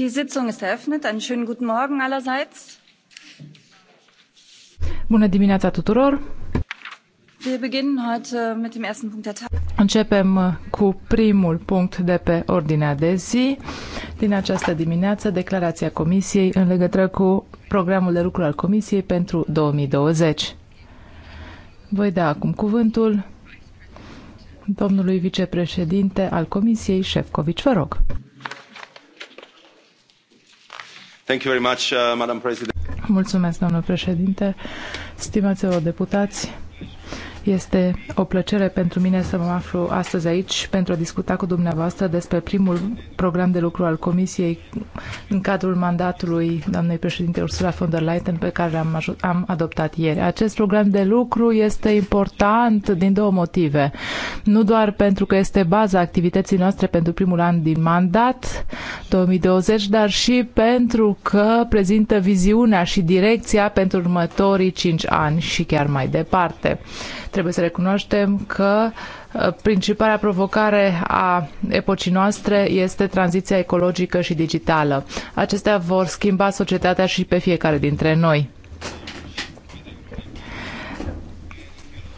Die Sitzung ist eröffnet. Einen schönen guten Morgen allerseits. Bună dimineața tuturor. Wir beginnen heute mit dem ersten Punkt der Tag. Începem uh, cu primul punct de pe ordinea de zi din această dimineață, declarația Comisiei în legătură cu programul de lucru al Comisiei pentru 2020. Voi da acum cuvântul domnului vicepreședinte al Comisiei, Șefcovici, vă rog. Uh, Mulțumesc, domnule președinte. Stimați eurodeputați, este o plăcere pentru mine să mă aflu astăzi aici pentru a discuta cu dumneavoastră despre primul program de lucru al Comisiei în cadrul mandatului doamnei președinte Ursula von der Leyen pe care l-am am adoptat ieri. Acest program de lucru este important din două motive. Nu doar pentru că este baza activității noastre pentru primul an din mandat 2020, dar și pentru că prezintă viziunea și direcția pentru următorii cinci ani și chiar mai departe. Trebuie să recunoaștem că uh, principala provocare a epocii noastre este tranziția ecologică și digitală. Acestea vor schimba societatea și pe fiecare dintre noi.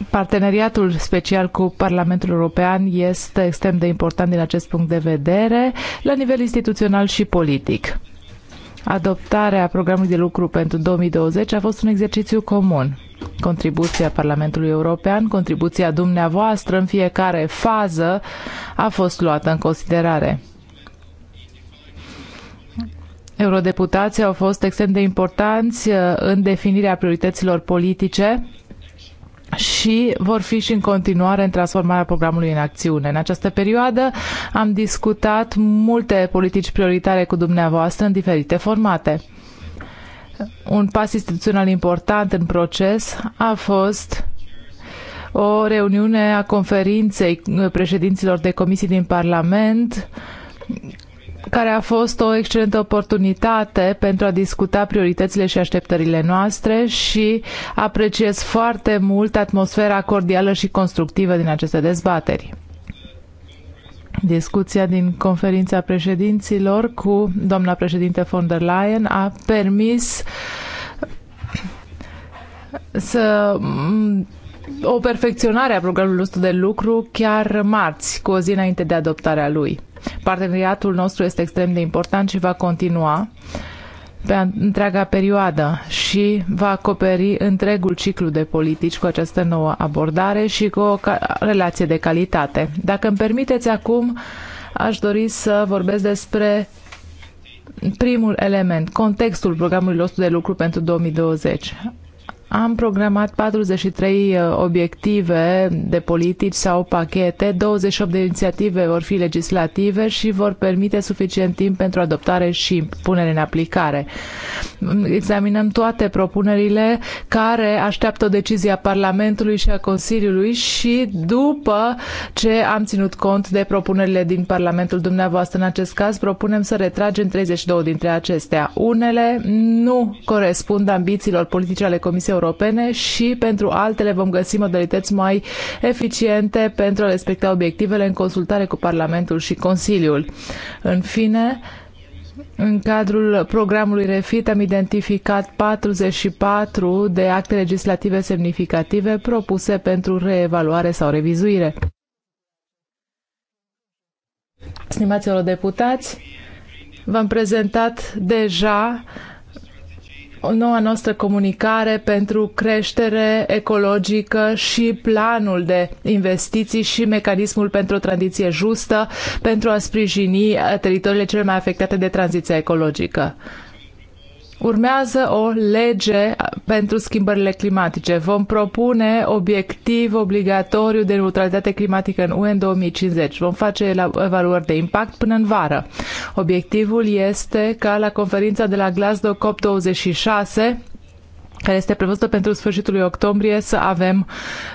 Parteneriatul special cu Parlamentul European este extrem de important din acest punct de vedere, la nivel instituțional și politic. Adoptarea programului de lucru pentru 2020 a fost un exercițiu comun. Contribuția Parlamentului European, contribuția dumneavoastră în fiecare fază a fost luată în considerare. Eurodeputații au fost extrem de importanți uh, în definirea priorităților politice și vor fi și în continuare în transformarea programului în acțiune. În această perioadă am discutat multe politici prioritare cu dumneavoastră în diferite formate. Un pas instituțional important în proces a fost o reuniune a conferinței președinților de comisii din Parlament care a fost o excelentă oportunitate pentru a discuta prioritățile și așteptările noastre și apreciez foarte mult atmosfera cordială și constructivă din aceste dezbateri. Discuția din conferința președinților cu doamna președinte von der Leyen a permis să o perfecționare a programului nostru de lucru chiar marți, cu o zi înainte de adoptarea lui. Parteneriatul nostru este extrem de important și va continua pe întreaga perioadă și va acoperi întregul ciclu de politici cu această nouă abordare și cu o relație de calitate. Dacă îmi permiteți acum, aș dori să vorbesc despre primul element, contextul programului nostru de lucru pentru 2020. Am programat 43 uh, obiective de politici sau pachete, 28 de inițiative vor fi legislative și vor permite suficient timp pentru adoptare și punere în aplicare. Examinăm toate propunerile care așteaptă o decizie a Parlamentului și a Consiliului și după ce am ținut cont de propunerile din Parlamentul dumneavoastră în acest caz, propunem să retragem 32 dintre acestea. Unele nu corespund ambițiilor politice ale Comisiei europene și pentru altele vom găsi modalități mai eficiente pentru a respecta obiectivele în consultare cu Parlamentul și Consiliul. În fine, în cadrul programului REFIT am identificat 44 de acte legislative semnificative propuse pentru reevaluare sau revizuire. Stimați eurodeputați, v-am prezentat deja o noua noastră comunicare pentru creștere ecologică și planul de investiții și mecanismul pentru o tranziție justă pentru a sprijini teritoriile cele mai afectate de tranziția ecologică. Urmează o lege pentru schimbările climatice. Vom propune obiectiv obligatoriu de neutralitate climatică în UE în 2050. Vom face evaluări de impact până în vară. Obiectivul este ca la conferința de la Glasgow COP26 care este prevăzută pentru sfârșitul lui octombrie, să avem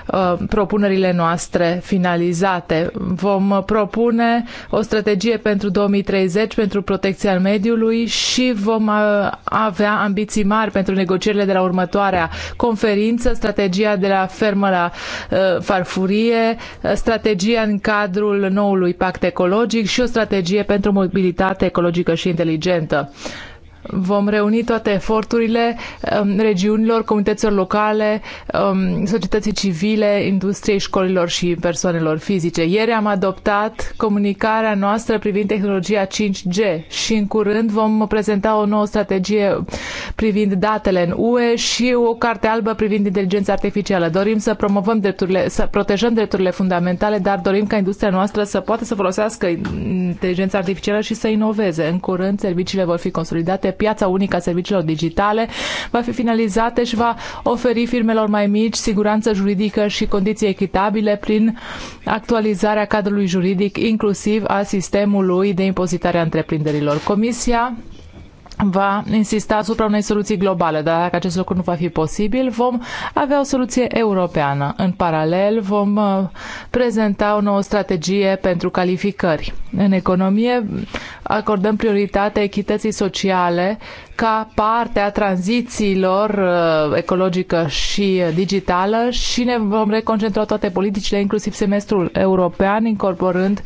uh, propunerile noastre finalizate. Vom propune o strategie pentru 2030 pentru protecția mediului și vom uh, avea ambiții mari pentru negocierile de la următoarea conferință, strategia de la fermă la uh, farfurie, strategia în cadrul noului pact ecologic și o strategie pentru mobilitate ecologică și inteligentă vom reuni toate eforturile um, regiunilor, comunităților locale, um, societății civile, industriei, școlilor și persoanelor fizice. Ieri am adoptat comunicarea noastră privind tehnologia 5G și în curând vom prezenta o nouă strategie privind datele în UE și o carte albă privind inteligența artificială. Dorim să promovăm drepturile, să protejăm drepturile fundamentale, dar dorim ca industria noastră să poată să folosească inteligența artificială și să inoveze. În curând, serviciile vor fi consolidate 7, piața unică a serviciilor digitale, va fi finalizată și va oferi firmelor mai mici siguranță juridică și condiții echitabile prin actualizarea cadrului juridic, inclusiv a sistemului de impozitare a întreprinderilor. Comisia va insista asupra unei soluții globale, dar dacă acest lucru nu va fi posibil, vom avea o soluție europeană. În paralel, vom uh, prezenta o nouă strategie pentru calificări. În economie, acordăm prioritate echității sociale ca parte a tranzițiilor uh, ecologică și uh, digitală și ne vom reconcentra toate politicile, inclusiv semestrul european, incorporând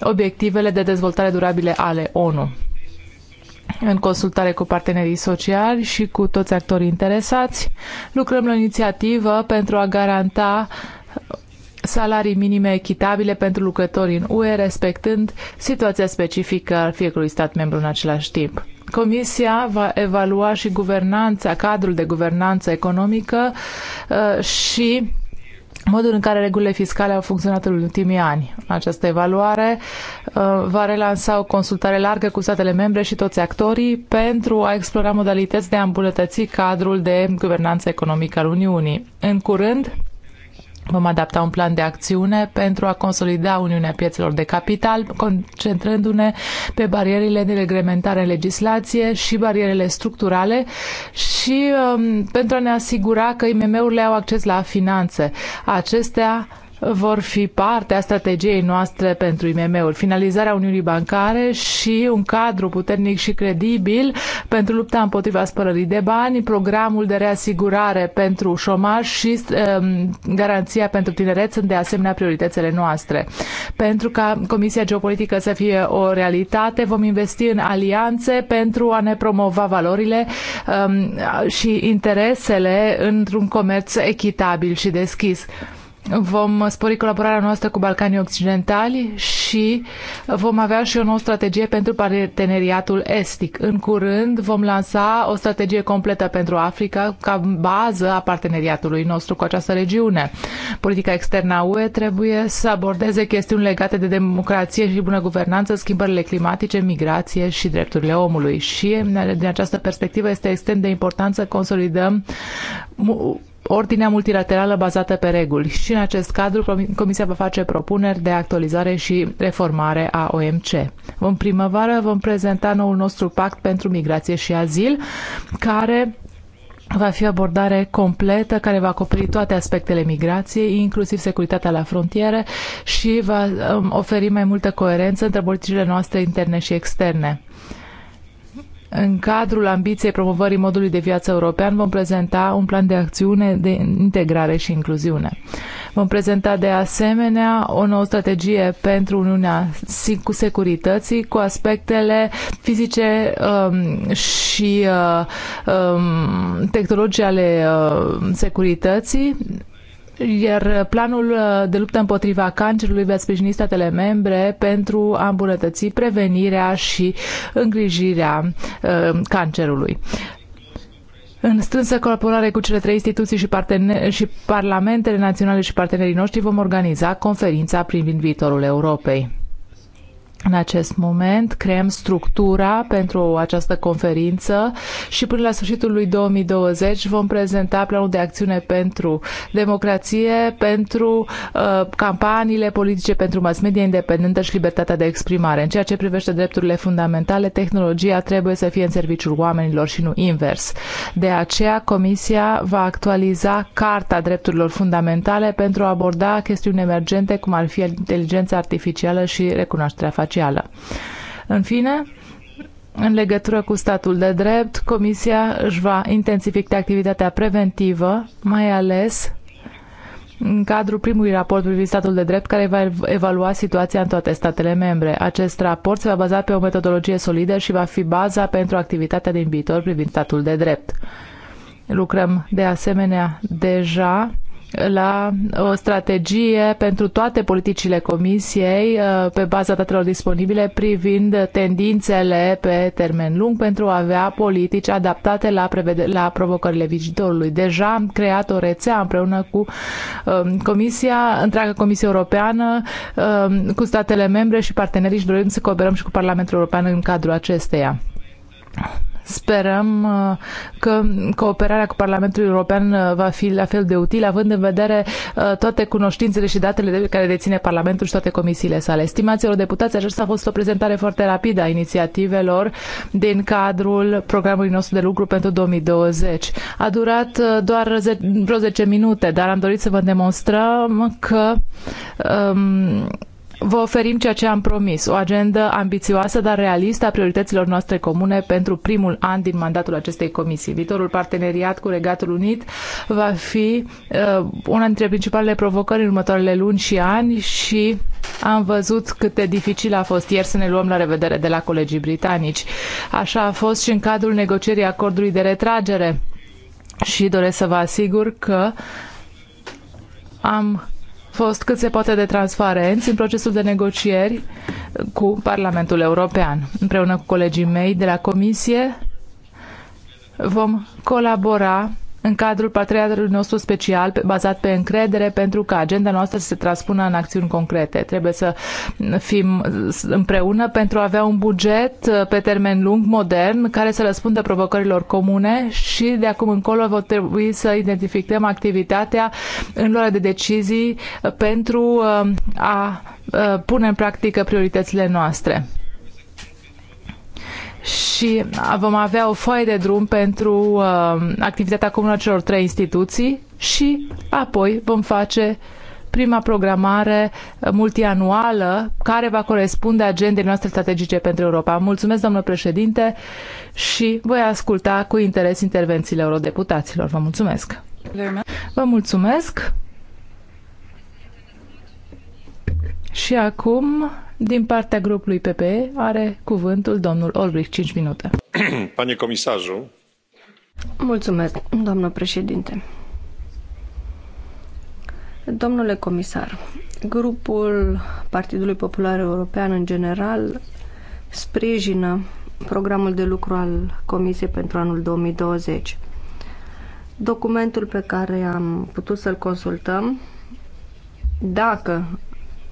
obiectivele de dezvoltare durabile ale ONU în consultare cu partenerii sociali și cu toți actorii interesați. Lucrăm la inițiativă pentru a garanta salarii minime echitabile pentru lucrători în UE, respectând situația specifică al fiecărui stat membru în același timp. Comisia va evalua și guvernanța, cadrul de guvernanță economică uh, și modul în care regulile fiscale au funcționat în ultimii ani. Această evaluare uh, va relansa o consultare largă cu statele membre și toți actorii pentru a explora modalități de a îmbunătăți cadrul de guvernanță economică al Uniunii. În curând, Vom adapta un plan de acțiune pentru a consolida Uniunea Piețelor de Capital, concentrându-ne pe barierile de reglementare în legislație și barierele structurale și um, pentru a ne asigura că IMM-urile au acces la finanțe. Acestea vor fi parte a strategiei noastre pentru IMM-uri. Finalizarea Uniunii Bancare și un cadru puternic și credibil pentru lupta împotriva spălării de bani, programul de reasigurare pentru șomaj și um, garanția pentru tineret sunt de asemenea prioritățile noastre. Pentru ca Comisia Geopolitică să fie o realitate, vom investi în alianțe pentru a ne promova valorile um, și interesele într-un comerț echitabil și deschis vom spori colaborarea noastră cu Balcanii Occidentali și vom avea și o nouă strategie pentru parteneriatul estic. În curând vom lansa o strategie completă pentru Africa ca bază a parteneriatului nostru cu această regiune. Politica externă a UE trebuie să abordeze chestiuni legate de democrație și bună guvernanță, schimbările climatice, migrație și drepturile omului. Și din această perspectivă este extrem de important să consolidăm ordinea multilaterală bazată pe reguli și în acest cadru Comisia va face propuneri de actualizare și reformare a OMC. În primăvară vom prezenta noul nostru pact pentru migrație și azil, care va fi o abordare completă care va acoperi toate aspectele migrației, inclusiv securitatea la frontiere și va um, oferi mai multă coerență între politicile noastre interne și externe. În cadrul ambiției promovării modului de viață european vom prezenta un plan de acțiune de integrare și incluziune. Vom prezenta de asemenea o nouă strategie pentru Uniunea cu securității cu aspectele fizice um, și uh, um, tehnologice ale uh, securității iar uh, planul uh, de luptă împotriva cancerului va sprijini statele membre pentru a îmbunătăți prevenirea și îngrijirea uh, cancerului. În strânsă colaborare cu cele trei instituții și, și parlamentele naționale și partenerii noștri vom organiza conferința privind viitorul Europei în acest moment, creăm structura pentru această conferință și până la sfârșitul lui 2020 vom prezenta planul de acțiune pentru democrație, pentru uh, campaniile politice, pentru mass media independentă și libertatea de exprimare. În ceea ce privește drepturile fundamentale, tehnologia trebuie să fie în serviciul oamenilor și nu invers. De aceea, Comisia va actualiza Carta Drepturilor Fundamentale pentru a aborda chestiuni emergente, cum ar fi inteligența artificială și recunoașterea facială facială. În fine, în legătură cu statul de drept, Comisia își va intensifica activitatea preventivă, mai ales în cadrul primului raport privind statul de drept care va evalua situația în toate statele membre. Acest raport se va baza pe o metodologie solidă și va fi baza pentru activitatea din viitor privind statul de drept. Lucrăm de asemenea deja la o strategie pentru toate politicile Comisiei uh, pe baza datelor disponibile privind tendințele pe termen lung pentru a avea politici adaptate la, la provocările viitorului. Deja am creat o rețea împreună cu um, Comisia, întreaga Comisie Europeană, um, cu statele membre și partenerii și dorim să cooperăm și cu Parlamentul European în cadrul acesteia. Sperăm uh, că cooperarea cu Parlamentul European uh, va fi la fel de utilă, având în vedere uh, toate cunoștințele și datele de care deține Parlamentul și toate comisiile sale. Stimaților deputați, aceasta a fost o prezentare foarte rapidă a inițiativelor din cadrul programului nostru de lucru pentru 2020. A durat doar vreo 10 minute, dar am dorit să vă demonstrăm că um, Vă oferim ceea ce am promis, o agendă ambițioasă, dar realistă a priorităților noastre comune pentru primul an din mandatul acestei comisii. Viitorul parteneriat cu Regatul Unit va fi uh, una dintre principalele provocări în următoarele luni și ani și am văzut cât de dificil a fost ieri să ne luăm la revedere de la colegii britanici. Așa a fost și în cadrul negocierii acordului de retragere și doresc să vă asigur că am fost cât se poate de transparenți în procesul de negocieri cu Parlamentul European. Împreună cu colegii mei de la Comisie vom colabora în cadrul parteneriatului nostru special bazat pe încredere pentru ca agenda noastră să se transpună în acțiuni concrete. Trebuie să fim împreună pentru a avea un buget uh, pe termen lung, modern, care să răspundă provocărilor comune și de acum încolo vor trebui să identificăm activitatea în luarea de decizii uh, pentru uh, a pune în practică prioritățile noastre și vom avea o foaie de drum pentru uh, activitatea comună a celor trei instituții și apoi vom face prima programare multianuală care va corespunde agendei noastre strategice pentru Europa. Mulțumesc, domnule președinte, și voi asculta cu interes intervențiile eurodeputaților. Vă mulțumesc! Vă mulțumesc! Și acum din partea grupului PPE are cuvântul domnul Olbrich, 5 minute. Panie comisarul. Mulțumesc, doamnă președinte. Domnule comisar, grupul Partidului Popular European în general sprijină programul de lucru al Comisiei pentru anul 2020. Documentul pe care am putut să-l consultăm, dacă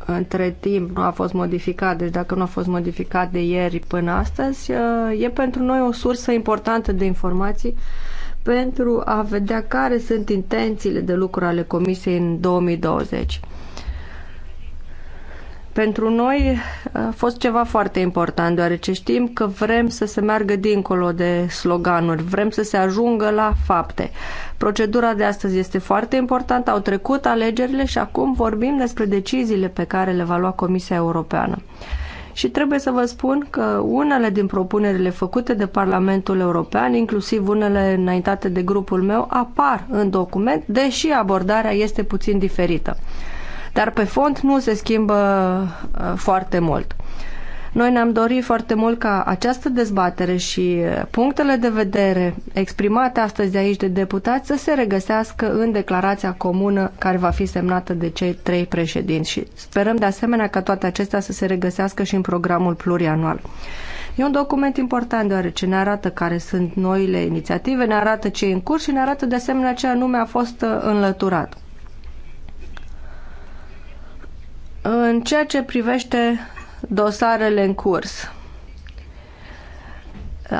între timp nu a fost modificat, deci dacă nu a fost modificat de ieri până astăzi, uh, e pentru noi o sursă importantă de informații pentru a vedea care sunt intențiile de lucru ale Comisiei în 2020. Pentru noi a fost ceva foarte important, deoarece știm că vrem să se meargă dincolo de sloganuri, vrem să se ajungă la fapte. Procedura de astăzi este foarte importantă, au trecut alegerile și acum vorbim despre deciziile pe care le va lua Comisia Europeană. Și trebuie să vă spun că unele din propunerile făcute de Parlamentul European, inclusiv unele înaintate de grupul meu, apar în document, deși abordarea este puțin diferită. Dar pe fond nu se schimbă uh, foarte mult. Noi ne-am dorit foarte mult ca această dezbatere și uh, punctele de vedere exprimate astăzi de aici de deputați să se regăsească în declarația comună care va fi semnată de cei trei președinți și sperăm de asemenea ca toate acestea să se regăsească și în programul plurianual. E un document important deoarece ne arată care sunt noile inițiative, ne arată ce e în curs și ne arată de asemenea ce anume a fost uh, înlăturat. În ceea ce privește dosarele în curs,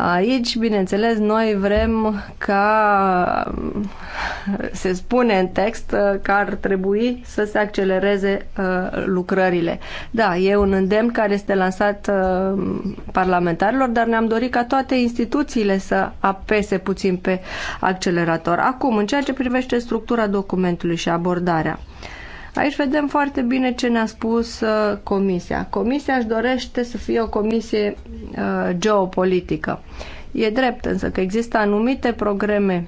Aici, bineînțeles, noi vrem ca, se spune în text, că ar trebui să se accelereze uh, lucrările. Da, e un îndemn care este lansat uh, parlamentarilor, dar ne-am dorit ca toate instituțiile să apese puțin pe accelerator. Acum, în ceea ce privește structura documentului și abordarea. Aici vedem foarte bine ce ne-a spus uh, Comisia. Comisia își dorește să fie o comisie uh, geopolitică. E drept însă că există anumite programe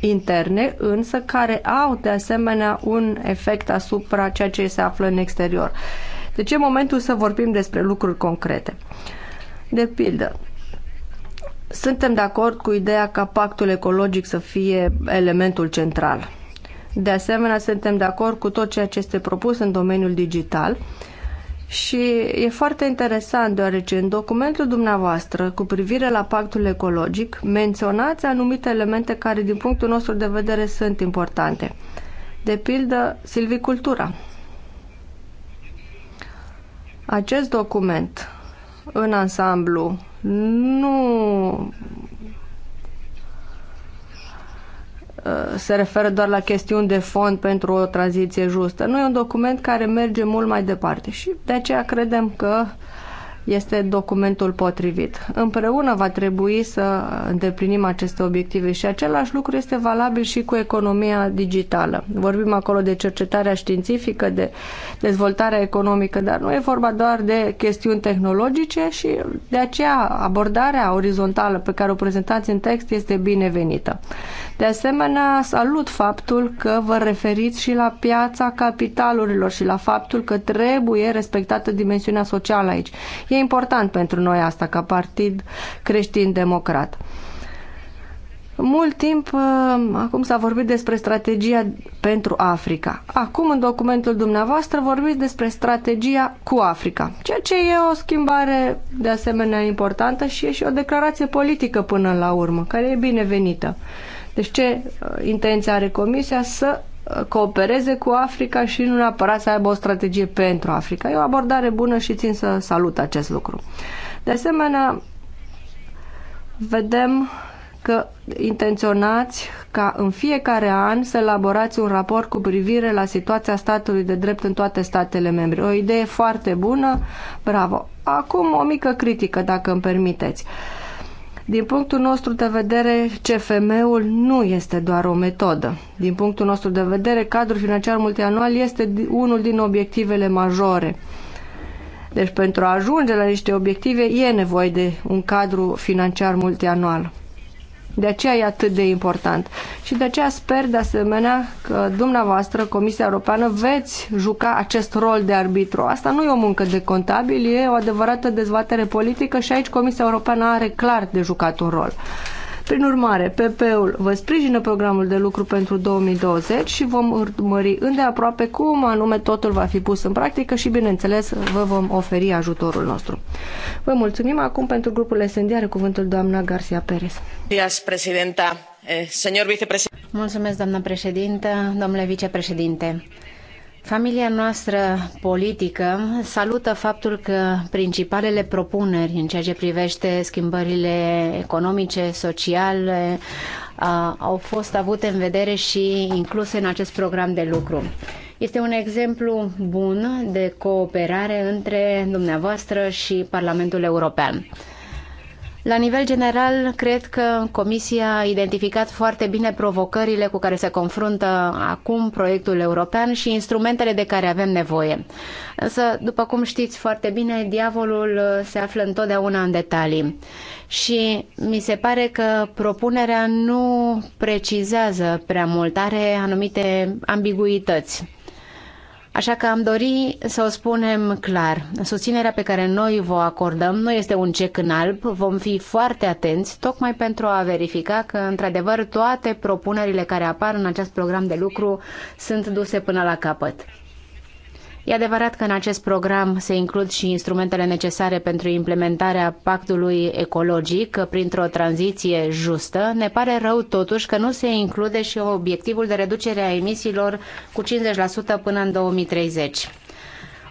interne, însă care au de asemenea un efect asupra ceea ce se află în exterior. Deci e momentul să vorbim despre lucruri concrete. De pildă, suntem de acord cu ideea ca pactul ecologic să fie elementul central de asemenea, suntem de acord cu tot ceea ce este propus în domeniul digital. Și e foarte interesant, deoarece în documentul dumneavoastră cu privire la pactul ecologic menționați anumite elemente care, din punctul nostru de vedere, sunt importante. De pildă, silvicultura. Acest document, în ansamblu, nu Uh, se referă doar la chestiuni de fond pentru o tranziție justă. Nu e un document care merge mult mai departe și de aceea credem că uh, este documentul potrivit. Împreună va trebui să îndeplinim aceste obiective și același lucru este valabil și cu economia digitală. Vorbim acolo de cercetarea științifică, de dezvoltarea economică, dar nu e vorba doar de chestiuni tehnologice și de aceea abordarea orizontală pe care o prezentați în text este binevenită. De asemenea, salut faptul că vă referiți și la piața capitalurilor și la faptul că trebuie respectată dimensiunea socială aici fie important pentru noi asta ca partid creștin-democrat. Mult timp uh, acum s-a vorbit despre strategia pentru Africa. Acum, în documentul dumneavoastră, vorbiți despre strategia cu Africa, ceea ce e o schimbare de asemenea importantă și e și o declarație politică până la urmă, care e binevenită. Deci ce uh, intenția are Comisia? Să Uh, coopereze cu Africa și nu neapărat să aibă o strategie pentru Africa. E o abordare bună și țin să salut acest lucru. De asemenea, vedem că intenționați ca în fiecare an să elaborați un raport cu privire la situația statului de drept în toate statele membre. O idee foarte bună, bravo. Acum o mică critică, dacă îmi permiteți. Uh, din punctul nostru de vedere, CFM-ul nu este doar o metodă. Din punctul nostru de vedere, cadrul financiar multianual este unul din obiectivele majore. Deci pentru a ajunge la niște obiective e nevoie de un cadru financiar multianual. De aceea e atât de important. Și de aceea sper de asemenea că dumneavoastră, Comisia Europeană, veți juca acest rol de arbitru. Asta nu e o muncă de contabil, e o adevărată dezbatere politică și aici Comisia Europeană are clar de jucat un rol. Prin urmare, PP-ul vă sprijină programul de lucru pentru 2020 și vom urmări îndeaproape cum anume totul va fi pus în practică și, bineînțeles, vă vom oferi ajutorul nostru. Vă mulțumim acum pentru grupul SND, are cuvântul doamna Garcia Perez. Eh, Mulțumesc, doamna președintă, domnule vicepreședinte. Familia noastră politică salută faptul că principalele propuneri în ceea ce privește schimbările economice, sociale, au fost avute în vedere și incluse în acest program de lucru. Este un exemplu bun de cooperare între dumneavoastră și Parlamentul European. La nivel general, cred că Comisia a identificat foarte bine provocările cu care se confruntă acum proiectul european și instrumentele de care avem nevoie. Însă, după cum știți foarte bine, diavolul se află întotdeauna în detalii. Și mi se pare că propunerea nu precizează prea mult, are anumite ambiguități. Așa că am dori să o spunem clar. Susținerea pe care noi vă acordăm nu este un cec în alb, vom fi foarte atenți tocmai pentru a verifica că într-adevăr toate propunerile care apar în acest program de lucru sunt duse până la capăt. E adevărat că în acest program se includ și instrumentele necesare pentru implementarea pactului ecologic printr-o tranziție justă. Ne pare rău totuși că nu se include și obiectivul de reducere a emisiilor cu 50% până în 2030.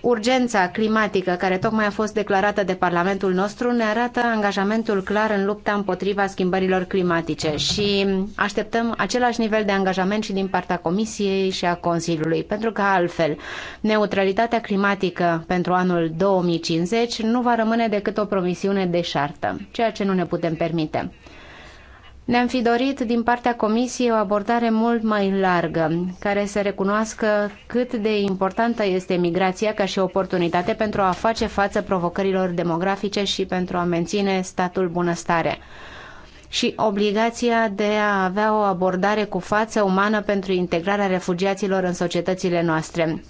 Urgența climatică, care tocmai a fost declarată de Parlamentul nostru, ne arată angajamentul clar în lupta împotriva schimbărilor climatice și așteptăm același nivel de angajament și din partea Comisiei și a Consiliului, pentru că altfel neutralitatea climatică pentru anul 2050 nu va rămâne decât o promisiune deșartă, ceea ce nu ne putem permite. Ne-am fi dorit din partea Comisiei o abordare mult mai largă, care să recunoască cât de importantă este migrația ca și oportunitate pentru a face față provocărilor demografice și pentru a menține statul bunăstare și obligația de a avea o abordare cu față umană pentru integrarea refugiaților în societățile noastre.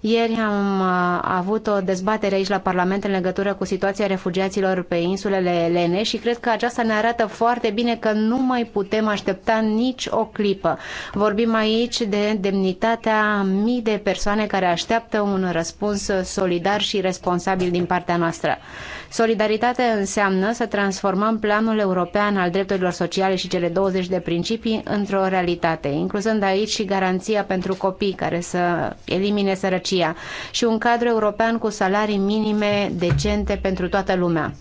Ieri am uh, avut o dezbatere aici la Parlament în legătură cu situația refugiaților pe insulele Elene și cred că aceasta ne arată foarte bine că nu mai putem aștepta nici o clipă. Vorbim aici de demnitatea mii de persoane care așteaptă un răspuns solidar și responsabil din partea noastră. Solidaritate înseamnă să transformăm planul european al drepturilor sociale și cele 20 de principii într-o realitate, incluzând aici și garanția pentru copii care să elimine sărăcia și un cadru european cu salarii minime decente pentru toată lumea.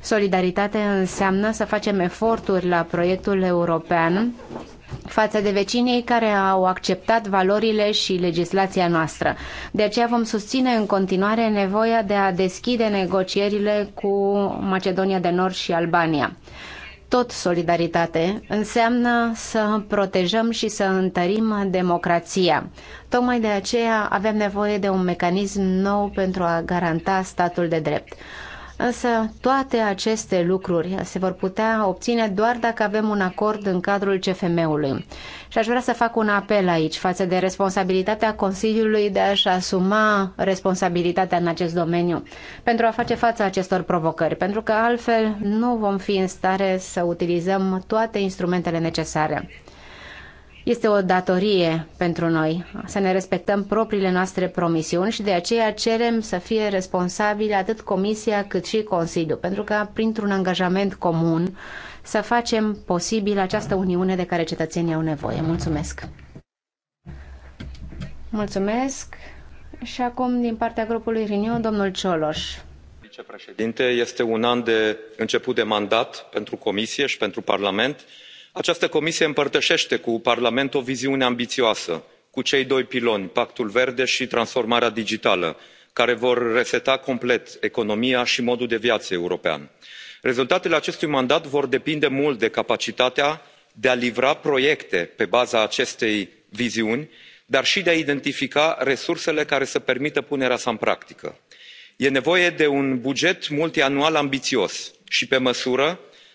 Solidaritate înseamnă să facem eforturi la proiectul european față de vecinii care au acceptat valorile și legislația noastră. De aceea vom susține în continuare nevoia de a deschide negocierile cu Macedonia de Nord și Albania. Tot solidaritate înseamnă să protejăm și să întărim democrația. Tocmai de aceea avem nevoie de un mecanism nou pentru a garanta statul de drept. Însă toate aceste lucruri se vor putea obține doar dacă avem un acord în cadrul CFM-ului. Și aș vrea să fac un apel aici față de responsabilitatea Consiliului de a-și asuma responsabilitatea în acest domeniu pentru a face față acestor provocări, pentru că altfel nu vom fi în stare să utilizăm toate instrumentele necesare. Este o datorie pentru noi să ne respectăm propriile noastre promisiuni și de aceea cerem să fie responsabili atât Comisia cât și Consiliul, pentru că printr-un angajament comun să facem posibil această uniune de care cetățenii au nevoie. Mulțumesc! Mulțumesc! Și acum, din partea grupului Renew, domnul Cioloș. Vicepreședinte, este un an de început de mandat pentru Comisie și pentru Parlament această comisie împărtășește cu parlamentul o viziune ambițioasă cu cei doi piloni pactul verde și transformarea digitală care vor reseta complet economia și modul de viață european. rezultatele acestui mandat vor depinde mult de capacitatea de a livra proiecte pe baza acestei viziuni dar și de a identifica resursele care să permită punerea sa în practică. e nevoie de un buget multianual ambițios și pe măsură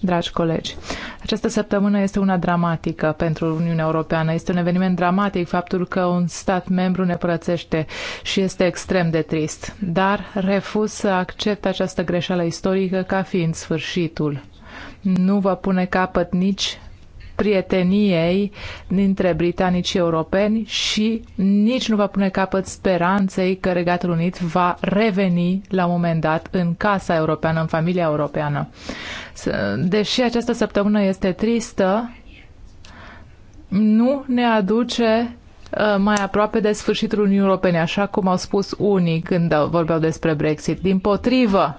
dragi colegi. Această săptămână este una dramatică pentru Uniunea Europeană. Este un eveniment dramatic faptul că un stat membru ne părățește și este extrem de trist, dar refuz să accept această greșeală istorică ca fiind sfârșitul. Nu va pune capăt nici prieteniei dintre britanici și europeni și nici nu va pune capăt speranței că Regatul Unit va reveni la un moment dat în casa europeană, în familia europeană. Deși această săptămână este tristă, nu ne aduce ă, mai aproape de sfârșitul Uniunii Europene, așa cum au spus unii când vorbeau despre Brexit. Din potrivă,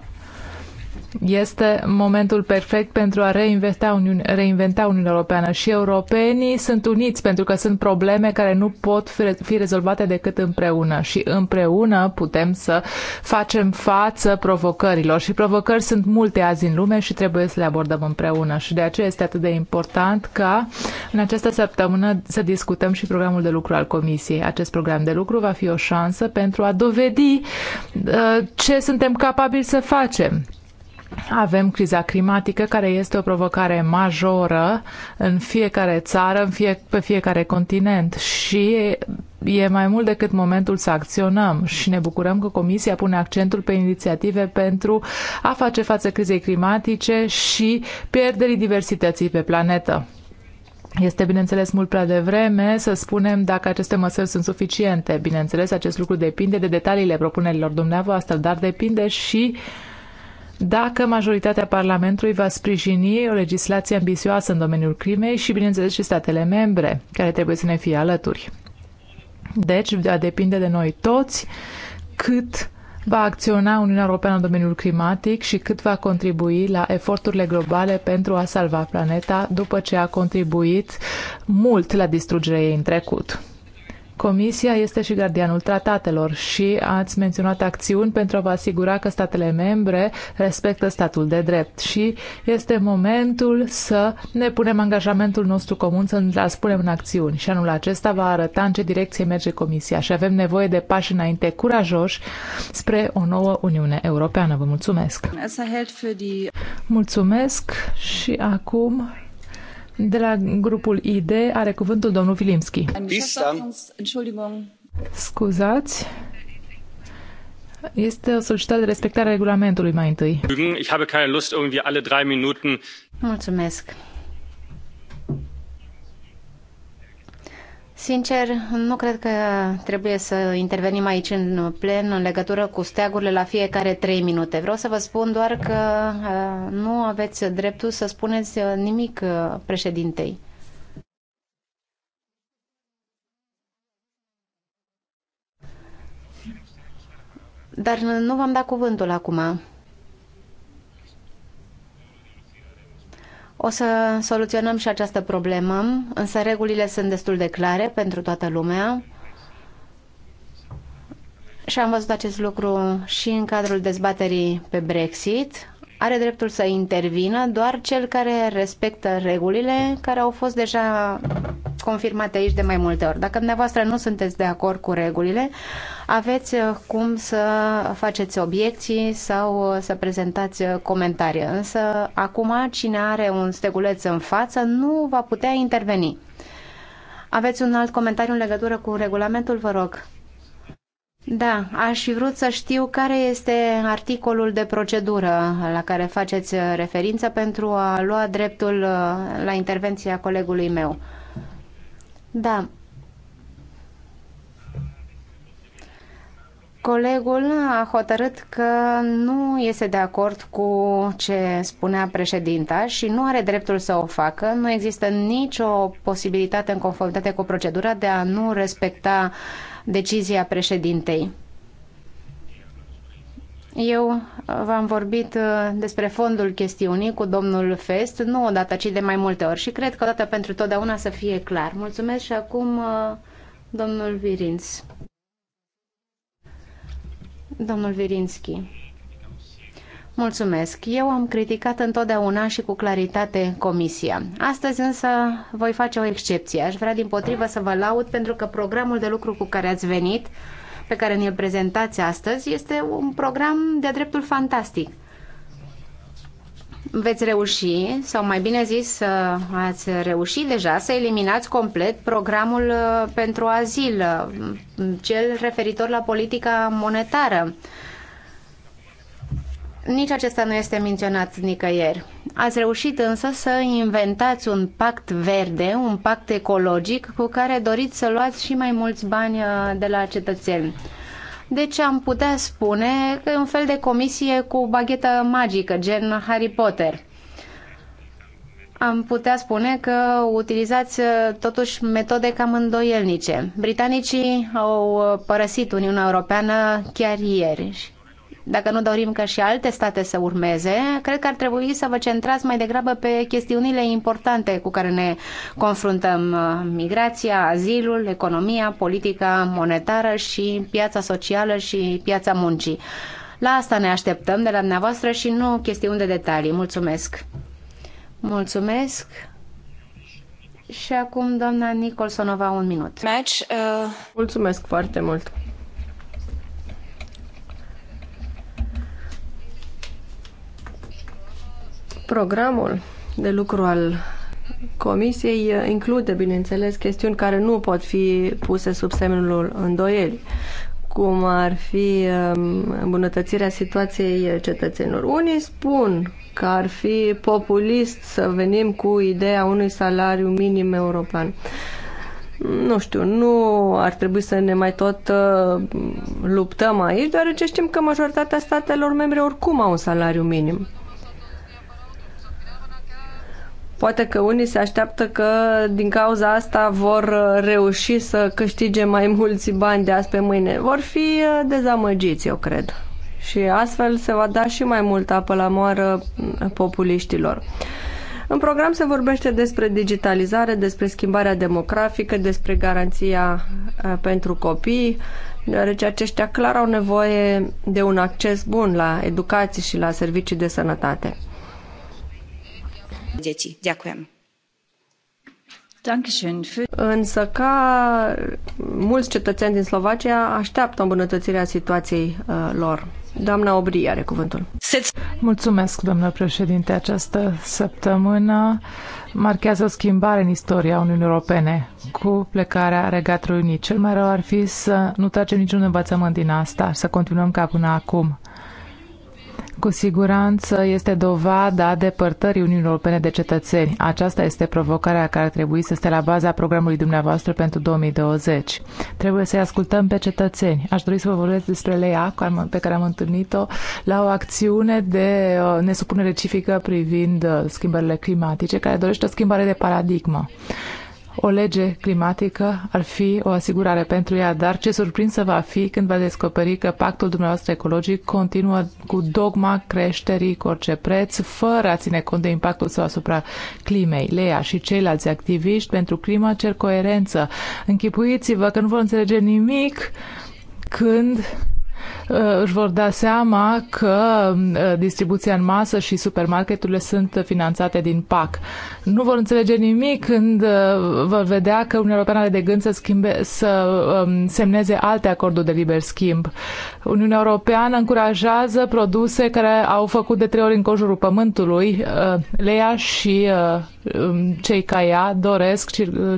este momentul perfect pentru a reinventa, Uniune, reinventa Uniunea Europeană și europenii sunt uniți pentru că sunt probleme care nu pot fi rezolvate decât împreună și împreună putem să facem față provocărilor și provocări sunt multe azi în lume și trebuie să le abordăm împreună și de aceea este atât de important ca în această săptămână să discutăm și programul de lucru al Comisiei. Acest program de lucru va fi o șansă pentru a dovedi uh, ce suntem capabili să facem avem criza climatică, care este o provocare majoră în fiecare țară, în fie, pe fiecare continent și e mai mult decât momentul să acționăm și ne bucurăm că Comisia pune accentul pe inițiative pentru a face față crizei climatice și pierderii diversității pe planetă. Este, bineînțeles, mult prea devreme să spunem dacă aceste măsuri sunt suficiente. Bineînțeles, acest lucru depinde de detaliile propunerilor dumneavoastră, dar depinde și uh, dacă majoritatea Parlamentului va sprijini o legislație ambițioasă în domeniul crimei și, bineînțeles, și statele membre, care trebuie să ne fie alături. Deci, va depinde de noi toți cât va acționa Uniunea Europeană în domeniul climatic și cât va contribui la eforturile globale pentru a salva planeta după ce a contribuit mult la distrugerea ei în trecut. Comisia este și gardianul tratatelor și ați menționat acțiuni pentru a vă asigura că statele membre respectă statul de drept și este momentul să ne punem angajamentul nostru comun să îl spunem în acțiuni și anul acesta va arăta în ce direcție merge Comisia și avem nevoie de pași înainte curajoși spre o nouă Uniune Europeană. Vă mulțumesc! Mulțumesc și acum de la grupul ID are cuvântul domnul Vilimski. Scuzați. Este o solicitare de respectare a regulamentului mai întâi. Mulțumesc. Sincer, nu cred că trebuie să intervenim aici în plen în legătură cu steagurile la fiecare trei minute. Vreau să vă spun doar că uh, nu aveți dreptul să spuneți uh, nimic uh, președintei. Dar nu v-am dat cuvântul acum. O să soluționăm și această problemă, însă regulile sunt destul de clare pentru toată lumea. Și am văzut acest lucru și în cadrul dezbaterii pe Brexit. Are dreptul să intervină doar cel care respectă regulile care au fost deja confirmate aici de mai multe ori. Dacă dumneavoastră nu sunteți de acord cu regulile, aveți uh, cum să faceți obiecții sau uh, să prezentați uh, comentarii. Însă, acum, cine are un steguleț în față nu va putea interveni. Aveți un alt comentariu în legătură cu regulamentul, vă rog. Da, aș fi vrut să știu care este articolul de procedură la care faceți referință pentru a lua dreptul la intervenția colegului meu. Da. Colegul a hotărât că nu este de acord cu ce spunea președinta și nu are dreptul să o facă. Nu există nicio posibilitate în conformitate cu procedura de a nu respecta decizia președintei. Eu uh, v-am vorbit uh, despre fondul chestiunii cu domnul Fest, nu odată, ci de mai multe ori și cred că odată pentru totdeauna să fie clar. Mulțumesc și acum uh, domnul Virinț. Domnul Virinski. Mulțumesc. Eu am criticat întotdeauna și cu claritate comisia. Astăzi însă voi face o excepție. Aș vrea din potrivă să vă laud pentru că programul de lucru cu care ați venit pe care ne-l prezentați astăzi este un program de-a dreptul fantastic. Veți reuși, sau mai bine zis, ați reușit deja să eliminați complet programul uh, pentru azil, uh, cel referitor la politica monetară nici acesta nu este menționat nicăieri. Ați reușit însă să inventați un pact verde, un pact ecologic cu care doriți să luați și mai mulți bani uh, de la cetățeni. Deci am putea spune că e un fel de comisie cu baghetă magică, gen Harry Potter. Am putea spune că utilizați uh, totuși metode cam îndoielnice. Britanicii au uh, părăsit Uniunea Europeană chiar ieri dacă nu dorim ca și alte state să urmeze, cred că ar trebui să vă centrați mai degrabă pe chestiunile importante cu care ne confruntăm. Uh, migrația, azilul, economia, politica monetară și piața socială și piața muncii. La asta ne așteptăm de la dumneavoastră și nu chestiuni de detalii. Mulțumesc! Mulțumesc! Și acum, doamna Nicolsonova, un minut. Match, uh... Mulțumesc foarte mult! Programul de lucru al Comisiei eh, include, bineînțeles, chestiuni care nu pot fi puse sub semnul îndoieli, cum ar fi ehm, îmbunătățirea situației cetățenilor. Unii spun că ar fi populist să venim cu ideea unui salariu minim european. Nu știu, nu ar trebui să ne mai tot uh, luptăm aici, deoarece știm că majoritatea statelor membre oricum au un salariu minim. Poate că unii se așteaptă că din cauza asta vor uh, reuși să câștige mai mulți bani de azi pe mâine. Vor fi uh, dezamăgiți, eu cred. Și astfel se va da și mai mult apă la moară mm, populiștilor. În program se vorbește despre digitalizare, despre schimbarea demografică, despre garanția uh, pentru copii, deoarece aceștia clar au nevoie de un acces bun la educație și la servicii de sănătate. Deci, ďakujem. Însă ca mulți cetățeni din Slovacia așteaptă îmbunătățirea situației uh, lor. Doamna Obri are cuvântul. Mulțumesc, doamnă președinte. Această săptămână marchează o schimbare în istoria Uniunii Europene cu plecarea Regatului Unit. Cel mai rău ar fi să nu tragem niciun învățământ din asta, să continuăm ca până acum cu siguranță este dovada depărtării Uniunii Europene de cetățeni. Aceasta este provocarea care ar trebui să stea la baza programului dumneavoastră pentru 2020. Trebuie să-i ascultăm pe cetățeni. Aș dori să vă vorbesc despre Leia, pe care am întâlnit-o, la o acțiune de uh, nesupunere civică privind uh, schimbările climatice, care dorește o schimbare de paradigmă. O lege climatică ar fi o asigurare pentru ea, dar ce surprinsă va fi când va descoperi că pactul dumneavoastră ecologic continuă cu dogma creșterii cu orice preț, fără a ține cont de impactul său asupra climei. Lea și ceilalți activiști pentru climă cer coerență. Închipuiți-vă că nu vor înțelege nimic când Uh, își vor da seama că uh, distribuția în masă și supermarketurile sunt finanțate din PAC. Nu vor înțelege nimic când uh, vor vedea că Uniunea Europeană are de gând să, schimbe, să um, semneze alte acorduri de liber schimb. Uniunea Europeană încurajează produse care au făcut de trei ori în cojurul pământului. Leia și um, cei ca ea doresc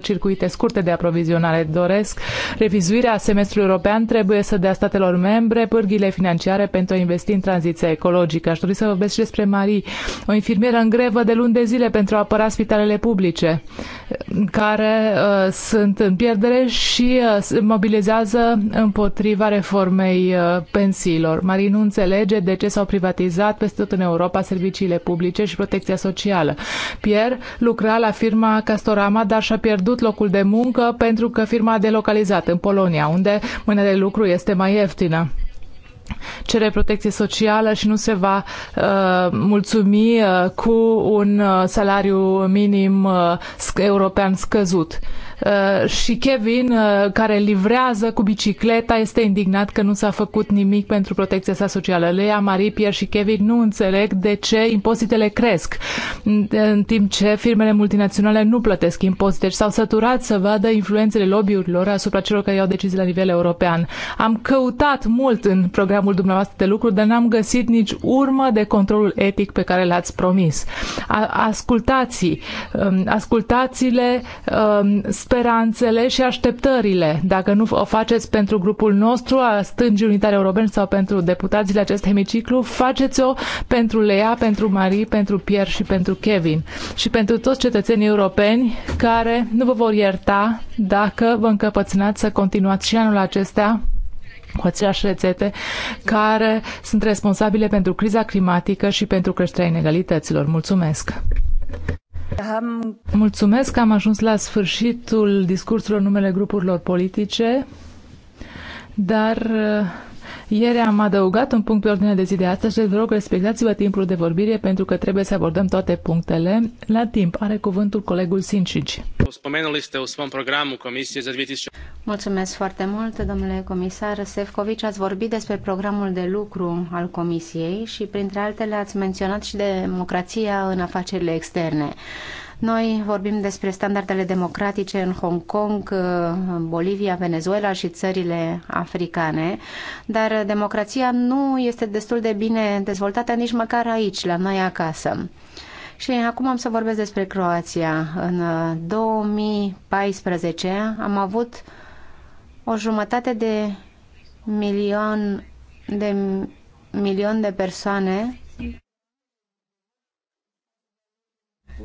circuite scurte de aprovizionare, doresc revizuirea semestrului european, trebuie să dea statelor membre membre pârghile financiare pentru a investi în tranziția ecologică. Aș dori să vorbesc și despre Marie, o infirmieră în grevă de luni de zile pentru a apăra spitalele publice, care uh, sunt în pierdere și uh, mobilizează împotriva reformei uh, pensiilor. Marie nu înțelege de ce s-au privatizat peste tot în Europa serviciile publice și protecția socială. Pierre lucra la firma Castorama, dar și-a pierdut locul de muncă pentru că firma a delocalizat în Polonia, unde mâna de lucru este mai ieftină cere protecție socială și nu se va uh, mulțumi uh, cu un uh, salariu minim uh, european scăzut. Uh, și Kevin, uh, care livrează cu bicicleta, este indignat că nu s-a făcut nimic pentru protecția sa socială. Lea, Marie, Pierre și Kevin nu înțeleg de ce impozitele cresc, în timp ce firmele multinaționale nu plătesc impozite și deci s-au săturat să vadă influențele lobby-urilor asupra celor care iau decizii la nivel european. Am căutat mult în programul dumneavoastră de lucru, dar n-am găsit nici urmă de controlul etic pe care l-ați promis. Ascultați, um, ascultați-le, um, speranțele și așteptările. Dacă nu o faceți pentru grupul nostru, a stângii unitare europeni sau pentru deputații de acest hemiciclu, faceți-o pentru Lea, pentru Marie, pentru Pierre și pentru Kevin și pentru toți cetățenii europeni care nu vă vor ierta dacă vă încăpățânați să continuați și anul acesta cu aceleași rețete care sunt responsabile pentru criza climatică și pentru creșterea inegalităților. Mulțumesc! Mulțumesc Mulțumesc, am ajuns la sfârșitul discursurilor numele grupurilor politice, dar ieri am adăugat un punct pe ordinea de zi de astăzi și vă rog respectați-vă timpul de vorbire pentru că trebuie să abordăm toate punctele la timp. Are cuvântul colegul Sincici. Mulțumesc foarte mult, domnule comisar Sefcovic. Ați vorbit despre programul de lucru al Comisiei și, printre altele, ați menționat și democrația în afacerile externe. Noi vorbim despre standardele democratice în Hong Kong, Bolivia, Venezuela și țările africane, dar democrația nu este destul de bine dezvoltată nici măcar aici, la noi acasă. Și acum am să vorbesc despre Croația. În 2014 am avut o jumătate de milion de milion de persoane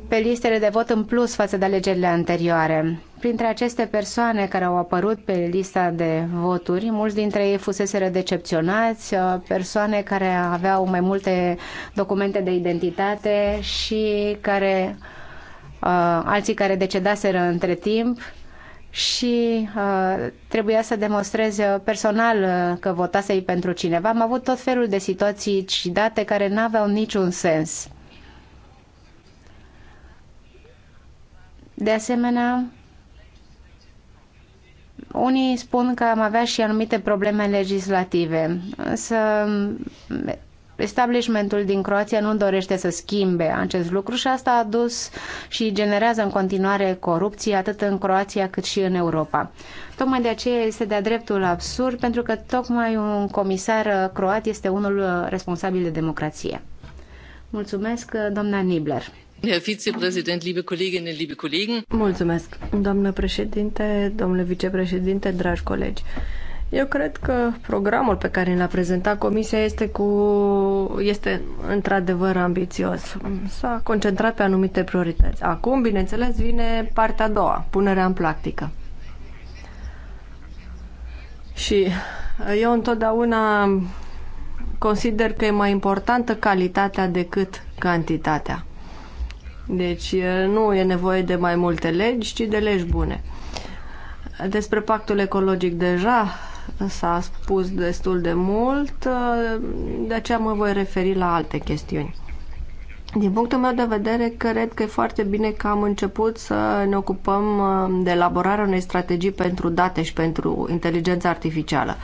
pe listele de vot în plus față de alegerile anterioare. Printre aceste persoane care au apărut pe lista de voturi, mulți dintre ei fuseseră decepționați, uh, persoane care aveau mai multe documente de identitate și care uh, alții care decedaseră între timp și uh, trebuia să demonstreze personal că votasei pentru cineva. Am avut tot felul de situații și date care n-aveau niciun sens. De asemenea, unii spun că am avea și anumite probleme legislative, însă establishmentul din Croația nu dorește să schimbe acest lucru și asta a dus și generează în continuare corupție atât în Croația cât și în Europa. Tocmai de aceea este de-a dreptul absurd pentru că tocmai un comisar croat este unul responsabil de democrație. Mulțumesc, doamna Nibler. Mulțumesc, doamnă președinte, domnule vicepreședinte, dragi colegi. Eu cred că programul pe care l-a prezentat Comisia este, cu, este într-adevăr ambițios. S-a concentrat pe anumite priorități. Acum, bineînțeles, vine partea a doua, punerea în practică. Și eu întotdeauna consider că e mai importantă calitatea decât cantitatea. Deci nu e nevoie de mai multe legi, ci de legi bune. Despre pactul ecologic deja s-a spus destul de mult, de aceea mă voi referi la alte chestiuni. Din punctul meu de vedere, cred că e foarte bine că am început să ne ocupăm de elaborarea unei strategii pentru date și pentru inteligența artificială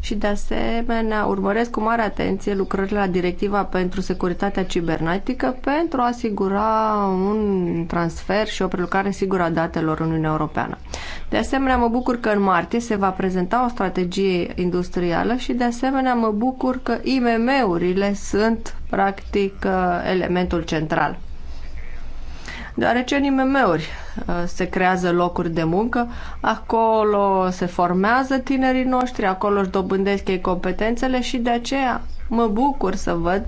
și de asemenea urmăresc cu mare atenție lucrările la directiva pentru securitatea cibernetică pentru a asigura un transfer și o prelucrare sigură a datelor în Uniunea Europeană. De asemenea, mă bucur că în martie se va prezenta o strategie industrială și de asemenea mă bucur că IMM-urile sunt practic elementul central deoarece în IMM-uri uh, se creează locuri de muncă, acolo se formează tinerii noștri, acolo își dobândesc ei competențele și de aceea mă bucur să văd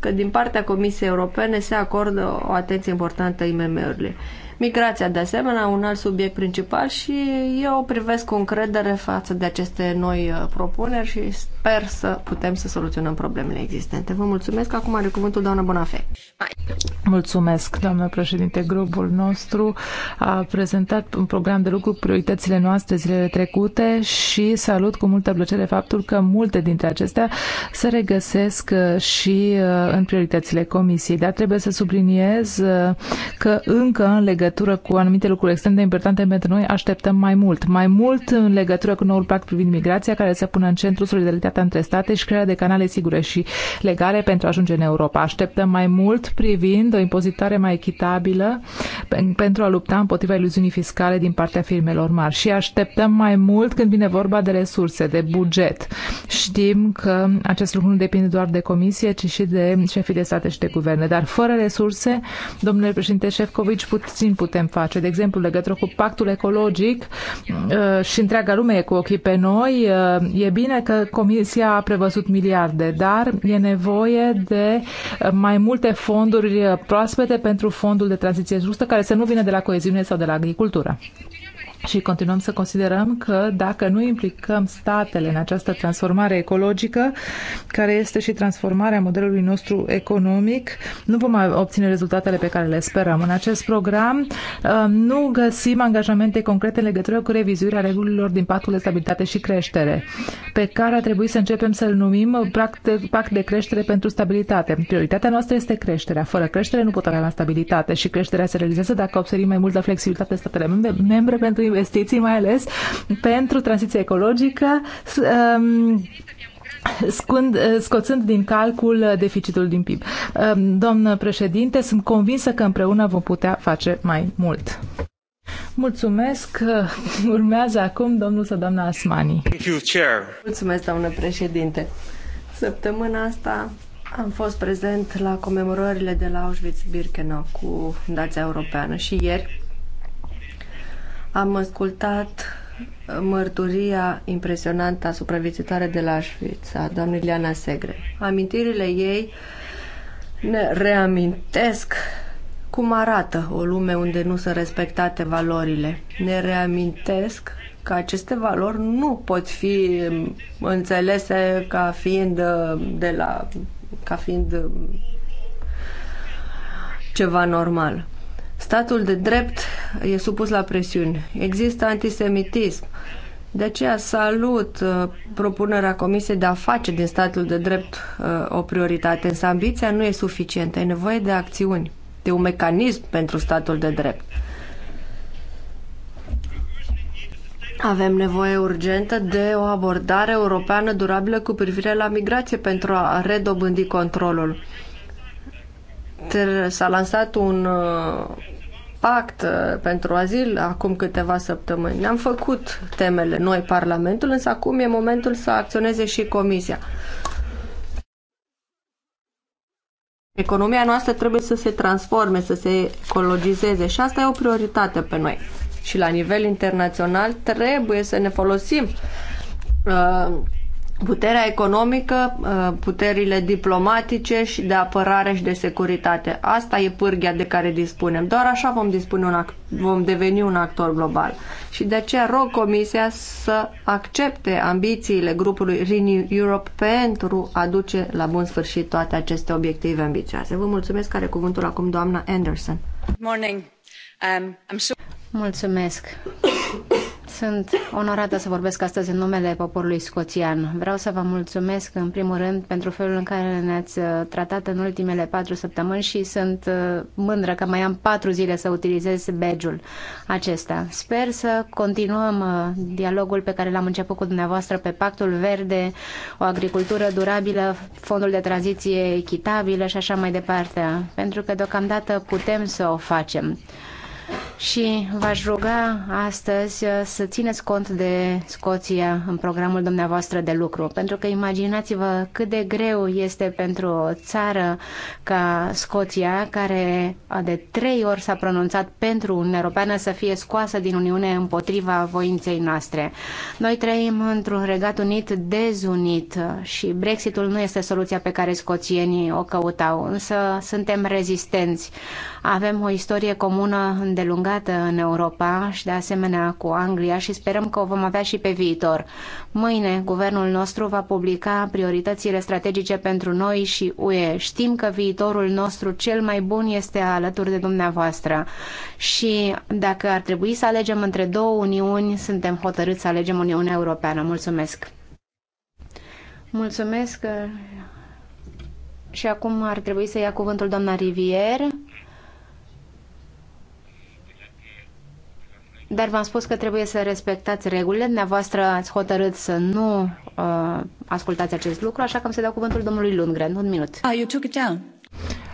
că din partea Comisiei Europene se acordă o atenție importantă IMM-urile. Migrația, de asemenea, un alt subiect principal și eu privesc cu încredere față de aceste noi uh, propuneri și sper să putem să soluționăm problemele existente. Vă mulțumesc. Acum are cuvântul doamna Bonafe. Mulțumesc, doamna președinte. Grupul nostru a prezentat un program de lucru prioritățile noastre zilele trecute și salut cu multă plăcere faptul că multe dintre acestea se regăsesc uh, și uh, în prioritățile comisiei. Dar trebuie să subliniez uh, că încă în legătură cu anumite lucruri extrem de importante pentru noi așteptăm mai mult. Mai mult în legătură cu noul pact privind migrația care se pune în centru solidaritatea parteneriate între state și crearea de canale sigure și legale pentru a ajunge în Europa. Așteptăm mai mult privind o impozitare mai echitabilă pentru a lupta împotriva iluziunii fiscale din partea firmelor mari și așteptăm mai mult când vine vorba de resurse, de buget. Știm că acest lucru nu depinde doar de comisie, ci și de șefii de state și de guverne. Dar fără resurse, domnule președinte Șefcovici, puțin putem face. De exemplu, legătură cu pactul ecologic uh, și întreaga lume e cu ochii pe noi, uh, e bine că comisie Comisia a prevăzut miliarde, dar e nevoie de mai multe fonduri proaspete pentru fondul de tranziție justă, care să nu vină de la coeziune sau de la agricultură și continuăm să considerăm că dacă nu implicăm statele în această transformare ecologică, care este și transformarea modelului nostru economic, nu vom obține rezultatele pe care le sperăm. În acest program um, nu găsim angajamente concrete în legătură cu revizuirea regulilor din pactul de stabilitate și creștere, pe care ar trebui să începem să-l numim pact de creștere pentru stabilitate. Prioritatea noastră este creșterea. Fără creștere nu pot avea stabilitate și creșterea se realizează dacă observim mai multă flexibilitate statele membre pentru investiții, mai ales pentru tranziția ecologică, um, scund, uh, scoțând din calcul deficitul din PIB. Um, doamnă președinte, sunt convinsă că împreună vom putea face mai mult. Mulțumesc. Urmează acum domnul sau doamna Asmani. Mulțumesc, doamnă președinte. Săptămâna asta am fost prezent la comemorările de la Auschwitz-Birkenau cu Fundația Europeană și ieri am ascultat mărturia impresionantă a supraviețuitoare de la Auschwitz, a doamnei Liana Segre. Amintirile ei ne reamintesc cum arată o lume unde nu sunt respectate valorile. Ne reamintesc că aceste valori nu pot fi înțelese ca fiind uh, de la ca fiind uh, ceva normal. Statul de drept e supus la presiuni. Există antisemitism. De aceea salut uh, propunerea Comisiei de a face din statul de drept uh, o prioritate, însă ambiția nu e suficientă. E nevoie de acțiuni, de un mecanism pentru statul de drept. Avem nevoie urgentă de o abordare europeană durabilă cu privire la migrație pentru a redobândi controlul s-a lansat un uh, pact uh, pentru azil acum câteva săptămâni. Ne-am făcut temele noi, Parlamentul, însă acum e momentul să acționeze și Comisia. Economia noastră trebuie să se transforme, să se ecologizeze și asta e o prioritate pe noi. Și la nivel internațional trebuie să ne folosim uh, puterea economică, uh, puterile diplomatice și de apărare și de securitate. Asta e pârghia de care dispunem. Doar așa vom, dispune un vom deveni un actor global. Și de aceea rog Comisia să accepte ambițiile grupului Renew Europe pentru a duce la bun sfârșit toate aceste obiective ambițioase. Vă mulțumesc. care cuvântul acum doamna Anderson. Morning. Um, I'm so Mulțumesc. Sunt onorată să vorbesc astăzi în numele poporului scoțian. Vreau să vă mulțumesc în primul rând pentru felul în care ne-ați uh, tratat în ultimele patru săptămâni și sunt uh, mândră că mai am patru zile să utilizez badge-ul acesta. Sper să continuăm uh, dialogul pe care l-am început cu dumneavoastră pe Pactul Verde, o agricultură durabilă, fondul de tranziție echitabilă și așa mai departe, pentru că deocamdată putem să o facem și v-aș ruga astăzi uh, să țineți cont de Scoția în programul dumneavoastră de lucru, pentru că imaginați-vă cât de greu este pentru o țară ca Scoția, care de trei ori s-a pronunțat pentru Uniunea Europeană să fie scoasă din Uniune împotriva voinței noastre. Noi trăim într-un regat unit dezunit și Brexitul nu este soluția pe care scoțienii o căutau, însă suntem rezistenți. Avem o istorie comună îndelungată în Europa și de asemenea cu Anglia și sperăm că o vom avea și pe viitor. Mâine, guvernul nostru va publica prioritățile strategice pentru noi și UE. Știm că viitorul nostru cel mai bun este alături de dumneavoastră și dacă ar trebui să alegem între două uniuni, suntem hotărâți să alegem Uniunea Europeană. Mulțumesc! Mulțumesc! Și acum ar trebui să ia cuvântul doamna Rivier. Dar v-am spus că trebuie să respectați regulile. Dumneavoastră ați hotărât să nu uh, ascultați acest lucru, așa că am să dau cuvântul domnului Lundgren. Un minut. Ah, you took it down.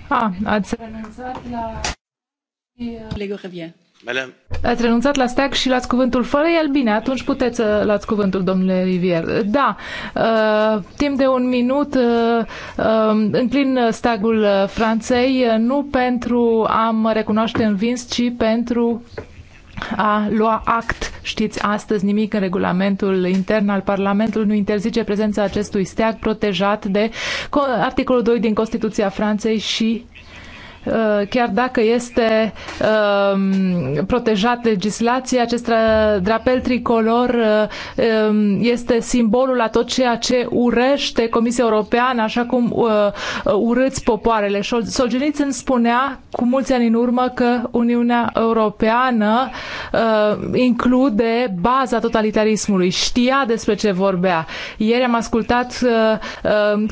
Ah, ați renunțat la... Lego Rivier. Ați renunțat la steag și luați cuvântul fără el? Bine, atunci puteți să luați cuvântul, domnule Rivier. Da, uh, timp de un minut, uh, um, în plin stagul uh, Franței, nu pentru a mă recunoaște învins, ci pentru a lua act. Știți, astăzi nimic în regulamentul intern al Parlamentului nu interzice prezența acestui steag protejat de articolul 2 din Constituția Franței și Uh, chiar dacă este um, protejat legislația, acest drapel tricolor uh, um, este simbolul a tot ceea ce urăște Comisia Europeană, așa cum uh, urâți popoarele. îmi spunea cu mulți ani în urmă că Uniunea Europeană include baza totalitarismului. Știa despre ce vorbea. Ieri am ascultat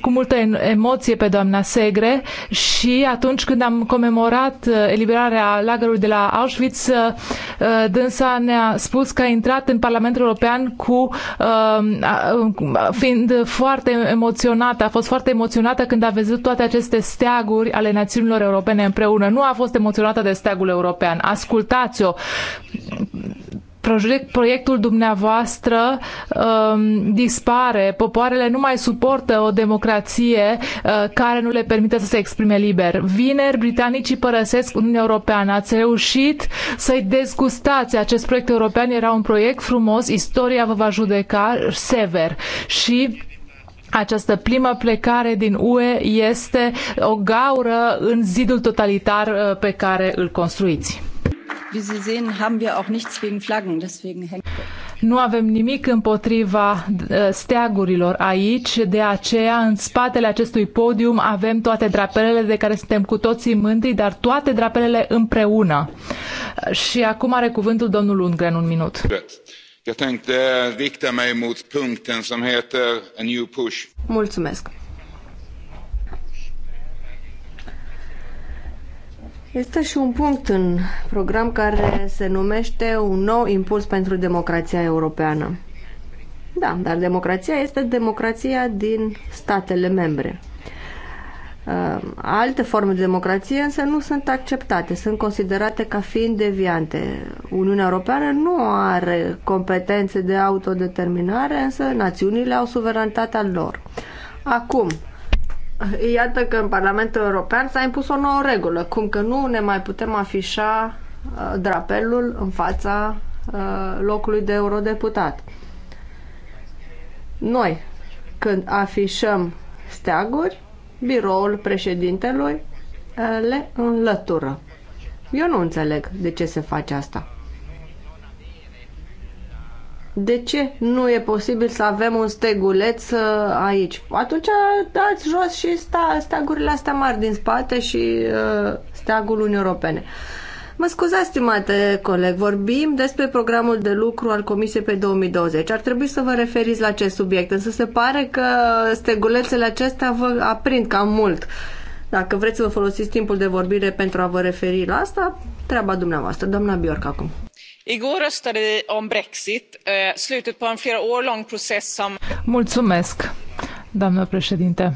cu multă emoție pe doamna Segre și atunci când am comemorat uh, eliberarea lagărului de la Auschwitz, uh, uh, dânsa ne-a spus că a intrat în Parlamentul European cu fiind foarte emoționată, a fost foarte emoționată când a văzut toate aceste steaguri ale națiunilor europene împreună. Nu a fost emoționată de steagul european. Ascultați-o! proiect, proiectul dumneavoastră um, dispare, popoarele nu mai suportă o democrație uh, care nu le permite să se exprime liber. Vineri, britanicii părăsesc Uniunea Europeană. Ați reușit să-i dezgustați. Acest proiect european era un proiect frumos, istoria vă va judeca sever și această primă plecare din UE este o gaură în zidul totalitar uh, pe care îl construiți wie Sie sehen, haben wir auch nichts gegen Flaggen, deswegen hängt nu avem nimic împotriva ă, steagurilor aici, de aceea în spatele acestui podium avem toate drapelele de care suntem cu toții mândri, dar toate drapelele împreună. Și acum are cuvântul domnul Lundgren, un minut. Mulțumesc. Este și un punct în program care se numește un nou impuls pentru democrația europeană. Da, dar democrația este democrația din statele membre. Uh, alte forme de democrație însă nu sunt acceptate, sunt considerate ca fiind deviante. Uniunea Europeană nu are competențe de autodeterminare, însă națiunile au suveranitatea lor. Acum, iată că în Parlamentul European s-a impus o nouă regulă, cum că nu ne mai putem afișa uh, drapelul în fața uh, locului de eurodeputat. Noi, când afișăm steaguri, biroul președintelui uh, le înlătură. Eu nu înțeleg de ce se face asta de ce nu e posibil să avem un steguleț uh, aici? Atunci dați jos și sta, steagurile astea mari din spate și uh, steagul Uniunii Europene. Mă scuzați, stimate coleg, vorbim despre programul de lucru al Comisiei pe 2020. Ar trebui să vă referiți la acest subiect, însă se pare că stegulețele acestea vă aprind cam mult. Dacă vreți să vă folosiți timpul de vorbire pentru a vă referi la asta, treaba dumneavoastră. Doamna Biorca acum. I går röstade vi om Brexit, eh, slutet på en flera år lång process som... Mulțumesc, doamnă președinte.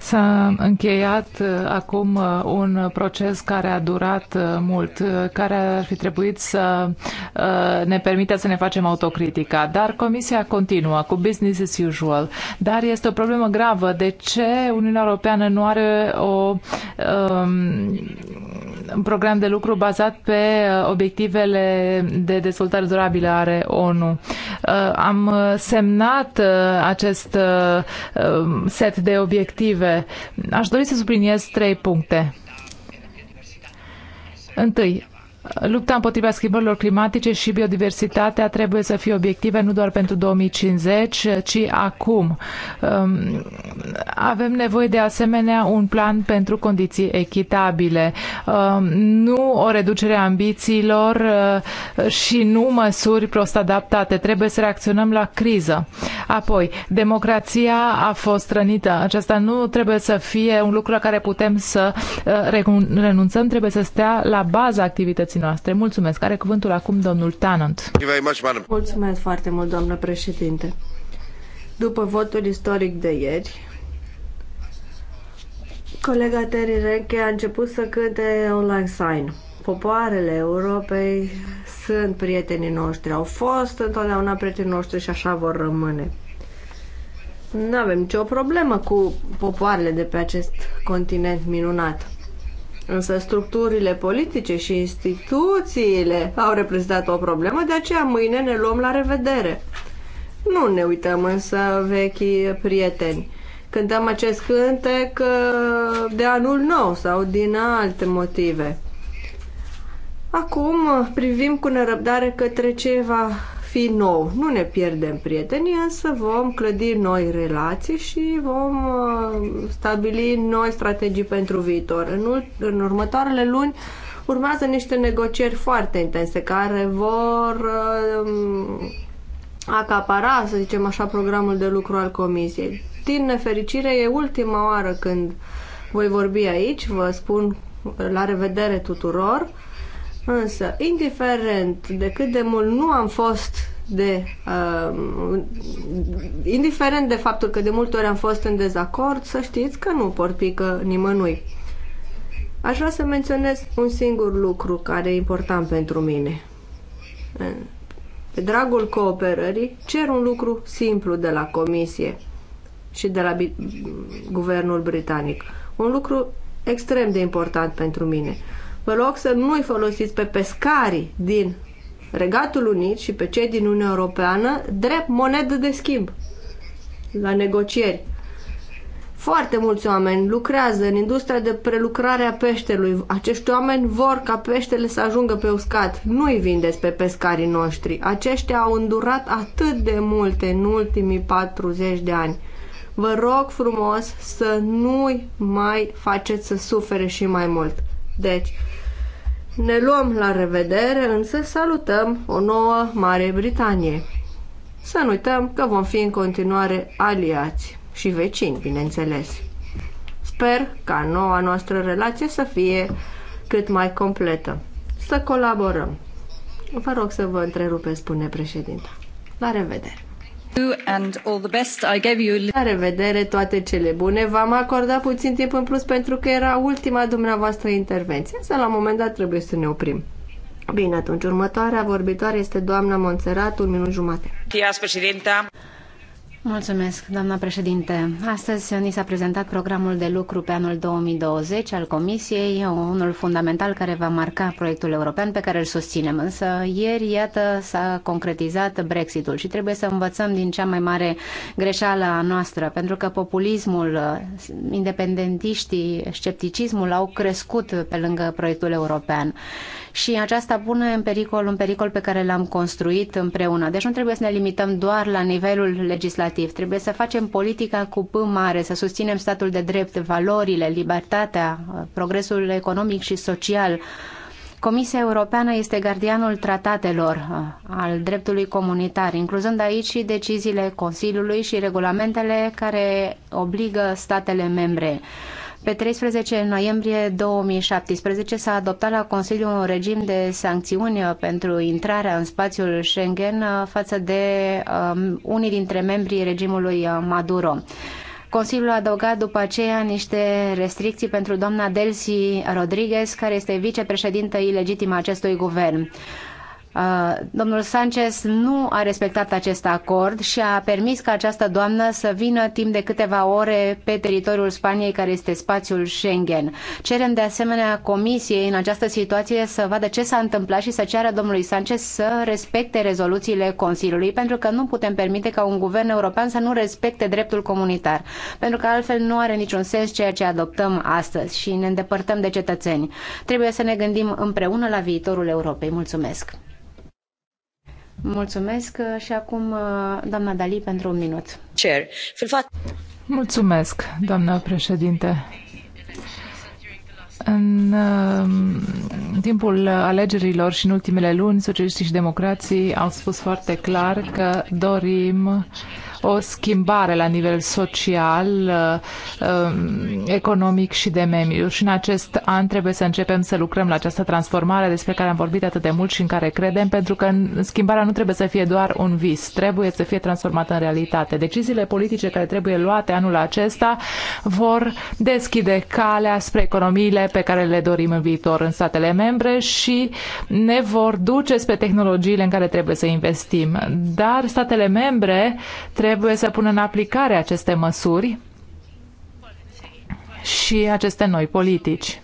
S-a încheiat eh, acum eh, un proces care a durat mult, care ar fi trebuit să ne permite să ne facem autocritica. Dar Comisia continuă cu business as usual. Dar este o problemă gravă. De ce Uniunea Europeană nu are o um, un program de lucru bazat pe uh, obiectivele de dezvoltare durabilă are ONU. Uh, am uh, semnat acest set de obiective. Aș dori să subliniez trei puncte. Întâi, Lupta împotriva schimbărilor climatice și biodiversitatea trebuie să fie obiective nu doar pentru 2050, ci acum. Um, avem nevoie de asemenea un plan pentru condiții echitabile, um, nu o reducere a ambițiilor uh, și nu măsuri prost adaptate. Trebuie să reacționăm la criză. Apoi, democrația a fost rănită. Aceasta nu trebuie să fie un lucru la care putem să uh, renunțăm, trebuie să stea la baza activității activității noastre. Mulțumesc. Are cuvântul acum domnul Tanant. Mulțumesc foarte mult, doamnă președinte. După votul istoric de ieri, colega Terry Renke a început să cânte online sign. Popoarele Europei sunt prietenii noștri, au fost întotdeauna prietenii noștri și așa vor rămâne. Nu avem nicio problemă cu popoarele de pe acest continent minunat. Însă structurile politice și instituțiile au reprezentat o problemă, de aceea mâine ne luăm la revedere. Nu ne uităm însă vechii prieteni. Cântăm acest cântec uh, de anul nou sau din alte motive. Acum uh, privim cu nerăbdare către ce va fi nou. Nu ne pierdem prietenii, însă vom clădi noi relații și vom uh, stabili noi strategii pentru viitor. În, în următoarele luni urmează niște negocieri foarte intense care vor uh, acapara, să zicem așa, programul de lucru al comisiei. Din nefericire, e ultima oară când voi vorbi aici, vă spun la revedere tuturor. Însă, indiferent de cât de mult nu am fost de. Uh, indiferent de faptul că de multe ori am fost în dezacord, să știți că nu porpică nimănui. Aș vrea să menționez un singur lucru care e important pentru mine. Pe dragul cooperării, cer un lucru simplu de la Comisie și de la Guvernul Britanic. Un lucru extrem de important pentru mine. Vă rog să nu i folosiți pe pescarii din Regatul Unit și pe cei din Uniunea Europeană drept monedă de schimb la negocieri. Foarte mulți oameni lucrează în industria de prelucrare a peștelui. Acești oameni vor ca peștele să ajungă pe uscat. Nu i vindeți pe pescarii noștri. Aceștia au îndurat atât de multe în ultimii 40 de ani. Vă rog frumos să nu-i mai faceți să sufere și mai mult. Deci, ne luăm la revedere, însă salutăm o nouă Mare Britanie. Să nu uităm că vom fi în continuare aliați și vecini, bineînțeles. Sper ca noua noastră relație să fie cât mai completă. Să colaborăm. Vă rog să vă întrerupeți, spune președinta. La revedere! And all the best. La revedere, toate cele bune. V-am acordat puțin timp în plus pentru că era ultima dumneavoastră intervenție, însă la un moment dat trebuie să ne oprim. Bine, atunci următoarea vorbitoare este doamna Montserrat, un minut jumate. Gracias, presidenta. Mulțumesc, doamna președinte. Astăzi ni s-a prezentat programul de lucru pe anul 2020 al Comisiei, unul fundamental care va marca proiectul european pe care îl susținem. Însă ieri, iată, s-a concretizat Brexitul și trebuie să învățăm din cea mai mare greșeală a noastră, pentru că populismul, independentiștii, scepticismul au crescut pe lângă proiectul european și aceasta pune în pericol un pericol pe care l-am construit împreună. Deci nu trebuie să ne limităm doar la nivelul legislativ, trebuie să facem politica cu P mare, să susținem statul de drept, valorile, libertatea, progresul economic și social, Comisia Europeană este gardianul tratatelor uh, al dreptului comunitar, incluzând aici și deciziile Consiliului și regulamentele care obligă statele membre. Pe 13 noiembrie 2017 s-a adoptat la Consiliu un regim de sancțiuni pentru intrarea în spațiul Schengen față de um, unii dintre membrii regimului Maduro. Consiliul a adăugat după aceea niște restricții pentru doamna Delcy Rodriguez, care este vicepreședintă ilegitimă acestui guvern. Uh, domnul Sanchez nu a respectat acest acord și a permis ca această doamnă să vină timp de câteva ore pe teritoriul Spaniei, care este spațiul Schengen. Cerem de asemenea Comisiei în această situație să vadă ce s-a întâmplat și să ceară domnului Sanchez să respecte rezoluțiile Consiliului, pentru că nu putem permite ca un guvern european să nu respecte dreptul comunitar, pentru că altfel nu are niciun sens ceea ce adoptăm astăzi și ne îndepărtăm de cetățeni. Trebuie să ne gândim împreună la viitorul Europei. Mulțumesc! Mulțumesc și acum uh, doamna Dali pentru un minut. Mulțumesc, doamna președinte. În uh, timpul alegerilor și în ultimele luni, socialiștii și democrații au spus foarte clar că dorim uh, o schimbare la nivel social, uh, um, economic și de mediu. Și în acest an trebuie să începem să lucrăm la această transformare despre care am vorbit atât de mult și în care credem, pentru că schimbarea nu trebuie să fie doar un vis, trebuie să fie transformată în realitate. Deciziile politice care trebuie luate anul acesta vor deschide calea spre economiile pe care le dorim în viitor în statele membre și ne vor duce spre tehnologiile în care trebuie să investim. Dar statele membre trebuie trebuie să pună în aplicare aceste măsuri și aceste noi politici.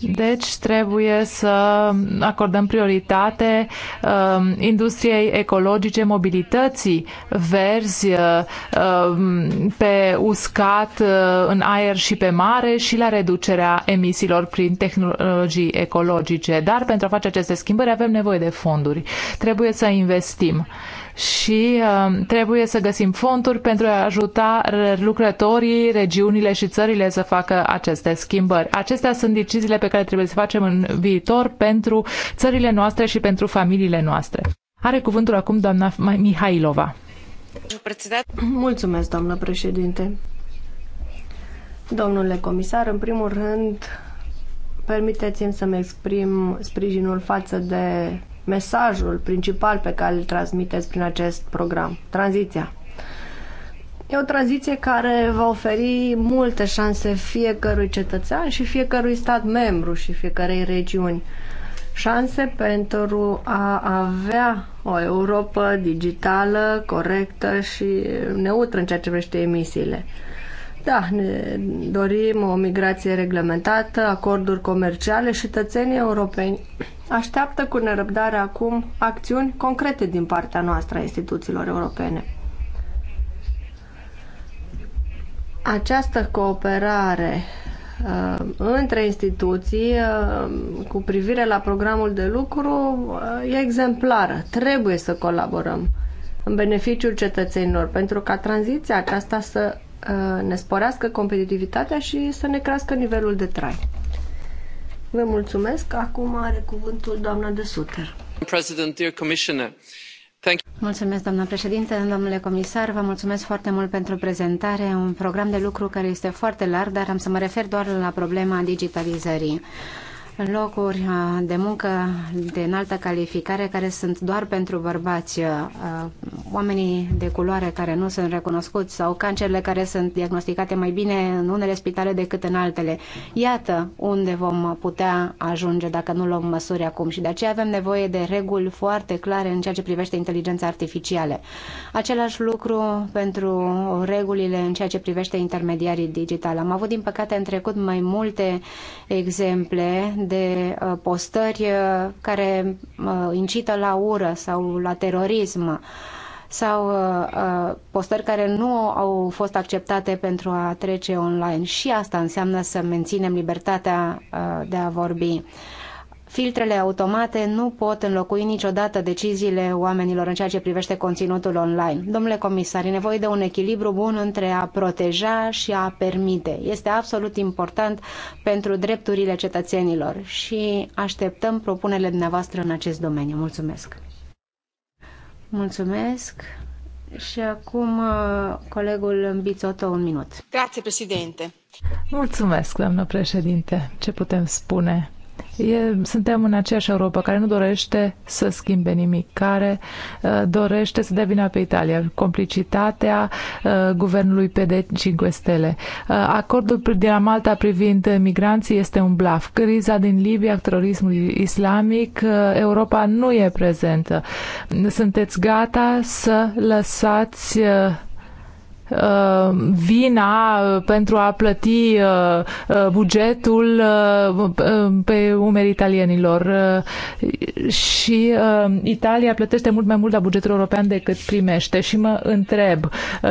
Deci trebuie să acordăm prioritate uh, industriei ecologice, mobilității verzi uh, um, pe uscat, uh, în aer și pe mare și la reducerea emisiilor prin tehnologii ecologice. Dar pentru a face aceste schimbări avem nevoie de fonduri. Trebuie să investim. Uh, și um, trebuie să găsim fonduri pentru a ajuta lucrătorii, regiunile și țările să facă aceste schimbări. Acestea sunt deciziile pe care trebuie să facem în viitor pentru țările noastre și pentru familiile noastre. Are cuvântul acum doamna Mihailova. Mulțumesc, doamnă președinte. Domnule comisar, în primul rând, permiteți-mi să-mi exprim sprijinul față de mesajul principal pe care îl transmiteți prin acest program, tranziția. E o tranziție care va oferi multe șanse fiecărui cetățean și fiecărui stat membru și fiecărei regiuni. Șanse pentru a avea o Europa digitală, corectă și neutră în ceea ce privește emisiile. Da, ne dorim o migrație reglementată, acorduri comerciale și tățenii europeni așteaptă cu nerăbdare acum acțiuni concrete din partea noastră a instituțiilor europene. Această cooperare uh, între instituții uh, cu privire la programul de lucru uh, e exemplară. Trebuie să colaborăm în beneficiul cetățenilor pentru ca tranziția aceasta să Uh, ne sporească competitivitatea și să ne crească nivelul de trai. Vă mulțumesc. Acum are cuvântul doamna de Suter. President, dear Commissioner, Mulțumesc, doamna președinte, domnule comisar, vă mulțumesc foarte mult pentru prezentare, un program de lucru care este foarte larg, dar am să mă refer doar la problema digitalizării locuri de muncă de înaltă calificare care sunt doar pentru bărbați, oamenii de culoare care nu sunt recunoscuți sau cancerele care sunt diagnosticate mai bine în unele spitale decât în altele. Iată unde vom putea ajunge dacă nu luăm măsuri acum și de aceea avem nevoie de reguli foarte clare în ceea ce privește inteligența artificială. Același lucru pentru regulile în ceea ce privește intermediarii digitali. Am avut, din păcate, în trecut mai multe exemple de uh, postări uh, care uh, incită la ură sau la terorism sau postări care nu au fost acceptate pentru a trece online. Și asta înseamnă să menținem libertatea de a vorbi. Filtrele automate nu pot înlocui niciodată deciziile oamenilor în ceea ce privește conținutul online. Domnule comisar, e nevoie de un echilibru bun între a proteja și a permite. Este absolut important pentru drepturile cetățenilor și așteptăm propunerile dumneavoastră în acest domeniu. Mulțumesc! Mulțumesc! Și acum uh, colegul Bițoto, un minut. Grazie, președinte! Mulțumesc, doamnă președinte! Ce putem spune? E, suntem în aceeași Europa care nu dorește să schimbe nimic, care uh, dorește să devină pe Italia, complicitatea uh, guvernului PD 5 Stele. Uh, acordul de la Malta privind migranții este un blaf. Criza din Libia, terorismul islamic, uh, Europa nu e prezentă. Sunteți gata să lăsați uh, Uh, vina uh, pentru a plăti uh, bugetul pe umeri italienilor. Și Italia plătește mult mai mult la bugetul european decât primește. Și mă întreb,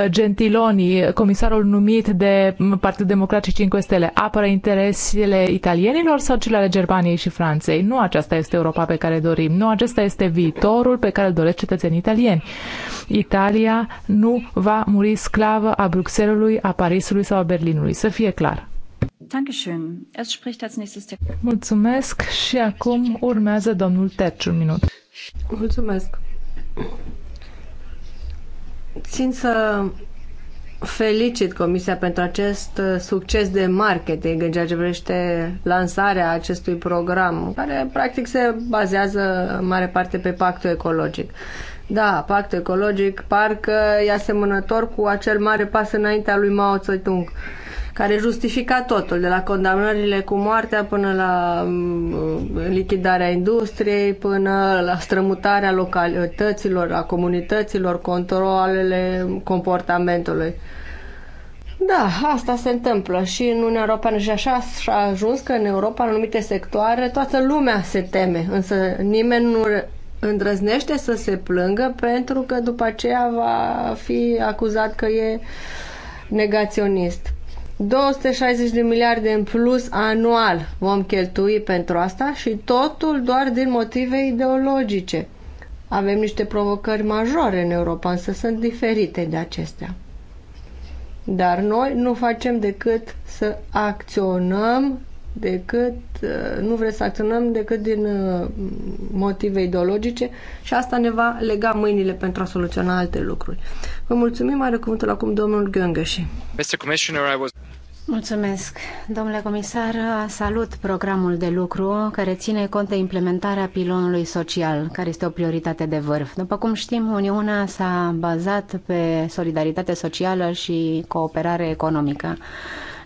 Gentiloni, comisarul numit de Partidul Democrat și 5 Stele, apără interesele italienilor sau cele ale Germaniei și Franței? Nu aceasta este Europa pe care dorim. Nu acesta este viitorul pe care îl doresc cetățenii italieni. Italia nu va muri sclav sclavă a Bruxellesului, a Parisului sau a Berlinului, să fie clar. Mulțumesc și acum urmează domnul Terci un minut. Mulțumesc. Țin să felicit Comisia pentru acest uh, succes de marketing în ceea ce privește lansarea acestui program, care practic se bazează în mare parte pe pactul ecologic. Da, pactul ecologic parcă e asemănător cu acel mare pas înaintea lui Mao Tse-tung, care justifica totul, de la condamnările cu moartea până la mm, lichidarea industriei, până la strămutarea localităților, a comunităților, controlele comportamentului. Da, asta se întâmplă și în Uniunea Europeană și așa a ajuns că în Europa, în anumite sectoare, toată lumea se teme, însă nimeni nu îndrăznește să se plângă pentru că după aceea va fi acuzat că e negaționist. 260 de miliarde în plus anual vom cheltui pentru asta și totul doar din motive ideologice. Avem niște provocări majore în Europa, însă sunt diferite de acestea. Dar noi nu facem decât să acționăm decât, uh, nu vreți să acționăm decât din uh, motive ideologice și asta ne va lega mâinile pentru a soluționa alte lucruri. Vă mulțumim, are cuvântul acum domnul Gângăși. Mulțumesc. Domnule comisar, salut programul de lucru care ține cont de implementarea pilonului social, care este o prioritate de vârf. După cum știm, Uniunea s-a bazat pe solidaritate socială și cooperare economică.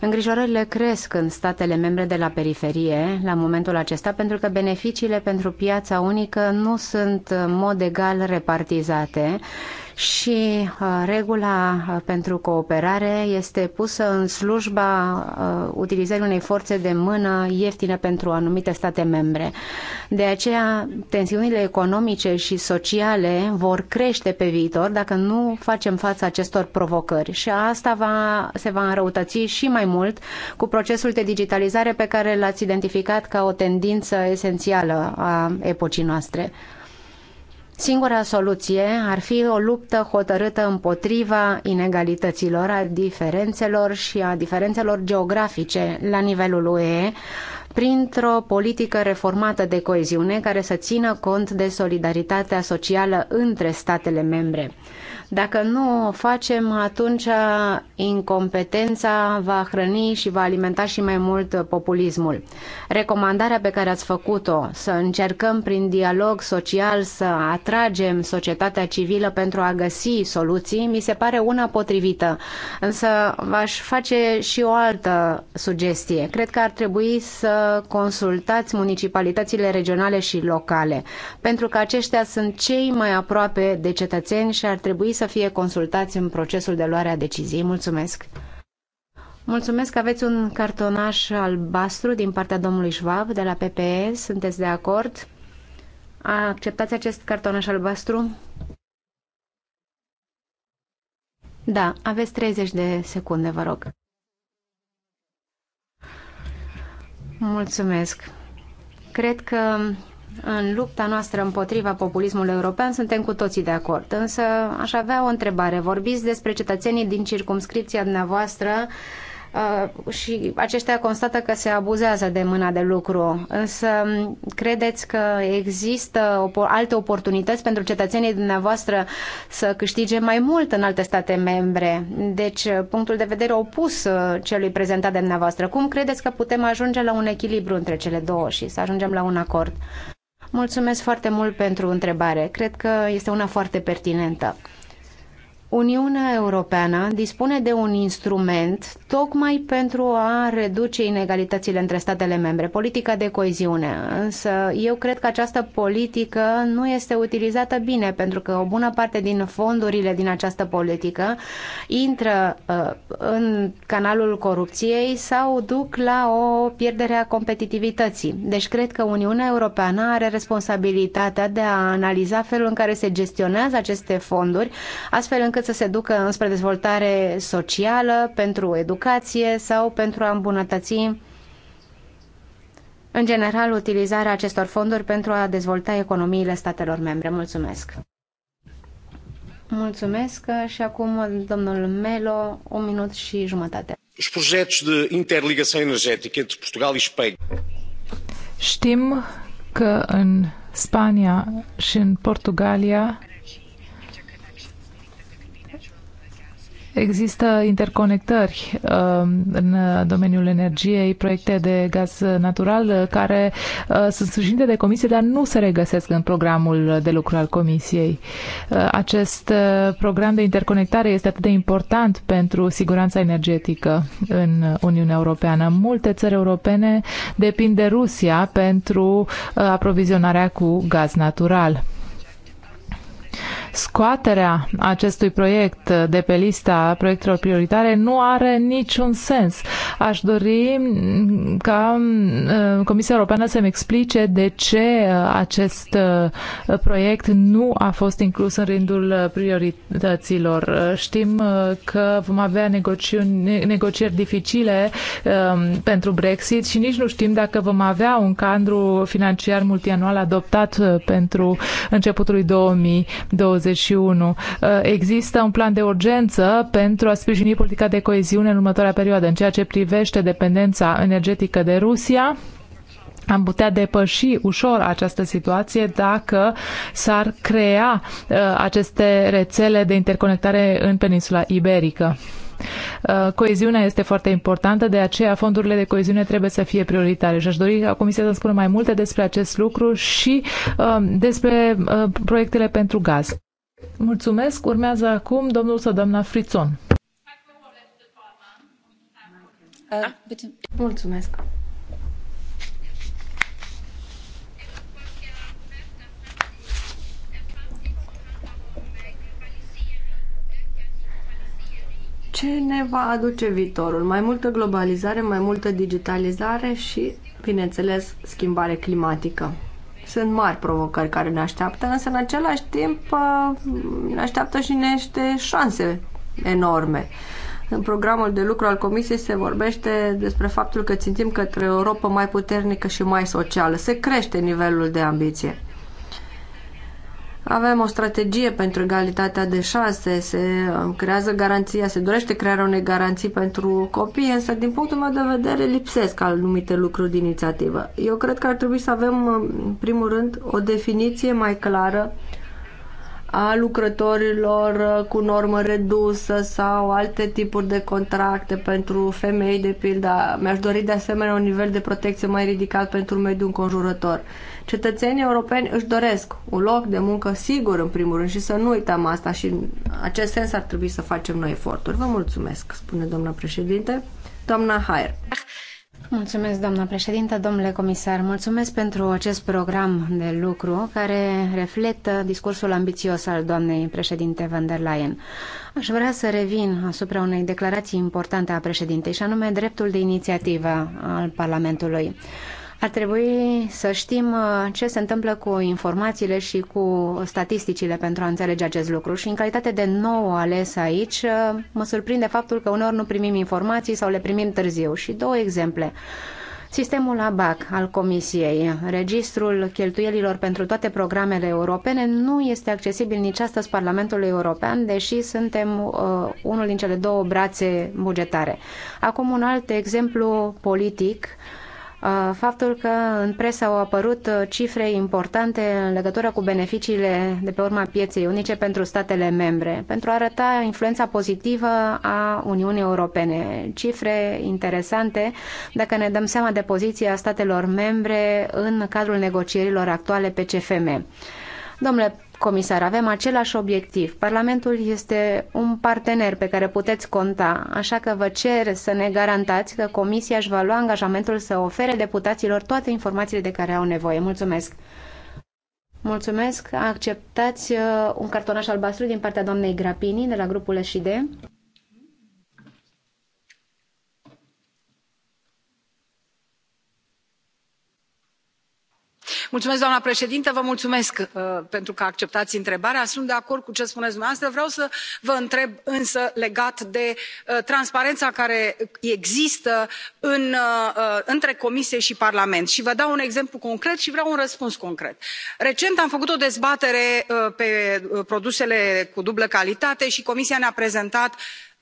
Îngrijorările cresc în statele membre de la periferie la momentul acesta pentru că beneficiile pentru piața unică nu sunt în mod egal repartizate și uh, regula uh, pentru cooperare este pusă în slujba uh, utilizării unei forțe de mână ieftină pentru anumite state membre. De aceea, tensiunile economice și sociale vor crește pe viitor dacă nu facem față acestor provocări și asta va, se va înrăutăți și mai mult cu procesul de digitalizare pe care l-ați identificat ca o tendință esențială a epocii noastre. Singura soluție ar fi o luptă hotărâtă împotriva inegalităților, a diferențelor și a diferențelor geografice la nivelul UE, printr-o politică reformată de coeziune care să țină cont de solidaritatea socială între statele membre. Dacă nu o facem, atunci incompetența va hrăni și va alimenta și mai mult populismul. Recomandarea pe care ați făcut-o, să încercăm prin dialog social să atragem societatea civilă pentru a găsi soluții, mi se pare una potrivită. Însă v-aș face și o altă sugestie. Cred că ar trebui să consultați municipalitățile regionale și locale, pentru că aceștia sunt cei mai aproape de cetățeni și ar trebui să fie consultați în procesul de luare a deciziei. Mulțumesc! Mulțumesc că aveți un cartonaș albastru din partea domnului Schwab de la PPE. Sunteți de acord? Acceptați acest cartonaș albastru? Da, aveți 30 de secunde, vă rog. Mulțumesc. Cred că în lupta noastră împotriva populismului european suntem cu toții de acord, însă aș avea o întrebare. Vorbiți despre cetățenii din circumscripția dumneavoastră uh, Uh, și aceștia constată că se abuzează de mâna de lucru. Însă um, credeți că există alte oportunități pentru cetățenii dumneavoastră să câștige mai mult în alte state membre? Deci uh, punctul de vedere opus uh, celui prezentat de dumneavoastră. Cum credeți că putem ajunge la un echilibru între cele două și să ajungem la un acord? Mulțumesc foarte mult pentru întrebare. Cred că este una foarte pertinentă. Uniunea Europeană dispune de un instrument tocmai pentru a reduce inegalitățile între statele membre, politica de coeziune. Însă eu cred că această politică nu este utilizată bine, pentru că o bună parte din fondurile din această politică intră uh, în canalul corupției sau duc la o pierdere a competitivității. Deci cred că Uniunea Europeană are responsabilitatea de a analiza felul în care se gestionează aceste fonduri, astfel încât încât să se ducă înspre dezvoltare socială, pentru educație sau pentru a îmbunătăți în general utilizarea acestor fonduri pentru a dezvolta economiile statelor membre. Mulțumesc! Mulțumesc și acum domnul Melo, un minut și jumătate. Os projetos de interligação energética entre Portugal și Spania. Știm că în Spania și în Portugalia Există interconectări um, în uh, domeniul energiei, proiecte de gaz natural uh, care uh, sunt susținute de comisie, dar nu se regăsesc în programul de lucru al comisiei. Acest program de interconectare este atât de important pentru siguranța energetică în Uniunea Europeană. Multe țări europene depind de Rusia pentru aprovizionarea cu gaz natural. Scoaterea acestui proiect de pe lista proiectelor prioritare nu are niciun sens. Aș dori mm, ca mm, uh, Comisia Europeană să-mi explice de ce uh, acest uh, proiect nu a fost inclus în rândul priorităților. Știm că vom avea negocieri dificile um, pentru Brexit și nici nu știm dacă vom avea un cadru financiar multianual adoptat pentru începutul 2020 2021. Uh, există un plan de urgență pentru a sprijini politica de coeziune în următoarea perioadă. În ceea ce privește dependența energetică de Rusia, am putea depăși ușor această situație dacă s-ar crea uh, aceste rețele de interconectare în peninsula iberică. Uh, coeziunea este foarte importantă, de aceea fondurile de coeziune trebuie să fie prioritare și aș dori ca Comisia să spună mai multe despre acest lucru și uh, despre uh, proiectele pentru gaz. Mulțumesc. Urmează acum domnul sau doamna Frițon. Mulțumesc. Ce ne va aduce viitorul? Mai multă globalizare, mai multă digitalizare și, bineînțeles, schimbare climatică. Sunt mari provocări care ne așteaptă, însă în același timp uh, ne așteaptă și niște șanse enorme. În programul de lucru al Comisiei se vorbește despre faptul că țintim către o Europa mai puternică și mai socială. Se crește nivelul de ambiție. Avem o strategie pentru egalitatea de șanse, se uh, creează garanția, se dorește crearea unei garanții pentru copii, însă din punctul meu de vedere lipsesc anumite lucruri din inițiativă. Eu cred că ar trebui să avem, uh, în primul rând, o definiție mai clară a lucrătorilor uh, cu normă redusă sau alte tipuri de contracte pentru femei, de pildă. Mi-aș dori de asemenea un nivel de protecție mai ridicat pentru mediul înconjurător. Cetățenii europeni își doresc un loc de muncă sigur, în primul rând, și să nu uităm asta și în acest sens ar trebui să facem noi eforturi. Vă mulțumesc, spune doamna președinte. Doamna Haier. Mulțumesc, doamna președintă, domnule comisar. Mulțumesc pentru acest program de lucru care reflectă discursul ambițios al doamnei președinte van der Leyen. Aș vrea să revin asupra unei declarații importante a președintei, și anume dreptul de inițiativă al Parlamentului. Ar trebui să știm uh, ce se întâmplă cu informațiile și cu statisticile pentru a înțelege acest lucru. Și în calitate de nou ales aici, uh, mă surprinde faptul că uneori nu primim informații sau le primim târziu. Și două exemple. Sistemul ABAC al Comisiei, registrul cheltuielilor pentru toate programele europene, nu este accesibil nici astăzi Parlamentului European, deși suntem uh, unul din cele două brațe bugetare. Acum un alt exemplu politic. Uh, Uh, faptul că în presă au apărut uh, cifre importante în legătură cu beneficiile de pe urma pieței unice pentru statele membre, pentru a arăta influența pozitivă a Uniunii Europene. Cifre interesante dacă ne dăm seama de poziția statelor membre în cadrul negocierilor actuale pe CFM. Domnule comisar, avem același obiectiv. Parlamentul este un partener pe care puteți conta, așa că vă cer să ne garantați că Comisia își va lua angajamentul să ofere deputaților toate informațiile de care au nevoie. Mulțumesc! Mulțumesc! Acceptați uh, un cartonaș albastru din partea doamnei Grapini de la grupul SID. doamnă președintă vă mulțumesc uh, pentru că acceptați întrebarea sunt de acord cu ce spuneți dumneavoastră vreau să vă întreb însă legat de uh, transparența care există uh, între comisie și parlament și vă dau un exemplu concret și vreau un răspuns concret recent am făcut o dezbatere pe produsele cu dublă calitate și comisia ne a prezentat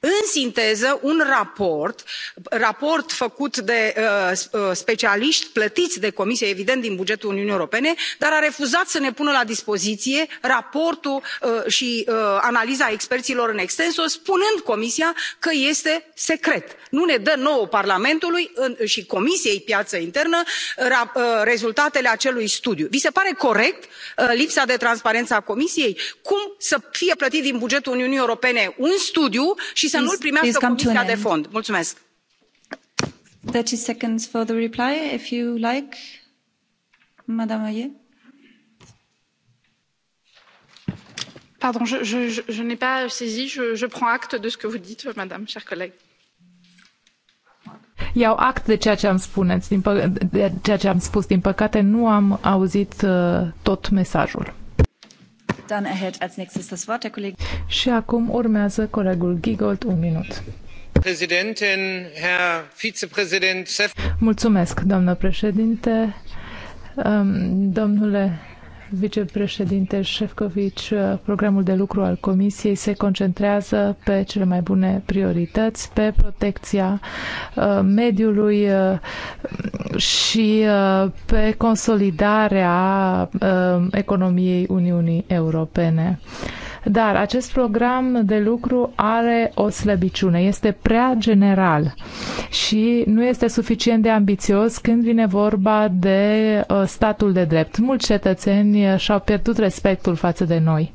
în sinteză un raport raport făcut de uh, uh, specialiști plătiți de comisie evident din bugetul uniunii europene dar a refuzat să ne pună la dispoziție raportul uh, și analiza experților în extenso spunând comisia că este secret. nu ne dă nouă parlamentului și comisiei piață internă rezultatele acelui studiu. vi se pare corect lipsa de transparență a comisiei? cum să fie plătit din bugetul uniunii europene un studiu și să nu l primească comisia de fond. mulțumesc. thirty seconds for the reply if you like madame Pardon, je, je, je n'ai pas saisi. Je, je prends acte de ce que vous dites, madame, chers collègues. Iau act de ceea ce am spuneți, din pă- de ceea ce am spus. Din păcate, nu am auzit uh, tot mesajul. Dann erhält als nächstes das Wort der Kollege. Și acum urmează colegul Gigold un minut. Mulțumesc, doamnă președinte, domnule vicepreședinte Șefcovici, uh, programul de lucru al Comisiei se concentrează pe cele mai bune priorități, pe protecția uh, mediului uh, și pe consolidarea economiei Uniunii Europene. Dar acest program de lucru are o slăbiciune. Este prea general și nu este suficient de ambițios când vine vorba de uh, statul de drept. Mulți cetățeni uh, și-au pierdut respectul față de noi.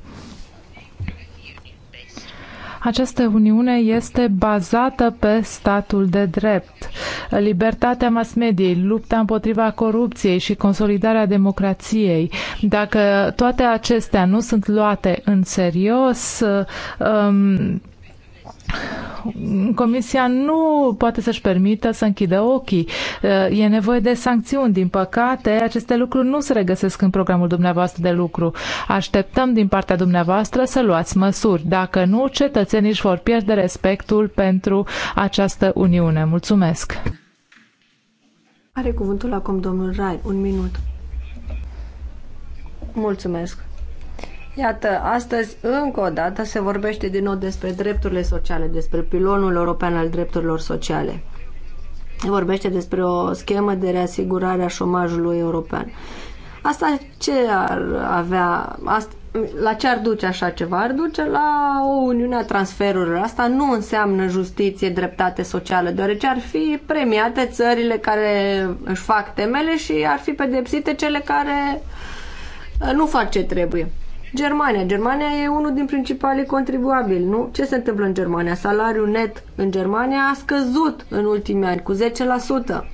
Această Uniune este bazată pe statul de drept, libertatea mass mediei, lupta împotriva corupției și consolidarea democrației. Dacă toate acestea nu sunt luate în serios, um, Comisia nu poate să-și permită să închidă ochii. Uh, e nevoie de sancțiuni. Din păcate, aceste lucruri nu se regăsesc în programul dumneavoastră de lucru. Așteptăm din partea dumneavoastră să luați măsuri. Dacă nu, cetățenii își vor pierde respectul pentru această Uniune. Mulțumesc! Are cuvântul acum domnul Rai. Un minut. Mulțumesc. Iată, astăzi încă o dată se vorbește din nou despre drepturile sociale, despre pilonul european al drepturilor sociale. Se Vorbește despre o schemă de reasigurare a șomajului european. Asta ce ar avea, asta, la ce ar duce așa ceva? Ar duce la o uniune a transferurilor. Asta nu înseamnă justiție, dreptate socială, deoarece ar fi premiate țările care își fac temele și ar fi pedepsite cele care nu fac ce trebuie. Germania. Germania e unul din principalii contribuabili, nu? Ce se întâmplă în Germania? Salariul net în Germania a scăzut în ultimii ani cu 10%.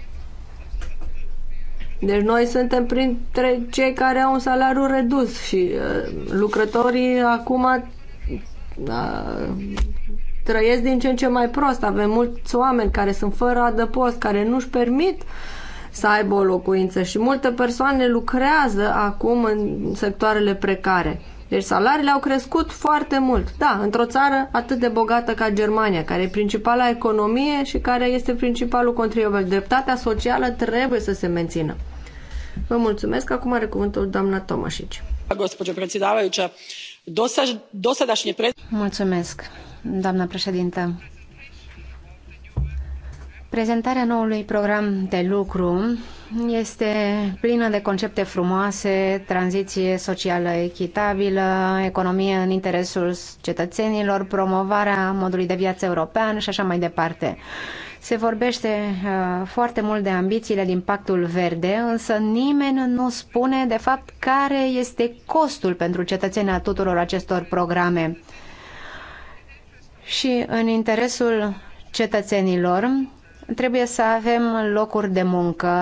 Deci noi suntem printre cei care au un salariu redus și uh, lucrătorii acum uh, trăiesc din ce în ce mai prost. Avem mulți oameni care sunt fără adăpost, care nu-și permit uh, să aibă o locuință și multe persoane lucrează acum în sectoarele precare. Deci salariile au crescut foarte mult. Da, într-o țară atât de bogată ca Germania, care e principala economie și care este principalul contribuabil. Dreptatea socială trebuie să se mențină. Vă mulțumesc. Acum are cuvântul doamna Tomașici. Mulțumesc, doamna președintă Prezentarea noului program de lucru este plină de concepte frumoase, tranziție socială echitabilă, economie în interesul cetățenilor, promovarea modului de viață european și așa mai departe. Se vorbește uh, foarte mult de ambițiile din pactul verde, însă nimeni nu spune de fapt care este costul pentru cetățenii a tuturor acestor programe. Și în interesul cetățenilor, Trebuie să avem locuri de muncă.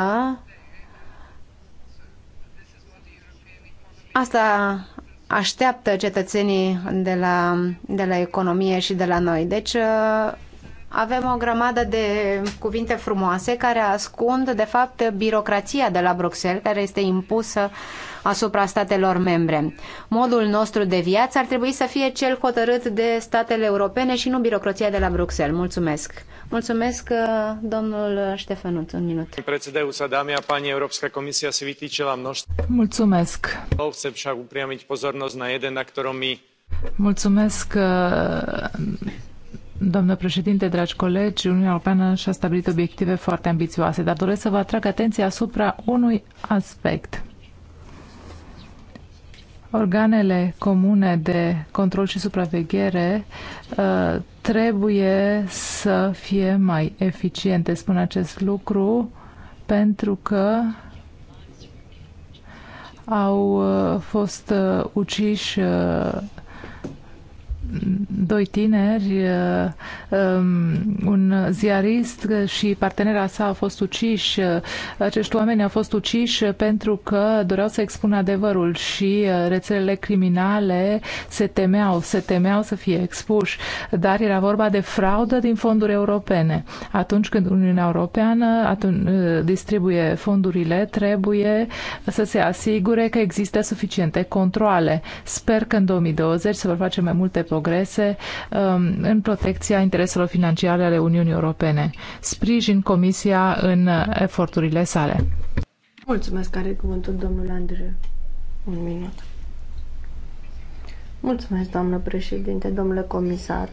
Asta așteaptă cetățenii de la, de la economie și de la noi. Deci uh, avem o grămadă de cuvinte frumoase care ascund, de fapt, birocrația de la Bruxelles, care este impusă uh, asupra statelor membre. Modul nostru de viață ar trebui să fie cel hotărât de statele europene și nu birocrația de la Bruxelles. Mulțumesc! Mulțumesc, uh, domnul Ștefanut, un minut. Mulțumesc! Chcem však upriamiť pozornosť na jeden, na ktorom mi Mulțumesc, uh, domnule președinte, dragi colegi. Uniunea Europeană și-a stabilit obiective foarte ambițioase, dar doresc să vă atrag atenția asupra unui aspect. Organele comune de control și supraveghere uh, trebuie să fie mai eficiente, spun acest lucru, pentru că au uh, fost uh, uciși doi tineri, um, un ziarist și partenera sa au fost uciși. Acești oameni au fost uciși pentru că doreau să expună adevărul și uh, rețelele criminale se temeau, se temeau să fie expuși, dar era vorba de fraudă din fonduri europene. Atunci când Uniunea Europeană atunci, uh, distribuie fondurile, trebuie să se asigure că există suficiente controle. Sper că în 2020 se vor face mai multe programe progrese um, în protecția intereselor financiare ale Uniunii Europene. Sprijin Comisia în eforturile sale. Mulțumesc, are cuvântul domnul Andrei. Un minut. Mulțumesc, doamnă președinte, domnule comisar.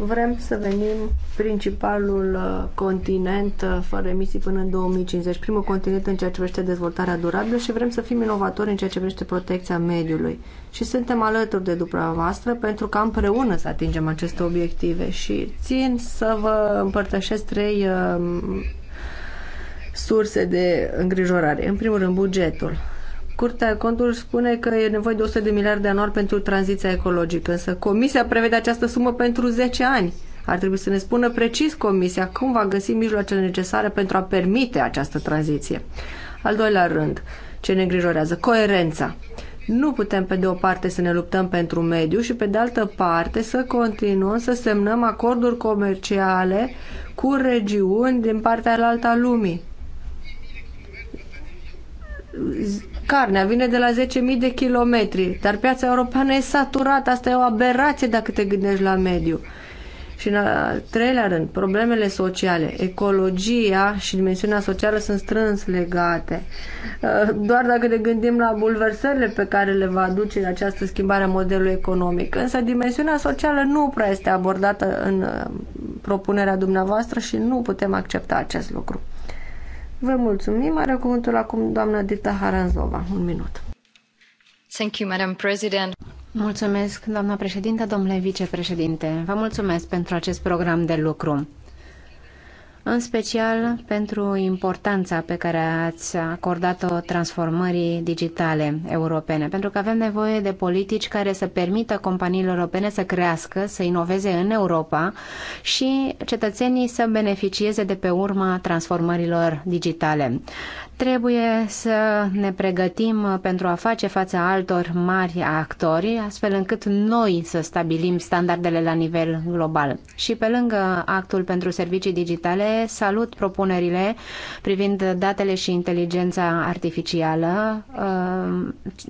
Vrem să venim principalul uh, continent uh, fără emisii până în 2050, primul continent în ceea ce privește dezvoltarea durabilă și vrem să fim inovatori în ceea ce privește protecția mediului. Și suntem alături de dumneavoastră pentru ca împreună să atingem aceste obiective și țin să vă împărtășesc trei um, surse de îngrijorare. În primul rând, bugetul Curtea de spune că e nevoie de 100 de miliarde anual pentru tranziția ecologică, însă Comisia prevede această sumă pentru 10 ani. Ar trebui să ne spună precis Comisia cum va găsi mijloacele necesare pentru a permite această tranziție. Al doilea rând, ce ne îngrijorează? Coerența. Nu putem, pe de o parte, să ne luptăm pentru mediu și, pe de altă parte, să continuăm să semnăm acorduri comerciale cu regiuni din partea alaltă a lumii carnea vine de la 10.000 de kilometri, dar piața europeană e saturată, asta e o aberație dacă te gândești la mediu. Și în al treilea rând, problemele sociale, ecologia și dimensiunea socială sunt strâns legate. Uh, doar dacă ne gândim la bulversările pe care le va aduce această schimbare a modelului economic, însă dimensiunea socială nu prea este abordată în uh, propunerea dumneavoastră și nu putem accepta acest lucru. Vă mulțumim. Are cuvântul acum doamna Dita Haranzova. Un minut. Thank you, Madam President. Mulțumesc, doamna președinte, domnule vicepreședinte. Vă mulțumesc pentru acest program de lucru în special pentru importanța pe care ați acordat-o transformării digitale europene, pentru că avem nevoie de politici care să permită companiilor europene să crească, să inoveze în Europa și cetățenii să beneficieze de pe urma transformărilor digitale. Trebuie să ne pregătim pentru a face față altor mari actori, astfel încât noi să stabilim standardele la nivel global. Și pe lângă actul pentru servicii digitale, salut propunerile privind datele și inteligența artificială, uh,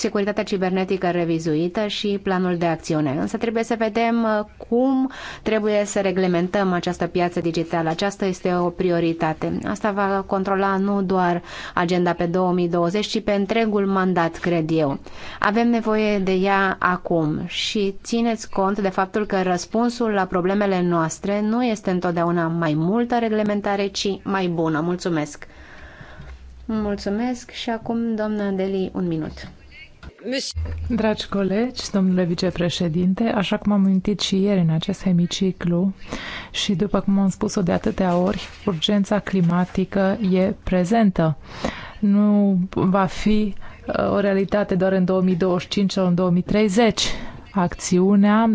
securitatea cibernetică revizuită și planul de acțiune. Însă trebuie să vedem uh, cum trebuie să reglementăm această piață digitală. Aceasta este o prioritate. Asta va controla nu doar agenda pe 2020, ci pe întregul mandat, cred eu. Avem nevoie de ea acum și țineți cont de faptul că răspunsul la problemele noastre nu este întotdeauna mai multă reglementare, ci mai bună. Mulțumesc! Mulțumesc și acum, doamna Deli, un minut. Dragi colegi, domnule vicepreședinte, așa cum am amintit și ieri în acest hemiciclu și după cum am spus-o de atâtea ori, urgența climatică e prezentă. Nu va fi uh, o realitate doar în 2025 sau în 2030. Acțiunea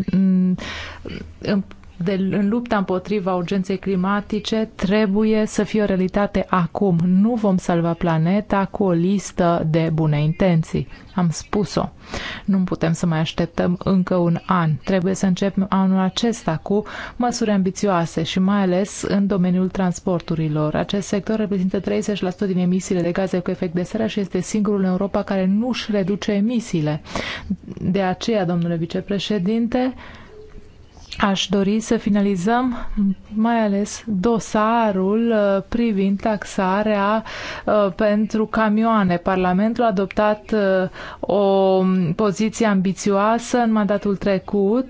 de, în lupta împotriva urgenței climatice trebuie să fie o realitate acum. Nu vom salva planeta cu o listă de bune intenții. Am spus-o. Nu putem să mai așteptăm încă un an. Trebuie să începem anul acesta cu măsuri ambițioase și mai ales în domeniul transporturilor. Acest sector reprezintă 30% din emisiile de gaze cu efect de seră și este singurul în Europa care nu își reduce emisiile. De aceea, domnule vicepreședinte, Aș dori să finalizăm mai ales dosarul uh, privind taxarea uh, pentru camioane. Parlamentul a adoptat uh, o poziție ambițioasă în mandatul trecut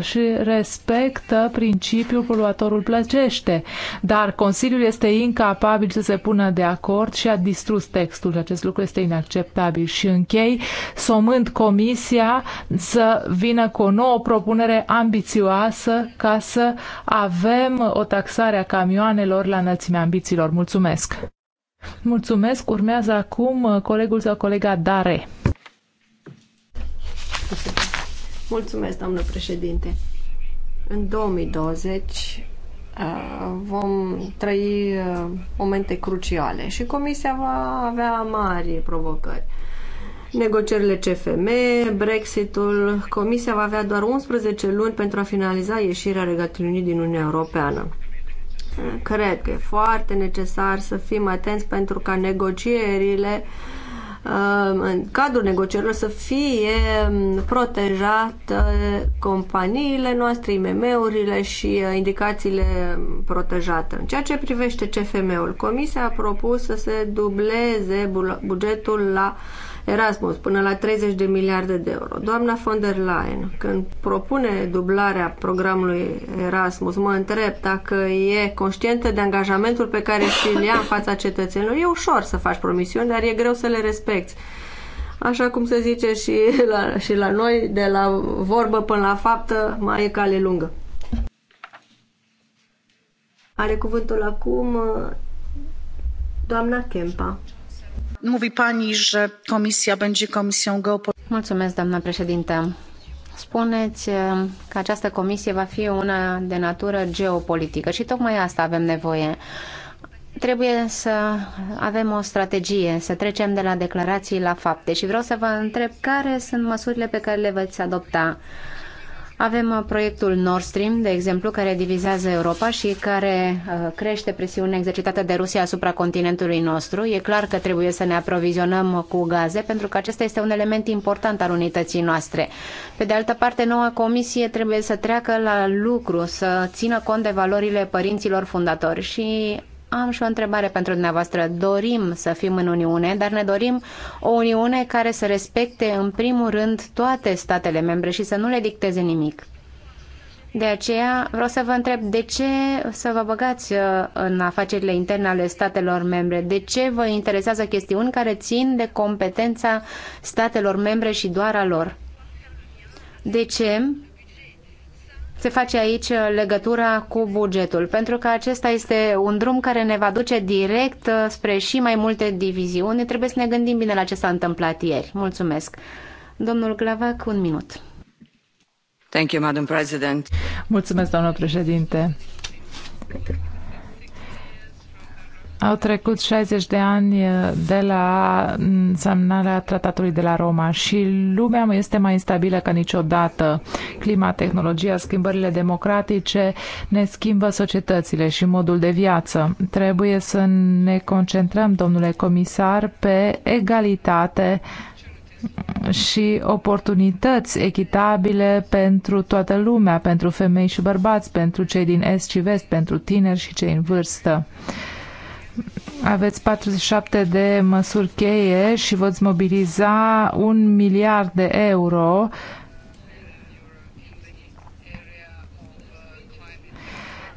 și respectă principiul poluatorul plăcește, dar Consiliul este incapabil să se pună de acord și a distrus textul acest lucru este inacceptabil. Și închei somând Comisia să vină cu o nouă propunere ambițioasă acasă ca să avem o taxare a camioanelor la înălțimea ambițiilor. Mulțumesc! Mulțumesc! Urmează acum colegul sau colega Dare. Mulțumesc, doamnă președinte! În 2020 uh, vom trăi uh, momente cruciale și Comisia va avea mari provocări negocierile CFM, Brexitul, Comisia va avea doar 11 luni pentru a finaliza ieșirea Regatului Unit din Uniunea Europeană. Cred că e foarte necesar să fim atenți pentru ca negocierile uh, în cadrul negocierilor să fie um, protejate uh, companiile noastre, IMM-urile și uh, indicațiile um, protejate. În ceea ce privește CFM-ul, Comisia a propus să se dubleze bugetul la Erasmus până la 30 de miliarde de euro. Doamna von der Leyen, când propune dublarea programului Erasmus, mă întreb dacă e conștientă de angajamentul pe care și-l ia în fața cetățenilor. E ușor să faci promisiuni, dar e greu să le respecti așa cum se zice și la, și la noi, de la vorbă până la faptă, mai e cale lungă. Are cuvântul acum uh, doamna Kempa. Mulțumesc, doamna președintă. Spuneți că această comisie va fi una de natură geopolitică și tocmai asta avem nevoie. Trebuie să avem o strategie, să trecem de la declarații la fapte și vreau să vă întreb care sunt măsurile pe care le veți adopta avem uh, proiectul Nord Stream, de exemplu, care divizează Europa și care uh, crește presiunea exercitată de Rusia asupra continentului nostru. E clar că trebuie să ne aprovizionăm cu gaze, pentru că acesta este un element important al unității noastre. Pe de altă parte, noua comisie trebuie să treacă la lucru, să țină cont de valorile părinților fundatori și am și o întrebare pentru dumneavoastră. Dorim să fim în Uniune, dar ne dorim o Uniune care să respecte în primul rând toate statele membre și să nu le dicteze nimic. De aceea vreau să vă întreb de ce să vă băgați uh, în afacerile interne ale statelor membre? De ce vă interesează chestiuni care țin de competența statelor membre și doar a lor? De ce se face aici uh, legătura cu bugetul, pentru că acesta este un drum care ne va duce direct uh, spre și mai multe diviziuni. Trebuie să ne gândim bine la ce s-a întâmplat ieri. Mulțumesc. Domnul Glavac, un minut. Thank you, Madam President. Mulțumesc, doamnă președinte. Au trecut 60 de ani eh, de la mm, semnarea tratatului de la Roma și lumea este mai instabilă ca niciodată. Clima, tehnologia, schimbările democratice ne schimbă societățile și modul de viață. Trebuie să ne concentrăm, domnule comisar, pe egalitate și oportunități echitabile pentru toată lumea, pentru femei și bărbați, pentru cei din est și vest, pentru tineri și cei în vârstă aveți 47 de măsuri cheie și voți mobiliza un miliard de euro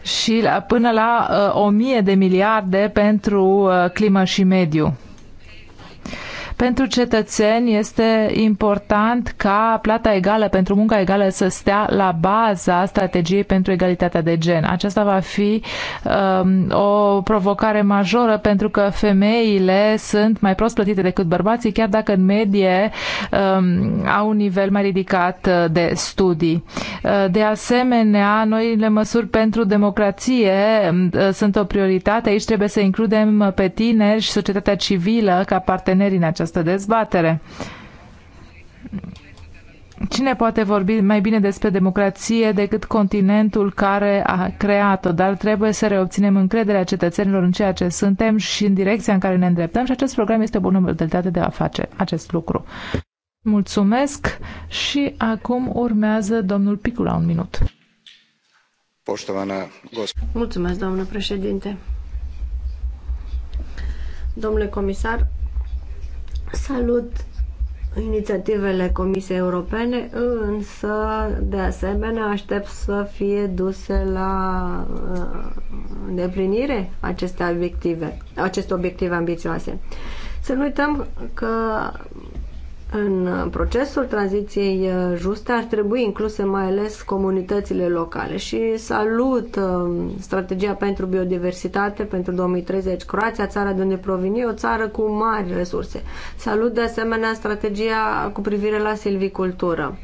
și până la uh, o mie de miliarde pentru uh, climă și mediu. Pentru cetățeni este important ca plata egală pentru munca egală să stea la baza strategiei pentru egalitatea de gen. Aceasta va fi um, o provocare majoră pentru că femeile sunt mai prost plătite decât bărbații, chiar dacă în medie um, au un nivel mai ridicat uh, de studii. Uh, de asemenea, noile măsuri pentru democrație um, uh, sunt o prioritate. Aici trebuie să includem pe tineri și societatea civilă ca parteneri în această această dezbatere. Cine poate vorbi mai bine despre democrație decât continentul care a creat-o, dar trebuie să reobținem încrederea cetățenilor în ceea ce suntem și în direcția în care ne îndreptăm și acest program este o bună modalitate de a face acest lucru. Mulțumesc și acum urmează domnul Picu la un minut. Mulțumesc, domnule președinte. Domnule comisar, Salut inițiativele Comisiei Europene, însă, de asemenea, aștept să fie duse la uh, îndeplinire aceste obiective, aceste obiective ambițioase. Să nu uităm că în procesul tranziției uh, juste ar trebui incluse mai ales comunitățile locale și salut uh, strategia pentru biodiversitate pentru 2030. Croația, țara de unde provin eu, o țară cu mari resurse. Salut de asemenea strategia cu privire la silvicultură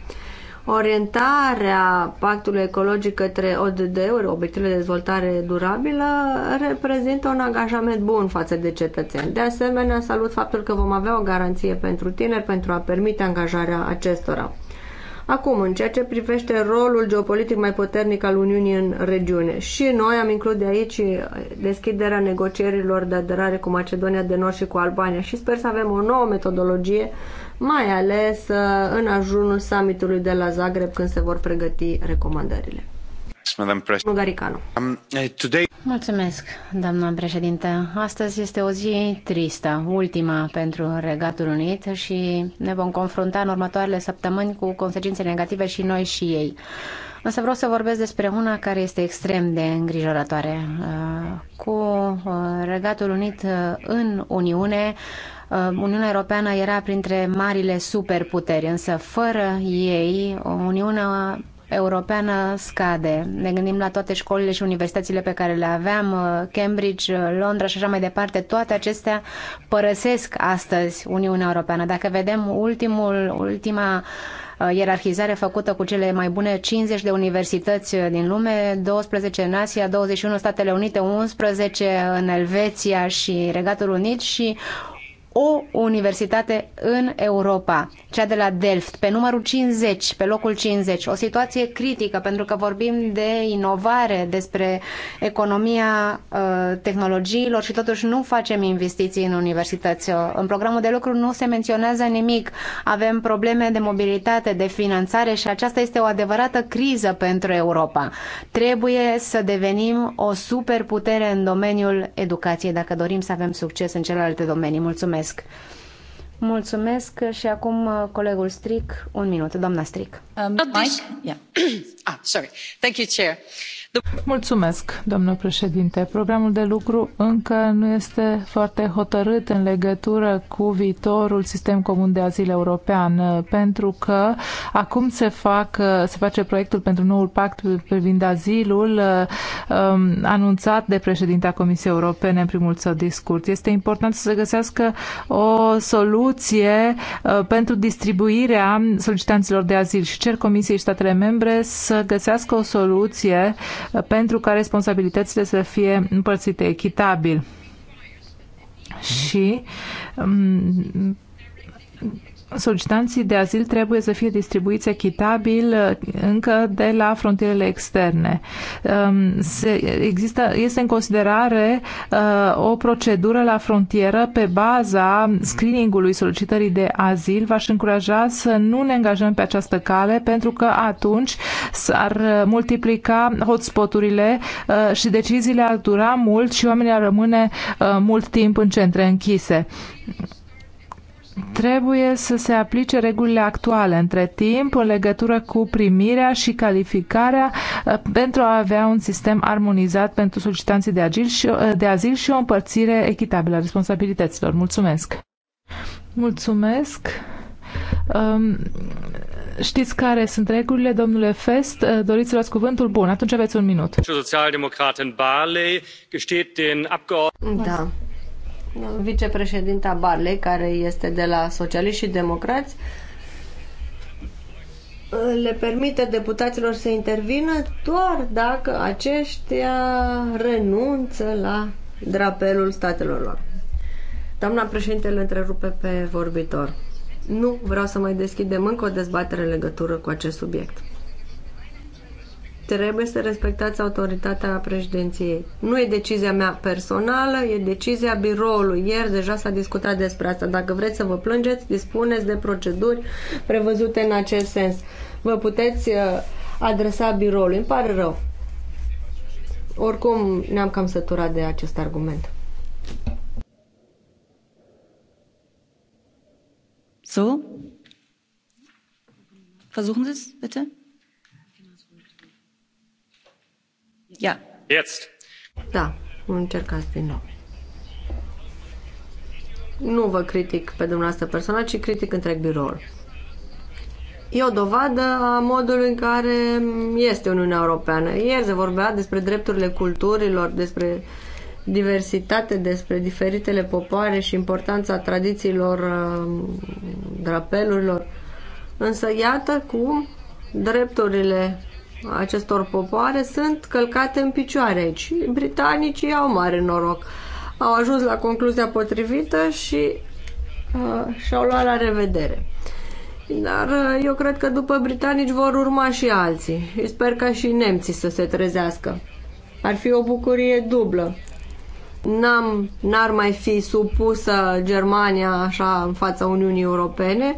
orientarea pactului ecologic către ODD-uri, obiectivele de dezvoltare durabilă, reprezintă un angajament bun față de cetățeni. De asemenea, salut faptul că vom avea o garanție pentru tineri pentru a permite angajarea acestora. Acum, în ceea ce privește rolul geopolitic mai puternic al Uniunii în regiune, și noi am inclus de aici deschiderea negocierilor de aderare cu Macedonia de Nord și cu Albania și sper să avem o nouă metodologie mai ales uh, în ajunul summitului de la Zagreb când se vor pregăti recomandările. Um, uh, Mulțumesc, doamna președinte. Astăzi este o zi tristă, ultima pentru Regatul Unit și ne vom confrunta în următoarele săptămâni cu consecințe negative și noi și ei. Însă vreau să vorbesc despre una care este extrem de îngrijorătoare. Uh, cu Regatul Unit în Uniune, Uh, Uniunea Europeană era printre marile superputeri, însă fără ei, Uniunea europeană scade. Ne gândim la toate școlile și universitățile pe care le aveam, uh, Cambridge, uh, Londra și așa mai departe, toate acestea părăsesc astăzi Uniunea Europeană. Dacă vedem ultimul, ultima ierarhizare făcută cu cele mai bune 50 de universități din lume, 12 în Asia, 21 în Statele Unite, 11 în Elveția și Regatul Unit și o universitate în Europa, cea de la Delft, pe numărul 50, pe locul 50. O situație critică, pentru că vorbim de inovare, despre economia uh, tehnologiilor și totuși nu facem investiții în universități. Uh, în programul de lucru nu se menționează nimic. Avem probleme de mobilitate, de finanțare și aceasta este o adevărată criză pentru Europa. Trebuie să devenim o superputere în domeniul educației dacă dorim să avem succes în celelalte domenii. Mulțumesc! Mulțumesc! Mulțumesc și acum uh, colegul Stric, un minut, doamna Stric. Um, Mike? Deci- yeah. ah, sorry. Thank you, Chair. Mulțumesc, domnul președinte. Programul de lucru încă nu este foarte hotărât în legătură cu viitorul sistem comun de azil european, pentru că acum se, fac, se face proiectul pentru noul pact privind azilul um, anunțat de președintea Comisiei Europene în primul său discurs. Este important să se găsească o soluție uh, pentru distribuirea solicitanților de azil și cer Comisiei și statele membre să găsească o soluție pentru ca responsabilitățile să fie împărțite echitabil. Și um, solicitanții de azil trebuie să fie distribuiți echitabil uh, încă de la frontierele externe. Um, se, există, este în considerare uh, o procedură la frontieră pe baza screeningului solicitării de azil. V-aș încuraja să nu ne angajăm pe această cale pentru că atunci s-ar uh, multiplica hotspoturile și deciziile ar dura mult și oamenii ar rămâne mult timp în centre închise. Trebuie să se aplice regulile actuale între timp în legătură cu primirea și calificarea uh, pentru a avea un sistem armonizat pentru solicitanții de azil și, uh, de azil și o împărțire echitabilă a responsabilităților. Mulțumesc! Mulțumesc! Um, știți care sunt regulile, domnule Fest? Uh, doriți să luați cuvântul? Bun, atunci aveți un minut. Da vicepreședinta Barley, care este de la Socialiști și Democrați, le permite deputaților să intervină doar dacă aceștia renunță la drapelul statelor lor. Doamna președinte le întrerupe pe vorbitor. Nu vreau să mai deschidem încă o dezbatere în legătură cu acest subiect. Trebuie să respectați autoritatea președinției. Nu e decizia mea personală, e decizia biroului. Ieri deja s-a discutat despre asta. Dacă vreți să vă plângeți, dispuneți de proceduri prevăzute în acest sens. Vă puteți uh, adresa biroului. Îmi pare rău. Oricum, ne-am cam săturat de acest argument. So? Versuchen Sie es, bitte. Ja. Jetzt. Da, încercați din nou. Nu vă critic pe dumneavoastră persoană ci critic întreg biroul. E o dovadă a modului în care este Uniunea Europeană. Ieri se vorbea despre drepturile culturilor, despre diversitate, despre diferitele popoare și importanța tradițiilor, um, drapelurilor. Însă iată cum drepturile acestor popoare sunt călcate în picioare aici. Britanicii au mare noroc. Au ajuns la concluzia potrivită și uh, și-au luat la revedere. Dar uh, eu cred că după britanici vor urma și alții. Eu sper ca și nemții să se trezească. Ar fi o bucurie dublă. N-am, n-ar mai fi supusă Germania așa în fața Uniunii Europene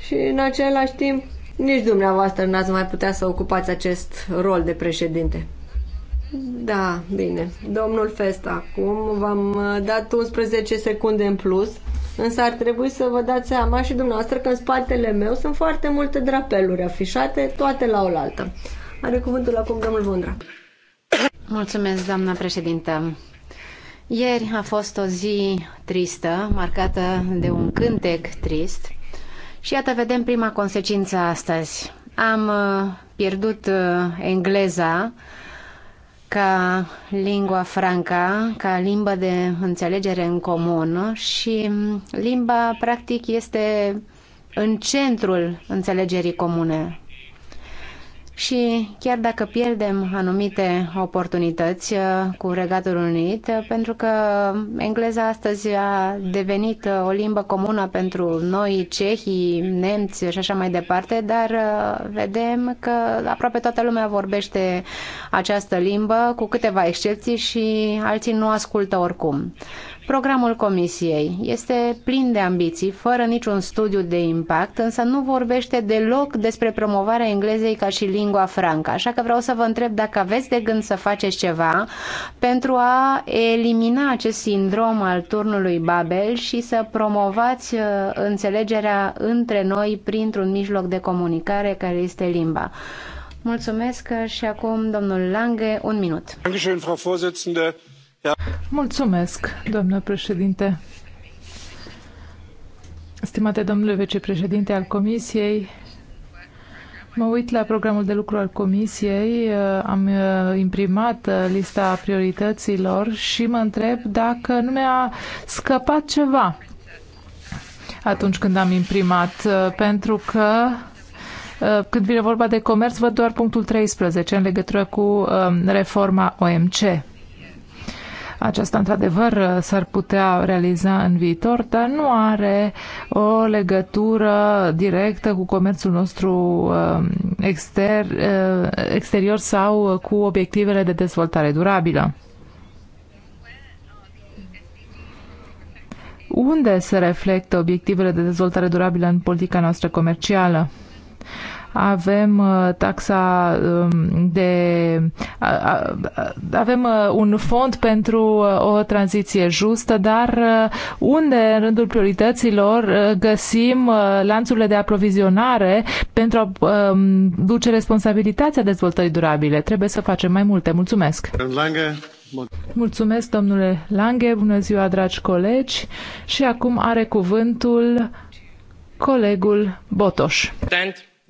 și în același timp nici dumneavoastră n-ați mai putea să ocupați acest rol de președinte. Da, bine. Domnul Fest, acum v-am uh, dat 11 secunde în plus, însă ar trebui să vă dați seama și dumneavoastră că în spatele meu sunt foarte multe drapeluri afișate, toate la oaltă. Are cuvântul acum domnul Vondra. Mulțumesc, doamna președintă. Ieri a fost o zi tristă, marcată de un cântec trist și iată, vedem prima consecință astăzi. Am uh, pierdut uh, engleza ca lingua franca, ca limbă de înțelegere în comun și mm, limba practic este în centrul înțelegerii comune și chiar dacă pierdem anumite oportunități uh, cu Regatul Unit, uh, pentru că engleza astăzi a devenit uh, o limbă comună pentru noi, cehii, nemți și așa mai departe, dar vedem că aproape toată lumea vorbește această limbă, cu câteva excepții și alții nu ascultă oricum. Programul Comisiei este plin de ambiții, fără niciun studiu de impact, însă nu vorbește deloc despre promovarea englezei ca și lingua franca. Așa că vreau să vă întreb dacă aveți de gând să faceți ceva pentru a elimina acest sindrom al turnului Babel și să promovați uh, înțelegerea între noi printr-un mijloc de comunicare care este limba. Mulțumesc și acum domnul Lange, un minut. Mulțumesc, doamnă președinte. Stimate domnule vicepreședinte al Comisiei, Mă uit la programul de lucru al Comisiei, am imprimat lista priorităților și mă întreb dacă nu mi-a scăpat ceva atunci când am imprimat, pentru că când vine vorba de comerț, văd doar punctul 13 în legătură cu um, reforma OMC. Aceasta, într-adevăr, s-ar putea realiza în viitor, dar nu are o legătură directă cu comerțul nostru um, exter, uh, exterior sau cu obiectivele de dezvoltare durabilă. Unde se reflectă obiectivele de dezvoltare durabilă în politica noastră comercială? avem uh, taxa um, de. avem uh, un fond pentru uh, o tranziție justă, dar unde, în rândul priorităților, găsim lanțurile de aprovizionare pentru a um, duce responsabilitatea dezvoltării durabile? Trebuie să facem mai multe. Mulțumesc! Mulțumesc, domnule Lange, bună ziua, dragi colegi. Și acum are cuvântul colegul Botoș. Tent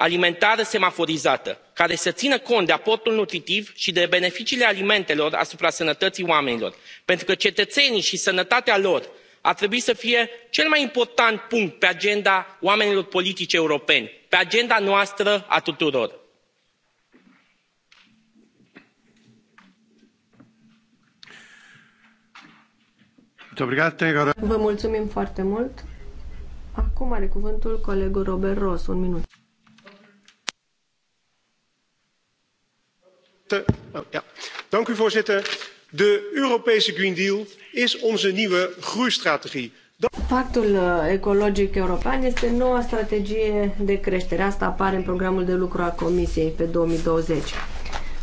alimentară semaforizată care să țină cont de aportul nutritiv și de beneficiile alimentelor asupra sănătății oamenilor pentru că cetățenii și sănătatea lor ar trebui să fie cel mai important punct pe agenda oamenilor politici europeni pe agenda noastră a tuturor. Vă mulțumim foarte mult. Acum are cuvântul colegul Robert Ross, un minut. Oh, voorzitter de europese green deal is onze nieuwe groeistrategie. Pactul uh, ecologic european este noua strategie de creștere. Asta apare în programul de lucru al Comisiei pe 2020.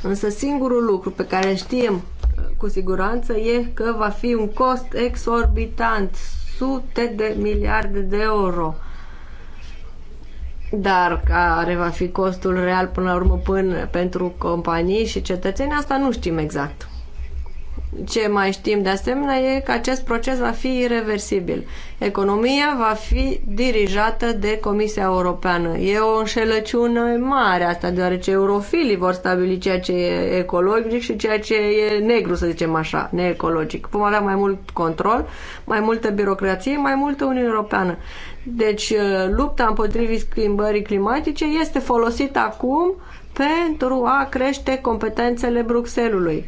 Însă singurul lucru pe care știm uh, cu siguranță e că va fi un cost exorbitant, sute de miliarde de euro dar care va fi costul real până la urmă până pentru companii și cetățeni, asta nu știm exact. Ce mai știm de asemenea e că acest proces va fi irreversibil. Economia va fi dirijată de Comisia Europeană. E o înșelăciune mare asta, deoarece eurofilii vor stabili ceea ce e ecologic și ceea ce e negru, să zicem așa, neecologic. Vom avea mai mult control, mai multă birocrație, mai multă Uniune Europeană. Deci uh, lupta împotriva schimbării climatice este folosită acum pentru a crește competențele Bruxelului.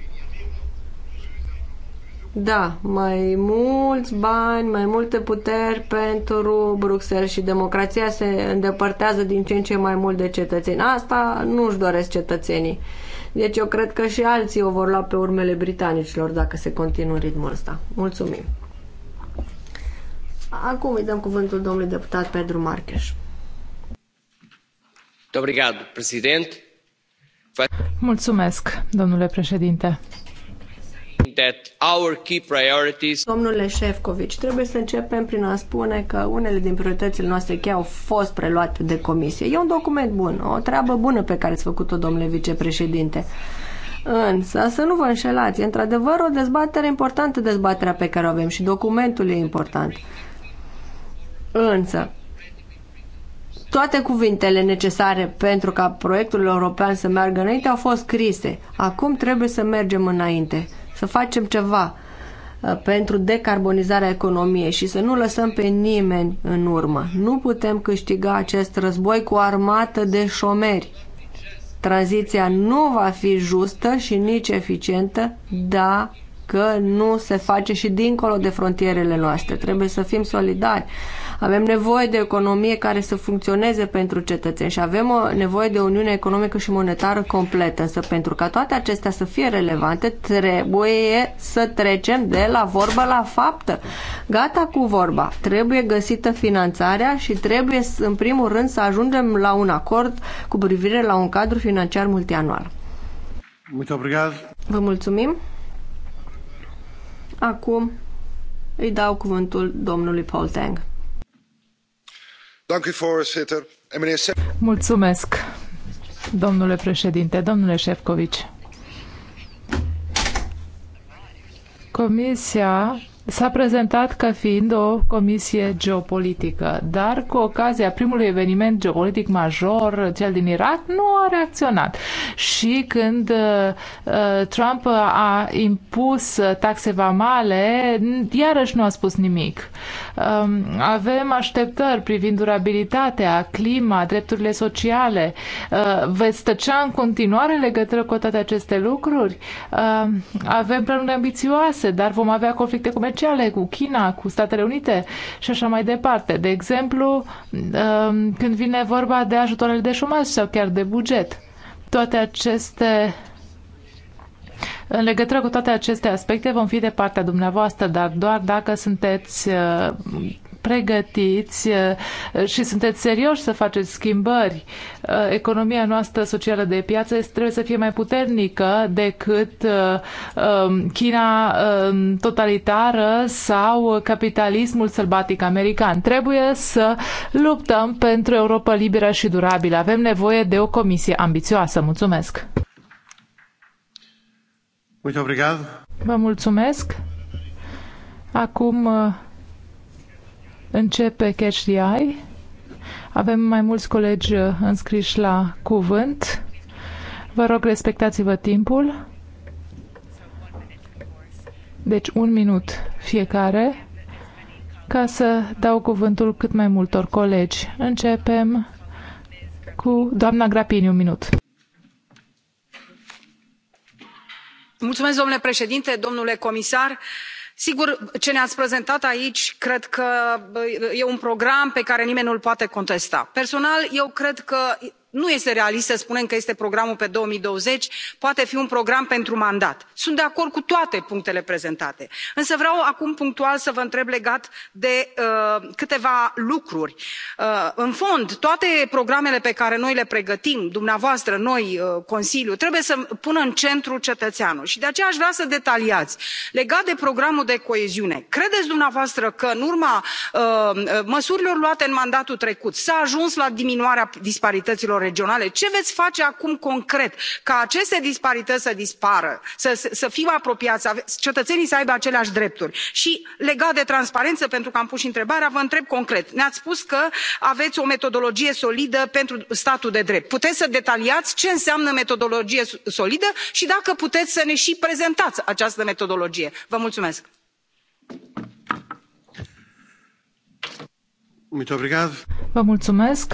Da, mai mulți bani, mai multe puteri pentru Bruxelles și democrația se îndepărtează din ce în ce mai mult de cetățeni. Asta nu își doresc cetățenii. Deci eu cred că și alții o vor lua pe urmele britanicilor dacă se continuă ritmul ăsta. Mulțumim! Acum îi dăm cuvântul domnului deputat Pedro Marques. Mulțumesc, domnule președinte. Domnule Șefcovici, trebuie să începem prin a spune că unele din prioritățile noastre cheie au fost preluate de comisie. E un document bun, o treabă bună pe care ați făcut-o, domnule vicepreședinte. Însă, să nu vă înșelați, e într-adevăr o dezbatere importantă dezbaterea pe care o avem și documentul e important. Însă, toate cuvintele necesare pentru ca proiectul european să meargă înainte au fost scrise. Acum trebuie să mergem înainte, să facem ceva uh, pentru decarbonizarea economiei și să nu lăsăm pe nimeni în urmă. Nu putem câștiga acest război cu armată de șomeri. Tranziția nu va fi justă și nici eficientă, da, că nu se face și dincolo de frontierele noastre. Trebuie să fim solidari. Avem nevoie de economie care să funcționeze pentru cetățeni și avem o nevoie de uniune economică și monetară completă. Însă pentru ca toate acestea să fie relevante, trebuie să trecem de la vorbă la faptă. Gata cu vorba. Trebuie găsită finanțarea și trebuie în primul rând să ajungem la un acord cu privire la un cadru financiar multianual. Vă mulțumim! Acum îi dau cuvântul domnului Paul Tang. Mulțumesc, domnule președinte, domnule Șefcovici. Comisia s-a prezentat ca fiind o comisie geopolitică, dar cu ocazia primului eveniment geopolitic major, cel din Irak, nu a reacționat. Și când uh, uh Trump a impus taxe vamale, iarăși nu a spus nimic. Uh, avem așteptări privind durabilitatea, clima, drepturile sociale. Uh, veți tăcea în continuare în legătură cu toate aceste lucruri? Uh, avem planuri ambițioase, dar vom avea conflicte comerciale comerciale cu China, cu Statele Unite și așa mai departe. De exemplu, um, când vine vorba de ajutoarele de șomaj sau chiar de buget. Toate aceste în legătură cu toate aceste aspecte vom fi de partea dumneavoastră, dar doar dacă sunteți uh, pregătiți uh, și sunteți serioși să faceți schimbări. Uh, economia noastră socială de piață trebuie să fie mai puternică decât uh, um, China um, totalitară sau capitalismul sălbatic american. Trebuie să luptăm pentru Europa liberă și durabilă. Avem nevoie de o comisie ambițioasă. Mulțumesc! Vă mulțumesc! Acum Începe Catch the Eye. Avem mai mulți colegi uh, înscriși la cuvânt. Vă rog, respectați-vă timpul. Deci un minut fiecare ca să dau cuvântul cât mai multor colegi. Începem cu doamna Grapini, un minut. Mulțumesc, domnule președinte, domnule comisar sigur ce ne ați prezentat aici cred că e un program pe care nimeni nu l poate contesta. personal eu cred că nu este realist să spunem că este programul pe două mii douăzeci poate fi un program pentru mandat. sunt de acord cu toate punctele prezentate însă vreau acum punctual să vă întreb legat de uh, câteva lucruri uh, în fond toate programele pe care noi le pregătim dumneavoastră noi uh, consiliul trebuie să pună în centru cetățeanul și de aceea aș vrea să detaliați legat de programul de coeziune credeți dumneavoastră că în urma măsurilor luate în mandatul trecut s a ajuns la diminuarea disparităților fondurilor regionale ce veți face acum concret ca aceste disparități să dispară să fim apropiați cetățenii să aibă aceleași drepturi? și legat de transparență pentru că am pus și întrebarea vă întreb concret ne ați spus că aveți o metodologie solidă pentru statul de drept puteți să detaliați ce înseamnă metodologie solidă și dacă puteți să ne și prezentați această metodologie? vă mulțumesc. Vă mulțumesc.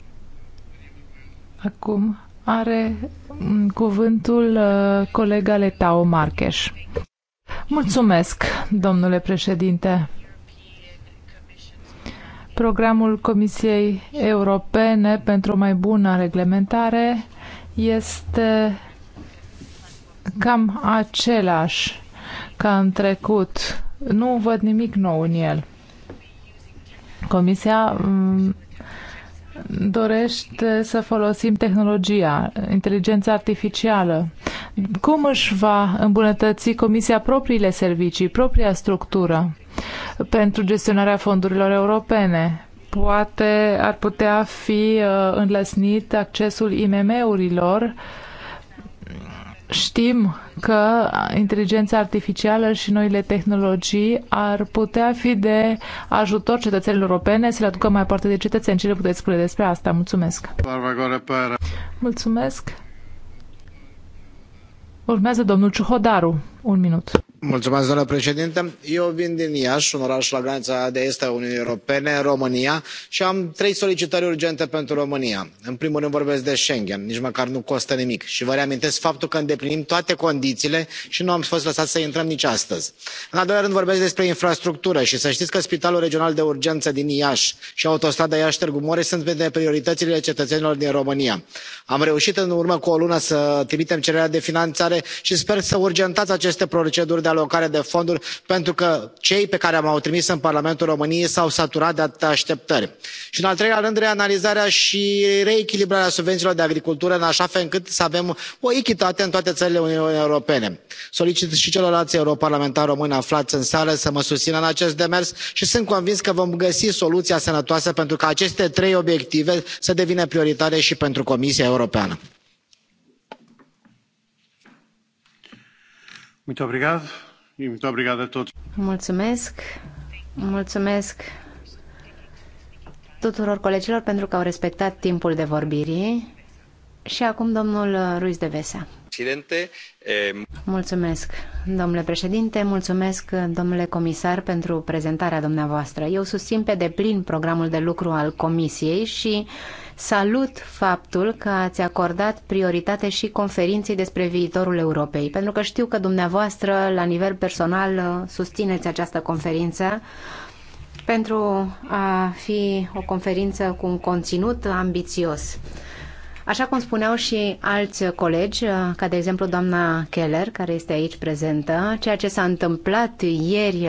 Acum are mm, cuvântul uh, colega Letao Marcheș. Mulțumesc, domnule președinte. Programul Comisiei Europene pentru o mai bună reglementare este cam același ca în trecut. Nu văd nimic nou în el. Comisia mm, dorește să folosim tehnologia, inteligența artificială. Cum își va îmbunătăți Comisia propriile servicii, propria structură pentru gestionarea fondurilor europene? Poate ar putea fi uh, înlăsnit accesul IMM-urilor uh, Știm că inteligența artificială și noile tehnologii ar putea fi de ajutor cetățenilor europene să le aducă mai aparte de cetățeni. Ce le puteți spune despre asta? Mulțumesc! Mulțumesc! Urmează domnul Ciuhodaru. Un minut domnule președinte eu vin din iași un oraș la granița de est a uniunii europene românia și am trei solicitări urgente pentru românia. în primul rând vorbesc de schengen nici măcar nu costă nimic și vă reamintesc faptul că îndeplinim toate condițiile și nu am fost lăsați să intrăm nici astăzi. în al doilea rând vorbesc despre infrastructură și să știți că spitalul regional de urgență din iași și autostrada iași târgu mureș sunt printre prioritățile cetățenilor din românia. am reușit în urmă cu o lună să trimitem cererea de finanțare și sper să urgentați aceste proceduri de alocare de fonduri pentru că cei pe care i am trimis în parlamentul româniei s au săturat de atâtea așteptări și în al treilea rând reanalizarea și reechilibrarea subvențiilor de agricultură în așa fel încât să avem o echitate în toate țările uniunii europene. solicit și celorlalți europarlamentari români aflați în sală să mă susțină în acest demers și sunt convins că vom găsi soluția sănătoasă pentru ca aceste trei obiective să devină prioritare și pentru comisia europeană. Muito obrigado e muito obrigado a todos. Mulțumesc. Mulțumesc tuturor colegilor pentru că au respectat timpul de vorbire. Și acum domnul Ruiz de Vesa. Presidente, Mulțumesc, domnule președinte, mulțumesc, domnule comisar, pentru prezentarea dumneavoastră. Eu susțin pe deplin programul de lucru al comisiei și uh, Salut faptul că ați acordat prioritate și conferinței despre viitorul Europei, pentru că știu că dumneavoastră, la nivel personal, susțineți această conferință pentru a fi o conferință cu un conținut ambițios. Așa cum spuneau și alți colegi, ca de exemplu doamna Keller, care este aici prezentă, ceea ce s-a întâmplat ieri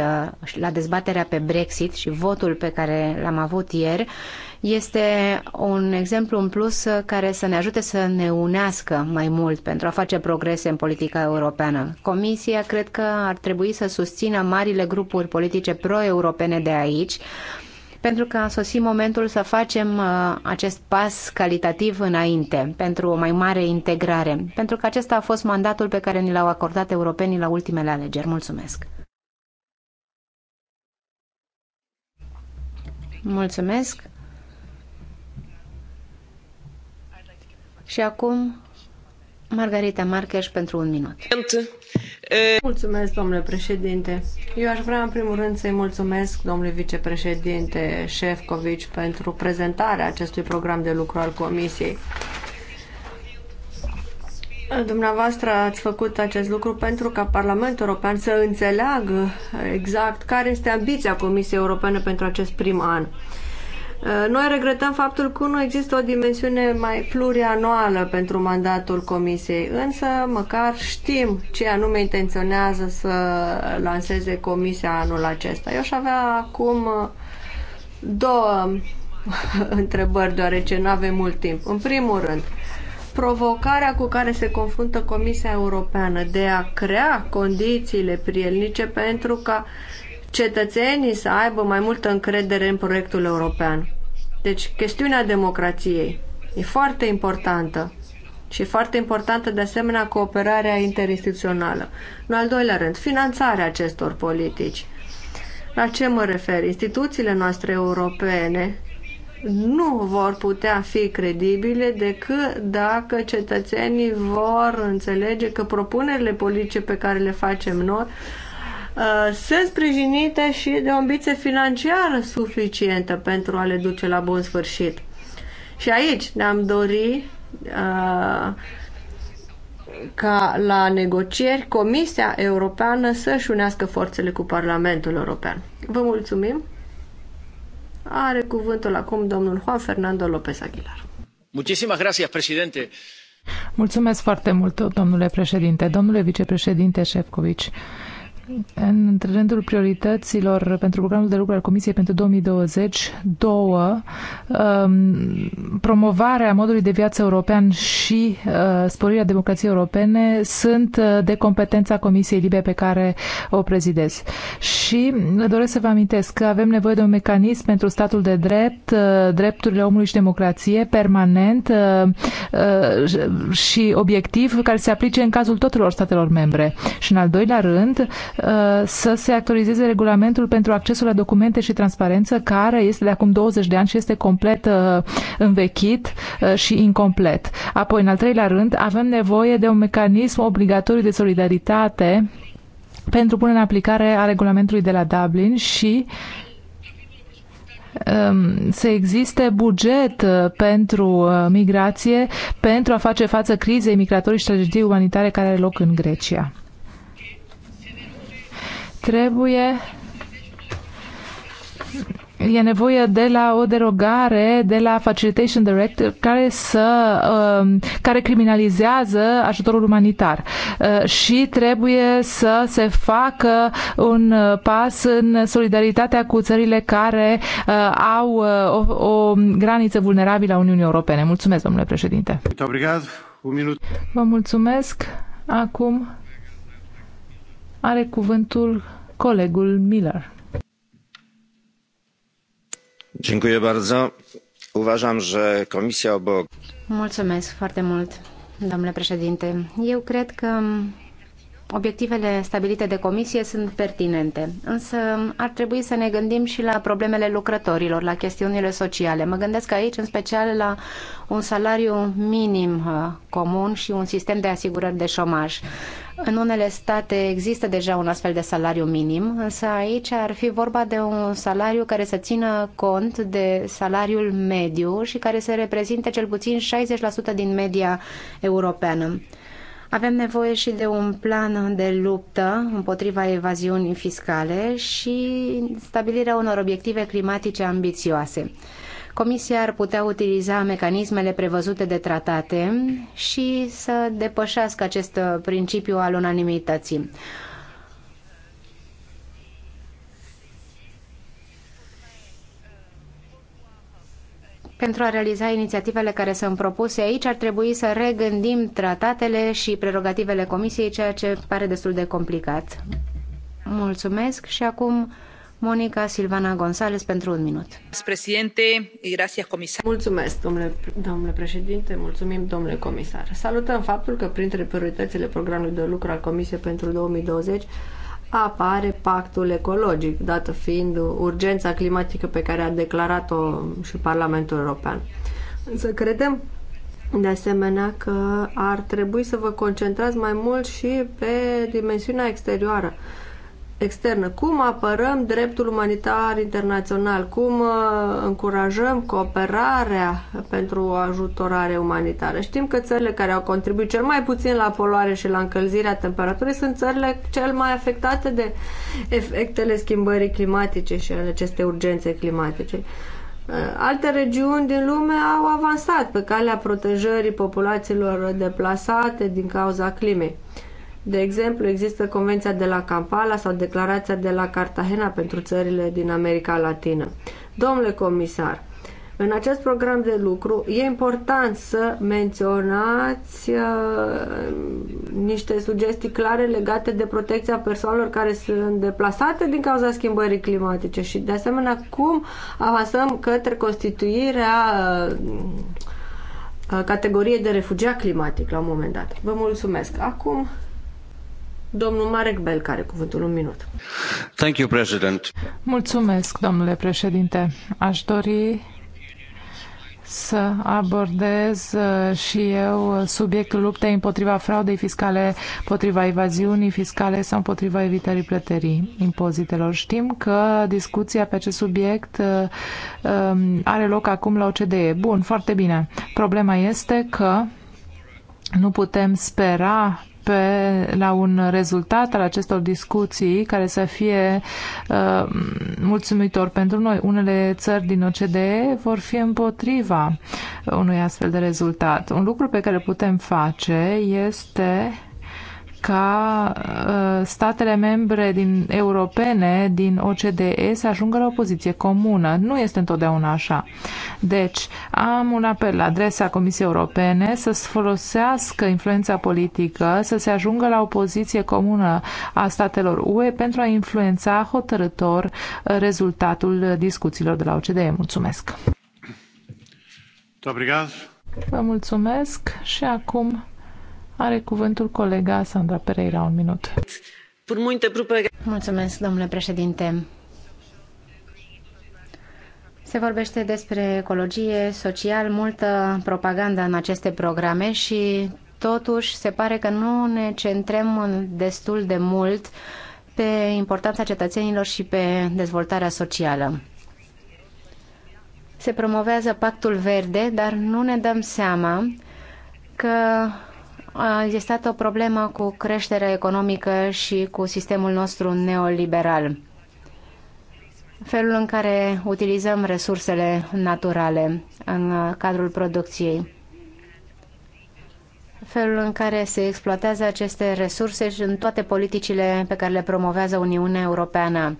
la dezbaterea pe Brexit și votul pe care l-am avut ieri, este un exemplu în plus care să ne ajute să ne unească mai mult pentru a face progrese în politica europeană. Comisia cred că ar trebui să susțină marile grupuri politice pro-europene de aici, pentru că a sosit momentul să facem uh, acest pas calitativ înainte, pentru o mai mare integrare, pentru că acesta a fost mandatul pe care ni l-au acordat europenii la ultimele alegeri. Mulțumesc! Mulțumesc! Și acum, Margarita Marcheș pentru un minut. Mulțumesc, domnule președinte. Eu aș vrea, în primul rând, să-i mulțumesc domnului vicepreședinte Șefcovici pentru prezentarea acestui program de lucru al Comisiei. Dumneavoastră ați făcut acest lucru pentru ca Parlamentul European să înțeleagă exact care este ambiția Comisiei Europene pentru acest prim an. Eh, noi regretăm faptul că nu există o dimensiune mai plurianuală pentru mandatul Comisiei, însă măcar știm ce anume intenționează să lanseze Comisia anul acesta. Eu aș avea acum eh, două întrebări, deoarece nu avem mult timp. În primul rând, provocarea cu care se confruntă Comisia Europeană de a crea condițiile prielnice pentru ca cetățenii să aibă mai multă încredere în proiectul european. Deci, chestiunea democrației e foarte importantă și e foarte importantă de asemenea cooperarea interinstituțională. În al doilea rând, finanțarea acestor politici. La ce mă refer? Instituțiile noastre europene nu vor putea fi credibile decât dacă cetățenii vor înțelege că propunerile politice pe care le facem noi Uh, sunt sprijinite și de o ambiție financiară suficientă pentru a le duce la bun sfârșit. Și aici ne-am dorit uh, ca la negocieri Comisia Europeană să-și unească forțele cu Parlamentul European. Vă mulțumim! Are cuvântul acum domnul Juan Fernando López Aguilar. Muchísimas gracias, presidente. Mulțumesc foarte mult, domnule președinte. Domnule vicepreședinte Șefcovici, între rândul priorităților pentru programul de lucru al Comisiei pentru 2020, două, um, promovarea modului de viață european și uh, sporirea democrației europene sunt uh, de competența Comisiei Libe pe care o prezidez. Și doresc să vă amintesc că avem nevoie de un mecanism pentru statul de drept, uh, drepturile omului și democrație permanent și obiectiv care se aplice în cazul tuturor statelor membre. Și în al doilea rând, Uh, să se actualizeze regulamentul pentru accesul la documente și transparență, care este de acum 20 de ani și este complet uh, învechit uh, și incomplet. Apoi, în al treilea rând, avem nevoie de un mecanism obligatoriu de solidaritate pentru punerea în aplicare a regulamentului de la Dublin și um, să existe buget pentru migrație pentru a face față crizei migratorii și tragediei umanitare care are loc în Grecia. Trebuie e nevoie de la o derogare de la Facilitation director, care să um, care criminalizează ajutorul umanitar uh, și trebuie să se facă un uh, pas în solidaritatea cu țările care uh, au o, o graniță vulnerabilă a Uniunii Europene. Mulțumesc, domnule președinte. Um Vă mulțumesc. Acum are cuvântul colegul Miller. Dziękuję bardzo. Uważam, że komisja obok. Mulțumesc foarte mult, domnule președinte. Eu cred că obiectivele stabilite de comisie sunt pertinente, însă ar trebui să ne gândim și la problemele lucrătorilor, la chestiunile sociale. Mă gândesc aici în special la un salariu minim uh, comun și un sistem de asigurări de șomaj. În unele state există deja un astfel de salariu minim, însă aici ar fi vorba de un salariu care să țină cont de salariul mediu și care să reprezinte cel puțin 60% din media europeană. Avem nevoie și de un plan de luptă împotriva evaziunii fiscale și stabilirea unor obiective climatice ambițioase. Comisia ar putea utiliza mecanismele prevăzute de tratate și să depășească acest principiu al unanimității. Pentru a realiza inițiativele care sunt propuse aici, ar trebui să regândim tratatele și prerogativele Comisiei, ceea ce pare destul de complicat. Mulțumesc și acum Monica Silvana González pentru un minut. Președinte, Mulțumesc, domnule, domnule președinte, mulțumim, domnule comisar. Salutăm faptul că printre prioritățile programului de lucru al Comisiei pentru 2020 apare pactul ecologic, dată fiind urgența climatică pe care a declarat-o și Parlamentul European. Însă credem de asemenea că ar trebui să vă concentrați mai mult și pe dimensiunea exterioară externă, cum apărăm dreptul umanitar internațional, cum uh, încurajăm cooperarea pentru ajutorare umanitară. Știm că țările care au contribuit cel mai puțin la poluare și la încălzirea temperaturii sunt țările cel mai afectate de efectele schimbării climatice și ale acestei urgențe climatice. Uh, alte regiuni din lume au avansat pe calea protejării populațiilor deplasate din cauza climei. De exemplu, există Convenția de la Kampala sau Declarația de la Cartagena pentru țările din America Latină. Domnule comisar, în acest program de lucru e important să menționați uh, niște sugestii clare legate de protecția persoanelor care sunt deplasate din cauza schimbării climatice și de asemenea cum avansăm către constituirea uh, uh categoriei de refugiat climatic la un moment dat. Vă mulțumesc. Acum Domnul Marek Bel, care cuvântul un minut. Thank you, President. Mulțumesc, domnule președinte. Aș dori să abordez uh, și eu subiectul luptei împotriva fraudei fiscale, împotriva evaziunii fiscale sau împotriva evitării plătării impozitelor. Știm că discuția pe acest subiect uh, um, are loc acum la OCDE. Bun, foarte bine. Problema este că nu putem spera pe, la un rezultat al acestor discuții care să fie uh, mulțumitor pentru noi. Unele țări din OCDE vor fi împotriva unui astfel de rezultat. Un lucru pe care putem face este ca uh, statele membre din europene din OCDE să ajungă la o poziție comună. Nu este întotdeauna așa. Deci, am un apel la adresa Comisiei Europene să folosească influența politică, să se ajungă la o poziție comună a statelor UE pentru a influența hotărător uh, rezultatul discuțiilor de la OCDE. Mulțumesc! Vă mulțumesc și acum are cuvântul colega Sandra Pereira, un minut. Mulțumesc, domnule președinte. Se vorbește despre ecologie, social, multă propagandă în aceste programe și totuși se pare că nu ne centrăm destul de mult pe importanța cetățenilor și pe dezvoltarea socială. Se promovează pactul verde, dar nu ne dăm seama că a existat o problemă cu creșterea economică și cu sistemul nostru neoliberal. Felul în care utilizăm resursele naturale în cadrul producției felul în care se exploatează aceste resurse și în toate politicile pe care le promovează Uniunea Europeană.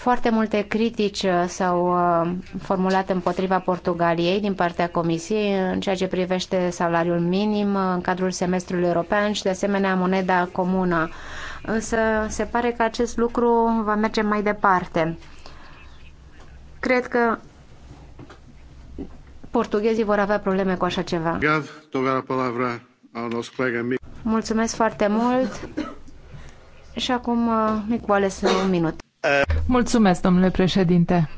Foarte multe critici uh, s-au uh, formulat împotriva Portugaliei din partea Comisiei în ceea ce privește salariul minim uh, în cadrul semestrului european și de asemenea moneda comună. Însă se pare că acest lucru va merge mai departe. Cred că portughezii vor avea probleme cu așa ceva. Mulțumesc foarte mult. Și acum, Mic Wallace, un minut. Mulțumesc, domnule președinte.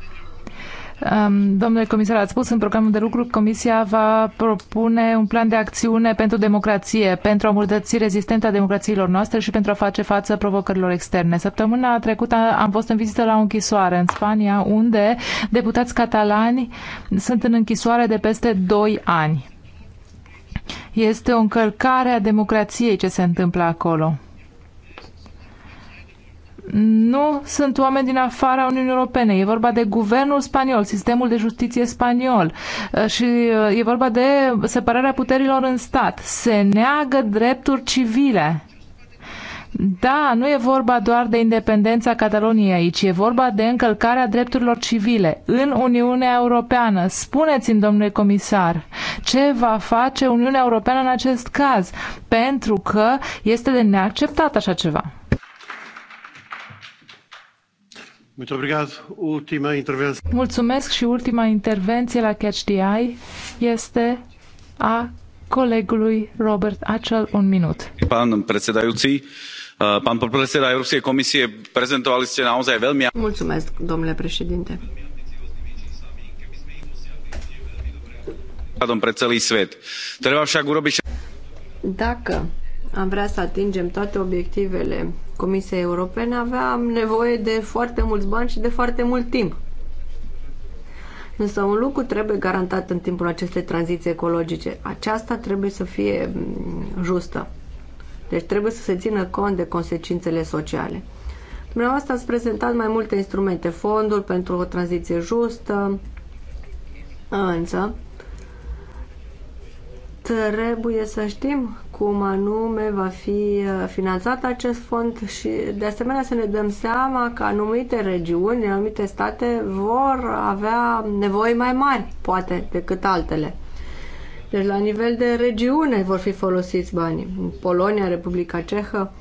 Domnule comisar, ați spus în programul de lucru Comisia va propune un plan de acțiune pentru democrație, pentru a îmbunătăți rezistența democrațiilor noastre și pentru a face față provocărilor externe. Săptămâna trecută am fost în vizită la o închisoare în Spania, unde deputați catalani sunt în închisoare de peste doi ani. Este o încălcare a democrației ce se întâmplă acolo nu sunt oameni din afara Uniunii Europene. E vorba de guvernul spaniol, sistemul de justiție spaniol uh, și uh, e vorba de separarea puterilor în stat. Se neagă drepturi civile. Da, nu e vorba doar de independența Cataloniei aici, e vorba de încălcarea drepturilor civile în Uniunea Europeană. Spuneți-mi, domnule comisar, ce va face Uniunea Europeană în acest caz? Pentru că este de neacceptat așa ceva. Mulțumesc și ultima intervenție la Catch the Eye este a colegului Robert Acel, un minut. minút. Pán predsedajúci, pán predseda Európskej komisie, prezentovali ste naozaj veľmi... Mulțumesc, domnule președinte. Pre celý svet. Treba však urobiť... Dacă am vrea să atingem toate obiectivele Comisiei Europene, aveam nevoie de foarte mulți bani și de foarte mult timp. Însă un lucru trebuie garantat în timpul acestei tranziții ecologice. Aceasta trebuie să fie mm, justă. Deci trebuie să se țină cont de consecințele sociale. Dumneavoastră ați prezentat mai multe instrumente, fondul pentru o tranziție justă, însă trebuie să știm cum anume va fi uh, finanțat acest fond și de asemenea să ne dăm seama că anumite regiuni, anumite state vor avea nevoi mai mari, poate, decât altele. Deci la nivel de regiune vor fi folosiți banii. În Polonia, Republica Cehă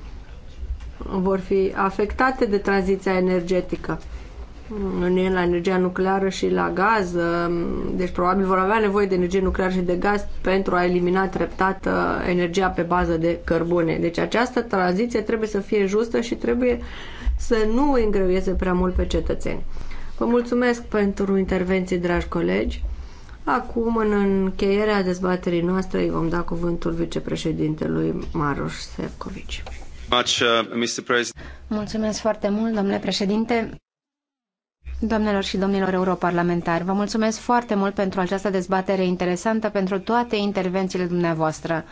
vor fi afectate de tranziția energetică în la energia nucleară și la gaz, um, deci probabil vor avea nevoie de energie nucleară și de gaz pentru a elimina treptat uh, energia pe bază de cărbune. Deci această tranziție trebuie să fie justă și trebuie să nu îngreuieze prea mult pe cetățeni. Vă mulțumesc pentru intervenții, dragi colegi. Acum, în încheierea dezbaterii noastre, îi vom da cuvântul vicepreședintelui Maroș Sefcovici. Uh, mulțumesc foarte mult, domnule președinte. Doamnelor și domnilor europarlamentari, vă mulțumesc foarte mult pentru această dezbatere interesantă, pentru toate intervențiile dumneavoastră.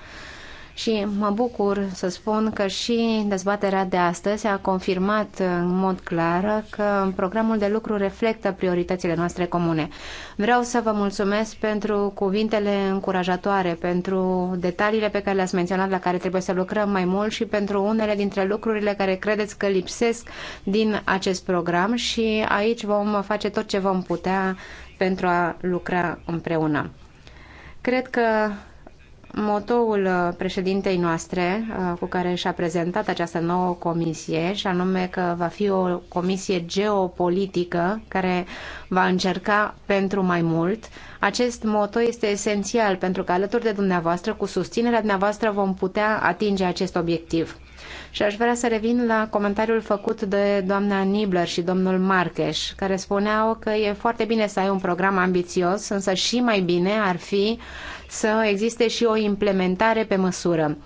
Și mă bucur să spun că și dezbaterea de astăzi a confirmat în mod clar că programul de lucru reflectă prioritățile noastre comune. Vreau să vă mulțumesc pentru cuvintele încurajatoare, pentru detaliile pe care le-ați menționat, la care trebuie să lucrăm mai mult și pentru unele dintre lucrurile care credeți că lipsesc din acest program și aici vom face tot ce vom putea pentru a lucra împreună. Cred că motoul uh, președintei noastre uh, cu care și-a prezentat această nouă comisie și anume că va fi o comisie geopolitică care va încerca pentru mai mult. Acest moto este esențial pentru că alături de dumneavoastră, cu susținerea dumneavoastră, vom putea atinge acest obiectiv. Și aș vrea să revin la comentariul făcut de doamna Nibler și domnul Marcheș, care spuneau că e foarte bine să ai un program ambițios, însă și mai bine ar fi să existe și o implementare pe măsură.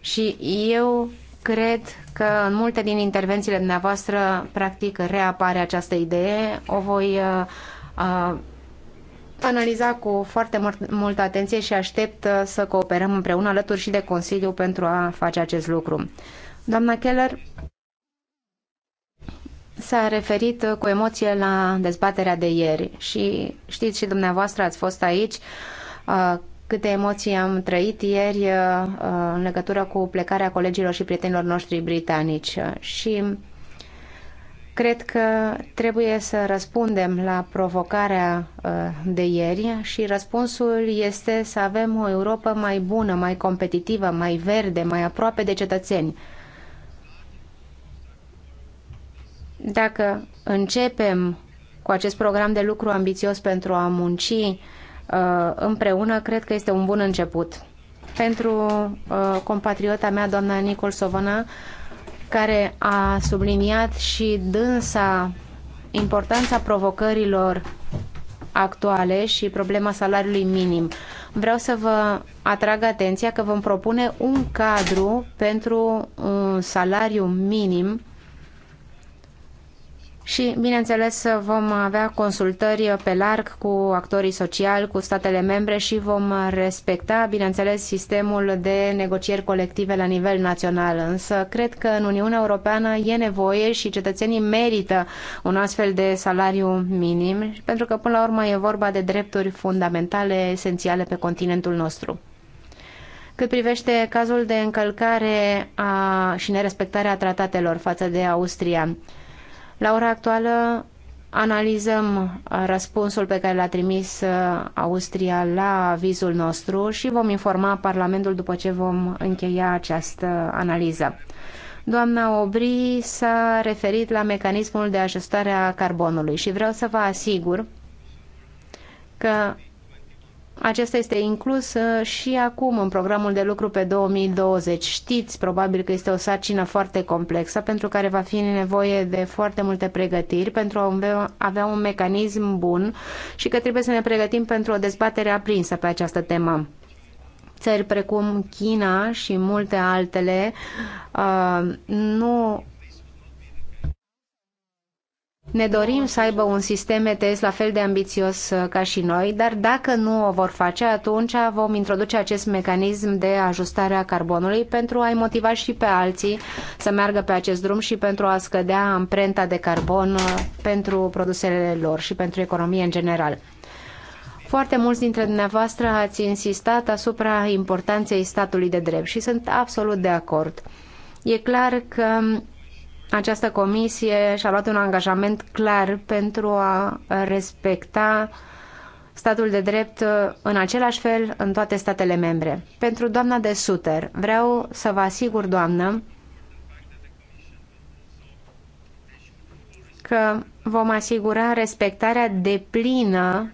Și eu cred că în multe din intervențiile dumneavoastră, practic, reapare această idee. O voi uh, uh analiza cu foarte multă atenție și aștept uh, să cooperăm împreună alături și de Consiliu pentru a face acest lucru. Doamna Keller s-a referit uh, cu emoție la dezbaterea de ieri și știți și dumneavoastră ați fost aici uh, câte emoții am trăit ieri uh, uh, în legătură cu plecarea colegilor și prietenilor noștri britanici uh, și cred că trebuie să răspundem la provocarea de ieri și răspunsul este să avem o Europa mai bună, mai competitivă, mai verde, mai aproape de cetățeni. Dacă începem cu acest program de lucru ambițios pentru a munci Uh, împreună, cred că este un bun început. Pentru uh, compatriota mea, doamna Nicol Sovana, care a subliniat și dânsa importanța provocărilor actuale și problema salariului minim. Vreau să vă atrag atenția că vom propune un cadru pentru un salariu minim și, bineînțeles, vom avea consultări pe larg cu actorii sociali, cu statele membre și vom respecta, bineînțeles, sistemul de negocieri colective la nivel național. Însă, cred că în Uniunea Europeană e nevoie și cetățenii merită un astfel de salariu minim, pentru că, până la urmă, e vorba de drepturi fundamentale, esențiale pe continentul nostru. Cât privește cazul de încălcare a, și nerespectarea tratatelor față de Austria, la ora actuală analizăm uh, răspunsul pe care l-a trimis uh, Austria la vizul nostru și vom informa Parlamentul după ce vom încheia această uh, analiză. Doamna Obri s-a referit la mecanismul de ajustare a carbonului și vreau să vă asigur că acesta este inclus uh, și acum în programul de lucru pe 2020. Știți probabil că este o sarcină foarte complexă pentru care va fi nevoie de foarte multe pregătiri pentru a avea un mecanism bun și că trebuie să ne pregătim pentru o dezbatere aprinsă pe această temă țări precum China și multe altele uh, nu ne dorim să aibă un sistem ETS la fel de ambițios uh, ca și noi, dar dacă nu o vor face, atunci vom introduce acest mecanism de ajustare a carbonului pentru a-i motiva și pe alții să meargă pe acest drum și pentru a scădea amprenta de carbon uh, pentru produsele lor și pentru economie în general. Foarte mulți dintre dumneavoastră ați insistat asupra importanței statului de drept și sunt absolut de acord. E clar că um, această comisie și-a luat un angajament clar pentru a respecta statul de drept în același fel în toate statele membre. Pentru doamna de Suter, vreau să vă asigur, doamnă, că vom asigura respectarea deplină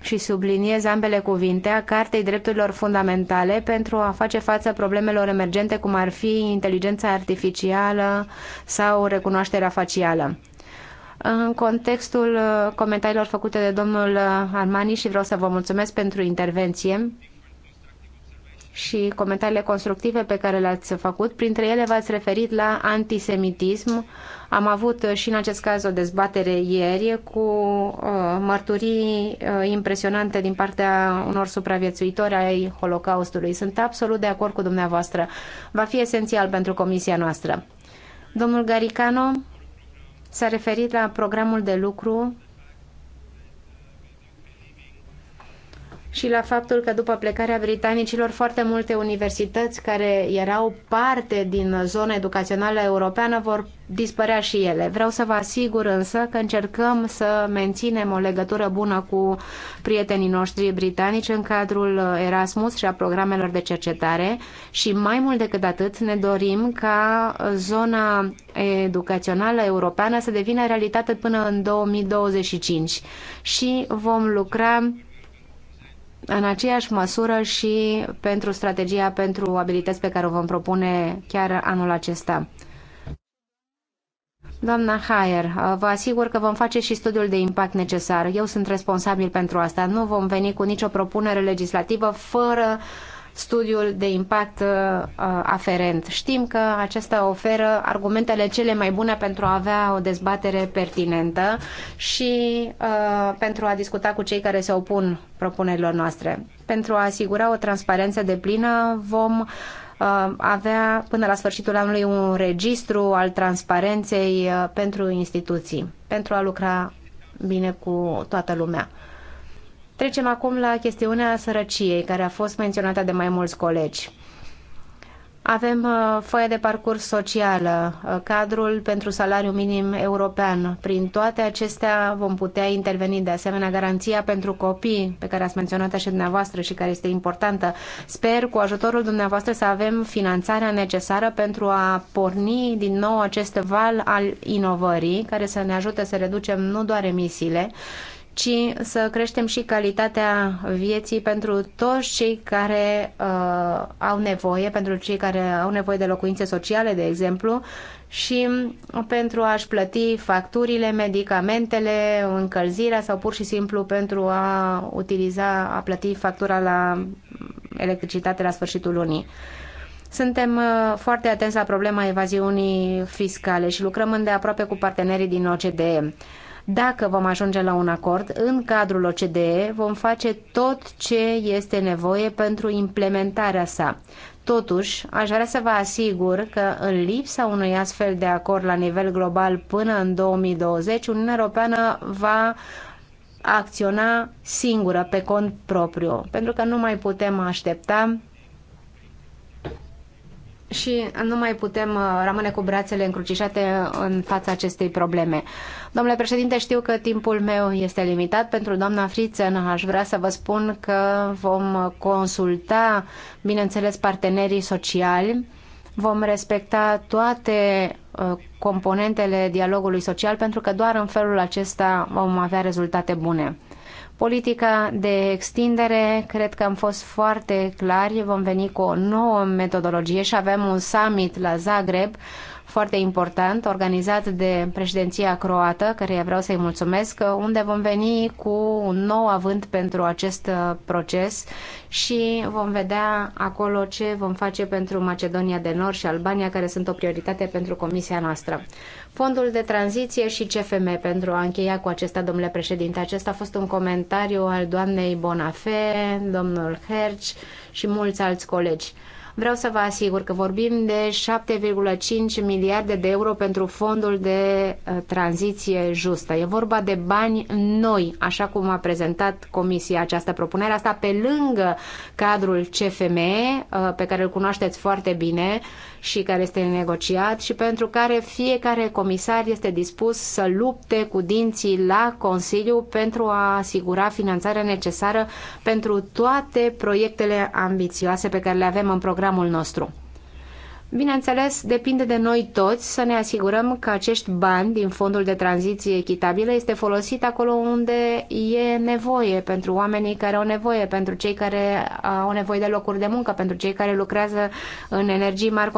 și subliniez ambele cuvinte a Cartei Drepturilor Fundamentale pentru a face față problemelor emergente cum ar fi inteligența artificială sau recunoașterea facială. În contextul uh, comentariilor făcute de domnul uh, Armani și vreau să vă mulțumesc pentru intervenție, și comentariile constructive pe care le-ați făcut. Printre ele v-ați referit la antisemitism. Am avut uh, și în acest caz o dezbatere ieri cu uh, mărturii uh, impresionante din partea unor supraviețuitori ai Holocaustului. Sunt absolut de acord cu dumneavoastră. Va fi esențial pentru comisia noastră. Domnul Garicano s-a referit la programul de lucru și la faptul că după plecarea britanicilor foarte multe universități care erau parte din zona educațională europeană vor dispărea și ele. Vreau să vă asigur însă că încercăm să menținem o legătură bună cu prietenii noștri britanici în cadrul Erasmus și a programelor de cercetare și mai mult decât atât ne dorim ca zona educațională europeană să devină realitate până în 2025 și vom lucra în aceeași măsură și pentru strategia pentru abilități pe care o vom propune chiar anul acesta. Doamna Haier, vă asigur că vom face și studiul de impact necesar. Eu sunt responsabil pentru asta. Nu vom veni cu nicio propunere legislativă fără studiul de impact uh, uh, aferent. Știm că acesta oferă argumentele cele mai bune pentru a avea o dezbatere pertinentă și uh, pentru a discuta cu cei care se opun propunerilor noastre. Pentru a asigura o transparență de plină vom avea până la sfârșitul anului un registru al transparenței pentru instituții, pentru a lucra bine cu toată lumea. Trecem acum la chestiunea sărăciei, care a fost menționată de mai mulți colegi. Avem uh, foaia de parcurs socială, uh, cadrul pentru salariu minim european. Prin toate acestea vom putea interveni. De asemenea, garanția pentru copii, pe care ați menționat și dumneavoastră și care este importantă. Sper cu ajutorul dumneavoastră să avem finanțarea necesară pentru a porni din nou acest val al inovării, care să ne ajute să reducem nu doar emisiile, ci să creștem și calitatea vieții pentru toți cei care uh, au nevoie, pentru cei care au nevoie de locuințe sociale, de exemplu, și pentru a-și plăti facturile, medicamentele, încălzirea sau pur și simplu pentru a utiliza, a plăti factura la electricitate la sfârșitul lunii. Suntem uh, foarte atenți la problema evaziunii fiscale și lucrăm îndeaproape cu partenerii din OCDE. Dacă vom ajunge la un acord în cadrul OCDE, vom face tot ce este nevoie pentru implementarea sa. Totuși, aș vrea să vă asigur că în lipsa unui astfel de acord la nivel global până în 2020, Uniunea Europeană va acționa singură pe cont propriu, pentru că nu mai putem aștepta și nu mai putem uh, rămâne cu brațele încrucișate în fața acestei probleme. Domnule președinte, știu că timpul meu este limitat. Pentru doamna Frițen aș vrea să vă spun că vom consulta, bineînțeles, partenerii sociali, vom respecta toate uh, componentele dialogului social pentru că doar în felul acesta vom avea rezultate bune. Politica de extindere, cred că am fost foarte clari, vom veni cu o nouă metodologie și avem un summit la Zagreb foarte important, organizat de președinția croată, care vreau să-i mulțumesc, unde vom veni cu un nou avânt pentru acest uh, proces și vom vedea acolo ce vom face pentru Macedonia de Nord și Albania, care sunt o prioritate pentru comisia noastră fondul de tranziție și CFM pentru a încheia cu acesta, domnule președinte. Acesta a fost un comentariu al doamnei Bonafé, domnul Herci și mulți alți colegi. Vreau să vă asigur că vorbim de 7,5 miliarde de euro pentru fondul de uh, tranziție justă. E vorba de bani noi, așa cum a prezentat Comisia această propunere. Asta pe lângă cadrul CFM, uh, pe care îl cunoașteți foarte bine, și care este negociat și pentru care fiecare comisar este dispus să lupte cu dinții la Consiliu pentru a asigura finanțarea necesară pentru toate proiectele ambițioase pe care le avem în programul nostru. Bineînțeles, depinde de noi toți să ne asigurăm că acești bani din fondul de tranziție echitabilă este folosit acolo unde e nevoie pentru oamenii care au nevoie, pentru cei care au nevoie de locuri de muncă, pentru cei care lucrează în energii mari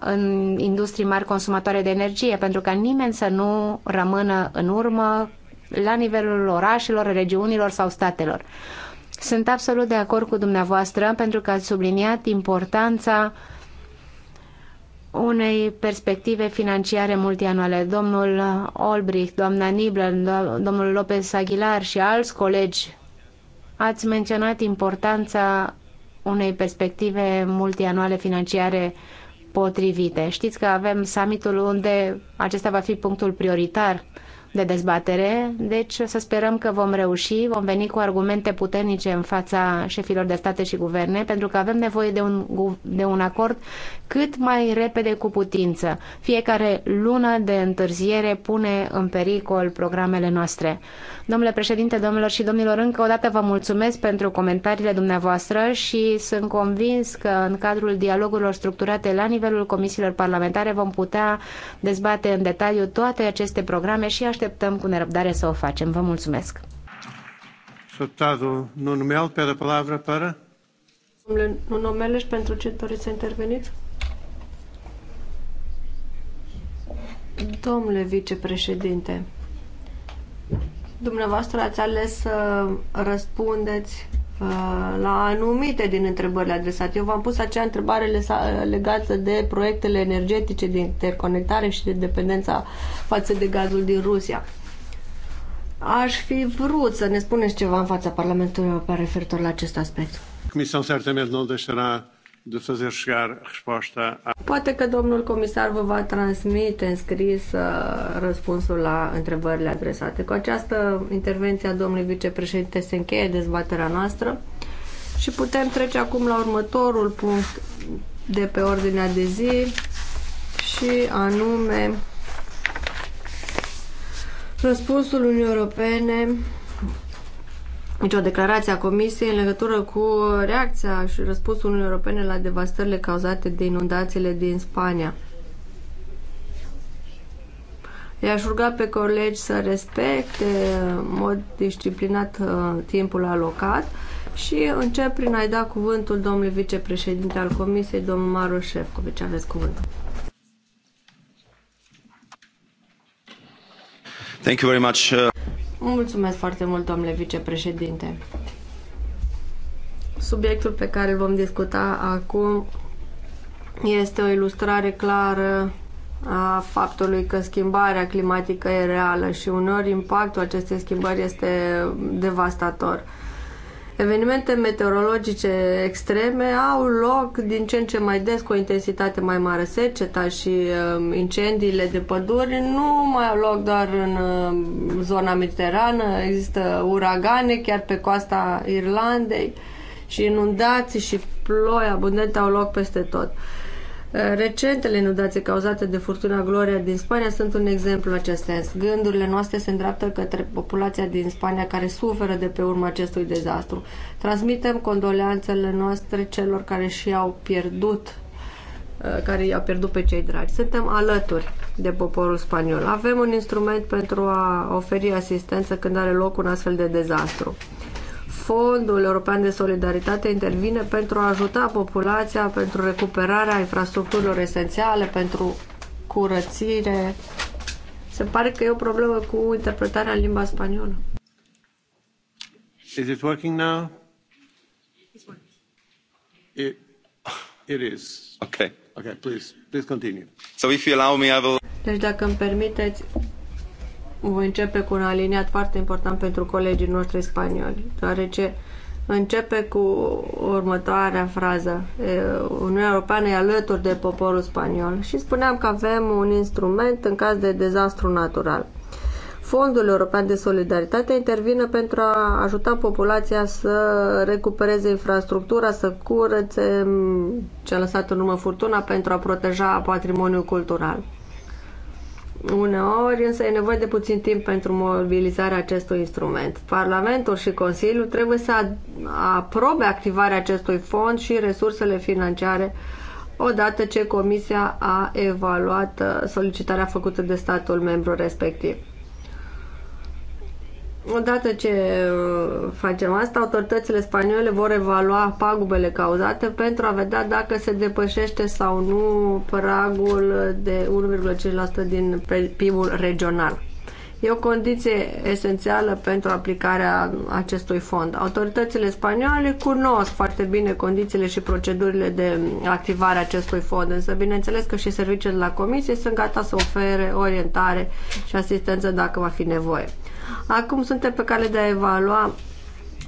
în industrii mari consumatoare de energie, pentru ca nimeni să nu rămână în urmă la nivelul orașelor, regiunilor sau statelor. Sunt absolut de acord cu dumneavoastră pentru că ați subliniat importanța uh, unei perspective financiare multianuale. Domnul Olbrich, doamna Nibler, domnul Lopez Aguilar și alți colegi ați menționat importanța unei perspective multianuale financiare potrivite. Știți că avem summitul unde acesta va fi punctul prioritar de dezbatere, deci să sperăm că vom reuși, vom veni cu argumente puternice în fața șefilor de state și guverne, pentru că avem nevoie de un, de un acord cât mai repede cu putință. Fiecare lună de întârziere pune în pericol programele noastre. Domnule președinte, domnilor și domnilor, încă o dată vă mulțumesc pentru comentariile dumneavoastră și sunt convins că în cadrul dialogurilor structurate la nivelul comisiilor parlamentare vom putea dezbate în detaliu toate aceste programe și așteptăm cu nerăbdare să o facem. Vă mulțumesc. Deputado Nuno Melo palavra para. Domnule Nuno pentru ce doriți să interveniți? Domnule vicepreședinte, Dumneavoastră ați ales să răspundeți uh, la anumite din întrebările adresate. Eu v-am pus acea întrebare legată de proiectele energetice de interconectare și de dependența față de gazul din Rusia. Aș fi vrut să ne spuneți ceva în fața Parlamentului pe referitor la acest aspect. Comisia Sertemel nu deșera de fazer chegar resposta a... Poate că domnul comisar vă va transmite în scris uh, răspunsul la întrebările adresate. Cu această intervenție a domnului vicepreședinte se încheie dezbaterea noastră și putem trece acum la următorul punct de pe ordinea de zi și anume răspunsul Uniunii Europene nicio o declarație a Comisiei în legătură cu reacția și răspunsul Uniunii Europene la devastările cauzate de inundațiile din Spania. I-aș ruga pe colegi să respecte în mod disciplinat uh, timpul alocat și încep prin a-i da cuvântul domnului vicepreședinte al Comisiei, domnul Maru Șefcovici. Aveți cuvântul. Thank you very much. Uh, Mulțumesc foarte mult, domnule vicepreședinte. Subiectul pe care îl vom discuta acum este o ilustrare clară a faptului că schimbarea climatică e reală și uneori impactul acestei schimbări este devastator. Evenimente meteorologice extreme au loc din ce în ce mai des cu o intensitate mai mare. Seceta și uh, incendiile de păduri nu mai au loc doar în uh, zona mediterană, există uragane chiar pe coasta Irlandei și inundații și ploi abundente au loc peste tot. Uh, Uh, recentele inundații cauzate de furtuna Gloria din Spania sunt un exemplu în acest sens. Gândurile noastre se îndreaptă către populația din Spania care suferă de pe urma acestui dezastru. Transmitem condoleanțele noastre celor care și-au pierdut uh, care i-au pierdut pe cei dragi. Suntem alături de poporul spaniol. Avem un instrument pentru a oferi asistență când are loc un astfel de dezastru. Fondul European de Solidaritate intervine pentru a ajuta populația pentru recuperarea infrastructurilor esențiale, pentru curățire. Se pare că e o problemă cu interpretarea în limba spaniolă. Is it working now? It, it is. Okay. Okay, please, please continue. So if you allow me, I will... Deci dacă îmi permiteți, voi începe cu un aliniat foarte important pentru colegii noștri spanioli, deoarece începe cu următoarea frază. Uniunea Europeană e alături de poporul spaniol și spuneam că avem un instrument în caz de dezastru natural. Fondul European de Solidaritate intervine pentru a ajuta populația să recupereze infrastructura, să curățe ce a lăsat în urmă furtuna pentru a proteja patrimoniul cultural. Uneori însă e nevoie de puțin timp pentru mobilizarea acestui instrument. Parlamentul și Consiliul trebuie să aprobe activarea acestui fond și resursele financiare odată ce Comisia a evaluat uh, solicitarea făcută de statul membru respectiv. Odată ce uh, facem asta, autoritățile spaniole vor evalua pagubele cauzate pentru a vedea dacă se depășește sau nu pragul de 1,5% din PIB-ul regional. E o condiție esențială pentru aplicarea acestui fond. Autoritățile spaniole cunosc foarte bine condițiile și procedurile de activare a acestui fond, însă bineînțeles că și serviciile de la comisie sunt gata să ofere orientare și asistență dacă va fi nevoie. Acum suntem pe cale de a evalua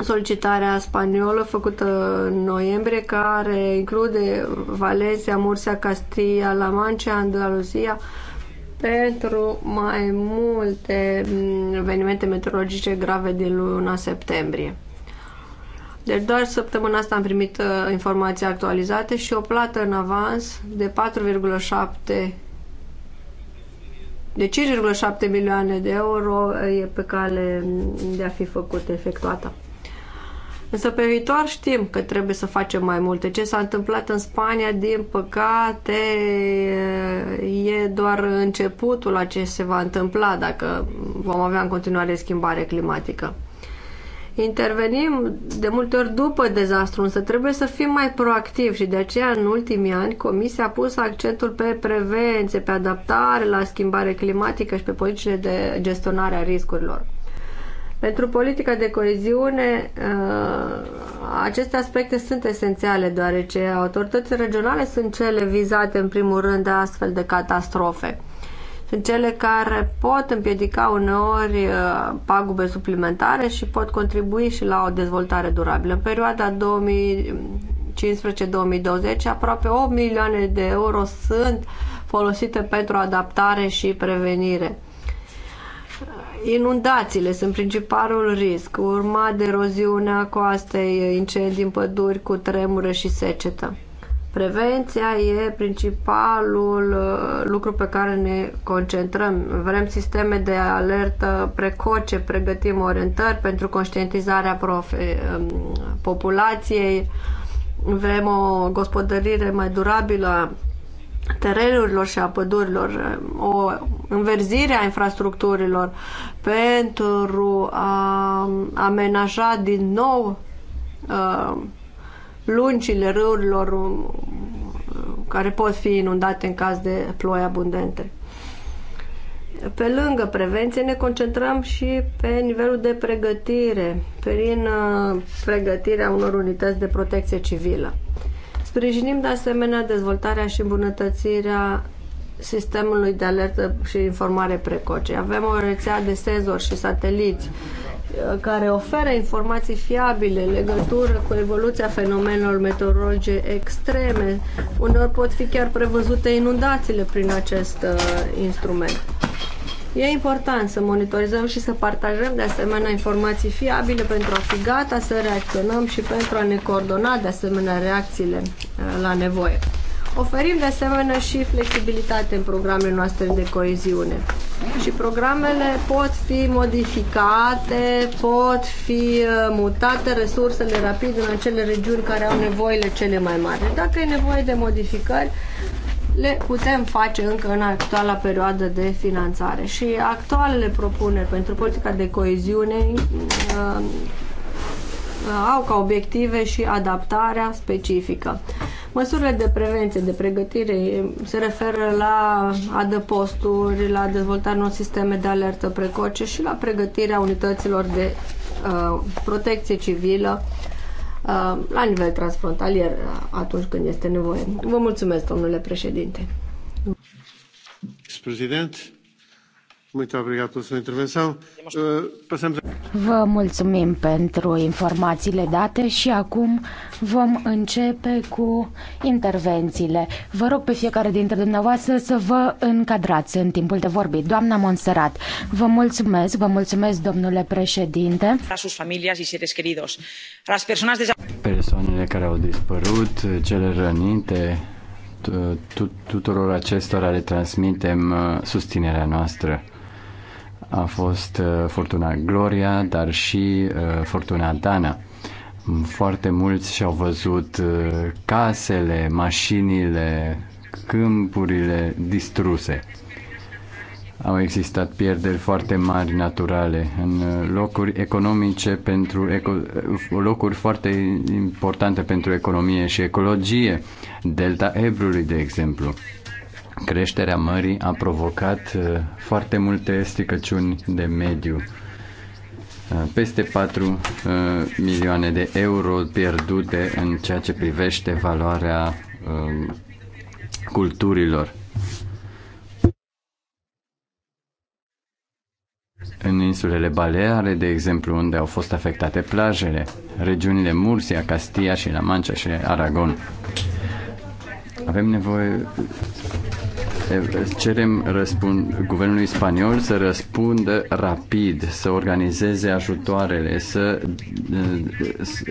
solicitarea spaniolă făcută în noiembrie, care include Valencia, Murcia, Castilla, La Mancha, Andaluzia, pentru mai multe mm, evenimente meteorologice grave din luna septembrie. Deci doar săptămâna asta am primit uh, informații actualizate și o plată în avans de 4,7 de 5,7 milioane de euro e pe cale de a fi făcută, efectuată. Însă pe viitor știm că trebuie să facem mai multe. Ce s-a întâmplat în Spania, din păcate, e doar începutul a ce se va întâmpla dacă vom avea în continuare schimbare climatică. Intervenim de multe ori după dezastru, însă trebuie să fim mai proactivi și de aceea în ultimii ani Comisia a pus accentul pe prevenție, pe adaptare la schimbare climatică și pe politicile de gestionare a riscurilor. Pentru politica de coeziune, uh, aceste aspecte sunt esențiale, deoarece autoritățile regionale sunt cele vizate în primul rând de astfel de catastrofe sunt cele care pot împiedica uneori uh, pagube suplimentare și pot contribui și la o dezvoltare durabilă. În perioada 2015-2020 aproape 8 milioane de euro sunt folosite pentru adaptare și prevenire. Inundațiile sunt principalul risc, urmat de eroziunea coastei, incendii în păduri, cu tremură și secetă. Prevenția e principalul uh, lucru pe care ne concentrăm. Vrem sisteme de alertă precoce, pregătim orientări pentru conștientizarea profe, um, populației, vrem o gospodărire mai durabilă a terenurilor și a pădurilor, um, o înverzire a infrastructurilor pentru a um, amenaja din nou uh, lungile râurilor uh, care pot fi inundate în caz de ploi abundente. Pe lângă prevenție ne concentrăm și pe nivelul de pregătire, prin uh, pregătirea unor unități de protecție civilă. Sprijinim de asemenea dezvoltarea și îmbunătățirea sistemului de alertă și informare precoce. Avem o rețea de senzori și sateliți care oferă informații fiabile în legătură cu evoluția fenomenelor meteorologice extreme. Uneori pot fi chiar prevăzute inundațiile prin acest uh, instrument. E important să monitorizăm și să partajăm de asemenea informații fiabile pentru a fi gata să reacționăm și pentru a ne coordona de asemenea reacțiile uh, la nevoie. Oferim de asemenea și flexibilitate în programele noastre de coeziune. Și programele pot fi modificate, pot fi uh, mutate resursele rapid în acele regiuni care au nevoile cele mai mari. Deci dacă e nevoie de modificări, le putem face încă în actuala perioadă de finanțare. Și actualele propuneri pentru politica de coeziune uh, au ca obiective și adaptarea specifică. Măsurile de prevenție, de pregătire se referă la adăposturi, la dezvoltarea unor sisteme de alertă precoce și la pregătirea unităților de uh, protecție civilă uh, la nivel transfrontalier uh, atunci când este nevoie. Vă mulțumesc, domnule președinte. Președinte, Eh, vă mulțumim pentru informațiile date și acum vom începe cu intervențiile. Vă rog pe fiecare dintre dumneavoastră să vă încadrați în timpul de vorbit. Doamna Monserrat, vă mulțumesc, vă mulțumesc, domnule președinte. Persoanele care au dispărut, cele rănite, tuturor acestora le transmitem uh, susținerea noastră a fost uh, Fortuna Gloria, dar și uh, Fortuna Dana. Foarte mulți și-au văzut uh, casele, mașinile, câmpurile distruse. Au existat pierderi foarte mari naturale în locuri economice pentru eco- locuri foarte importante pentru economie și ecologie, delta Ebrului, de exemplu creșterea mării a provocat uh, foarte multe stricăciuni de mediu. Uh, peste 4 uh, milioane de euro pierdute în ceea ce privește valoarea um, culturilor. În insulele Baleare, de exemplu, unde au fost afectate plajele, regiunile Mursia, Castia și La Mancha și Aragon. Avem nevoie cerem răspund, guvernului spaniol să răspundă rapid, să organizeze ajutoarele, să,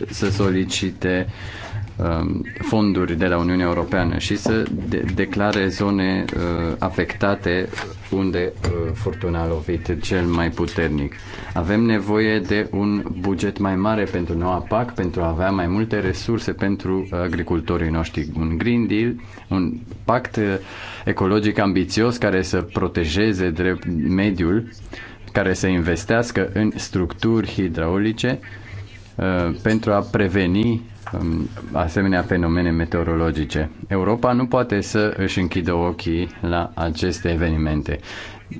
să solicite uh, Um, fonduri de la Uniunea Europeană și să de- declare zone uh, afectate unde uh, furtuna a lovit cel mai puternic. Avem nevoie de un buget mai mare pentru noua PAC, pentru a avea mai multe resurse pentru agricultorii noștri. Un Green Deal, un pact uh, ecologic ambițios care să protejeze drept mediul, care să investească în structuri hidraulice uh, pentru a preveni Um, asemenea fenomene meteorologice. Europa nu poate să își închidă ochii la aceste evenimente.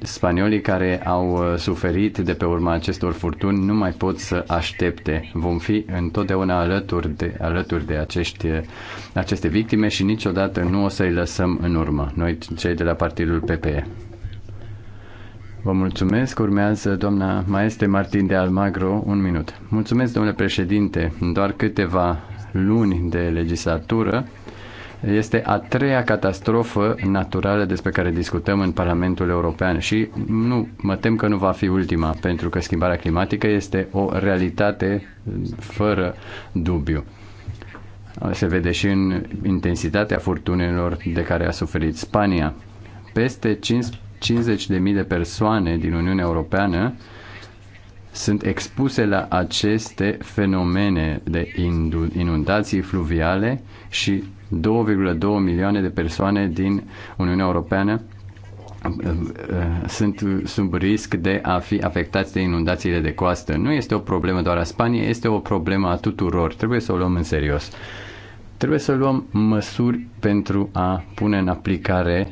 Spaniolii care au uh, suferit de pe urma acestor furtuni nu mai pot să aștepte. Vom fi întotdeauna alături de, alături de acești, uh, aceste victime și niciodată nu o să-i lăsăm în urmă, noi cei de la Partidul PPE. Vă mulțumesc. Urmează doamna Maeste Martin de Almagro, un minut. Mulțumesc, domnule președinte. Doar câteva luni de legislatură, este a treia catastrofă naturală despre care discutăm în Parlamentul European și nu, mă tem că nu va fi ultima, pentru că schimbarea climatică este o realitate fără dubiu. Se vede și în intensitatea furtunilor de care a suferit Spania. Peste 50.000 de persoane din Uniunea Europeană sunt expuse la aceste fenomene de inundații fluviale și 2,2 milioane de persoane din Uniunea Europeană uh, uh, sunt sub risc de a fi afectați de inundațiile de coastă. Nu este o problemă doar a Spaniei, este o problemă a tuturor. Trebuie să o luăm în serios. Trebuie să luăm măsuri pentru a pune în aplicare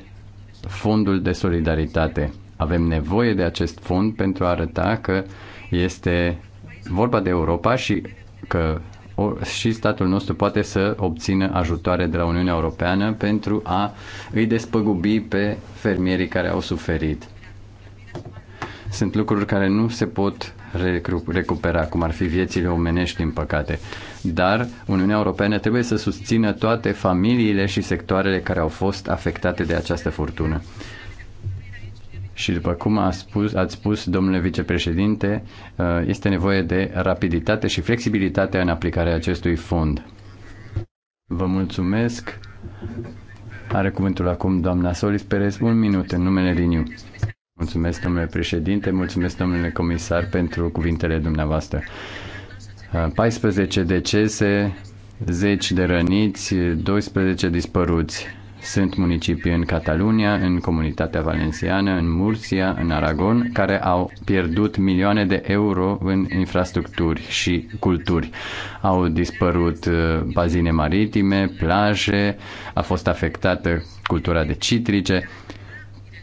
fondul de solidaritate. Avem nevoie de acest fond pentru a arăta că este vorba de Europa și că și statul nostru poate să obțină ajutoare de la Uniunea Europeană pentru a îi despăgubi pe fermierii care au suferit. Sunt lucruri care nu se pot recupera, cum ar fi viețile omenești, din păcate. Dar Uniunea Europeană trebuie să susțină toate familiile și sectoarele care au fost afectate de această furtună. Și după cum a spus, ați spus, domnule vicepreședinte, uh, este nevoie de rapiditate și flexibilitate în aplicarea acestui fond. Vă mulțumesc. Are cuvântul acum doamna Solis Perez, un minut în numele Liniu. Mulțumesc, domnule președinte, mulțumesc, domnule comisar, pentru cuvintele dumneavoastră. 14 uh, decese, 10 de răniți, 12 dispăruți sunt municipii în Catalunia, în comunitatea valenciană, în Murcia, în Aragon, care au pierdut milioane de euro în infrastructuri și culturi. Au dispărut uh, bazine maritime, plaje, a fost afectată cultura de citrice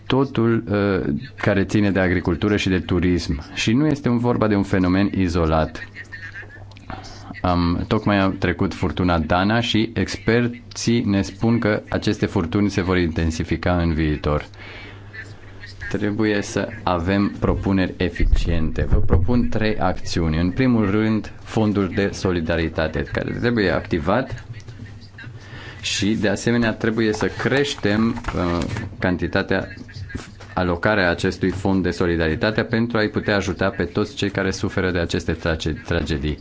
totul uh, care ține de agricultură și de turism. Și nu este un vorba de un fenomen izolat. Am, tocmai a trecut furtuna Dana și experții ne spun că aceste furtuni se vor intensifica în viitor. Trebuie să avem propuneri eficiente. Vă propun trei acțiuni. În primul rând, fondul de solidaritate, care trebuie activat și, de asemenea, trebuie să creștem uh, cantitatea alocarea acestui fond de solidaritate pentru a-i putea ajuta pe toți cei care suferă de aceste tragedii.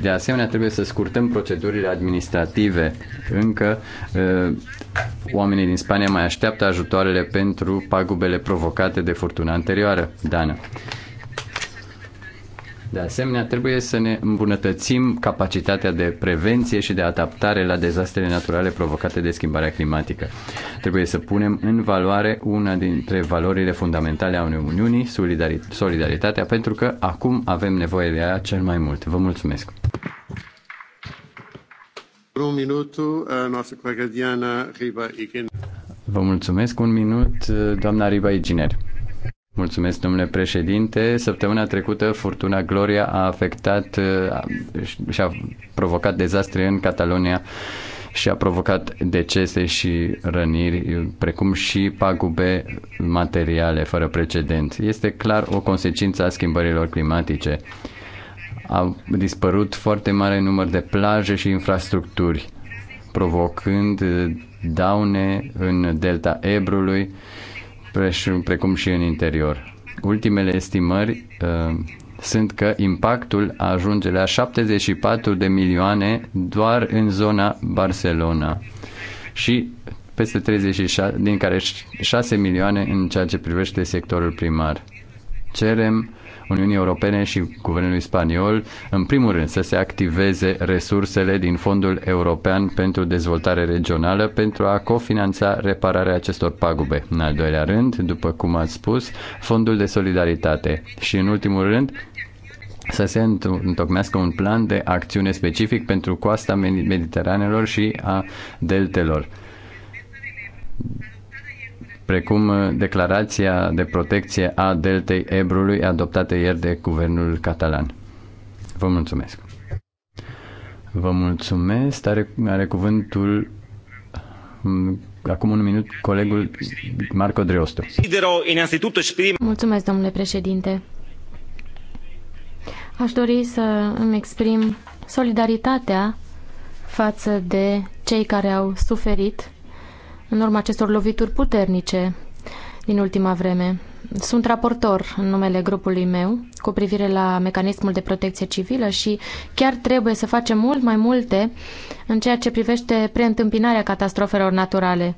De asemenea, trebuie să scurtăm procedurile administrative. Încă oamenii din Spania mai așteaptă ajutoarele pentru pagubele provocate de furtuna anterioară. Dana. De asemenea, trebuie să ne îmbunătățim capacitatea de prevenție și de adaptare la dezastrele naturale provocate de schimbarea climatică. Trebuie să punem în valoare una dintre valorile fundamentale a unei Uniunii, solidaritatea, pentru că acum avem nevoie de ea cel mai mult. Vă mulțumesc! Un minut, uh, noastră Riba Vă mulțumesc. Un minut, uh, doamna Riba Iginer. Mulțumesc, domnule președinte. Săptămâna trecută, furtuna Gloria a afectat și uh, a provocat dezastre în Catalonia și a provocat decese și răniri, precum și pagube materiale fără precedent. Este clar o consecință a schimbărilor climatice. Au dispărut foarte mare număr de plaje și infrastructuri, provocând uh, daune în delta Ebrului, precum și în interior. Ultimele estimări uh, sunt că impactul ajunge la 74 de milioane doar în zona Barcelona și peste 36, din care 6 milioane în ceea ce privește sectorul primar. Cerem Uniunii Europene și Guvernului Spaniol, în primul rând, să se activeze resursele din Fondul European pentru Dezvoltare Regională pentru a cofinanța repararea acestor pagube. În al doilea rând, după cum ați spus, Fondul de Solidaritate. Și în ultimul rând, să se întocmească un plan de acțiune specific pentru coasta Mediteranelor și a deltelor precum uh, declarația de protecție a deltei Ebrului adoptată ieri de guvernul catalan. Vă mulțumesc. Vă mulțumesc. Are, are cuvântul mm, acum un minut colegul Marco Dreostu. Mulțumesc, domnule președinte. Aș dori să îmi exprim solidaritatea față de cei care au suferit în urma acestor lovituri puternice din ultima vreme. Sunt raportor în numele grupului meu cu privire la mecanismul de protecție civilă și chiar trebuie să facem mult mai multe în ceea ce privește preîntâmpinarea catastrofelor naturale.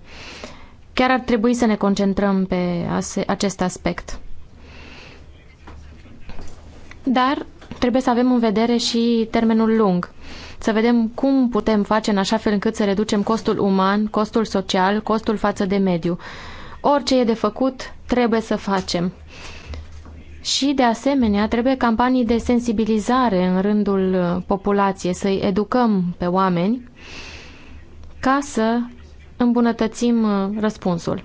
Chiar ar trebui să ne concentrăm pe acest aspect. Dar trebuie să avem în vedere și termenul lung să vedem cum putem face în așa fel încât să reducem costul uman, costul social, costul față de mediu. Orice e de făcut, trebuie să facem. Și, de asemenea, trebuie campanii de sensibilizare în rândul uh, populației, să-i educăm pe oameni ca să îmbunătățim uh, răspunsul.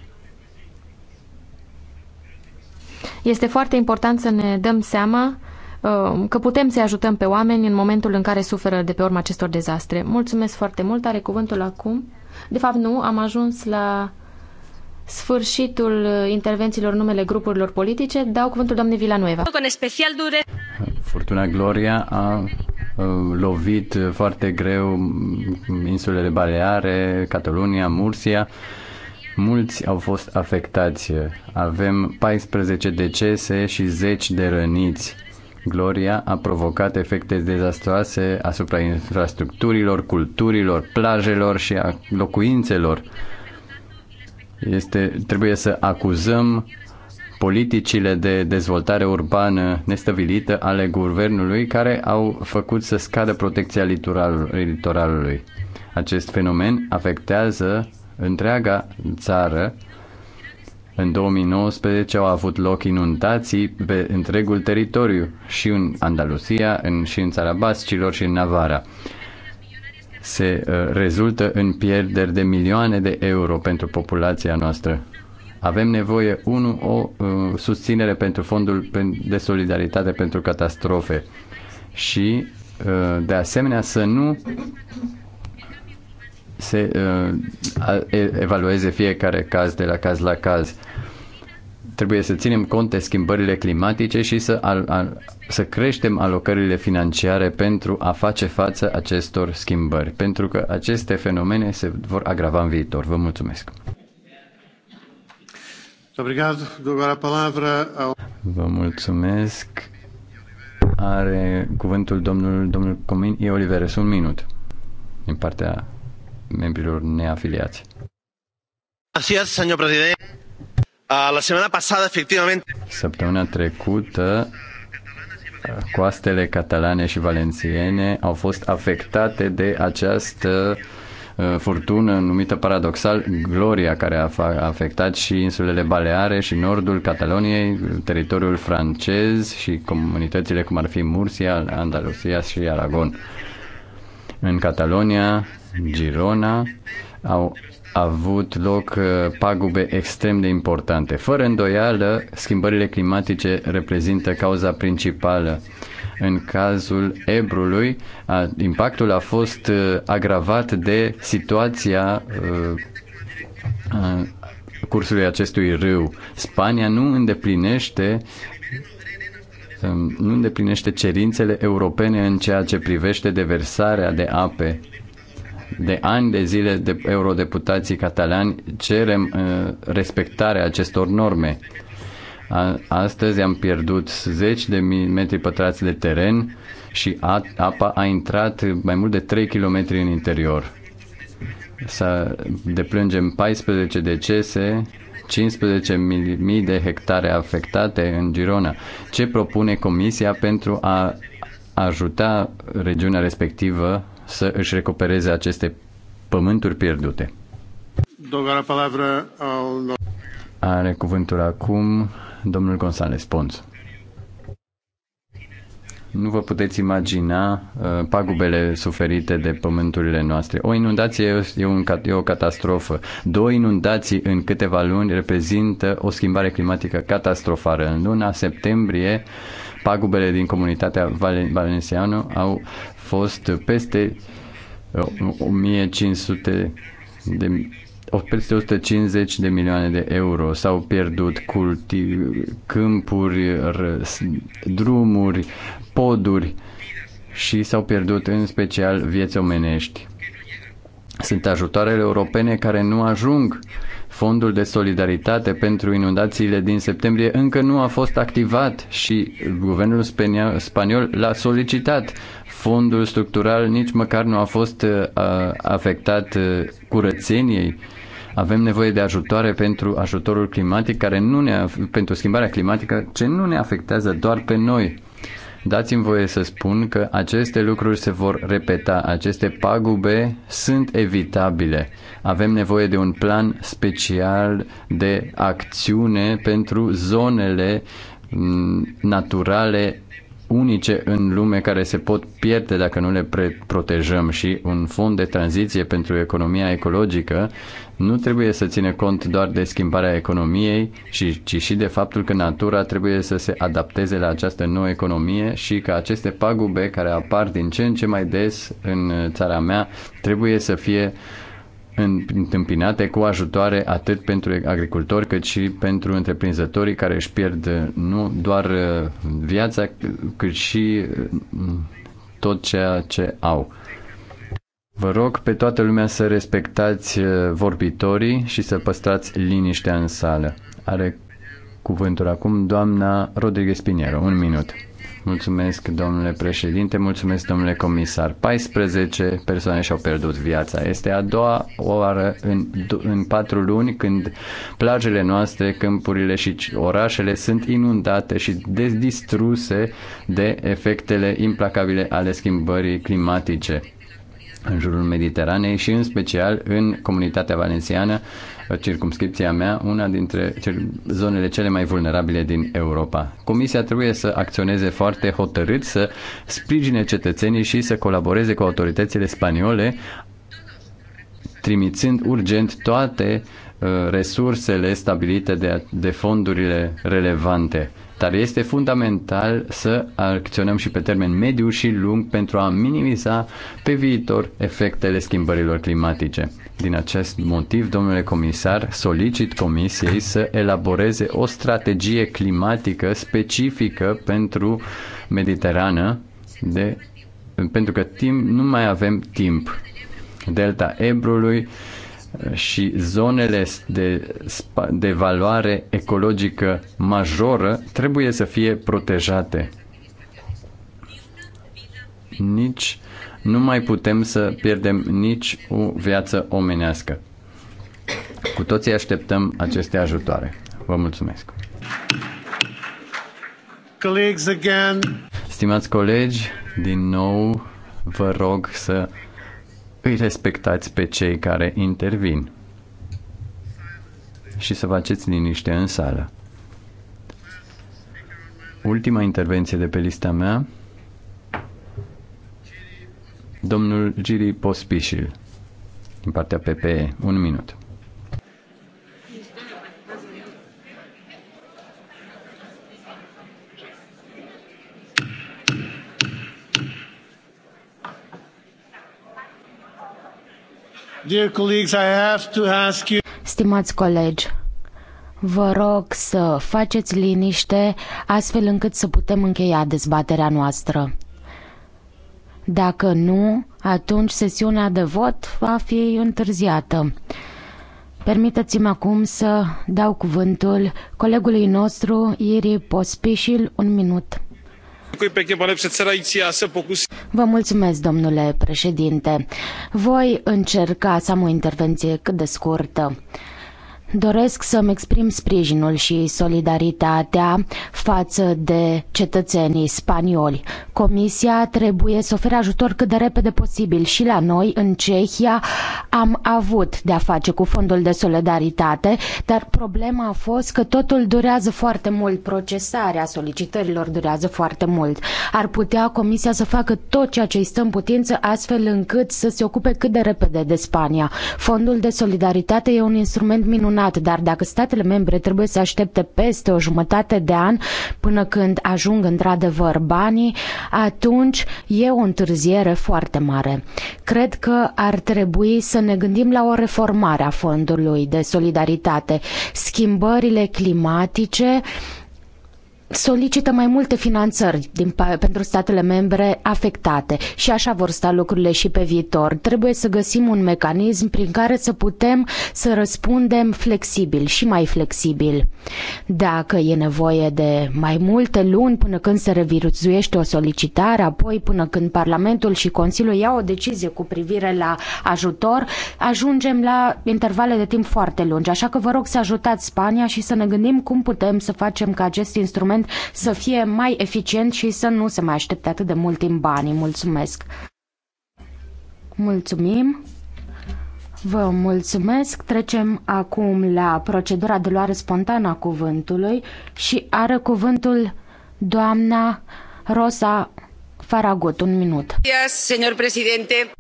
Este foarte important să ne dăm seama Um, că putem să ajutăm pe oameni în momentul în care suferă de pe urma acestor dezastre. Mulțumesc foarte mult, are cuvântul acum. De fapt, nu, am ajuns la sfârșitul intervențiilor numele grupurilor politice. Dau cuvântul doamnei Villanueva. Furtuna Gloria a uh, lovit foarte greu insulele Baleare, Catalunia, Mursia. Mulți au fost afectați. Avem 14 decese și 10 de răniți. Gloria a provocat efecte dezastroase asupra infrastructurilor, culturilor, plajelor și a locuințelor. Este, trebuie să acuzăm politicile de dezvoltare urbană nestabilită ale guvernului care au făcut să scadă protecția litoral, litoralului. Acest fenomen afectează întreaga țară în 2019 au avut loc inundații pe întregul teritoriu, și în Andalusia, în, și în țara Bascilor și în Navara. Se uh, rezultă în pierderi de milioane de euro pentru populația noastră. Avem nevoie, unu, o uh, susținere pentru fondul de solidaritate pentru catastrofe și, uh, de asemenea, să nu se uh, evalueze fiecare caz de la caz la caz. Trebuie să ținem cont de schimbările climatice și să, al, al, să creștem alocările financiare pentru a face față acestor schimbări, pentru că aceste fenomene se vor agrava în viitor. Vă mulțumesc! Vă mulțumesc. Are cuvântul domnul, domnul Comin e Oliveres. Un minut din partea membrilor neafiliați. Gracias, señor presidente. Ah, la semana pasada, efectivamente. Săptămâna trecută, coastele catalane și valențiene au fost afectate de această uh, furtună numită paradoxal Gloria, care a afectat și insulele Baleare și nordul Cataloniei, teritoriul francez și comunitățile cum ar fi Murcia, Andalusia și Aragon. În Catalonia, Girona au avut loc uh, pagube extrem de importante. Fără îndoială, schimbările climatice reprezintă cauza principală. În cazul Ebrului, impactul a fost uh, agravat de situația uh, cursului acestui râu. Spania nu îndeplinește um, nu îndeplinește cerințele europene în ceea ce privește deversarea de ape de ani de zile de eurodeputații catalani cerem uh, respectarea acestor norme. Astăzi am pierdut zeci de mii metri pătrați de teren și apa a intrat mai mult de 3 km în interior. Să deplângem 14 decese, 15.000 de hectare afectate în Girona. Ce propune Comisia pentru a ajuta regiunea respectivă să își recupereze aceste pământuri pierdute. Are cuvântul acum domnul González Pons. Nu vă puteți imagina uh, pagubele suferite de pământurile noastre. O inundație e, un, e o catastrofă. Două inundații în câteva luni reprezintă o schimbare climatică catastrofară. În luna septembrie, pagubele din comunitatea Valenciano au fost peste 1500 uh, de peste 150 de milioane de euro. S-au pierdut culti, câmpuri, drumuri, poduri și s-au pierdut în special vieți omenești. Sunt ajutoarele europene care nu ajung. Fondul de solidaritate pentru inundațiile din septembrie încă nu a fost activat și guvernul spaniol l-a solicitat fondul structural nici măcar nu a fost uh, afectat uh, curățeniei. Avem nevoie de ajutoare pentru ajutorul climatic care nu ne, pentru schimbarea climatică ce nu ne afectează doar pe noi. Dați-mi voie să spun că aceste lucruri se vor repeta, aceste pagube sunt evitabile. Avem nevoie de un plan special de acțiune pentru zonele naturale unice în lume care se pot pierde dacă nu le protejăm și un fond de tranziție pentru economia ecologică nu trebuie să ține cont doar de schimbarea economiei, ci, ci și de faptul că natura trebuie să se adapteze la această nouă economie și că aceste pagube care apar din ce în ce mai des în țara mea trebuie să fie uh, întâmpinate cu ajutoare atât pentru agricultori cât și pentru întreprinzătorii care își pierd nu doar uh, viața cât și uh, tot ceea ce au. Vă rog pe toată lumea să respectați uh, vorbitorii și să păstrați liniștea în sală. Are cuvântul acum doamna Rodriguez Piniero. Un minut. Mulțumesc, domnule președinte, mulțumesc, domnule comisar. 14 persoane și-au pierdut viața. Este a doua oară în, în patru luni când plajele noastre, câmpurile și orașele sunt inundate și distruse de efectele implacabile ale schimbării climatice în jurul Mediteranei și în special în comunitatea valențiană circumscripția mea, una dintre zonele cele mai vulnerabile din Europa. Comisia trebuie să acționeze foarte hotărât, să sprijine cetățenii și să colaboreze cu autoritățile spaniole, trimițând urgent toate uh, resursele stabilite de, de fondurile relevante dar este fundamental să acționăm și pe termen mediu și lung pentru a minimiza pe viitor efectele schimbărilor climatice. Din acest motiv, domnule comisar, solicit Comisiei să elaboreze o strategie climatică specifică pentru Mediterană de pentru că timp nu mai avem timp. Delta Ebrului și zonele de, de valoare ecologică majoră trebuie să fie protejate. Nici nu mai putem să pierdem nici o viață omenească. Cu toții așteptăm aceste ajutoare. Vă mulțumesc. Stimați colegi, din nou vă rog să îi respectați pe cei care intervin și să faceți liniște în sală. Ultima intervenție de pe lista mea, domnul Giri Pospișil, din partea PPE. Un minut. Dear colleagues, I have to ask you... Stimați colegi, vă rog să faceți liniște astfel încât să putem încheia dezbaterea noastră. Dacă nu, atunci sesiunea de vot va fi întârziată. Permiteți-mi acum să dau cuvântul colegului nostru, Iri Pospișil, un minut. Vă mulțumesc, domnule președinte. Voi încerca să am o intervenție cât de scurtă. Doresc să-mi exprim sprijinul și solidaritatea față de cetățenii spanioli. Comisia trebuie să ofere ajutor cât de repede posibil și la noi, în Cehia, am avut de-a face cu fondul de solidaritate, dar problema a fost că totul durează foarte mult, procesarea solicitărilor durează foarte mult. Ar putea Comisia să facă tot ceea ce îi stă în putință astfel încât să se ocupe cât de repede de Spania. Fondul de solidaritate e un instrument minunat menționat, dar dacă statele membre trebuie să aștepte peste o jumătate de an până când ajung într-adevăr banii, atunci e o întârziere foarte mare. Cred că ar trebui să ne gândim la o reformare a fondului de solidaritate. Schimbările climatice solicită mai multe finanțări din, pentru statele membre afectate și așa vor sta lucrurile și pe viitor. Trebuie să găsim un mecanism prin care să putem să răspundem flexibil și mai flexibil. Dacă e nevoie de mai multe luni până când se reviruțuiește o solicitare, apoi până când Parlamentul și Consiliul iau o decizie cu privire la ajutor, ajungem la intervale de timp foarte lungi. Așa că vă rog să ajutați Spania și să ne gândim cum putem să facem ca acest instrument Parlament să fie mai eficient și să nu se mai aștepte atât de mult timp banii. Mulțumesc! Mulțumim! Vă mulțumesc. Trecem acum la procedura de luare spontană a cuvântului și are cuvântul doamna Rosa Faragut. Un minut.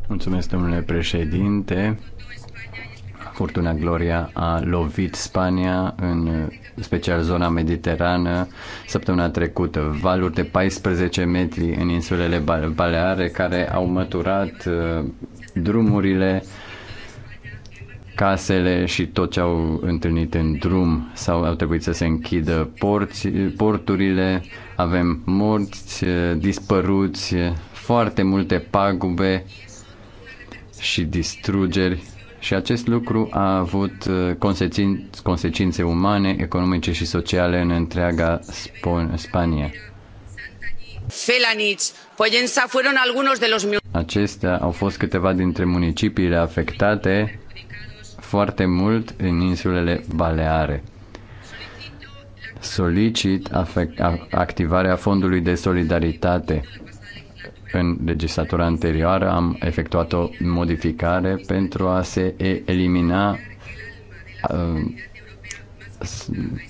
Mulțumesc, domnule președinte. Furtuna Gloria a lovit Spania, în special zona mediterană, săptămâna trecută. Valuri de 14 metri în insulele Baleare care au măturat uh, drumurile, casele și tot ce au întâlnit în drum sau au trebuit să se închidă porți, porturile, avem morți, uh, dispăruți, foarte multe pagube și distrugeri și acest lucru a avut uh, consecințe umane, economice și sociale în întreaga Spania. Păi Acestea au fost câteva dintre municipiile afectate foarte mult în insulele Baleare. Solicit activarea Fondului de Solidaritate în legislatura anterioară am efectuat o modificare pentru a se elimina uh,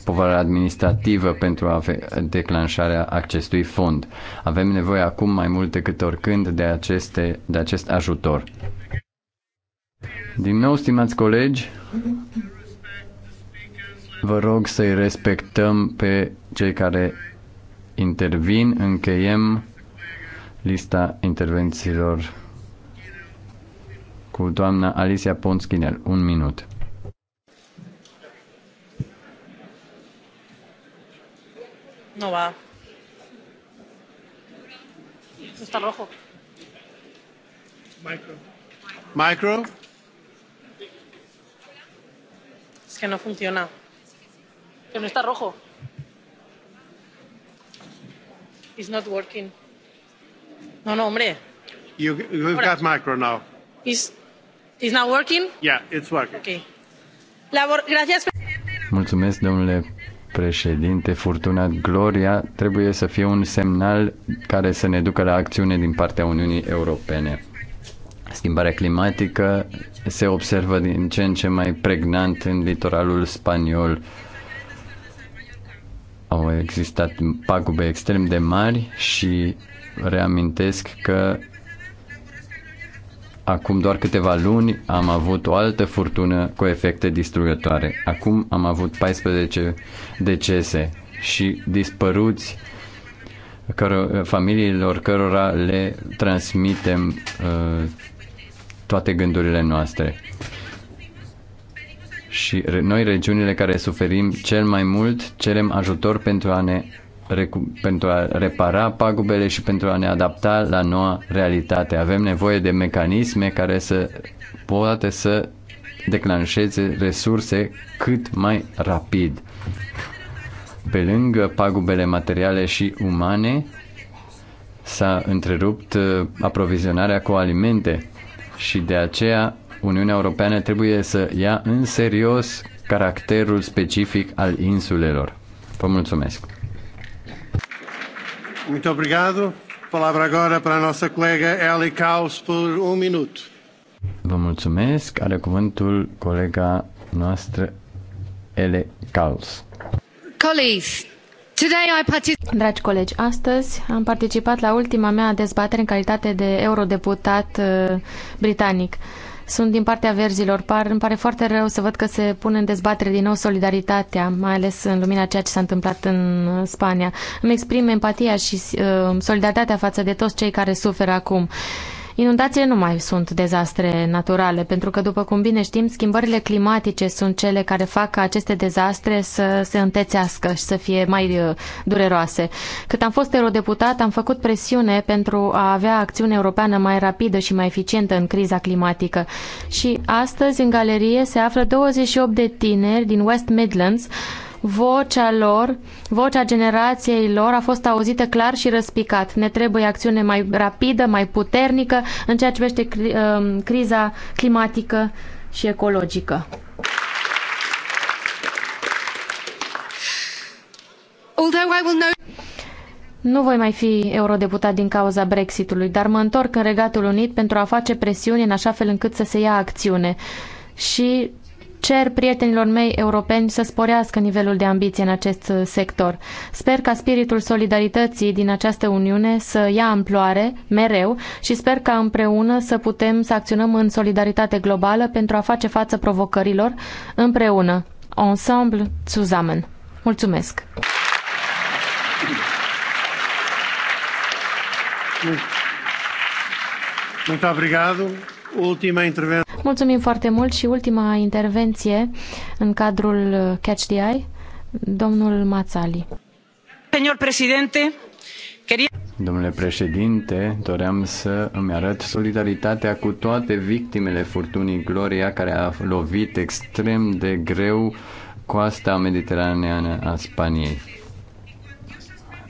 povara administrativă pentru a declanșarea acestui fond. Avem nevoie acum mai mult decât oricând de, aceste, de acest ajutor. Din nou, stimați colegi, vă rog să-i respectăm pe cei care intervin. Încheiem lista intervențiilor cu doamna Alicia Ponschinel. Un minut. No va. Está rojo. Micro. Micro. Es que no funciona. Que no está rojo. It's not working. No, no, hombre. You, you've Ahora. got micro now. Is, is now working? Yeah, it's working. Okay. Labor Gracias, Mulțumesc, domnule președinte, furtuna Gloria trebuie să fie un semnal care să ne ducă la acțiune din partea Uniunii Europene. Schimbarea climatică se observă din ce în ce mai pregnant în litoralul spaniol. Au existat pagube extrem de mari și reamintesc că acum doar câteva luni am avut o altă furtună cu efecte distrugătoare. Acum am avut 14 decese și dispăruți căro- familiilor cărora le transmitem uh, toate gândurile noastre. Și noi, regiunile care suferim cel mai mult, cerem ajutor pentru a ne pentru a repara pagubele și pentru a ne adapta la noua realitate. Avem nevoie de mecanisme care să poate să declanșeze resurse cât mai rapid. Pe lângă pagubele materiale și umane, s-a întrerupt uh, aprovizionarea cu alimente și de aceea Uniunea Europeană trebuie să ia în serios caracterul specific al insulelor. Vă mulțumesc! Muito obrigado. Palavra agora para a nossa colega por um Vă mulțumesc. Are cuvântul colega noastră Ele Caus. Colleagues, Dragi colegi, astăzi am participat la ultima mea dezbatere în calitate de eurodeputat uh, britanic. Uh, sunt din partea verzilor. Par, îmi pare foarte rău să văd că se pune în dezbatere din nou solidaritatea, mai ales în lumina ceea ce s-a întâmplat în uh, Spania. Îmi exprim empatia și uh, solidaritatea față de toți cei care suferă acum. Uh, Inundațiile nu mai sunt dezastre naturale, pentru că, după cum bine știm, schimbările climatice sunt cele care fac ca aceste dezastre să se întețească și să fie mai uh, dureroase. Cât am fost eurodeputat, am făcut presiune pentru a avea acțiune europeană mai rapidă și mai eficientă în criza climatică. Și astăzi, în galerie, se află 28 de tineri din West Midlands, Vocea lor, vocea generației lor a fost auzită clar și răspicat. Ne trebuie acțiune mai rapidă, mai puternică în ceea ce privește cri um, criza climatică și ecologică. Nu voi mai fi eurodeputat din cauza Brexitului, dar mă întorc în Regatul Unit pentru a face presiuni în așa fel încât să se ia acțiune. Și Cer prietenilor mei europeni să sporească nivelul de ambiție în acest sector. Sper ca spiritul solidarității din această Uniune să ia amploare mereu și sper ca împreună să putem să acționăm în solidaritate globală pentru a face față provocărilor împreună. Ensemble, zusammen. Mulțumesc! Muito obrigado. Ultima intervenție. Mulțumim foarte mult și ultima intervenție în cadrul Catch the Eye, domnul Mațali. Señor președinte, Domnule președinte, doream să îmi arăt solidaritatea cu toate victimele furtunii Gloria care a lovit extrem de greu coasta mediteraneană a Spaniei.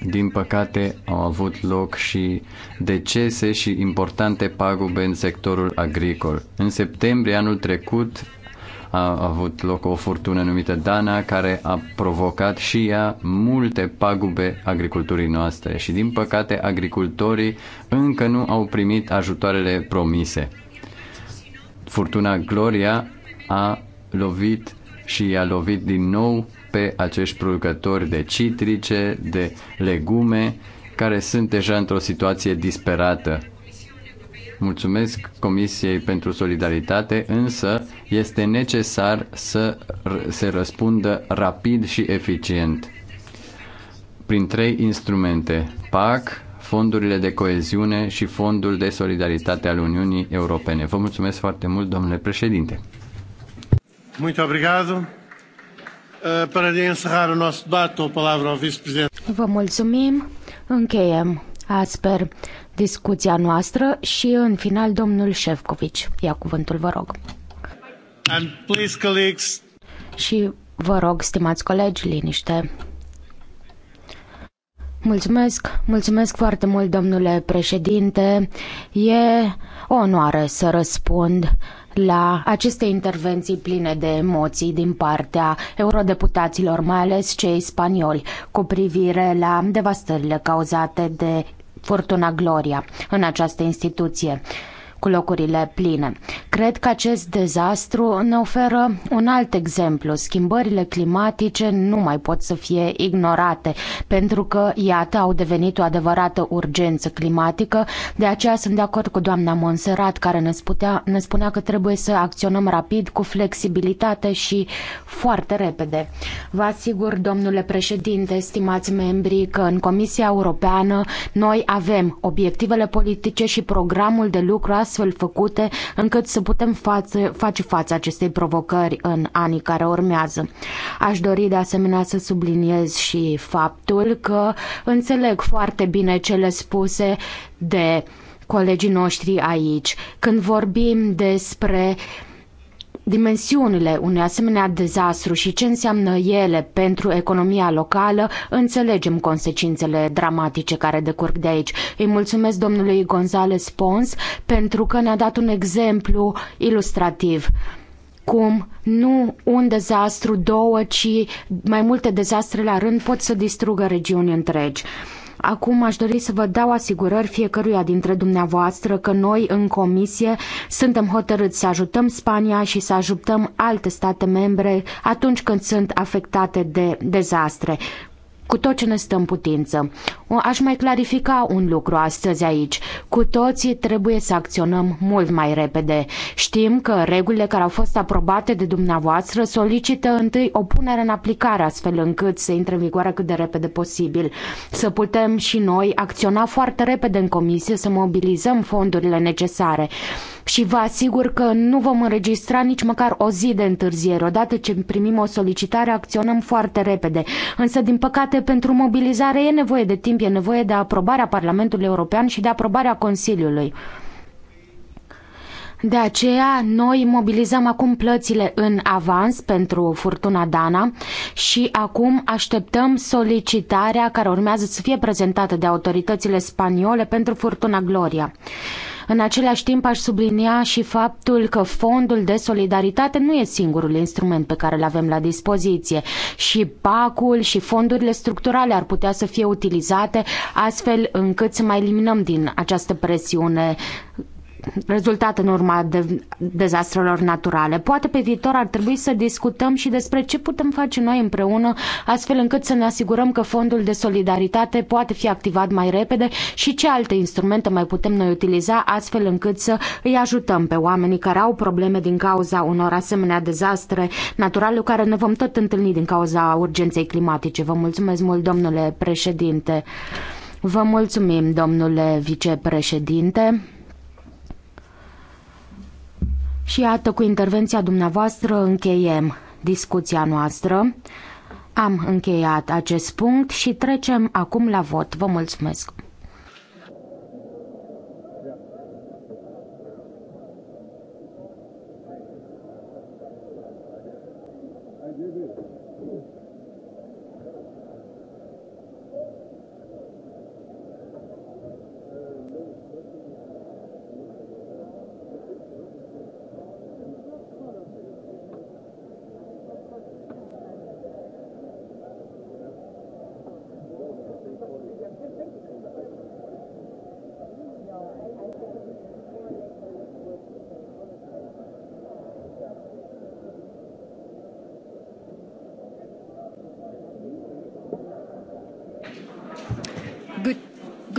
Din păcate, au avut loc și decese și importante pagube în sectorul agricol. În septembrie anul trecut a avut loc o furtună numită Dana, care a provocat și ea multe pagube agriculturii noastre și, din păcate, agricultorii încă nu au primit ajutoarele promise. Furtuna Gloria a lovit și i-a lovit din nou pe acești producători de citrice, de legume, care sunt deja într-o situație disperată. Mulțumesc Comisiei pentru Solidaritate, însă este necesar să se răspundă rapid și eficient. Prin trei instrumente, PAC, fondurile de coeziune și fondul de solidaritate al Uniunii Europene. Vă mulțumesc foarte mult, domnule președinte. Muito obrigado. Vă mulțumim. Încheiem astfel discuția noastră și în final domnul Șefcovici. Ia cuvântul, vă rog. And please, colleagues. Și vă rog, stimați colegi, liniște. Mulțumesc, mulțumesc foarte mult, domnule președinte. E o onoare să răspund la aceste intervenții pline de emoții din partea eurodeputaților, mai ales cei spanioli, cu privire la devastările cauzate de furtuna Gloria în această instituție cu locurile pline. Cred că acest dezastru ne oferă un alt exemplu. Schimbările climatice nu mai pot să fie ignorate, pentru că, iată, au devenit o adevărată urgență climatică. De aceea sunt de acord cu doamna Monserat, care ne, spunea, ne spunea că trebuie să acționăm rapid, cu flexibilitate și foarte repede. Vă asigur, domnule președinte, stimați membri, că în Comisia Europeană noi avem obiectivele politice și programul de lucru astfel astfel făcute încât să putem față, face față acestei provocări în anii care urmează. Aș dori de asemenea să subliniez și faptul că înțeleg foarte bine cele spuse de colegii noștri aici. Când vorbim despre dimensiunile unui asemenea dezastru și ce înseamnă ele pentru economia locală, înțelegem consecințele dramatice care decurg de aici. Îi mulțumesc domnului Gonzales Pons pentru că ne-a dat un exemplu ilustrativ cum nu un dezastru, două, ci mai multe dezastre la rând pot să distrugă regiuni întregi. Acum aș dori să vă dau asigurări fiecăruia dintre dumneavoastră că noi, în comisie, suntem hotărâți să ajutăm Spania și să ajutăm alte state membre atunci când sunt afectate de dezastre cu tot ce ne stă în putință. Aș mai clarifica un lucru astăzi aici. Cu toții trebuie să acționăm mult mai repede. Știm că regulile care au fost aprobate de dumneavoastră solicită întâi o punere în aplicare astfel încât să intre în vigoare cât de repede posibil. Să putem și noi acționa foarte repede în comisie, să mobilizăm fondurile necesare și vă asigur că nu vom înregistra nici măcar o zi de întârziere. Odată ce primim o solicitare, acționăm foarte repede. Însă, din păcate, pentru mobilizare e nevoie de timp, e nevoie de aprobarea Parlamentului European și de aprobarea Consiliului. De aceea, noi mobilizăm acum plățile în avans pentru furtuna Dana și acum așteptăm solicitarea care urmează să fie prezentată de autoritățile spaniole pentru furtuna Gloria. În același timp aș sublinia și faptul că fondul de solidaritate nu e singurul instrument pe care îl avem la dispoziție și PAC-ul și fondurile structurale ar putea să fie utilizate astfel încât să mai eliminăm din această presiune rezultat în urma de, dezastrelor naturale. Poate pe viitor ar trebui să discutăm și despre ce putem face noi împreună, astfel încât să ne asigurăm că fondul de solidaritate poate fi activat mai repede și ce alte instrumente mai putem noi utiliza, astfel încât să îi ajutăm pe oamenii care au probleme din cauza unor asemenea dezastre naturale cu care ne vom tot întâlni din cauza urgenței climatice. Vă mulțumesc mult, domnule președinte. Vă mulțumim, domnule vicepreședinte. Și iată, cu intervenția dumneavoastră încheiem discuția noastră. Am încheiat acest punct și trecem acum la vot. Vă mulțumesc!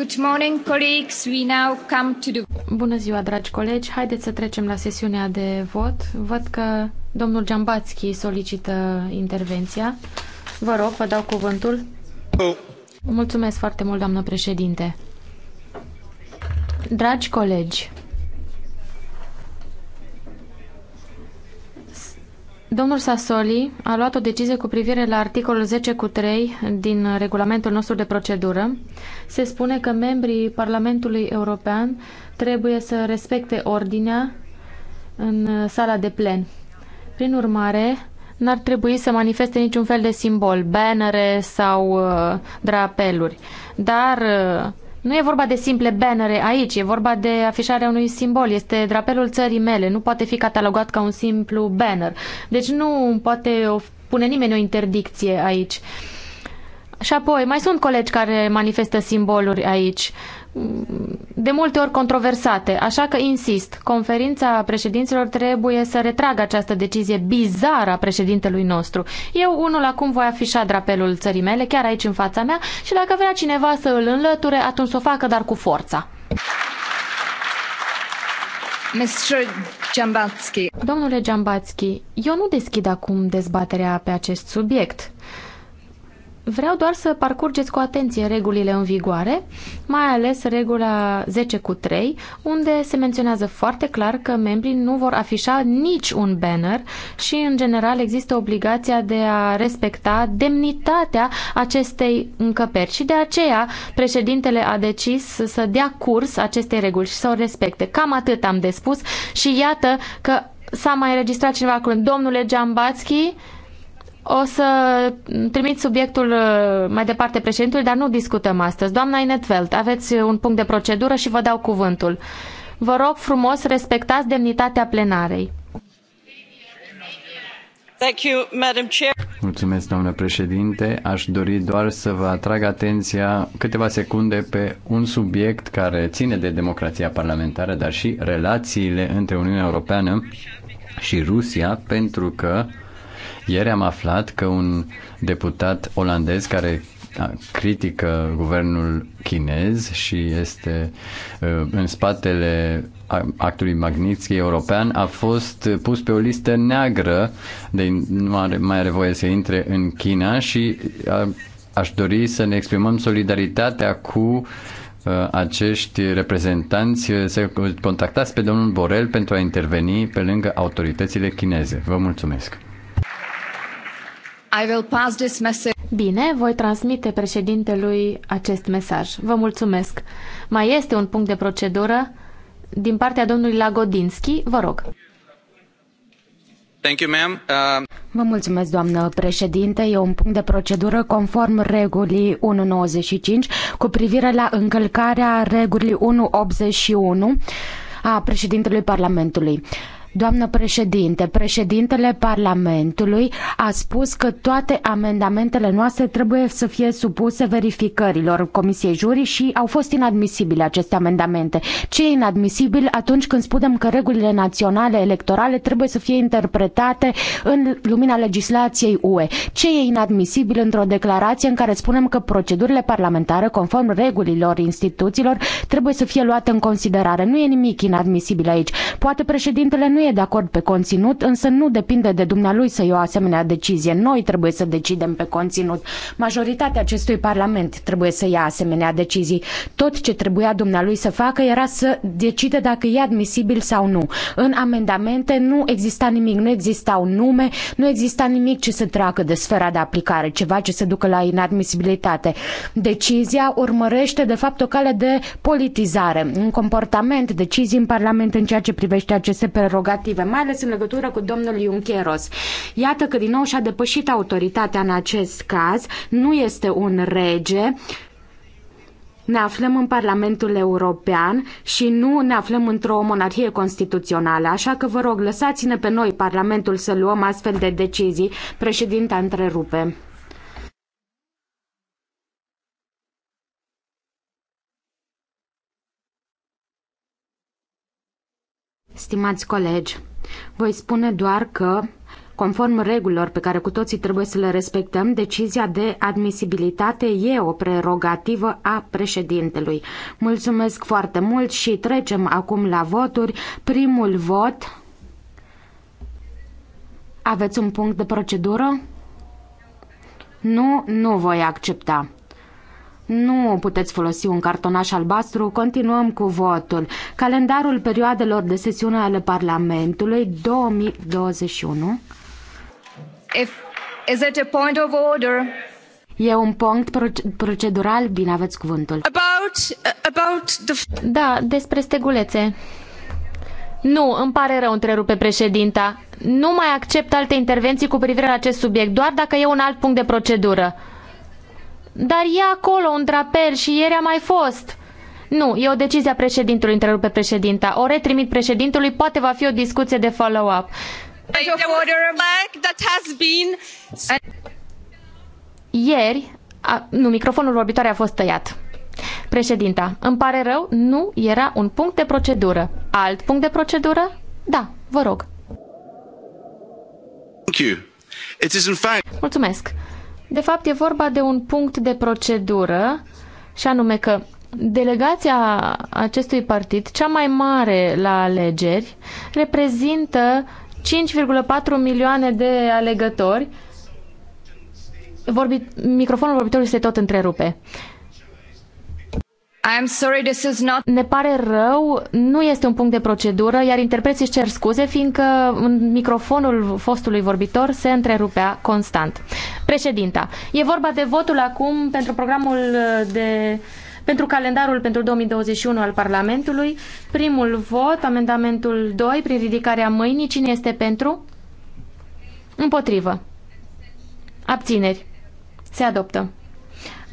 Good morning, colleagues. We now come to the... Bună ziua, dragi colegi. Haideți să trecem la sesiunea de vot. Văd că domnul Giambatski solicită intervenția. Vă rog, vă dau cuvântul. Mulțumesc foarte mult, doamnă președinte. Dragi colegi, Domnul Sassoli a luat o decizie cu privire la articolul 10 cu 3 din regulamentul nostru de procedură. Se spune că membrii Parlamentului European trebuie să respecte ordinea în sala de plen. Prin urmare, n-ar trebui să manifeste niciun fel de simbol, bannere sau uh, drapeluri. Dar uh, nu e vorba de simple bannere aici, e vorba de afișarea unui simbol. Este drapelul țării mele, nu poate fi catalogat ca un simplu banner. Deci nu poate pune nimeni o interdicție aici. Și apoi, mai sunt colegi care manifestă simboluri aici de multe ori controversate, așa că insist, conferința președinților trebuie să retragă această decizie bizară a președintelui nostru. Eu unul acum voi afișa drapelul țării mele chiar aici în fața mea și dacă vrea cineva să îl înlăture, atunci o facă, dar cu forța. Domnule Giambatski, eu nu deschid acum dezbaterea pe acest subiect. Vreau doar să parcurgeți cu atenție regulile în vigoare, mai ales regula 10 cu 3, unde se menționează foarte clar că membrii nu vor afișa nici un banner și, în general, există obligația de a respecta demnitatea acestei încăperi. Și de aceea, președintele a decis să dea curs acestei reguli și să o respecte. Cam atât am de spus și iată că s-a mai registrat cineva cu Domnule Giambațchi, o să trimit subiectul uh, mai departe președintului, dar nu discutăm astăzi. Doamna Inetveld, aveți un punct de procedură și vă dau cuvântul. Vă rog frumos, respectați demnitatea plenarei. Mulțumesc, doamnă președinte. Aș dori doar să vă atrag atenția câteva secunde pe un subiect care ține de democrația parlamentară, dar și relațiile între Uniunea Europeană și Rusia, pentru că ieri am aflat că un deputat olandez care critică guvernul chinez și este ă, în spatele actului Magnitsky european a fost pus pe o listă neagră de nu are, mai are voie să intre în China și a, aș dori să ne exprimăm solidaritatea cu ă, acești reprezentanți să contactați pe domnul Borel pentru a interveni pe lângă autoritățile chineze. Vă mulțumesc! I will pass this message. Bine, voi transmite președintelui acest mesaj. Vă mulțumesc. Mai este un punct de procedură din partea domnului Lagodinski. Vă rog. Thank you, ma'am. Uh... Vă mulțumesc, doamnă președinte. E un punct de procedură conform regulii 195 cu privire la încălcarea regulii 181 a președintelui Parlamentului. Doamnă președinte, președintele Parlamentului a spus că toate amendamentele noastre trebuie să fie supuse verificărilor Comisiei Juri și au fost inadmisibile aceste amendamente. Ce e inadmisibil atunci când spunem că regulile naționale electorale trebuie să fie interpretate în lumina legislației UE? Ce e inadmisibil într-o declarație în care spunem că procedurile parlamentare, conform regulilor instituțiilor, trebuie să fie luate în considerare? Nu e nimic inadmisibil aici. Poate președintele nu e de acord pe conținut, însă nu depinde de dumnealui să ia o asemenea decizie. Noi trebuie să decidem pe conținut. Majoritatea acestui parlament trebuie să ia asemenea decizii. Tot ce trebuia dumnealui să facă era să decide dacă e admisibil sau nu. În amendamente nu exista nimic, nu existau nume, nu exista nimic ce să treacă de sfera de aplicare, ceva ce să ducă la inadmisibilitate. Decizia urmărește, de fapt, o cale de politizare, un comportament, decizii în Parlament în ceea ce privește aceste prerogative negative, mai ales în legătură cu domnul Junqueros. Iată că din nou și-a depășit autoritatea în acest caz, nu este un rege, ne aflăm în Parlamentul European și nu ne aflăm într-o monarhie constituțională, așa că vă rog, lăsați-ne pe noi, Parlamentul, să luăm astfel de decizii. Președinta întrerupe. Stimați colegi, voi spune doar că Conform regulilor pe care cu toții trebuie să le respectăm, decizia de admisibilitate e o prerogativă a președintelui. Mulțumesc foarte mult și trecem acum la voturi. Primul vot. Aveți un punct de procedură? Nu, nu voi accepta. Nu puteți folosi un cartonaș albastru, continuăm cu votul. Calendarul perioadelor de sesiune ale Parlamentului 2021. If, is it a point of order? E un punct procedural, bine aveți cuvântul. About, uh, about the... Da, despre stegulețe. Nu, îmi pare rău, întrerupe președinta. Nu mai accept alte intervenții cu privire la acest subiect, doar dacă e un alt punct de procedură. Dar e acolo un drapel și ieri a mai fost. Nu, e o decizie a președintelui, întrerupe președinta. O retrimit președintelui, poate va fi o discuție de follow-up. Ieri, a, nu, microfonul vorbitoare a fost tăiat. Președinta, îmi pare rău, nu era un punct de procedură. Alt punct de procedură? Da, vă rog. Mulțumesc. De fapt, e vorba de un punct de procedură și anume că delegația acestui partid, cea mai mare la alegeri, reprezintă 5,4 milioane de alegători. Vorbi... Microfonul vorbitorului se tot întrerupe. Uh, I'm sorry, this is not... Ne pare rău, nu este un punct de procedură, iar interpreții își cer scuze, fiindcă microfonul fostului vorbitor se întrerupea constant. Președinta, e vorba de votul acum pentru programul uh, de pentru calendarul pentru 2021 al Parlamentului. Primul vot, amendamentul 2, prin ridicarea mâinii. Cine este pentru? Împotrivă. Abțineri. Se adoptă.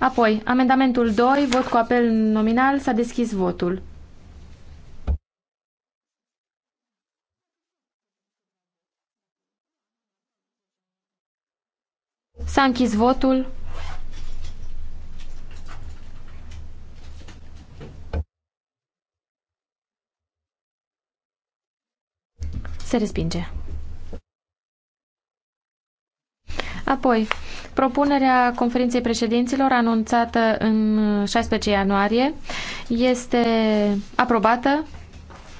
Apoi, amendamentul 2, vot cu apel nominal, s-a deschis votul. S-a închis votul. Se respinge. Apoi, Propunerea conferinței președinților anunțată în 16 ianuarie este aprobată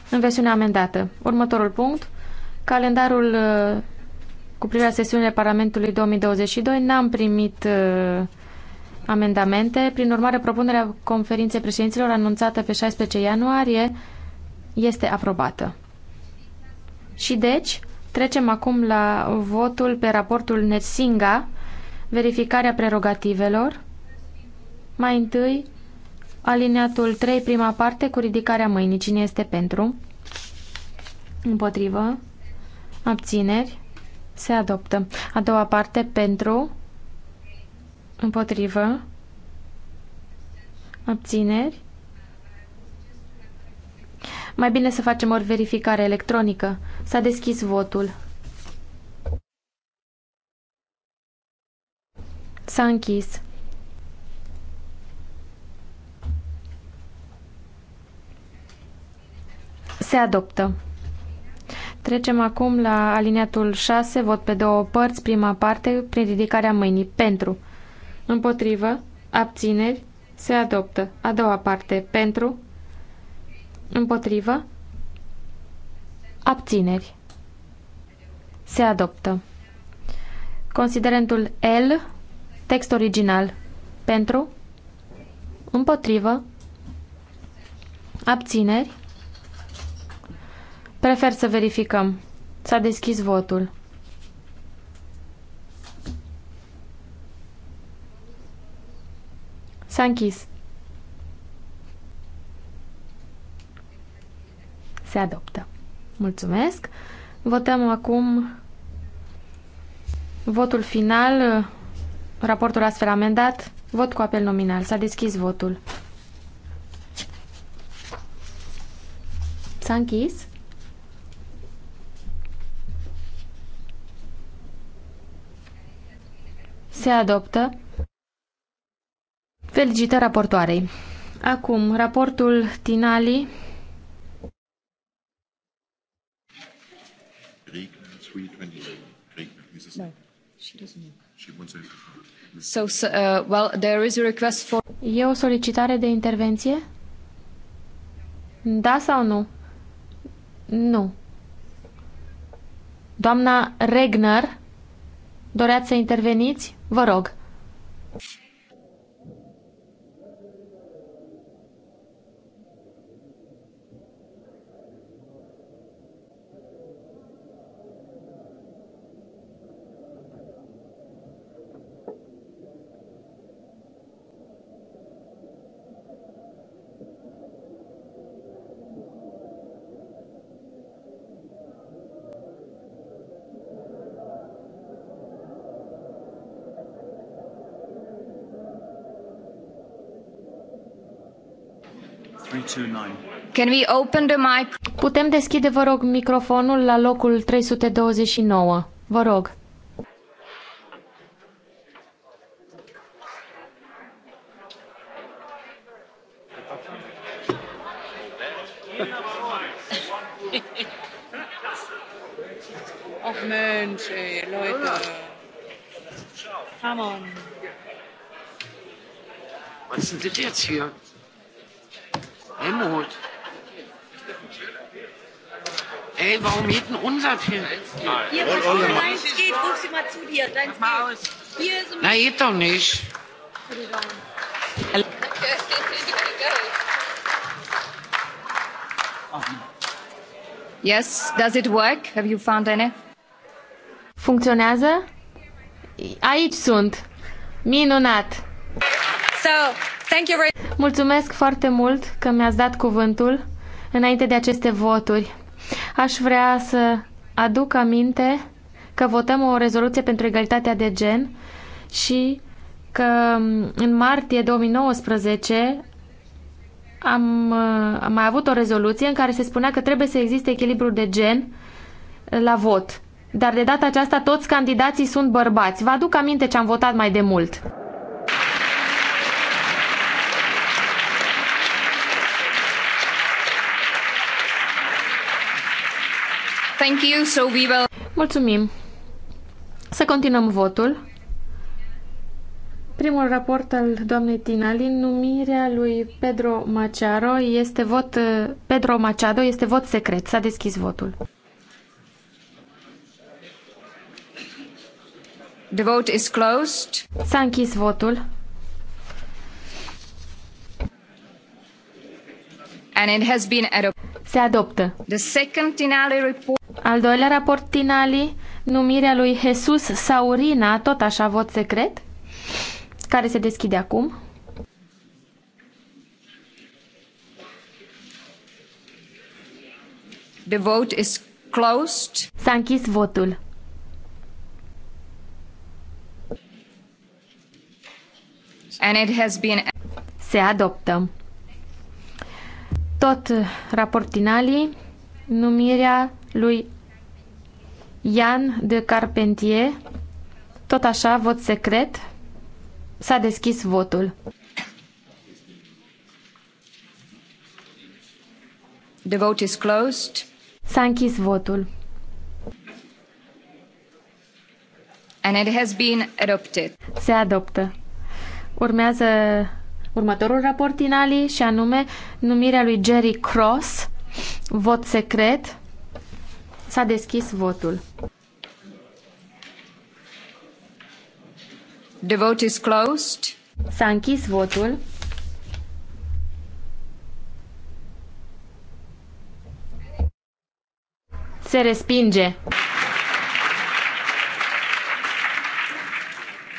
în versiunea amendată. Următorul punct, calendarul uh, cu privire la Parlamentului 2022 n-am primit uh, amendamente. Prin urmare, propunerea conferinței președinților anunțată pe 16 ianuarie este aprobată. Și deci, trecem acum la votul pe raportul Nersinga, verificarea prerogativelor. Mai întâi, alineatul 3, prima parte, cu ridicarea mâinii. Cine este pentru? Împotrivă. Abțineri. Se adoptă. A doua parte, pentru. Împotrivă. Abțineri. Mai bine să facem o verificare electronică. S-a deschis votul. S-a închis. Se adoptă. Trecem acum la aliniatul 6, vot pe două părți, prima parte, prin ridicarea mâinii. Pentru. Împotrivă. Abțineri. Se adoptă. A doua parte. Pentru. Împotrivă. Abțineri. Se adoptă. Considerentul L Text original. Pentru. Împotrivă. Abțineri. Prefer să verificăm. S-a deschis votul. S-a închis. Se adoptă. Mulțumesc. Votăm acum votul final raportul astfel amendat. Vot cu apel nominal. S-a deschis votul. S-a închis. Se adoptă. Felicitări raportoarei. Acum, raportul Tinali. Greek, 328. Greek, No, she doesn't. So, uh, well, there is a request for... E o solicitare de intervenție? Da sau nu? Nu. Doamna Regner, doreați să interveniți? Vă rog. Can we open the mic? Putem deschide, vă rog, microfonul la locul 329. Vă rog. Mensch, ey, Leute. Come on. Was ist denn das jetzt hier? warum jeden Umsatz hier? Hier, was oh, oh, nein ruf sie mal zu dir. Dein mal aus. Hier ist Na, geht doch nicht. Yes, does it work? Have you found any? Funcționează? Aici sunt. Minunat. So, thank you very... Mulțumesc foarte mult că mi-ați dat cuvântul înainte de aceste voturi. Aș vrea să aduc aminte că votăm o rezoluție pentru egalitatea de gen și că mm, în martie 2019 am, mm, am mai avut o rezoluție în care se spunea că trebuie să existe echilibru de gen la vot. Dar de data aceasta toți candidații sunt bărbați. Vă aduc aminte ce am votat mai de mult. Thank you, so we will... Mulțumim. Să continuăm votul. Primul raport al doamnei Tinali, numirea lui Pedro Machado este vot, Pedro Machado este vot secret. S-a deschis votul. The vote is closed. S-a închis votul. And it has been adopted. Se adoptă. The second Tinali report al doilea raport Tinali, numirea lui Jesus Saurina, tot așa vot secret, care se deschide acum. The vote is closed. S-a închis votul. And it has been... Se adoptă. Tot raportinalii numirea lui Ian de Carpentier. Tot așa, vot secret. S-a deschis votul. The vote is closed. S-a închis votul. And it has been adopted. Se adoptă. Urmează următorul raport Inali și anume numirea lui Jerry Cross Vot secret. S-a deschis votul. The vote is closed. S-a închis votul. Se respinge.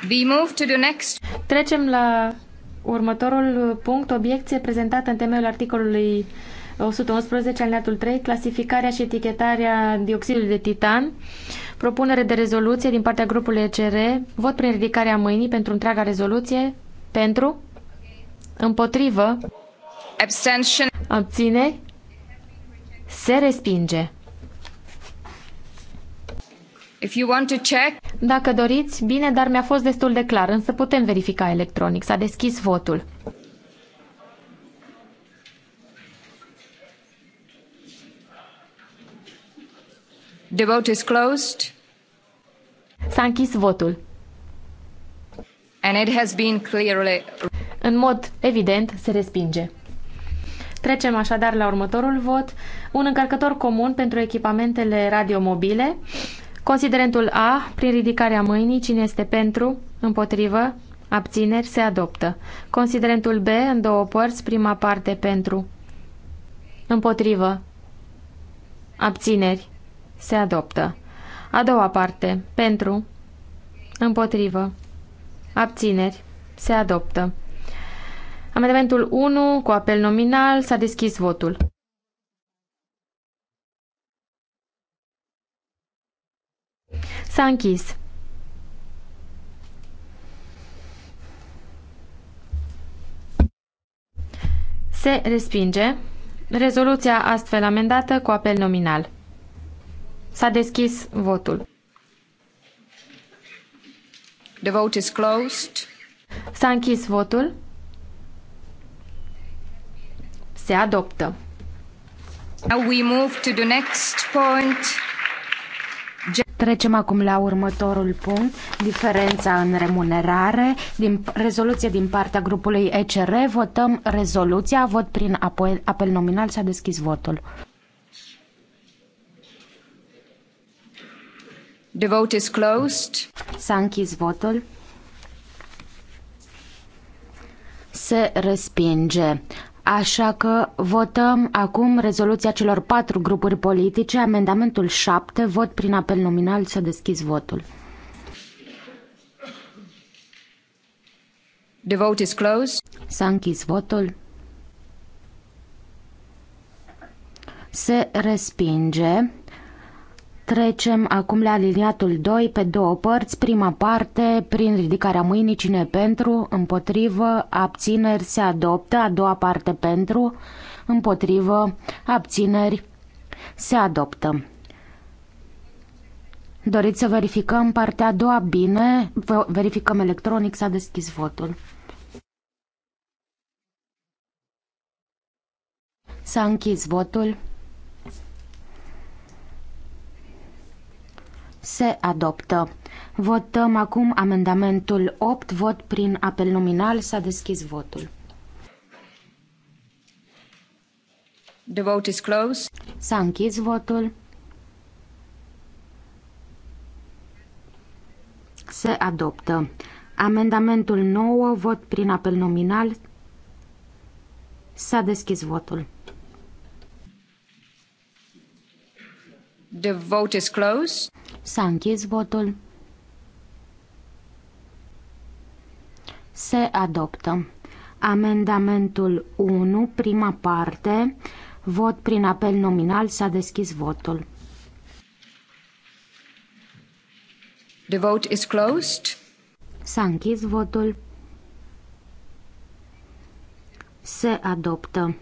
We move to the next. Trecem la următorul punct, obiecție prezentată în temeiul articolului 111, alineatul 3, clasificarea și etichetarea dioxidului de titan, propunere de rezoluție din partea grupului ECR, vot prin ridicarea mâinii pentru întreaga rezoluție, pentru, împotrivă, abstention, abține, se respinge. If you want to check... Dacă doriți, bine, dar mi-a fost destul de clar, însă putem verifica electronic. S-a deschis votul. The vote is closed. S-a închis votul. And it has been clearly... În mod evident, se respinge. Trecem așadar la următorul vot. Un încărcător comun pentru echipamentele radiomobile. Considerentul A, prin ridicarea mâinii, cine este pentru, împotrivă, abțineri, se adoptă. Considerentul B, în două părți, prima parte pentru, împotrivă, abțineri, se adoptă. A doua parte. Pentru. Împotrivă. Abțineri. Se adoptă. Amendamentul 1 cu apel nominal s-a deschis votul. S-a închis. Se respinge rezoluția astfel amendată cu apel nominal. S-a deschis votul. The vote is closed. S-a închis votul. Se adoptă. Now we move to the next point. Trecem acum la următorul punct, diferența în remunerare. Din rezoluție din partea grupului ECR, votăm rezoluția, vot prin apel, nominal, s-a deschis votul. The vote is closed. S-a închis votul. Se respinge. Așa că votăm acum rezoluția celor patru grupuri politice, amendamentul 7, vot prin apel nominal, să deschis votul. The vote is closed. S-a închis votul. Se respinge. Trecem acum la aliniatul 2 pe două părți. Prima parte, prin ridicarea mâinii, cine pentru, împotrivă, abțineri, se adoptă. A doua parte, pentru, împotrivă, abțineri, se adoptă. Doriți să verificăm partea a doua? Bine, verificăm electronic, s-a deschis votul. S-a închis votul. Se adoptă. Votăm acum amendamentul 8, vot prin apel nominal. S-a deschis votul. The vote is closed. S-a închis votul. Se adoptă. Amendamentul 9, vot prin apel nominal. S-a deschis votul. The vote is closed. S-a închis votul. Se adoptă. Amendamentul 1, prima parte, vot prin apel nominal, s-a deschis votul. The vote is closed. S-a închis votul. Se adoptă.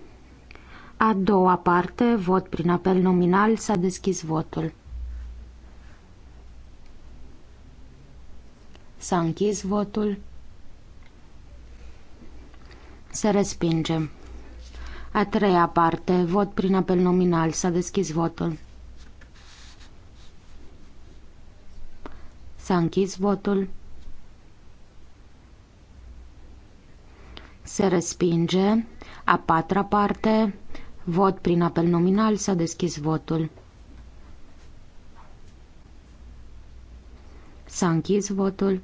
A doua parte, vot prin apel nominal, s-a deschis votul. S-a închis votul. Se respinge. A treia parte, vot prin apel nominal. S-a deschis votul. S-a închis votul. Se respinge. A patra parte, vot prin apel nominal. S-a deschis votul. S-a închis votul.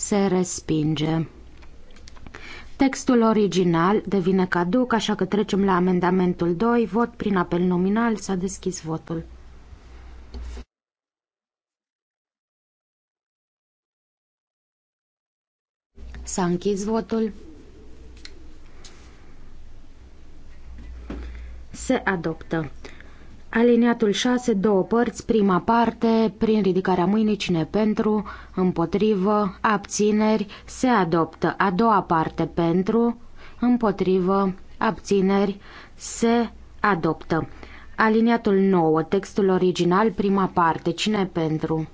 se respinge. Textul original devine caduc, așa că trecem la amendamentul 2, vot prin apel nominal, s-a deschis votul. S-a închis votul. Se adoptă. Aliniatul 6, două părți, prima parte, prin ridicarea mâinii, cine pentru, împotrivă, abțineri, se adoptă. A doua parte, pentru, împotrivă, abțineri, se adoptă. Aliniatul 9, textul original, prima parte, cine pentru,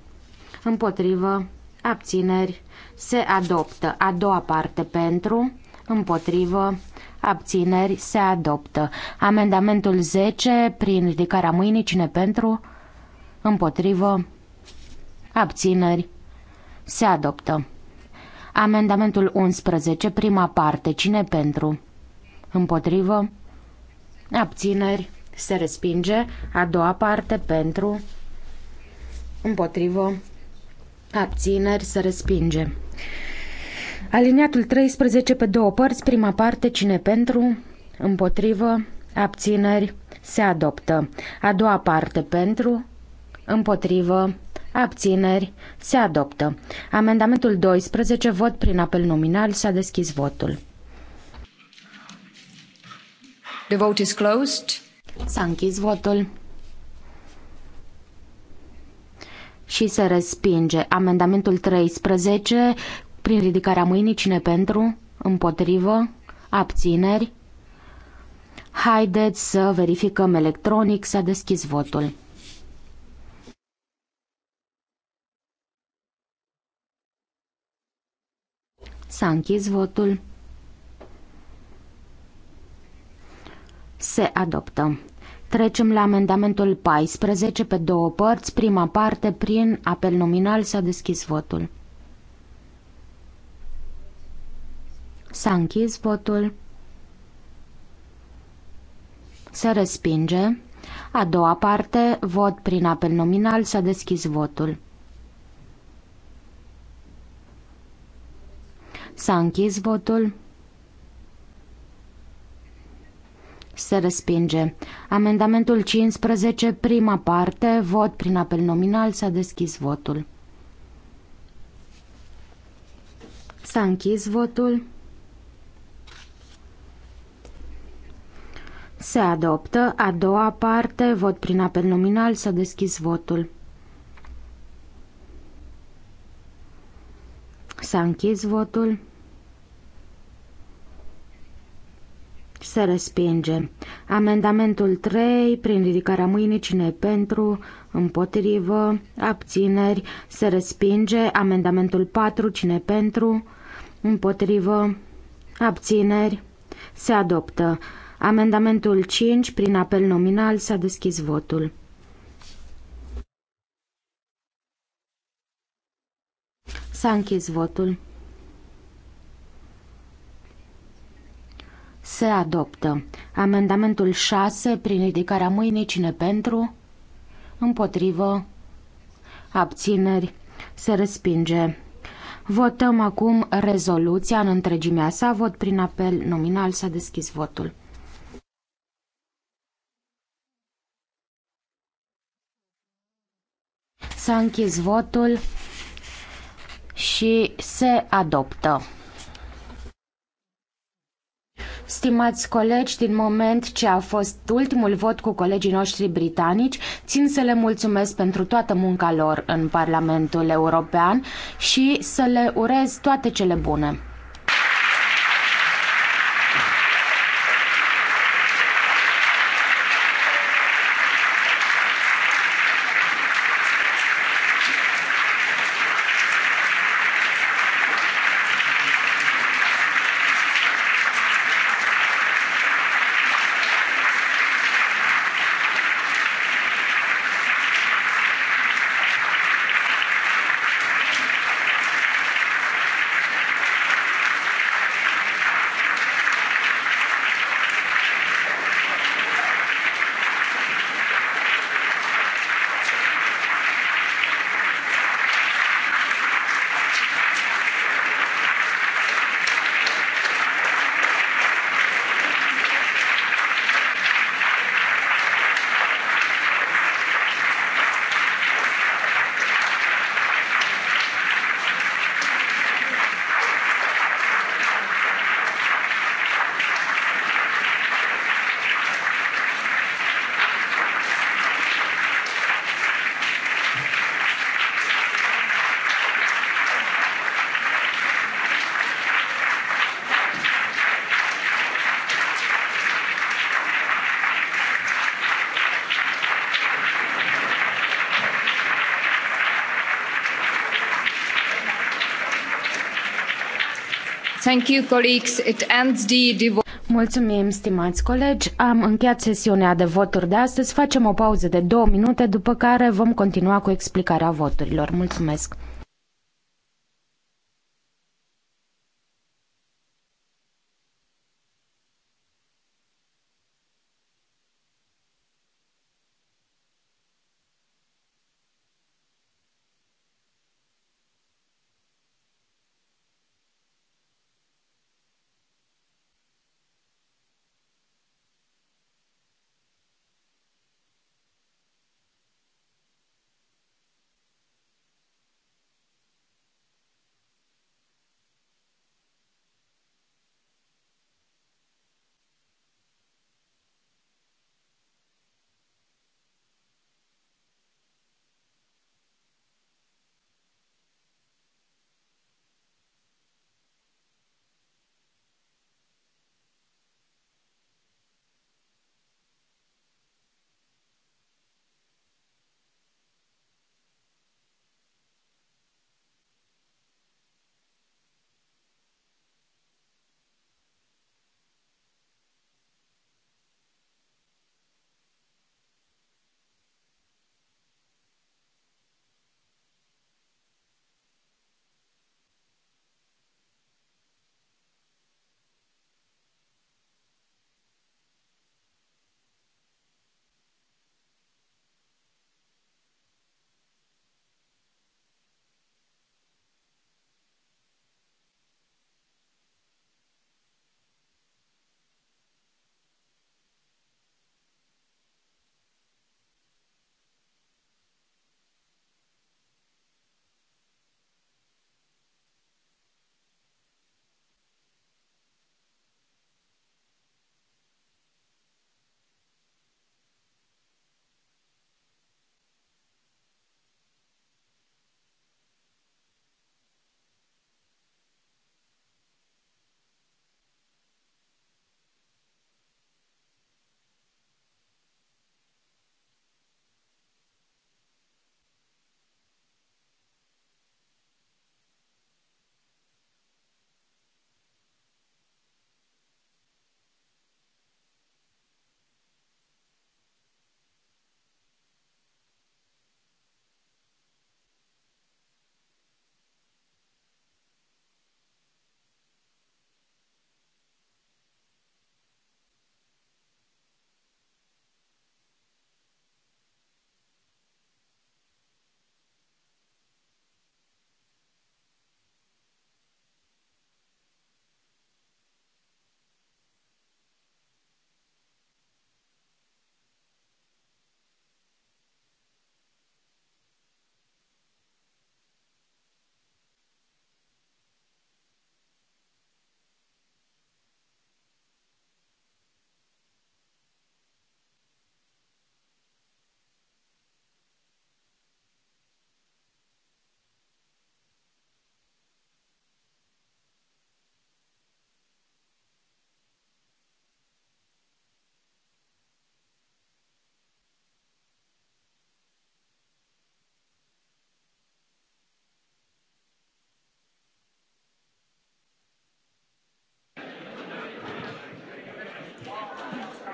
împotrivă, abțineri, se adoptă. A doua parte, pentru, împotrivă, abțineri, se adoptă. Amendamentul 10, prin ridicarea mâinii, cine pentru, împotrivă, abțineri, se adoptă. Amendamentul 11, prima parte, cine pentru, împotrivă, abțineri, se respinge, a doua parte, pentru, împotrivă, abțineri, se respinge. Aliniatul 13 pe două părți, prima parte, cine pentru, împotrivă, abțineri, se adoptă. A doua parte, pentru, împotrivă, abțineri, se adoptă. Amendamentul 12, vot prin apel nominal, s-a deschis votul. The vote is closed. S-a închis votul. și se respinge. Amendamentul 13 prin ridicarea mâinii, cine pentru? Împotrivă? Abțineri? Haideți să verificăm electronic, s-a deschis votul. S-a închis votul. Se adoptă. Trecem la amendamentul 14 pe două părți. Prima parte, prin apel nominal, s-a deschis votul. S-a închis votul. Se respinge. A doua parte, vot prin apel nominal, s-a deschis votul. S-a închis votul. Se respinge. Amendamentul 15, prima parte, vot prin apel nominal, s-a deschis votul. S-a închis votul. Se adoptă. A doua parte, vot prin apel nominal, s-a deschis votul. S-a închis votul. Se respinge. Amendamentul 3, prin ridicarea mâinii, cine pentru, împotrivă, abțineri, se respinge. Amendamentul 4, cine pentru, împotrivă, abțineri, se adoptă. Amendamentul 5, prin apel nominal, s-a deschis votul. S-a închis votul. Se adoptă. Amendamentul 6, prin ridicarea mâinii, cine pentru? Împotrivă. Abțineri. Se respinge. Votăm acum rezoluția în întregimea sa. Vot prin apel nominal. S-a deschis votul. S-a închis votul și se adoptă. Stimați colegi, din moment ce a fost ultimul vot cu colegii noștri britanici, țin să le mulțumesc pentru toată munca lor în Parlamentul European și să le urez toate cele bune. Thank you, colleagues. It ends the... Mulțumim, stimați colegi. Am încheiat sesiunea de voturi de astăzi. Facem o pauză de două minute, după care vom continua cu explicarea voturilor. Mulțumesc!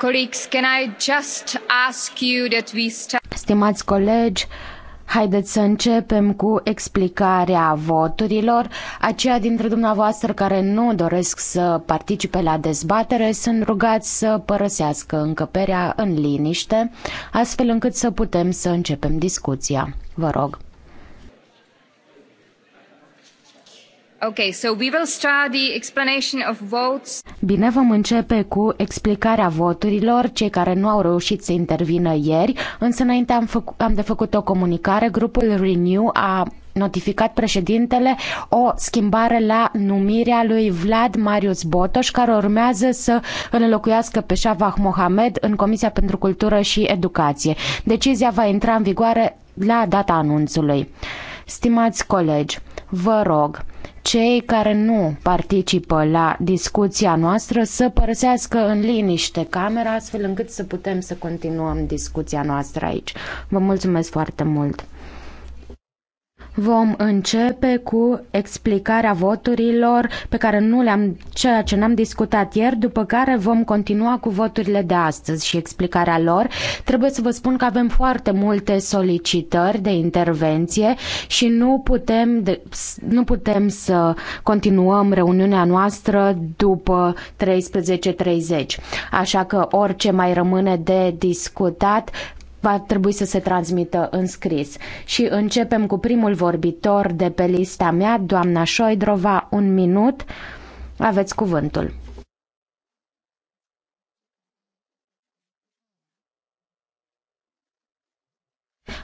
colleagues, can I just ask you that we start... Stimați colegi, Haideți să începem cu explicarea voturilor. Aceia dintre dumneavoastră care nu doresc să participe la dezbatere sunt rugați să părăsească încăperea în liniște, astfel încât să putem să începem discuția. Vă rog. Okay, so we will start the explanation of votes. Bine, vom începe cu explicarea voturilor, cei care nu au reușit să intervină ieri, însă înainte am, făc- am de făcut o comunicare. Grupul Renew a notificat președintele o schimbare la numirea lui Vlad Marius Botoș, care urmează să îl înlocuiască pe Shavah Mohamed în Comisia pentru Cultură și Educație. Decizia va intra în vigoare la data anunțului. Stimați colegi, vă rog, cei care nu participă la discuția noastră să părăsească în liniște camera, astfel încât să putem să continuăm discuția noastră aici. Vă mulțumesc foarte mult! Vom începe cu explicarea voturilor pe care nu le-am, ceea ce n-am discutat ieri, după care vom continua cu voturile de astăzi și explicarea lor. Trebuie să vă spun că avem foarte multe solicitări de intervenție și nu putem, de, nu putem să continuăm reuniunea noastră după 13.30. Așa că orice mai rămâne de discutat va trebui să se transmită în scris. Și începem cu primul vorbitor de pe lista mea, doamna Șoidrova, un minut. Aveți cuvântul.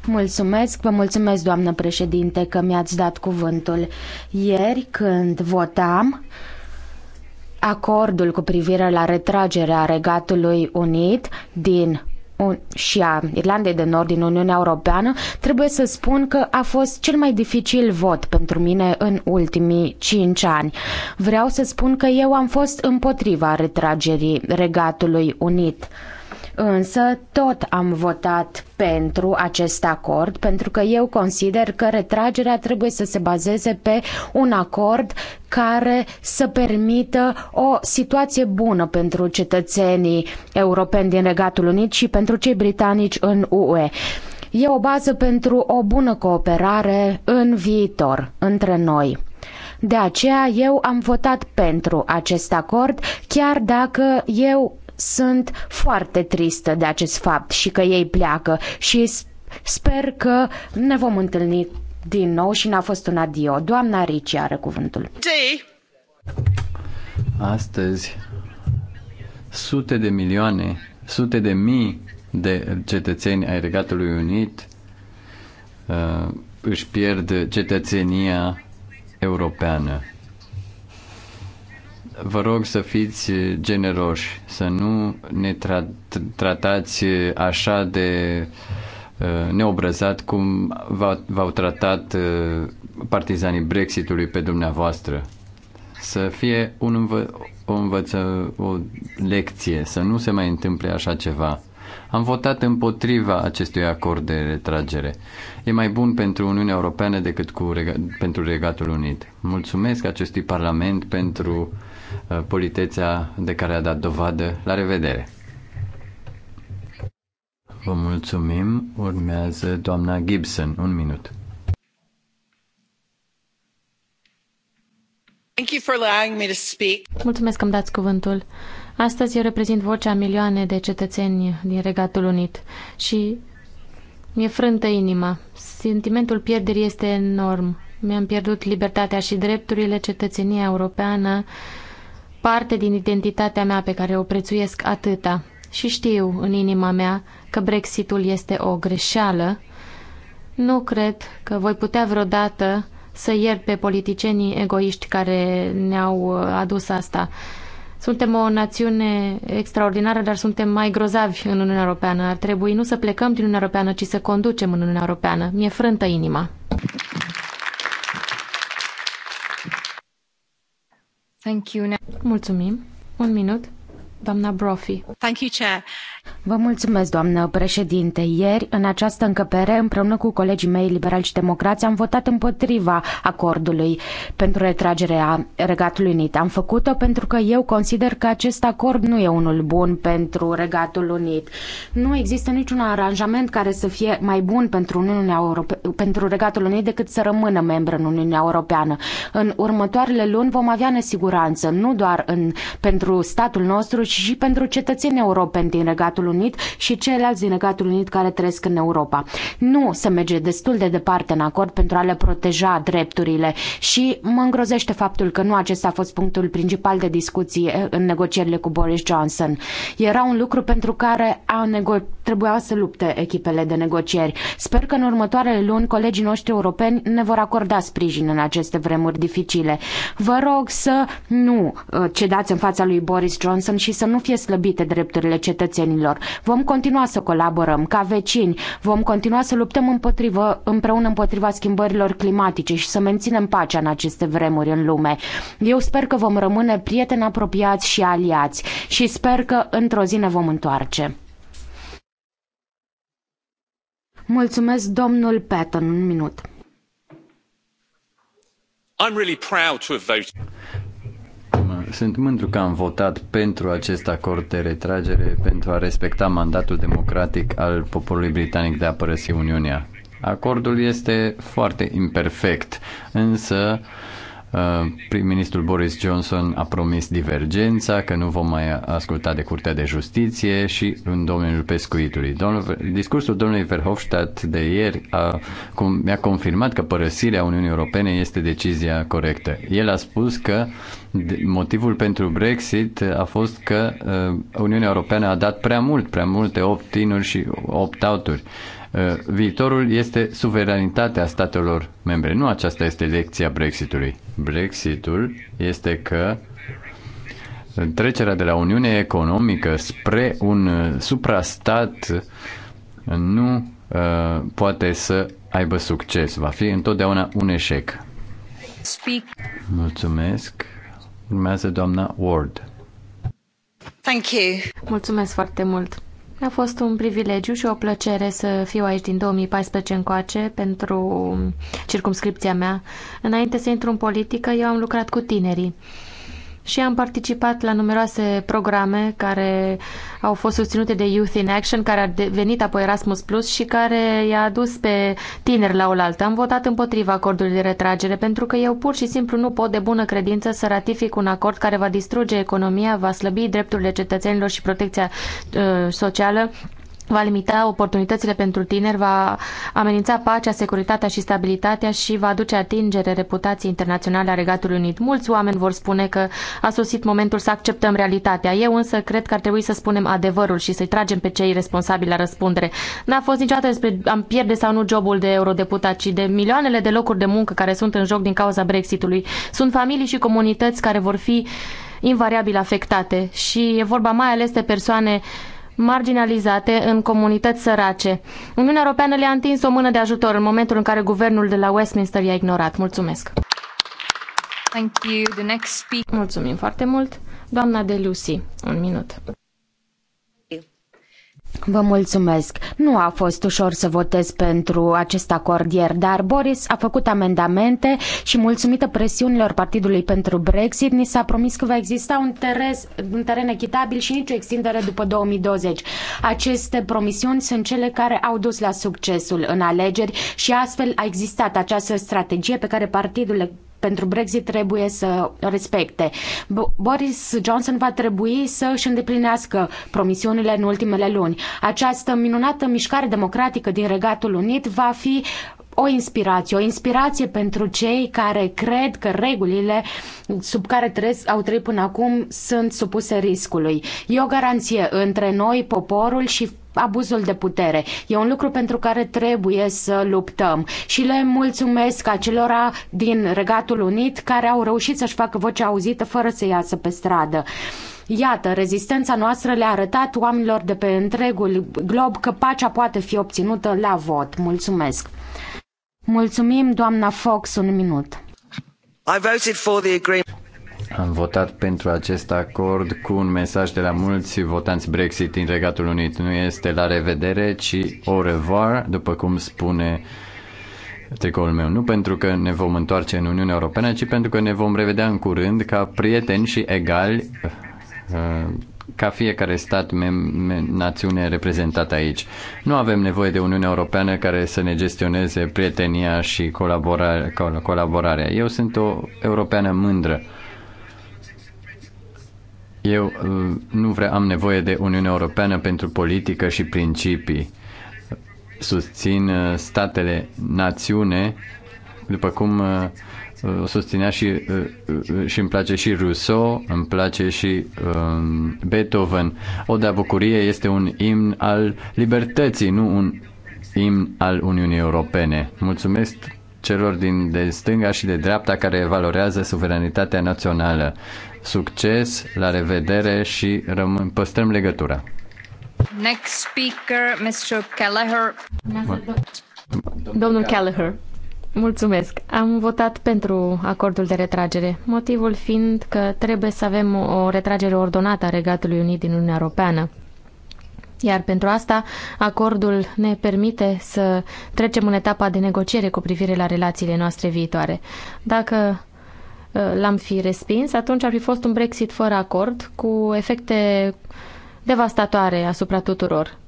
Mulțumesc, vă mulțumesc, doamnă președinte, că mi-ați dat cuvântul. Ieri, când votam, acordul cu privire la retragerea Regatului Unit din și a Irlandei de Nord din Uniunea Europeană, trebuie să spun că a fost cel mai dificil vot pentru mine în ultimii cinci ani. Vreau să spun că eu am fost împotriva retragerii Regatului Unit. Însă tot am votat pentru acest acord, pentru că eu consider că retragerea trebuie să se bazeze pe un acord care să permită o situație bună pentru cetățenii europeni din Regatul Unit și pentru cei britanici în UE. E o bază pentru o bună cooperare în viitor între noi. De aceea eu am votat pentru acest acord, chiar dacă eu sunt foarte tristă de acest fapt și că ei pleacă și sper că ne vom întâlni din nou și n-a fost un adio. Doamna Ricci are cuvântul. J. Astăzi, sute de milioane, sute de mii de cetățeni ai Regatului Unit uh, își pierd cetățenia europeană vă rog să fiți eh, generoși, să nu ne tra- tratați eh, așa de eh, neobrăzat cum v-au tratat partizanii Brexitului pe dumneavoastră. Să fie un învă- o învăță, o lecție, să nu se mai întâmple așa ceva. Am votat împotriva acestui acord de retragere. E mai bun pentru Uniunea Europeană decât cu rega- pentru Regatul Unit. Mulțumesc acestui Parlament pentru uh, Uh, politețea de care a dat dovadă. La revedere! Vă mulțumim. Urmează doamna Gibson. Un minut. Mulțumesc că îmi dați cuvântul. Astăzi eu reprezint vocea milioane de cetățeni din Regatul Unit și mi-e frântă inima. Sentimentul pierderii este enorm. Mi-am pierdut libertatea și drepturile, cetățenia europeană, parte din identitatea mea pe care o prețuiesc atâta și știu în inima mea că Brexitul este o greșeală, nu cred că voi putea vreodată să iert pe politicienii egoiști care ne-au uh, adus asta. Suntem o națiune extraordinară, dar suntem mai grozavi în Uniunea Europeană. Ar trebui nu să plecăm din Uniunea Europeană, ci să conducem în Uniunea Europeană. Mi-e frântă inima. Thank you. Mulțumim. Un minut. Doamna Brophy. Thank you, Chair. Vă mulțumesc, doamnă președinte. Ieri, în această încăpere, împreună cu colegii mei liberali și democrați, am votat împotriva acordului pentru retragerea Regatului Unit. Am făcut-o pentru că eu consider că acest acord nu e unul bun pentru Regatul Unit. Nu există niciun aranjament care să fie mai bun pentru, Uniunea Europe- pentru Regatul Unit decât să rămână membru în Uniunea Europeană. În următoarele luni vom avea nesiguranță, nu doar în, pentru statul nostru, ci și pentru cetățenii europeni din Regatul Regatul Unit și ceilalți din Regatul Unit care trăiesc în Europa. Nu se merge destul de departe în acord pentru a le proteja drepturile și mă îngrozește faptul că nu acesta a fost punctul principal de discuții în negocierile cu Boris Johnson. Era un lucru pentru care a nego- trebuia să lupte echipele de negocieri. Sper că în următoarele luni colegii noștri europeni ne vor acorda sprijin în aceste vremuri dificile. Vă rog să nu uh, cedați în fața lui Boris Johnson și să nu fie slăbite drepturile cetățenilor oamenilor. Vom continua să colaborăm ca vecini, vom continua să luptăm împotriva, împreună împotriva schimbărilor climatice și să menținem pacea în aceste vremuri în lume. Eu sper că vom rămâne prieteni apropiați și aliați și sper că într-o zi ne vom întoarce. Mulțumesc, domnul Patton, un minut. I'm really proud to have voted sunt mândru că am votat pentru acest acord de retragere pentru a respecta mandatul democratic al poporului britanic de a părăsi Uniunea. Acordul este foarte imperfect, însă Uh, prim-ministrul Boris Johnson a promis divergența, că nu vom mai asculta de Curtea de Justiție și în domeniul pescuitului. Domnul, discursul domnului Verhofstadt de ieri a, cum, mi-a confirmat că părăsirea Uniunii Europene este decizia corectă. El a spus că motivul pentru Brexit a fost că uh, Uniunea Europeană a dat prea mult, prea multe opt-in-uri și opt-out-uri. Uh, Uh, viitorul este suveranitatea statelor membre. Nu aceasta este lecția Brexitului. Brexitul este că trecerea de la Uniune Economică spre un uh, suprastat uh, nu uh, poate să aibă succes. Va fi întotdeauna un eșec. Speak. Mulțumesc. Urmează doamna Ward. Thank you. Mulțumesc foarte mult. A fost un privilegiu și o plăcere să fiu aici din 2014 încoace pentru circumscripția mea. Înainte să intru în politică, eu am lucrat cu tinerii și am participat la numeroase programe care au fost susținute de Youth in Action, care a devenit apoi Erasmus Plus și care i-a adus pe tineri la oaltă. Am votat împotriva acordului de retragere pentru că eu pur și simplu nu pot de bună credință să ratific un acord care va distruge economia, va slăbi drepturile cetățenilor și protecția uh, socială va limita oportunitățile pentru tineri, va amenința pacea, securitatea și stabilitatea și va aduce atingere reputației internaționale a Regatului Unit. Mulți oameni vor spune că a sosit momentul să acceptăm realitatea. Eu însă cred că ar trebui să spunem adevărul și să-i tragem pe cei responsabili la răspundere. N-a fost niciodată despre am pierde sau nu jobul de eurodeputat, ci de milioanele de locuri de muncă care sunt în joc din cauza Brexitului. Sunt familii și comunități care vor fi invariabil afectate și e vorba mai ales de persoane marginalizate în comunități sărace. Uniunea Europeană le-a întins o mână de ajutor în momentul în care guvernul de la Westminster i-a ignorat. Mulțumesc! Thank you. The next speaker. Mulțumim foarte mult! Doamna de Lucy, un minut. Vă mulțumesc. Nu a fost ușor să votez pentru acest acord ieri, dar Boris a făcut amendamente și mulțumită presiunilor Partidului pentru Brexit, ni s-a promis că va exista un, teres, un teren echitabil și nicio extindere după 2020. Aceste promisiuni sunt cele care au dus la succesul în alegeri și astfel a existat această strategie pe care Partidul pentru Brexit trebuie să respecte. Boris Johnson va trebui să își îndeplinească promisiunile în ultimele luni. Această minunată mișcare democratică din Regatul Unit va fi o inspirație, o inspirație pentru cei care cred că regulile sub care trăiesc, au trăit până acum sunt supuse riscului. E o garanție între noi, poporul și abuzul de putere. E un lucru pentru care trebuie să luptăm și le mulțumesc acelora din Regatul Unit care au reușit să-și facă vocea auzită fără să iasă pe stradă. Iată, rezistența noastră le-a arătat oamenilor de pe întregul glob că pacea poate fi obținută la vot. Mulțumesc! Mulțumim, doamna Fox, un minut. I voted for the agreement. Am votat pentru acest acord cu un mesaj de la mulți votanți Brexit din Regatul Unit. Nu este la revedere, ci au revoir, după cum spune tricoul meu. Nu pentru că ne vom întoarce în Uniunea Europeană, ci pentru că ne vom revedea în curând ca prieteni și egali uh, ca fiecare stat, mem- națiune reprezentată aici. Nu avem nevoie de Uniunea Europeană care să ne gestioneze prietenia și colabora- colaborarea. Eu sunt o europeană mândră. Eu uh, nu vreau, am nevoie de Uniunea Europeană pentru politică și principii. Susțin uh, statele națiune, după cum uh, o susținea și, uh, uh, uh, și îmi place și Rousseau, îmi place și um, Beethoven. Oda Bucurie este un imn al libertății, nu un imn al Uniunii Europene. Mulțumesc celor din de stânga și de dreapta care valorează suveranitatea națională. Succes, la revedere și rămân, păstrăm legătura. Next speaker, Mr. Kelleher. Domnul Kelleher. Mulțumesc. Am votat pentru acordul de retragere, motivul fiind că trebuie să avem o retragere ordonată a Regatului Unit din Uniunea Europeană. Iar pentru asta, acordul ne permite să trecem în etapa de negociere cu privire la relațiile noastre viitoare. Dacă ă, l-am fi respins, atunci ar fi fost un Brexit fără acord, cu efecte devastatoare asupra tuturor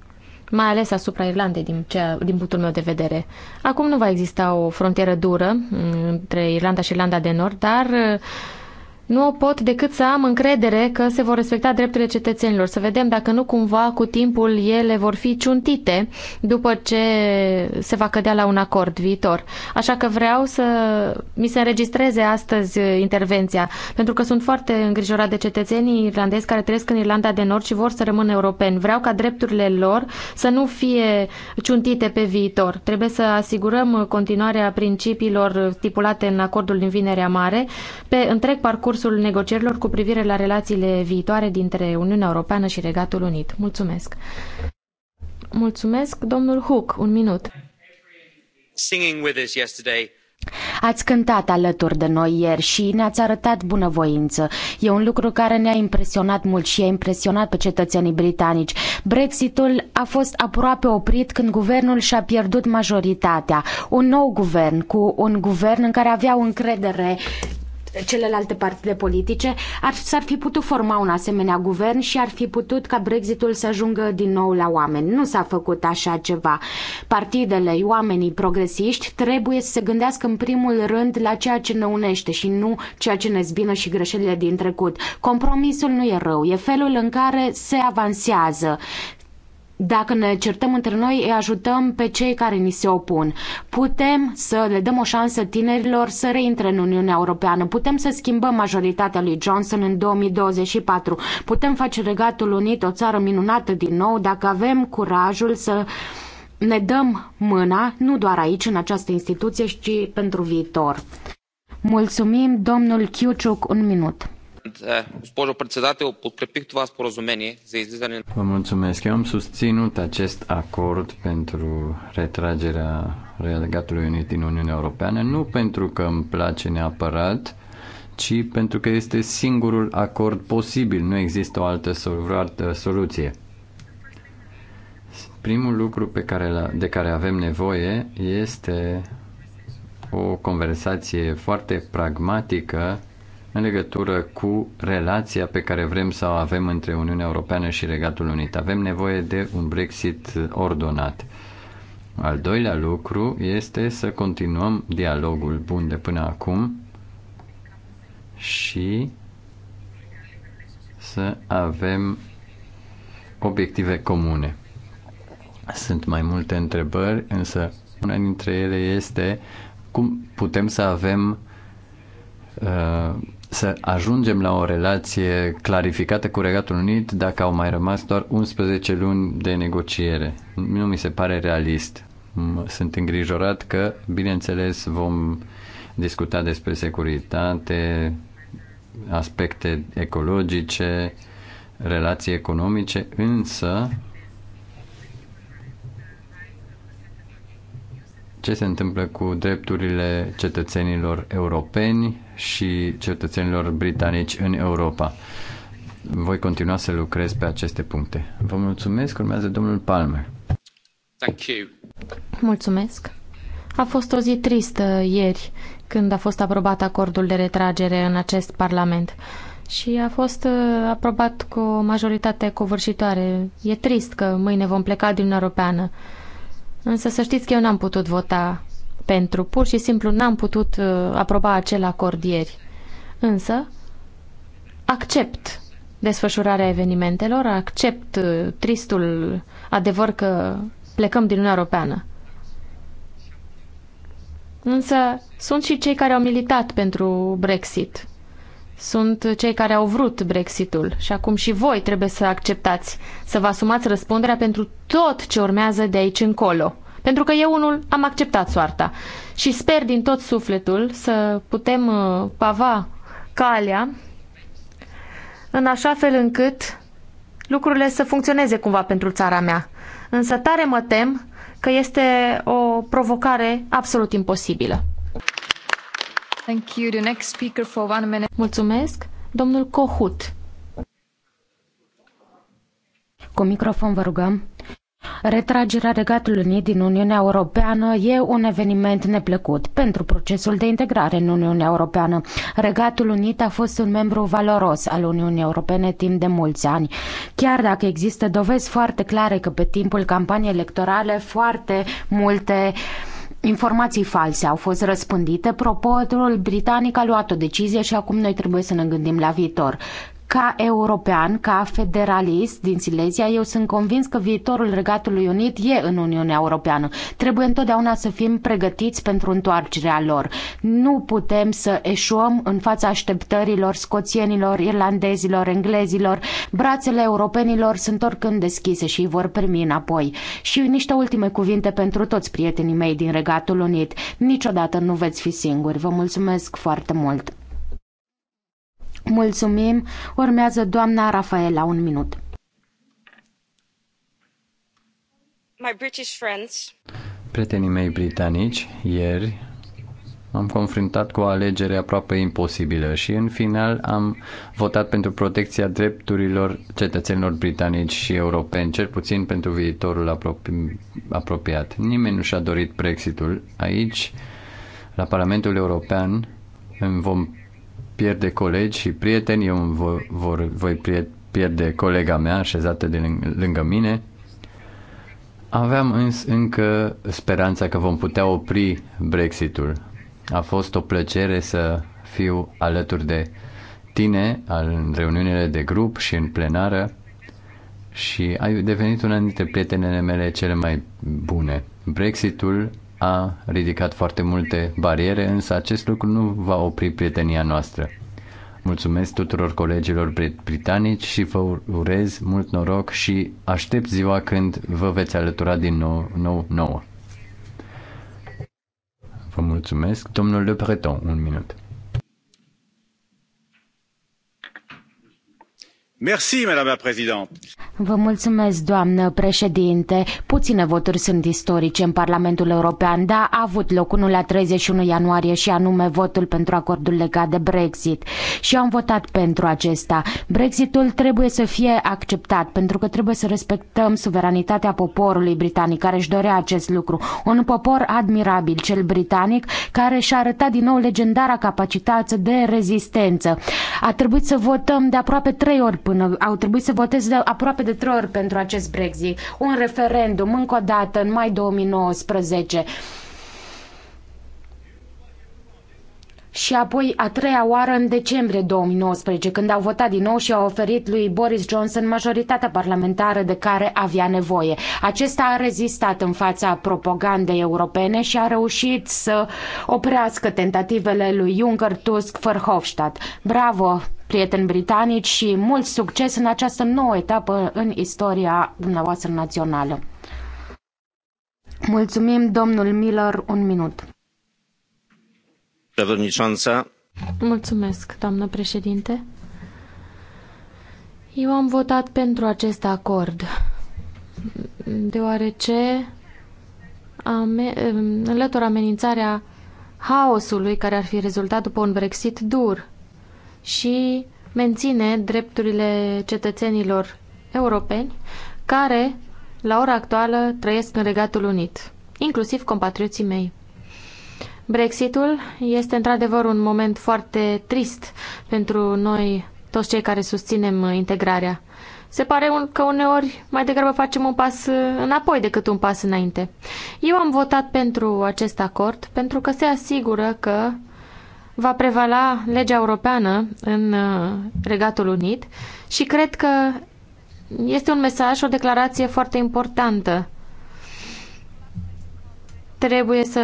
mai ales asupra Irlandei, din, cea, din punctul meu de vedere. Acum nu va exista o frontieră dură mm, între Irlanda și Irlanda de Nord, dar uh, nu pot decât să am încredere că se vor respecta drepturile cetățenilor. Să vedem dacă nu cumva cu timpul ele vor fi ciuntite după ce se va cădea la un acord viitor. Așa că vreau să mi se înregistreze astăzi intervenția, pentru că sunt foarte îngrijorat de cetățenii irlandezi care trăiesc în Irlanda de Nord și vor să rămână europeni. Vreau ca drepturile lor să nu fie ciuntite pe viitor. Trebuie să asigurăm continuarea principiilor stipulate în acordul din Vinerea Mare pe întreg parcurs cursul negocierilor cu privire la relațiile viitoare dintre Uniunea Europeană și Regatul Unit. Mulțumesc! Mulțumesc, domnul Hook, un minut. Ați cântat alături de noi ieri și ne-ați arătat bunăvoință. E un lucru care ne-a impresionat mult și a impresionat pe cetățenii britanici. Brexitul a fost aproape oprit când guvernul și-a pierdut majoritatea. Un nou guvern cu un guvern în care aveau încredere celelalte partide politice, ar, s-ar fi putut forma un asemenea guvern și ar fi putut ca Brexitul să ajungă din nou la oameni. Nu s-a făcut așa ceva. Partidele, oamenii progresiști trebuie să se gândească în primul rând la ceea ce ne unește și nu ceea ce ne zbină și greșelile din trecut. Compromisul nu e rău, e felul în care se avansează. Dacă ne certăm între noi, îi ajutăm pe cei care ni se opun. Putem să le dăm o șansă tinerilor să reintre în Uniunea Europeană. Putem să schimbăm majoritatea lui Johnson în 2024. Putem face Regatul Unit o țară minunată din nou dacă avem curajul să ne dăm mâna, nu doar aici, în această instituție, ci pentru viitor. Mulțumim, domnul Chiuciuc, un minut. Vă mulțumesc. Eu am susținut acest acord pentru retragerea Regatului Unit din Uniunea Europeană, nu pentru că îmi place neapărat, ci pentru că este singurul acord posibil. Nu există o altă, o altă soluție. Primul lucru pe care, de care avem nevoie este o conversație foarte pragmatică în legătură cu relația pe care vrem să o avem între Uniunea Europeană și Regatul Unit. Avem nevoie de un Brexit ordonat. Al doilea lucru este să continuăm dialogul bun de până acum și să avem obiective comune. Sunt mai multe întrebări, însă una dintre ele este cum putem să avem uh, să ajungem la o relație clarificată cu Regatul Unit dacă au mai rămas doar 11 luni de negociere. Nu mi se pare realist. Sunt îngrijorat că, bineînțeles, vom discuta despre securitate, aspecte ecologice, relații economice, însă ce se întâmplă cu drepturile cetățenilor europeni și cetățenilor britanici în Europa. Voi continua să lucrez pe aceste puncte. Vă mulțumesc, urmează domnul Palmer. Thank you. Mulțumesc. A fost o zi tristă ieri când a fost aprobat acordul de retragere în acest parlament și a fost uh, aprobat cu o majoritate covârșitoare. E trist că mâine vom pleca din Europeană. Însă să știți că eu n-am putut vota pentru, pur și simplu n-am putut uh, aproba acel acord ieri. Însă accept desfășurarea evenimentelor, accept uh, tristul adevăr că plecăm din Uniunea Europeană. Însă sunt și cei care au militat pentru Brexit sunt cei care au vrut Brexitul și acum și voi trebuie să acceptați, să vă asumați răspunderea pentru tot ce urmează de aici încolo. Pentru că eu unul am acceptat soarta și sper din tot sufletul să putem uh, pava calea în așa fel încât lucrurile să funcționeze cumva pentru țara mea. Însă tare mă tem că este o provocare absolut imposibilă. Thank you. The next speaker for one minute. Mulțumesc. Domnul Cohut. Cu microfon vă rugăm. Retragerea Regatului Unit din Uniunea Europeană e un eveniment neplăcut pentru procesul de integrare în Uniunea Europeană. Regatul Unit a fost un membru valoros al Uniunii Europene timp de mulți ani. Chiar dacă există dovezi foarte clare că pe timpul campaniei electorale foarte multe uh, informații false au fost răspândite, proporul britanic a luat o decizie și acum noi trebuie să ne gândim la viitor. Ca european, ca federalist din Silesia, eu sunt convins că viitorul Regatului Unit e în Uniunea Europeană. Trebuie întotdeauna să fim pregătiți pentru întoarcerea lor. Nu putem să eșuăm în fața așteptărilor scoțienilor, irlandezilor, englezilor. Brațele europenilor sunt oricând deschise și îi vor primi înapoi. Și niște ultime cuvinte pentru toți prietenii mei din Regatul Unit. Niciodată nu veți fi singuri. Vă mulțumesc foarte mult! Mulțumim. Urmează doamna Rafaela, un minut. My British friends. Prietenii mei britanici, ieri am confruntat cu o alegere aproape imposibilă și în final am votat pentru protecția drepturilor cetățenilor britanici și europeni, cel puțin pentru viitorul apropi- apropiat. Nimeni nu și-a dorit Brexitul. Aici, la Parlamentul European, vom pierde colegi și prieteni, eu vor, vor, voi pierde colega mea așezată de lângă mine. Aveam îns încă speranța că vom putea opri Brexitul. A fost o plăcere să fiu alături de tine în reuniunile de grup și în plenară și ai devenit una dintre prietenele mele cele mai bune. Brexitul a ridicat foarte multe bariere, însă acest lucru nu va opri prietenia noastră. Mulțumesc tuturor colegilor britanici și vă urez mult noroc și aștept ziua când vă veți alătura din nou, nou nouă. Vă mulțumesc. Domnul Le Breton, un minut. Vă mulțumesc, doamnă președinte. Puține voturi sunt istorice în Parlamentul European, dar a avut loc unul la 31 ianuarie și anume votul pentru acordul legat de Brexit. Și am votat pentru acesta. Brexitul trebuie să fie acceptat pentru că trebuie să respectăm suveranitatea poporului britanic care își dorea acest lucru. Un popor admirabil, cel britanic, care și-a arătat din nou legendara capacitate de rezistență. A trebuit să votăm de aproape trei ori până au trebuit să voteze de, aproape de trei ori pentru acest Brexit. Un referendum, încă o dată, în mai 2019. și apoi a treia oară în decembrie 2019, când au votat din nou și au oferit lui Boris Johnson majoritatea parlamentară de care avea nevoie. Acesta a rezistat în fața propagandei europene și a reușit să oprească tentativele lui Juncker, Tusk, Verhofstadt. Bravo, prieteni britanici, și mult succes în această nouă etapă în istoria dumneavoastră națională. Mulțumim, domnul Miller, un minut. Mulțumesc, doamnă președinte. Eu am votat pentru acest acord, deoarece ame- înlătură amenințarea haosului care ar fi rezultat după un Brexit dur și menține drepturile cetățenilor europeni care, la ora actuală, trăiesc în Regatul Unit, inclusiv compatrioții mei. Brexitul este într-adevăr un moment foarte trist pentru noi, toți cei care susținem integrarea. Se pare un, că uneori mai degrabă facem un pas înapoi decât un pas înainte. Eu am votat pentru acest acord pentru că se asigură că va prevala legea europeană în uh, Regatul Unit și cred că este un mesaj, o declarație foarte importantă Trebuie să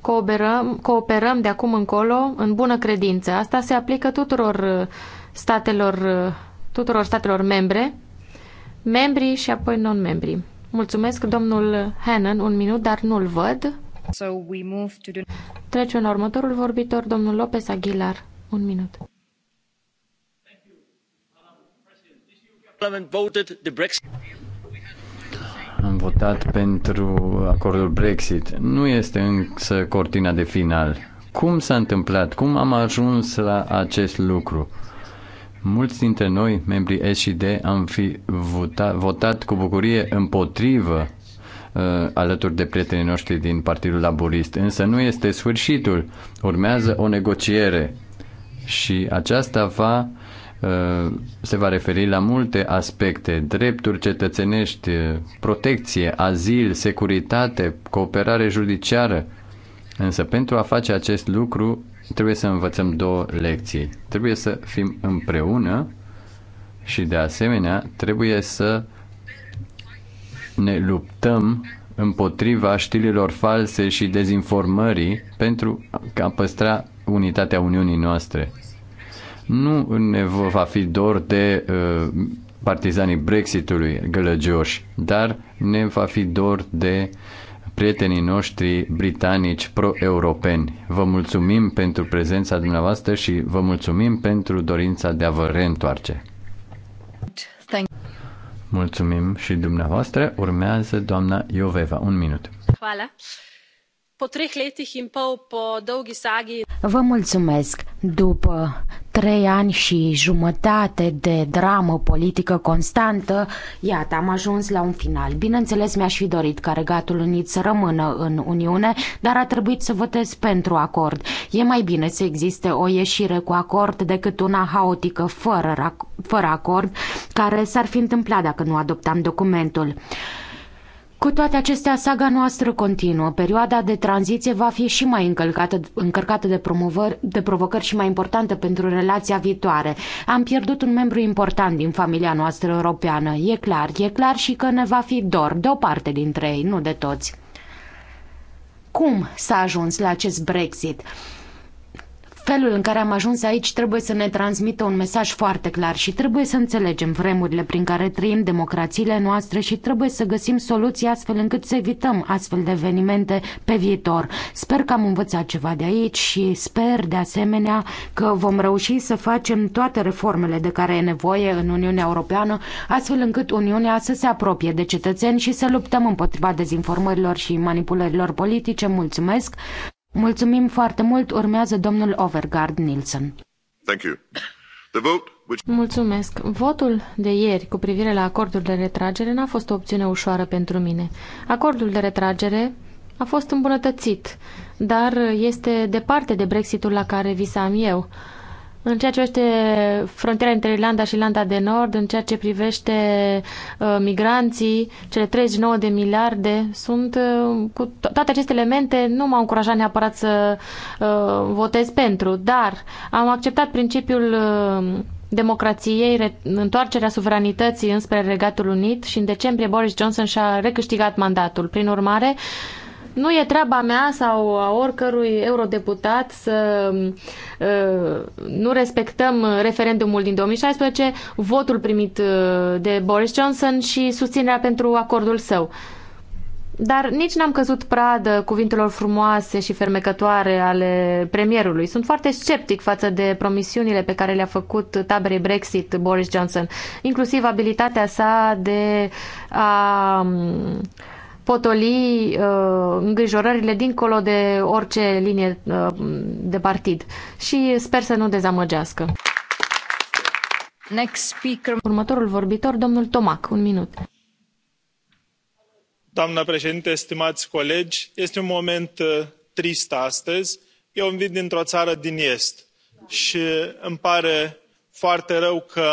cooperăm, cooperăm de acum încolo în bună credință. Asta se aplică tuturor uh, statelor, uh, tuturor statelor membre, membrii și apoi non-membrii. Mulțumesc, domnul Hannon, un minut, dar nu-l văd. So we move to the... Trece la următorul vorbitor, domnul Lopez Aguilar. Un minut. Thank you. Parliament voted the Brexit am votat pentru acordul Brexit. Nu este însă cortina de final. Cum s-a întâmplat? Cum am ajuns la acest lucru? Mulți dintre noi, membrii SD, am fi votat, votat cu bucurie împotrivă uh, alături de prietenii noștri din Partidul Laborist. Însă nu este sfârșitul. Urmează o negociere și aceasta va Uh, se va referi la multe aspecte, drepturi cetățenești, protecție, azil, securitate, cooperare judiciară. Însă pentru a face acest lucru trebuie să învățăm două lecții. Trebuie să fim împreună și de asemenea trebuie să ne luptăm împotriva știrilor false și dezinformării pentru a păstra unitatea Uniunii noastre. Nu ne va fi dor de uh, partizanii Brexitului gălăgioși, dar ne va fi dor de prietenii noștri britanici pro-europeni. Vă mulțumim pentru prezența dumneavoastră și vă mulțumim pentru dorința de a vă reîntoarce. Mulțumim și dumneavoastră. Urmează doamna Ioveva. Un minut. Hvala. Vă mulțumesc. După trei ani și jumătate de dramă politică constantă, iată, am ajuns la un final. Bineînțeles, mi-aș fi dorit ca Regatul Unit să rămână în Uniune, dar a trebuit să votez pentru acord. E mai bine să existe o ieșire cu acord decât una haotică fără, fără acord, care s-ar fi întâmplat dacă nu adoptam documentul. Cu toate acestea, saga noastră continuă. Perioada de tranziție va fi și mai încălcată, încărcată de, de provocări și mai importantă pentru relația viitoare. Am pierdut un membru important din familia noastră europeană. E clar, e clar și că ne va fi dor de o parte dintre ei, nu de toți. Cum s-a ajuns la acest Brexit? Felul în care am ajuns aici trebuie să ne transmită un mesaj foarte clar și trebuie să înțelegem vremurile prin care trăim democrațiile noastre și trebuie să găsim soluții astfel încât să evităm astfel de evenimente pe viitor. Sper că am învățat ceva de aici și sper de asemenea că vom reuși să facem toate reformele de care e nevoie în Uniunea Europeană, astfel încât Uniunea să se apropie de cetățeni și să luptăm împotriva dezinformărilor și manipulărilor politice. Mulțumesc! Mulțumim foarte mult. Urmează domnul Overgard Nielsen. Thank you. The vote which... Mulțumesc. Votul de ieri cu privire la acordul de retragere n-a fost o opțiune ușoară pentru mine. Acordul de retragere a fost îmbunătățit, dar este departe de Brexitul la care visam eu în ceea ce este frontiera între Irlanda și Irlanda de Nord, în ceea ce privește uh, migranții, cele 39 de miliarde, sunt uh, cu to- toate aceste elemente nu m-au încurajat neapărat să uh, votez pentru, dar am acceptat principiul uh, democrației, întoarcerea suveranității înspre Regatul Unit și în decembrie Boris Johnson și-a recâștigat mandatul. Prin urmare, uh, nu e treaba mea sau a oricărui eurodeputat să uh, nu respectăm referendumul din 2016, votul primit ă, de Boris Johnson și susținerea pentru acordul său. Dar nici n-am căzut pradă cuvintelor frumoase și fermecătoare ale premierului. Sunt foarte sceptic față de promisiunile pe care le-a făcut taberei Brexit Boris Johnson, inclusiv abilitatea sa de a potoli uh, îngrijorările dincolo de orice linie uh, de partid și sper să nu dezamăgească. Next speaker. Următorul vorbitor, domnul Tomac, un minut. Doamna președinte, stimați colegi, este un moment uh, trist astăzi. Eu vin dintr-o țară din Est și îmi pare foarte rău că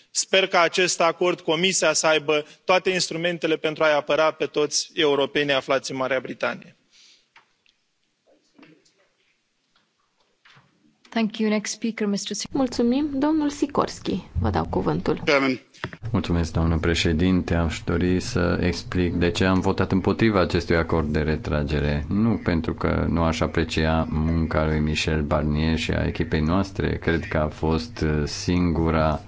sper ca acest acord comisia să aibă toate instrumentele pentru a i apăra pe toți europenii aflați în marea britanie. doamnă președintă aș dori să explic de ce am votat împotriva acestui acord de retragere. Nu pentru că nu aș aprecia munca lui Michel Barnier și a echipei noastre. Cred că a fost uh, singura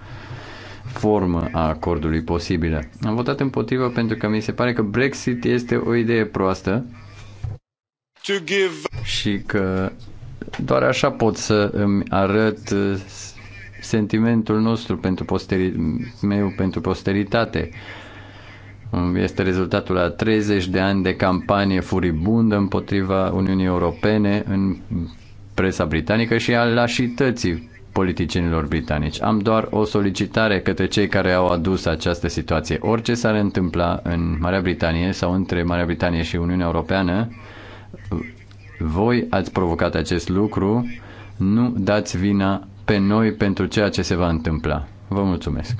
formă a acordului posibilă. Am votat împotrivă pentru că mi se pare că Brexit este o idee proastă și că doar așa pot să îmi arăt uh, sentimentul nostru pentru posteri- meu pentru posteritate. Um, este rezultatul a 30 de ani de campanie furibundă împotriva Uniunii Europene în presa britanică și a lașității politicienilor britanici. Am doar o solicitare către cei care au adus această situație. Orice s-ar întâmpla în Marea Britanie sau între Marea Britanie și Uniunea Europeană, voi ați provocat acest lucru, nu dați vina pe noi pentru ceea ce se va întâmpla. Vă mulțumesc.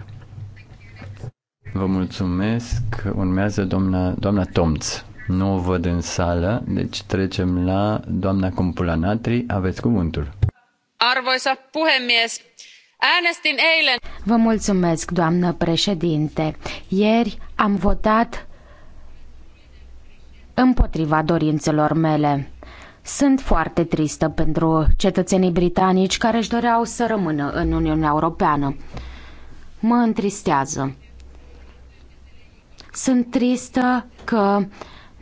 Vă mulțumesc. Urmează doamna, doamna Tomț. Nu o văd în sală, deci trecem la doamna Compulanatri. Aveți cuvântul. Arvoisa puhemies, äänestin eilen... Vă mulțumesc, doamnă președinte. Ieri am votat împotriva dorințelor mele. Sunt foarte tristă pentru cetățenii britanici care își doreau să rămână în Uniunea Europeană. Mă întristează. Sunt tristă că uh,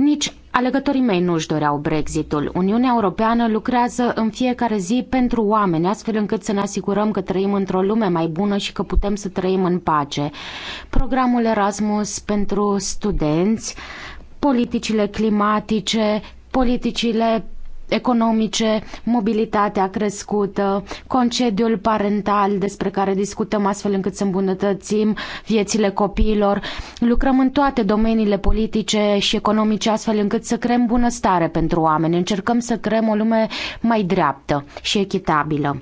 nici alegătorii mei nu își doreau Brexitul. Uniunea Europeană lucrează în fiecare zi pentru oameni, astfel încât să ne asigurăm că trăim într-o lume mai bună și că putem să trăim în pace. Programul Erasmus pentru studenți, politicile climatice, politicile economice, mobilitatea crescută, concediul parental despre care discutăm astfel încât să îmbunătățim viețile copiilor. Lucrăm în toate domeniile politice și economice astfel încât să creăm bunăstare pentru oameni. Încercăm să creăm o lume mai dreaptă și echitabilă.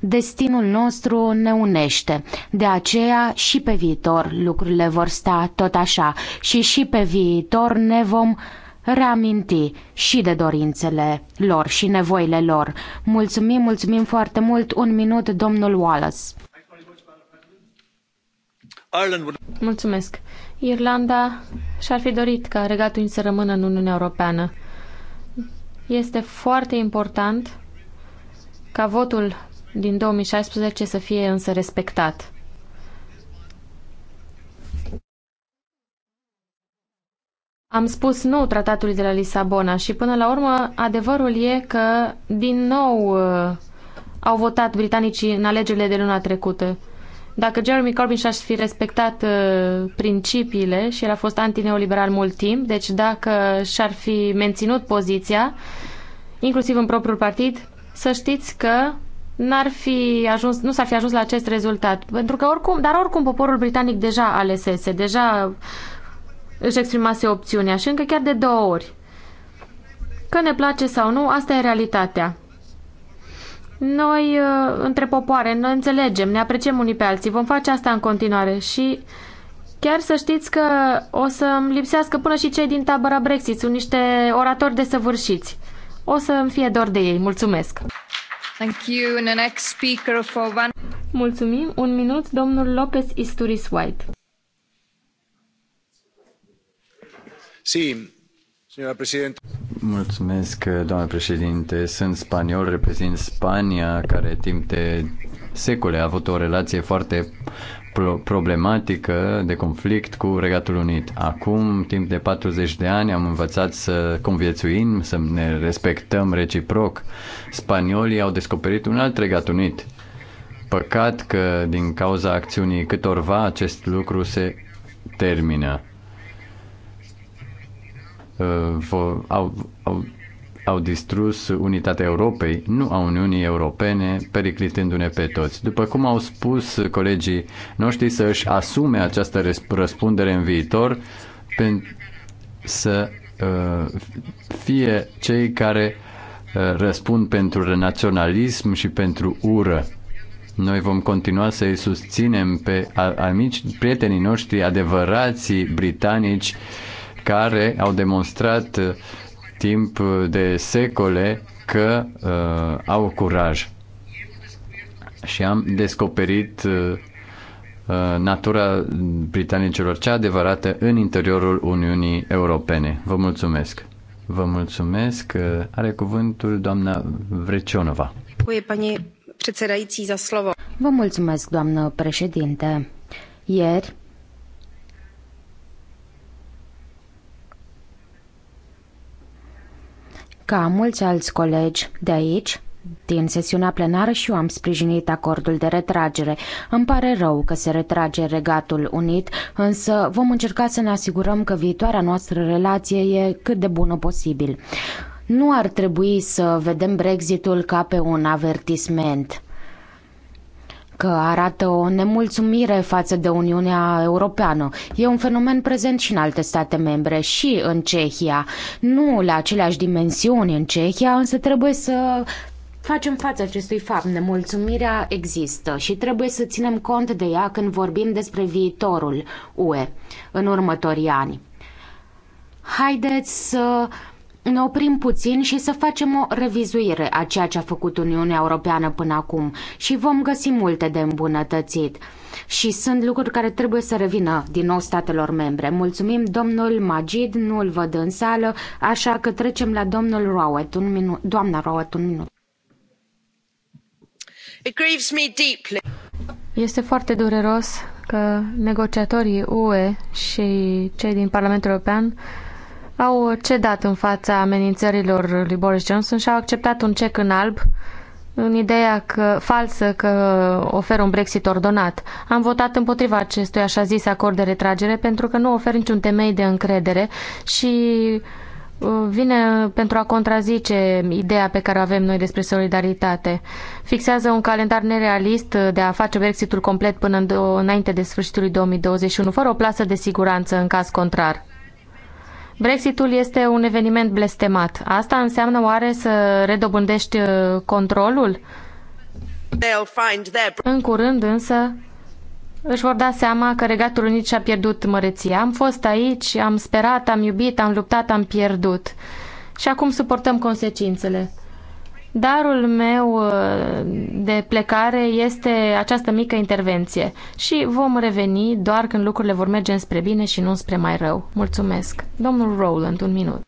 Destinul nostru ne unește. De aceea și pe viitor lucrurile vor sta tot așa și și pe viitor ne vom reaminti și de dorințele lor și nevoile lor. Mulțumim, mulțumim foarte mult. Un minut, domnul Wallace. Mulțumesc. Irlanda și-ar fi dorit ca Regatul să rămână în Uniunea Europeană. Este foarte important ca votul din 2016 să fie însă respectat. am spus nu tratatului de la Lisabona și până la urmă adevărul e că din nou uh, au votat britanicii în alegerile de luna trecută. Dacă Jeremy Corbyn și-aș fi respectat uh, principiile și el a fost antineoliberal mult timp, deci dacă și-ar fi menținut poziția, inclusiv în propriul partid, să știți că n-ar fi ajuns, nu s-ar fi ajuns la acest rezultat. Pentru că oricum, dar oricum poporul britanic deja alesese, deja își exprimase opțiunea și încă chiar de două ori. Că ne place sau nu, asta e realitatea. Noi, uh, între popoare, noi înțelegem, ne apreciem unii pe alții, vom face asta în continuare și chiar să știți că o să-mi lipsească până și cei din tabăra Brexit, sunt niște oratori desăvârșiți. O să-mi fie dor de ei, mulțumesc! Thank you. The next speaker for one... Mulțumim, un minut, domnul Lopez Isturis White. doamnă președinte. Sunt spaniol, reprezint Spania, care timp de secole a avut o relație foarte problematică de conflict cu Regatul Unit. Acum, timp de 40 de ani, am învățat să conviețuim, să ne respectăm reciproc. Spaniolii au descoperit un alt Regat Unit. Păcat că, din cauza acțiunii câtorva, acest lucru se termină Uh, au, au, au distrus unitatea Europei, nu a Uniunii Europene, periclitându-ne pe toți. După cum au spus colegii noștri să își asume această răspundere în viitor, pentru să uh, fie cei care uh, răspund pentru naționalism și pentru ură. Noi vom continua să îi susținem pe amici, prietenii noștri adevărații britanici care au demonstrat uh, timp de secole că uh, au curaj. Și am descoperit uh, uh, natura britanicilor cea adevărată în interiorul Uniunii Europene. Vă mulțumesc! Vă mulțumesc! Uh, are cuvântul doamna Vrecionova. Vă mulțumesc, doamnă președinte! Ieri, Ca mulți alți colegi de aici, din sesiunea plenară și eu am sprijinit acordul de retragere. Îmi pare rău că se retrage Regatul Unit, însă vom încerca să ne asigurăm că viitoarea noastră relație e cât de bună posibil. Nu ar trebui să vedem Brexitul ca pe un avertisment că arată o nemulțumire față de Uniunea Europeană. E un fenomen prezent și în alte state membre și în Cehia. Nu la aceleași dimensiuni în Cehia, însă trebuie să facem față acestui fapt. Nemulțumirea există și trebuie să ținem cont de ea când vorbim despre viitorul UE în următorii ani. Haideți să uh, ne oprim puțin și să facem o revizuire a ceea ce a făcut Uniunea Europeană până acum și vom găsi multe de îmbunătățit. Și sunt lucruri care trebuie să revină din nou statelor membre. Mulțumim, domnul Magid, nu-l văd în sală, așa că trecem la domnul Rowett, un minut. Doamna Rowett, un minut. It grieves me deeply. Este foarte dureros că negociatorii UE și cei din Parlamentul European au cedat în fața amenințărilor lui Boris Johnson și au acceptat un cec în alb în ideea că, falsă că oferă un Brexit ordonat. Am votat împotriva acestui așa zis acord de retragere pentru că nu ofer niciun temei de încredere și uh, vine pentru a contrazice ideea pe care o avem noi despre solidaritate. Fixează un calendar nerealist de a face Brexitul complet până înainte de sfârșitul 2021, fără o plasă de siguranță în caz contrar. Brexitul este un eveniment blestemat. Asta înseamnă oare să redobândești uh, controlul? În curând însă își vor da seama că Regatul Unit și-a pierdut măreția. Am fost aici, am sperat, am iubit, am luptat, am pierdut. Și acum suportăm consecințele. Darul meu uh, de plecare este această mică intervenție și vom reveni doar când lucrurile vor merge spre bine și nu spre mai rău. Mulțumesc. Domnul Rowland, un minut.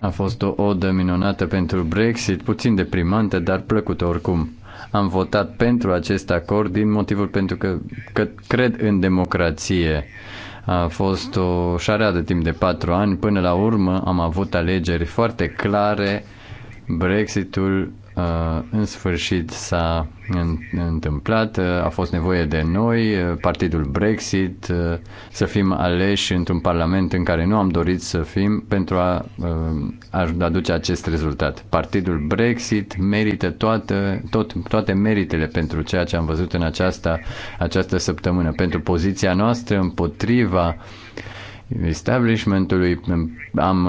A fost o odă minunată pentru Brexit, puțin deprimantă, dar plăcută oricum. Am votat pentru acest acord din motivul pentru că, că cred în democrație. A fost o șarea de timp de patru ani. Până la urmă am avut alegeri foarte clare. Brexitul Uh, în sfârșit s-a întâmplat, uh, a fost nevoie de noi, uh, partidul Brexit, să fim aleși într-un parlament în care nu am dorit să fim pentru a aduce acest rezultat. Partidul Brexit merită toate, tot, toate meritele pentru ceea ce am văzut în aceasta, această săptămână, pentru poziția noastră împotriva establishmentului. Am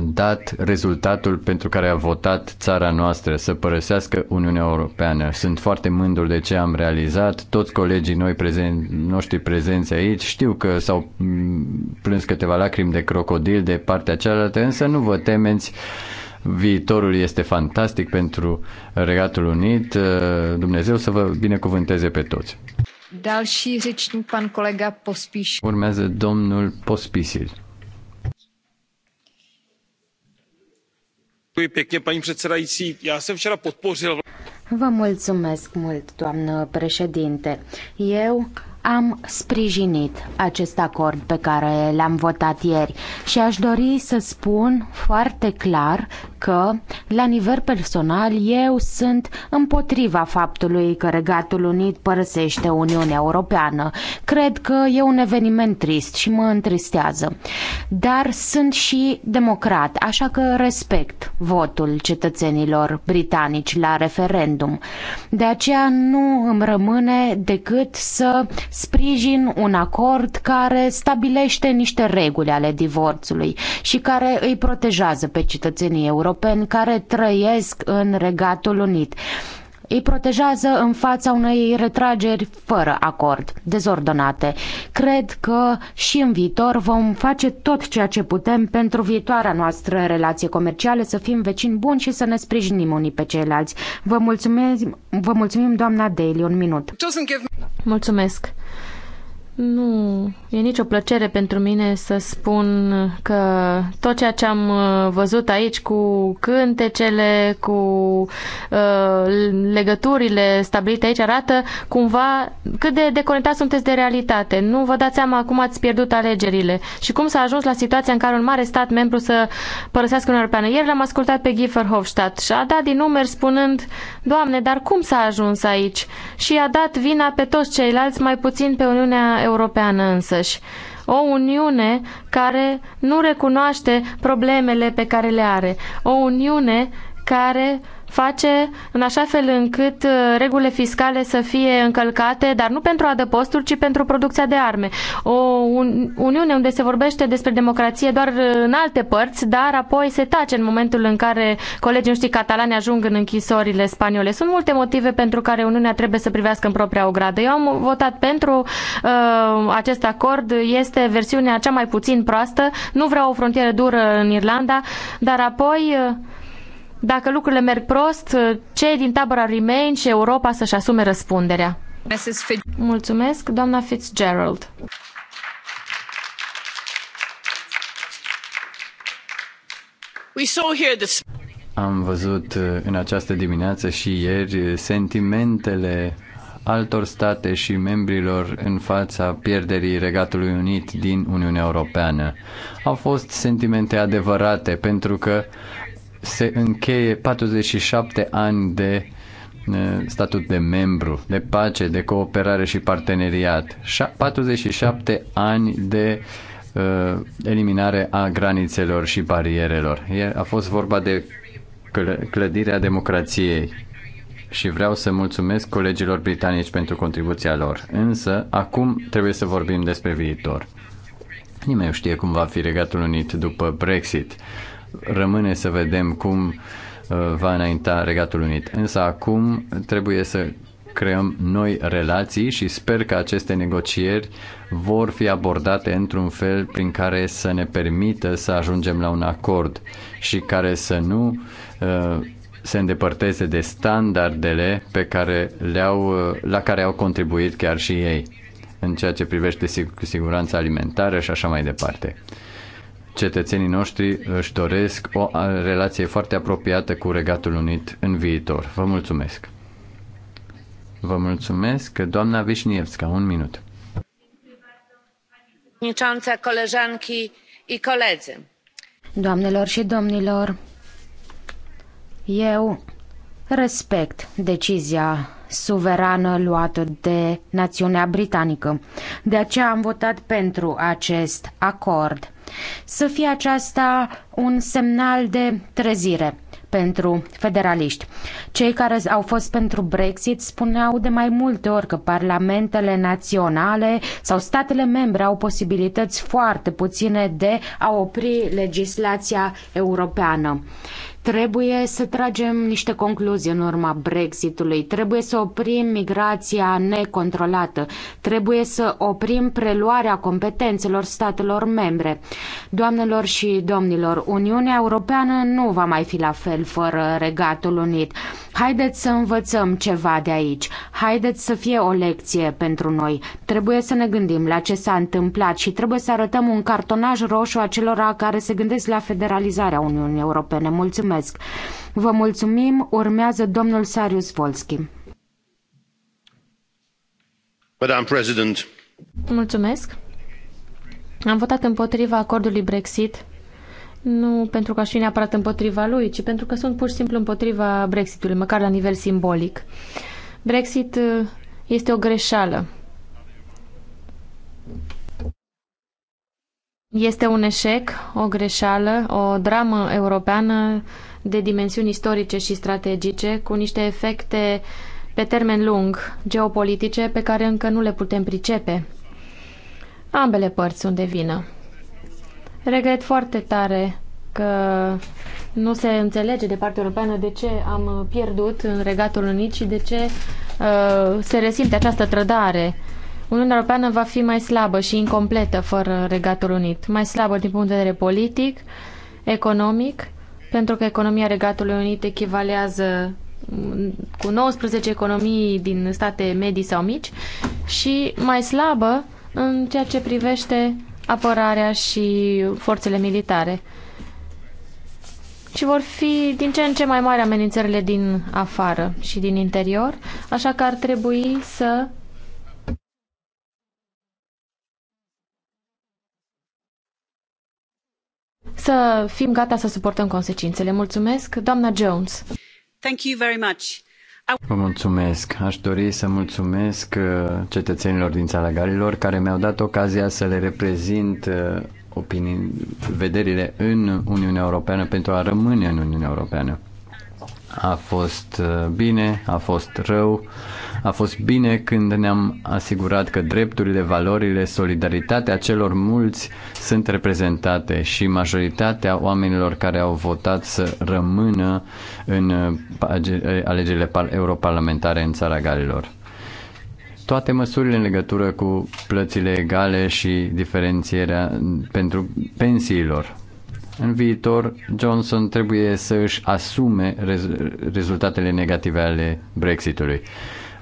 dat rezultatul pentru care a votat țara noastră să părăsească Uniunea Europeană. Sunt foarte mândru de ce am realizat. Toți colegii noi prezen- noștri prezenți aici știu că s-au plâns câteva lacrimi de crocodil de partea cealaltă, însă nu vă temeți viitorul este fantastic pentru Regatul Unit. Dumnezeu să vă binecuvânteze pe toți. Další řečník, pan kolega Pospíš. Urmează domnul Pospisil. paní předsedající já jsem včera podpořil. Vă mulțumesc mult, doamnă președinte. Eu am sprijinit acest acord pe care l-am votat ieri și aș dori să spun foarte clar că, la nivel personal, eu sunt împotriva faptului că Regatul Unit părăsește Uniunea Europeană. Cred că e un eveniment trist și mă întristează. Dar sunt și democrat, așa că respect votul cetățenilor britanici la referendum. De aceea nu îmi rămâne decât să sprijin un acord care stabilește niște reguli ale divorțului și care îi protejează pe cetățenii europeni europeni care trăiesc în Regatul Unit îi protejează în fața unei retrageri fără acord, dezordonate. Cred că și în viitor vom face tot ceea ce putem pentru viitoarea noastră relație comercială, să fim vecini buni și să ne sprijinim unii pe ceilalți. Vă mulțumim, vă mulțumim doamna Daly, un minut. Mulțumesc. Nu, e nicio plăcere pentru mine să spun că tot ceea ce am uh, văzut aici cu cântecele, cu uh, legăturile stabilite aici arată cumva cât de deconectați sunteți de realitate. Nu vă dați seama cum ați pierdut alegerile și cum s-a ajuns la situația în care un mare stat membru să părăsească Uniunea Europeană. Ieri l-am ascultat pe Guy Hofstadt și a dat din numeri spunând, Doamne, dar cum s-a ajuns aici? Și a dat vina pe toți ceilalți, mai puțin pe Uniunea europeană însăși. O Uniune care nu recunoaște problemele pe care le are. O Uniune care face în așa fel încât uh, regulile fiscale să fie încălcate, dar nu pentru adăposturi, ci pentru producția de arme. O Uniune unde se vorbește despre democrație doar uh, în alte părți, dar apoi se tace în momentul în care colegii noștri catalani ajung în închisorile spaniole. Sunt multe motive pentru care Uniunea trebuie să privească în propria ogradă. Eu am votat pentru uh, acest acord. Este versiunea cea mai puțin proastă. Nu vreau o frontieră dură în Irlanda, dar apoi uh, dacă lucrurile merg prost, cei din tabăra Remain și Europa să-și asume răspunderea. Mulțumesc, doamna Fitzgerald. Am văzut uh, în această dimineață și ieri sentimentele altor state și membrilor în fața pierderii Regatului Unit din Uniunea Europeană. Au fost sentimente adevărate pentru că se încheie 47 ani de uh, statut de membru, de pace, de cooperare și parteneriat. 47 ani de uh, eliminare a granițelor și barierelor. A fost vorba de clădirea democrației și vreau să mulțumesc colegilor britanici pentru contribuția lor. Însă, acum trebuie să vorbim despre viitor. Nimeni nu știe cum va fi Regatul Unit după Brexit. Rămâne să vedem cum uh, va înainta Regatul Unit. Însă acum trebuie să creăm noi relații și sper că aceste negocieri vor fi abordate într-un fel prin care să ne permită să ajungem la un acord și care să nu uh, se îndepărteze de standardele pe care le-au, uh, la care au contribuit chiar și ei în ceea ce privește siguranța alimentară și așa mai departe cetățenii noștri își doresc o relație foarte apropiată cu Regatul Unit în viitor. Vă mulțumesc! Vă mulțumesc, doamna Vișnievska, un minut. Doamnelor și domnilor, eu respect decizia suverană luată de națiunea britanică. De aceea am votat pentru acest acord să fie aceasta un semnal de trezire pentru federaliști. Cei care au fost pentru Brexit spuneau de mai multe ori că parlamentele naționale sau statele membre au posibilități foarte puține de a opri legislația europeană. Trebuie să tragem niște concluzii în urma Brexitului. Trebuie să oprim migrația necontrolată. Trebuie să oprim preluarea competențelor statelor membre. Doamnelor și domnilor, Uniunea Europeană nu va mai fi la fel fără Regatul Unit. Haideți să învățăm ceva de aici. Haideți să fie o lecție pentru noi. Trebuie să ne gândim la ce s-a întâmplat și trebuie să arătăm un cartonaj roșu acelora care se gândesc la federalizarea Uniunii Europene. Mulțumesc! Mulțumesc! Vă mulțumim! Urmează domnul Sarius Volski. President. Mulțumesc! Am votat împotriva acordului Brexit nu pentru că aș fi neapărat împotriva lui, ci pentru că sunt pur și simplu împotriva Brexitului, măcar la nivel simbolic. Brexit uh, este o greșeală. Este un eșec, o greșeală, o dramă europeană de dimensiuni istorice și strategice, cu niște efecte pe termen lung, geopolitice, pe care încă nu le putem pricepe. Ambele părți sunt de vină. Regret foarte tare că nu se înțelege de partea europeană de ce am pierdut în Regatul Unit și de ce uh, se resimte această trădare. Uniunea Europeană va fi mai slabă și incompletă fără Regatul Unit, mai slabă din punct de vedere politic, economic pentru că economia Regatului Unit echivalează cu 19 economii din state medii sau mici și mai slabă în ceea ce privește apărarea și forțele militare. Și vor fi din ce în ce mai mari amenințările din afară și din interior, așa că ar trebui să să fim gata să suportăm consecințele. Mulțumesc, doamna Jones. Thank you very much. Vă mulțumesc. Aș dori să mulțumesc uh, cetățenilor din țara Galilor care mi-au dat ocazia să le reprezint uh, opinii, vederile în Uniunea Europeană pentru a rămâne în Uniunea Europeană. A fost uh, bine, a fost rău, a fost bine când ne-am asigurat că drepturile, valorile, solidaritatea celor mulți sunt reprezentate și majoritatea oamenilor care au votat să rămână în alegerile europarlamentare în țara Galilor toate măsurile în legătură cu plățile egale și diferențierea pentru pensiilor. În viitor, Johnson trebuie să își asume rez- rezultatele negative ale Brexitului.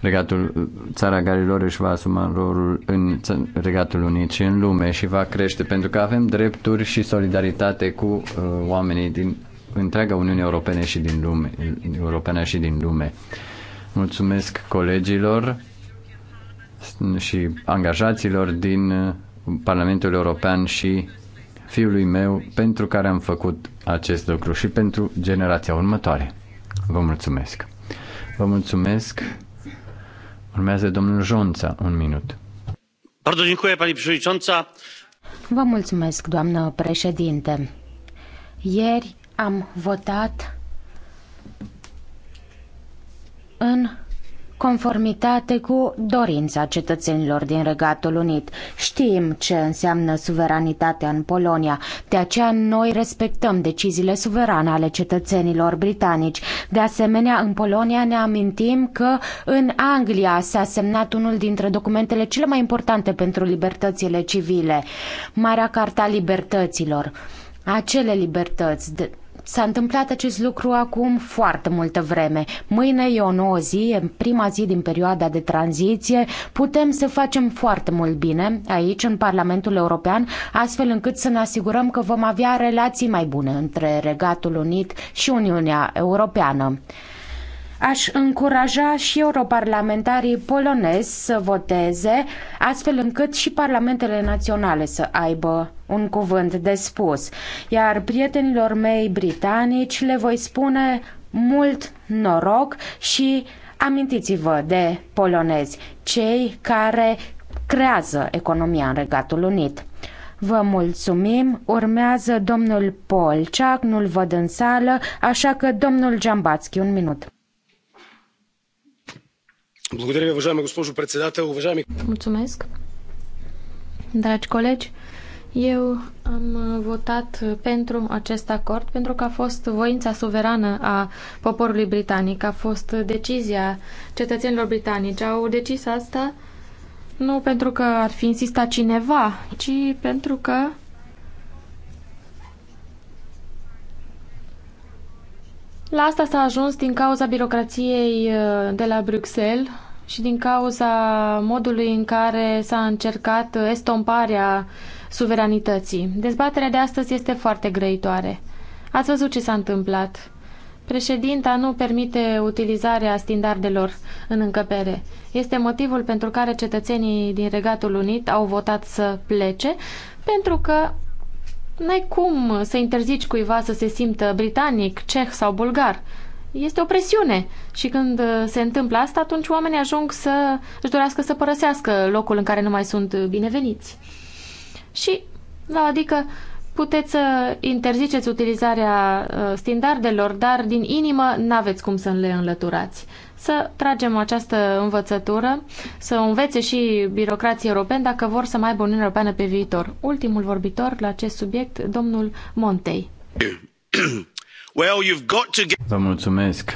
Regatul, țara Galilor își va asuma rolul în Regatul Unit și în lume și va crește pentru că avem drepturi și solidaritate cu uh, oamenii din întreaga Uniune Europene și din lume, Europeană și din lume. Mulțumesc colegilor și angajaților din uh, Parlamentul European și fiului meu pentru care am făcut acest lucru și pentru generația următoare. Vă mulțumesc! Vă mulțumesc! Urmează domnul Jonța, un minut. pani Vă mulțumesc, doamnă președinte. Ieri am votat în conformitate cu dorința cetățenilor din Regatul Unit. Știm ce înseamnă suveranitatea în Polonia, de aceea noi respectăm deciziile suverane ale cetățenilor britanici. De asemenea, în Polonia ne amintim că în Anglia s-a semnat unul dintre documentele cele mai importante pentru libertățile civile, Marea Carta Libertăților. Acele libertăți de S-a întâmplat acest lucru acum foarte multă vreme. Mâine e o nouă zi, e prima zi din perioada de tranziție. Putem să facem foarte mult bine aici, în Parlamentul European, astfel încât să ne asigurăm că vom avea relații mai bune între Regatul Unit și Uniunea Europeană. Aș încuraja și europarlamentarii polonezi să voteze, astfel încât și parlamentele naționale să aibă un cuvânt de spus. Iar prietenilor mei britanici le voi spune mult noroc și amintiți-vă de polonezi, cei care creează economia în Regatul Unit. Vă mulțumim. Urmează domnul Polceac, nu-l văd în sală, așa că domnul Giambațchi, un minut. Mulțumesc. Dragi colegi, eu am votat pentru acest acord pentru că a fost voința suverană a poporului britanic, a fost decizia cetățenilor britanici. Au decis asta nu pentru că ar fi insistat cineva, ci pentru că La asta s-a ajuns din cauza birocrației uh, de la Bruxelles și din cauza modului în care s-a încercat uh, estomparea suveranității. Dezbaterea de astăzi este foarte grăitoare. Ați văzut ce s-a întâmplat. Președinta nu permite utilizarea standardelor în încăpere. Este motivul pentru care cetățenii din Regatul Unit au votat să plece, pentru că N-ai cum să interzici cuiva să se simtă britanic, ceh sau bulgar. Este o presiune și când uh, se întâmplă asta, atunci oamenii ajung să își dorească să părăsească locul în care nu mai sunt bineveniți. Și, da, adică, puteți să interziceți utilizarea uh, standardelor, dar din inimă n-aveți cum să le înlăturați să tragem această învățătură, să învețe și birocrații europeni dacă vor să mai aibă Uniunea Europeană pe viitor. Ultimul vorbitor la acest subiect, domnul Montei. Vă mulțumesc.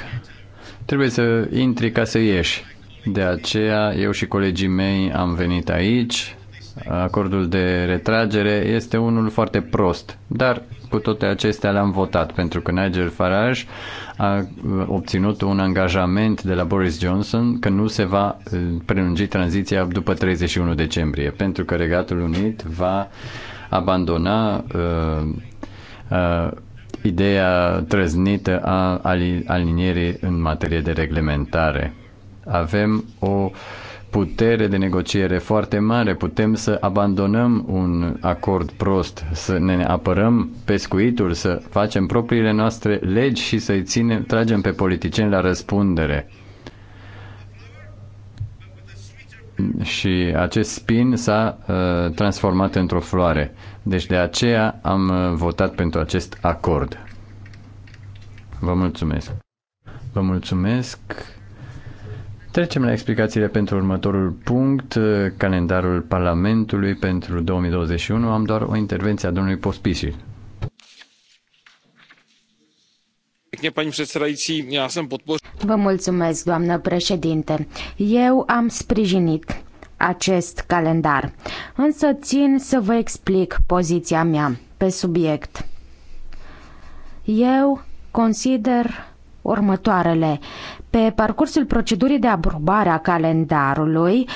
Trebuie să intri ca să ieși. De aceea eu și colegii mei am venit aici. Acordul de retragere este unul foarte prost, dar cu toate acestea le-am votat, pentru că Nigel Farage a uh, obținut un angajament de la Boris Johnson că nu se va uh, prelungi tranziția după 31 decembrie, pentru că Regatul Unit va abandona uh, uh, ideea trăznită a alinierii în materie de reglementare. Avem o uh, putere de negociere foarte mare. Putem să abandonăm un acord prost, să ne apărăm pescuitul, să facem propriile noastre legi și să-i ținem, tragem pe politicieni la răspundere. Și acest spin s-a uh, transformat într-o floare. Deci de aceea am uh, votat pentru acest acord. Vă mulțumesc. Vă mulțumesc. Trecem la explicațiile pentru următorul punct, eh, calendarul Parlamentului pentru 2021. Am doar o intervenție a domnului Pospisi. Vă mulțumesc, doamnă președinte. Eu am sprijinit acest calendar, însă țin să vă explic poziția mea pe subiect. Eu consider următoarele. Pe parcursul procedurii de aprobare a calendarului,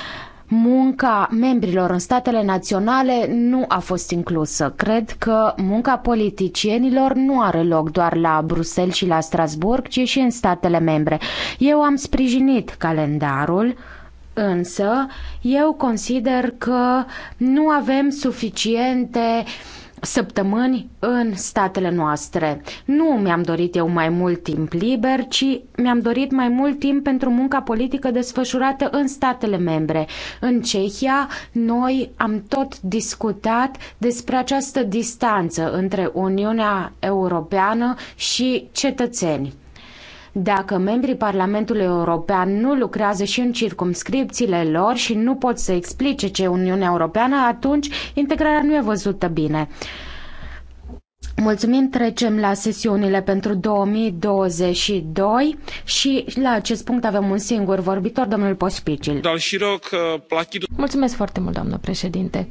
munca membrilor în statele naționale nu a fost inclusă. Cred că munca politicienilor nu are loc doar la Bruxelles și la Strasburg, ci și în statele membre. Eu am sprijinit calendarul, însă eu consider că nu avem suficiente uh, săptămâni în statele noastre. Nu mi-am dorit eu mai mult timp liber, ci mi-am dorit mai mult timp pentru munca politică desfășurată în statele membre. În Cehia, noi am tot discutat despre această distanță între Uniunea Europeană și cetățeni. Dacă membrii Parlamentului European nu lucrează și în circumscripțiile lor și nu pot să explice ce Uniunea Europeană, atunci integrarea nu e văzută bine. Mulțumim, trecem la sesiunile pentru 2022 și la acest punct avem un singur vorbitor, domnul Pospicil. Uh, Mulțumesc foarte mult, doamnă președinte.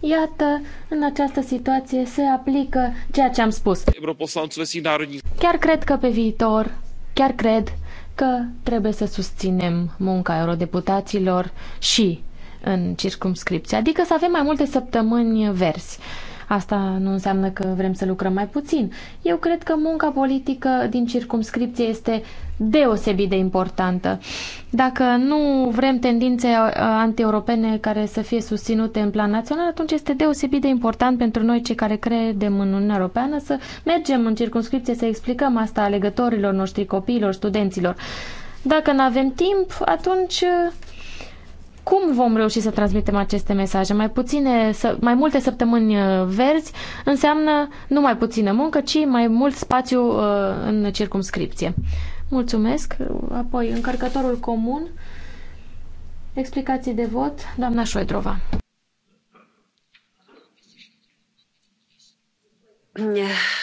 Iată, în această situație se aplică ceea ce am spus. Chiar cred că pe viitor Chiar cred că trebuie să susținem munca eurodeputaților și în circumscripție, adică să avem mai multe săptămâni verzi. Asta nu înseamnă că vrem să lucrăm mai puțin. Eu cred că munca politică din circumscripție este deosebit de importantă. Dacă nu vrem tendințe uh, anti-europene care să fie susținute în plan național, atunci este deosebit de important pentru noi cei care credem în Uniunea Europeană să mergem în circunscripție să explicăm asta alegătorilor noștri, copiilor, studenților. Dacă nu avem timp, atunci uh, cum vom reuși să transmitem aceste mesaje? Mai puține, mai multe săptămâni uh, verzi înseamnă nu mai puțină muncă, ci mai mult spațiu în circumscripție. Mulțumesc. Apoi, încărcătorul comun. Explicații de vot, doamna Șoedrova.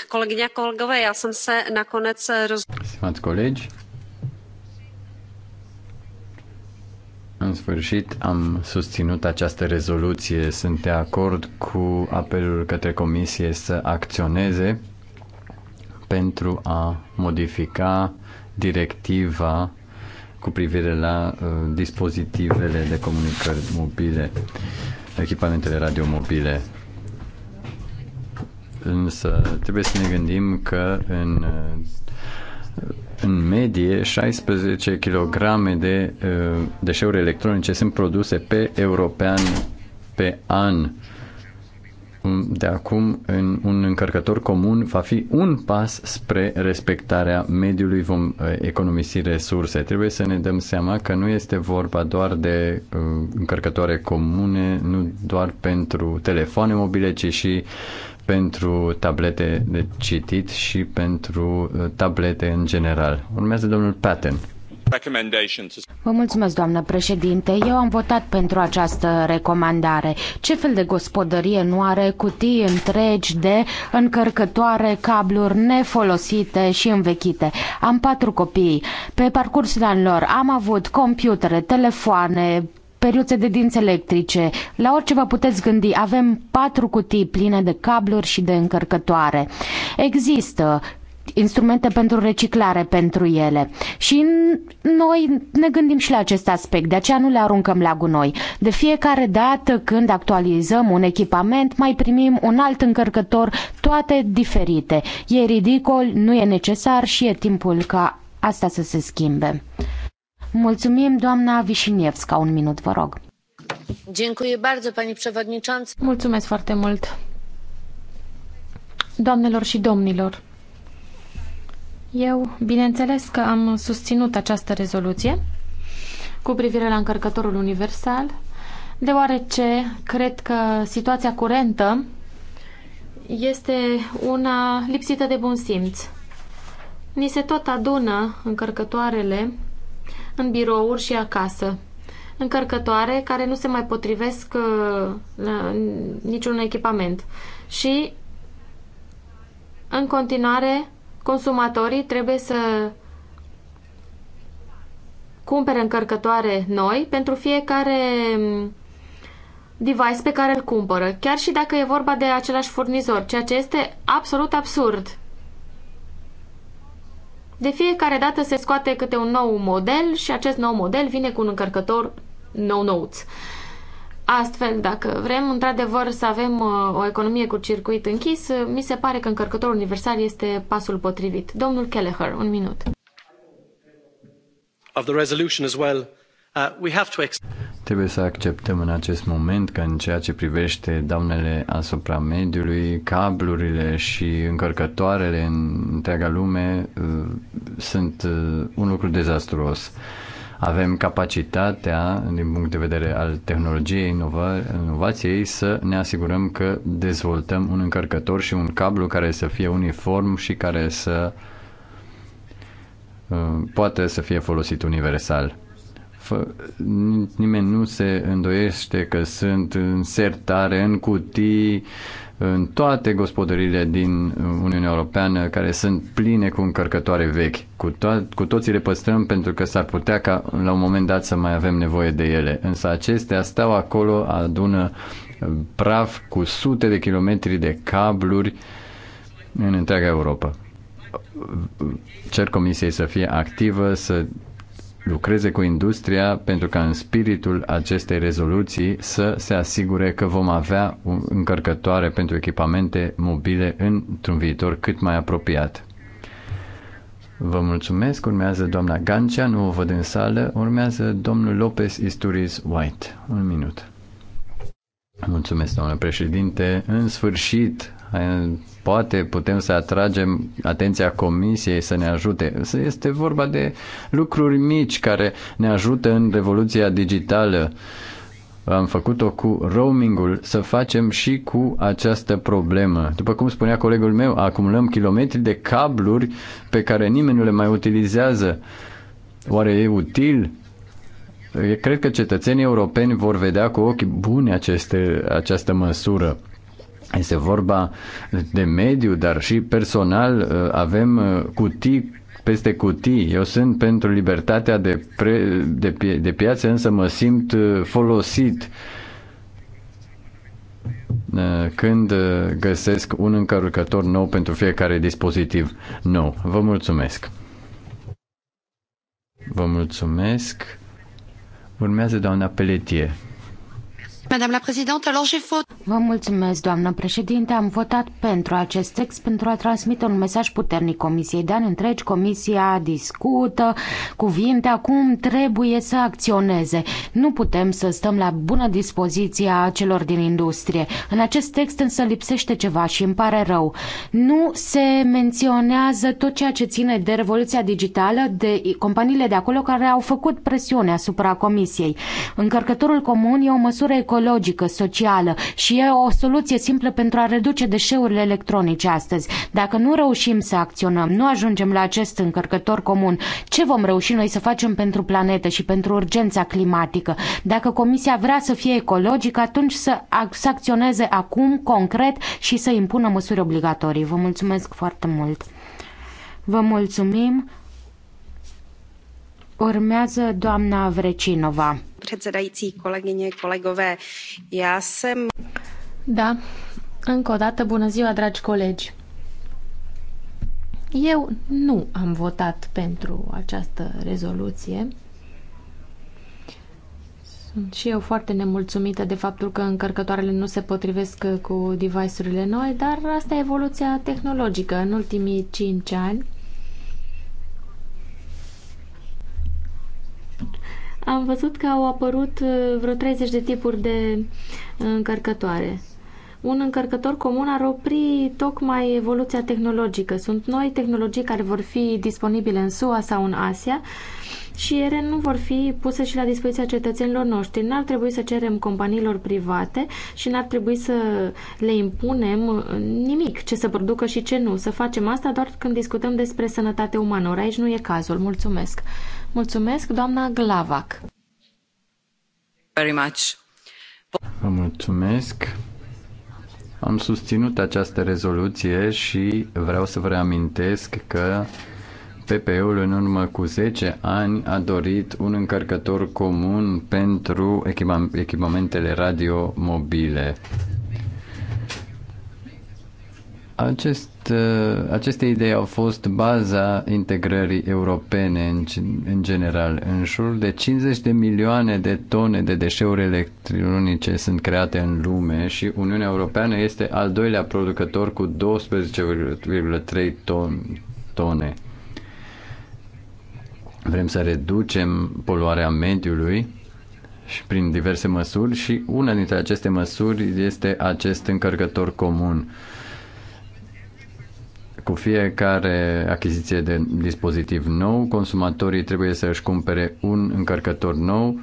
Kolegyně, kolegové, já jsem se nakonec roz... Stimați colegi, în sfârșit am susținut această rezoluție. Sunt de acord cu apelul către comisie să acționeze pentru a modifica directiva cu privire la uh, dispozitivele de comunicări mobile, echipamentele radiomobile. Însă trebuie să ne gândim că în, uh, în medie 16 kg de uh, deșeuri electronice sunt produse pe european pe an de acum în un încărcător comun va fi un pas spre respectarea mediului, vom uh, economisi resurse. Trebuie să ne dăm seama că nu este vorba doar de uh, încărcătoare comune, nu doar pentru telefoane mobile, ci și pentru tablete de citit și pentru uh, tablete în general. Urmează domnul Patton. Vă mulțumesc, doamnă președinte. Eu am votat pentru această recomandare. Ce fel de gospodărie nu are cutii întregi de încărcătoare, cabluri nefolosite și învechite? Am patru copii. Pe parcursul anilor am avut computere, telefoane, periuțe de dinți electrice. La orice vă puteți gândi, avem patru cutii pline de cabluri și de încărcătoare. Există instrumente pentru reciclare pentru ele. Și noi ne gândim și la acest aspect, de aceea nu le aruncăm la gunoi. De fiecare dată când actualizăm un echipament, mai primim un alt încărcător, toate diferite. E ridicol, nu e necesar și e timpul ca asta să se schimbe. Mulțumim, doamna Vișinievska, un minut, vă rog. Mulțumesc foarte mult. Doamnelor și domnilor, eu, bineînțeles că am susținut această rezoluție cu privire la încărcătorul universal, deoarece cred că situația curentă este una lipsită de bun simț. Ni se tot adună încărcătoarele în birouri și acasă. Încărcătoare care nu se mai potrivesc uh, la niciun echipament. Și în continuare consumatorii trebuie să cumpere încărcătoare noi pentru fiecare mm, device pe care îl cumpără, chiar și dacă e vorba de același furnizor, ceea ce este absolut absurd. De fiecare dată se scoate câte un nou model și acest nou model vine cu un încărcător nou-nouț. Astfel, dacă vrem într-adevăr să avem uh, o economie cu circuit închis, uh, mi se pare că încărcătorul universal este pasul potrivit. Domnul Kelleher, un minut. Of the resolution as well, uh, we have to Trebuie să acceptăm în acest moment că în ceea ce privește daunele asupra mediului, cablurile și încărcătoarele în întreaga lume uh, sunt uh, un lucru dezastruos. Uh, avem capacitatea, din punct de vedere al tehnologiei, inova- inovației, să ne asigurăm că dezvoltăm un încărcător și un cablu care să fie uniform și care să uh, poate să fie folosit universal nimeni nu se îndoiește că sunt în sertare, în cutii, în toate gospodările din Uniunea Europeană care sunt pline cu încărcătoare vechi. Cu, to- cu toții le păstrăm pentru că s-ar putea ca la un moment dat să mai avem nevoie de ele. Însă acestea stau acolo, adună praf cu sute de kilometri de cabluri în întreaga Europa. Cer Comisiei să fie activă, să lucreze cu industria pentru ca în spiritul acestei rezoluții să se asigure că vom avea încărcătoare pentru echipamente mobile într-un viitor cât mai apropiat. Vă mulțumesc. Urmează doamna Gancea, nu o văd în sală. Urmează domnul Lopez Isturiz White. Un minut. Mulțumesc, domnule președinte. În sfârșit, poate putem să atragem atenția comisiei să ne ajute. Este vorba de lucruri mici care ne ajută în revoluția digitală. Am făcut-o cu roamingul, să facem și cu această problemă. După cum spunea colegul meu, acumulăm kilometri de cabluri pe care nimeni nu le mai utilizează. Oare e util? Eu cred că cetățenii europeni vor vedea cu ochi buni aceste, această măsură este vorba de mediu, dar și personal uh, avem uh, cutii peste cutii. Eu sunt pentru libertatea de, pre, de, de piață, însă mă simt uh, folosit când găsesc un încărcător nou pentru fiecare dispozitiv nou. Vă mulțumesc! Vă mulțumesc! Urmează doamna Peletie. Madame Vă mulțumesc, doamnă președinte. Am votat pentru acest text pentru a transmite un mesaj puternic Comisiei. De ani întregi, Comisia discută cuvinte, acum trebuie să acționeze. Nu putem să stăm la bună dispoziție a celor din industrie. În acest text însă lipsește ceva și îmi pare rău. Nu se menționează tot ceea ce ține de revoluția digitală, de companiile de acolo care au făcut presiune asupra Comisiei. Încărcătorul comun e o măsură economică ecologică, socială și e o soluție simplă pentru a reduce deșeurile electronice astăzi. Dacă nu reușim să acționăm, nu ajungem la acest încărcător comun, ce vom reuși noi să facem pentru planetă și pentru urgența climatică? Dacă Comisia vrea să fie ecologică, atunci să, acționeze acum, concret și să impună măsuri obligatorii. Vă mulțumesc foarte mult! Vă mulțumim! Urmează doamna Vrecinova předsedající, kolegyně, kolegové. Já jsem... Da, încă o dată, bună ziua, dragi colegi. Eu nu am votat pentru această rezoluție. Sunt și eu foarte nemulțumită de faptul că încărcătoarele nu se potrivesc cu device-urile noi, dar asta e evoluția tehnologică. În ultimii 5 ani am văzut că au apărut uh, vreo 30 de tipuri de uh, încărcătoare. Un încărcător comun ar opri tocmai evoluția tehnologică. Sunt noi tehnologii care vor fi disponibile în SUA sau în Asia și ele nu vor fi puse și la dispoziția cetățenilor noștri. N-ar trebui să cerem companiilor private și n-ar trebui să le impunem uh, nimic ce să producă și ce nu. Să facem asta doar când discutăm despre sănătate umană. Or, aici nu e cazul. Mulțumesc! Mulțumesc, doamna Glavac. Very much. Vă mulțumesc. Am susținut această rezoluție și vreau să vă reamintesc că PPE-ul în urmă cu 10 ani a dorit un încărcător comun pentru echipamentele radio mobile. Acest, uh, aceste idei au fost baza integrării europene în, în general. În jur de 50 de milioane de tone de deșeuri electronice sunt create în lume și Uniunea Europeană este al doilea producător cu 12,3 ton, tone. Vrem să reducem poluarea mediului și prin diverse măsuri și una dintre aceste măsuri este acest încărcător comun cu fiecare achiziție de dispozitiv nou, consumatorii trebuie să își cumpere un încărcător nou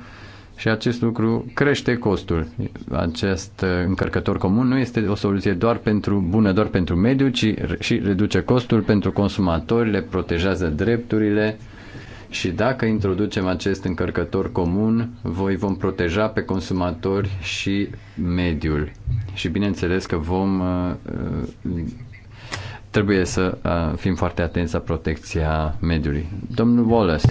și acest lucru crește costul. Acest încărcător comun nu este o soluție doar pentru bună doar pentru mediu, ci și reduce costul pentru consumatori, le protejează drepturile și dacă introducem acest încărcător comun, voi vom proteja pe consumatori și mediul. Și bineînțeles că vom uh, trebuie să uh, fim foarte atenți la protecția mediului. Domnul Wallace.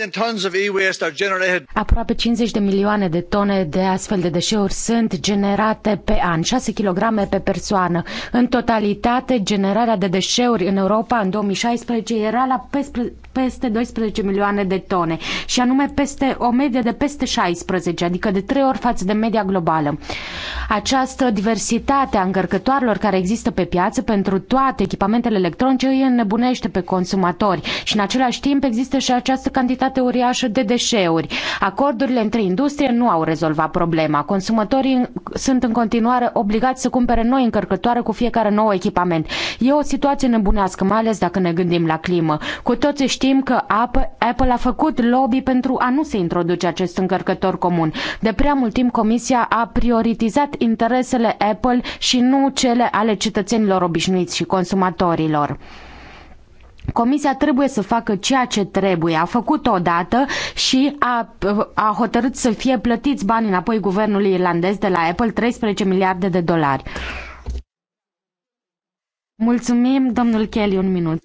Aproape 50 de milioane de tone de astfel de deșeuri sunt generate pe an, 6 kg pe persoană. În totalitate, generarea de deșeuri în Europa în 2016 era la peste 12 milioane de tone și anume peste o medie de peste 16, adică de 3 ori față de media globală. Această diversitate a încărcătoarelor care există pe piață pentru toate echipamentele electronice îi înnebunește pe consumatori și în același timp există și această cantitate uriașă de deșeuri. Acordurile între industrie nu au rezolvat problema. Consumatorii sunt în continuare obligați să cumpere noi încărcătoare cu fiecare nou echipament. E o situație nebunească, mai ales dacă ne gândim la climă. Cu toții știm că Apple a făcut lobby pentru a nu se introduce acest încărcător comun. De prea mult timp Comisia a prioritizat interesele Apple și nu cele ale cetățenilor obișnuiți și consumatorilor lor. Comisia trebuie să facă ceea ce trebuie. A făcut o dată și a, a hotărât să fie plătiți bani înapoi guvernului irlandez de la Apple 13 miliarde de dolari. Mulțumim, domnul Kelly, un minut.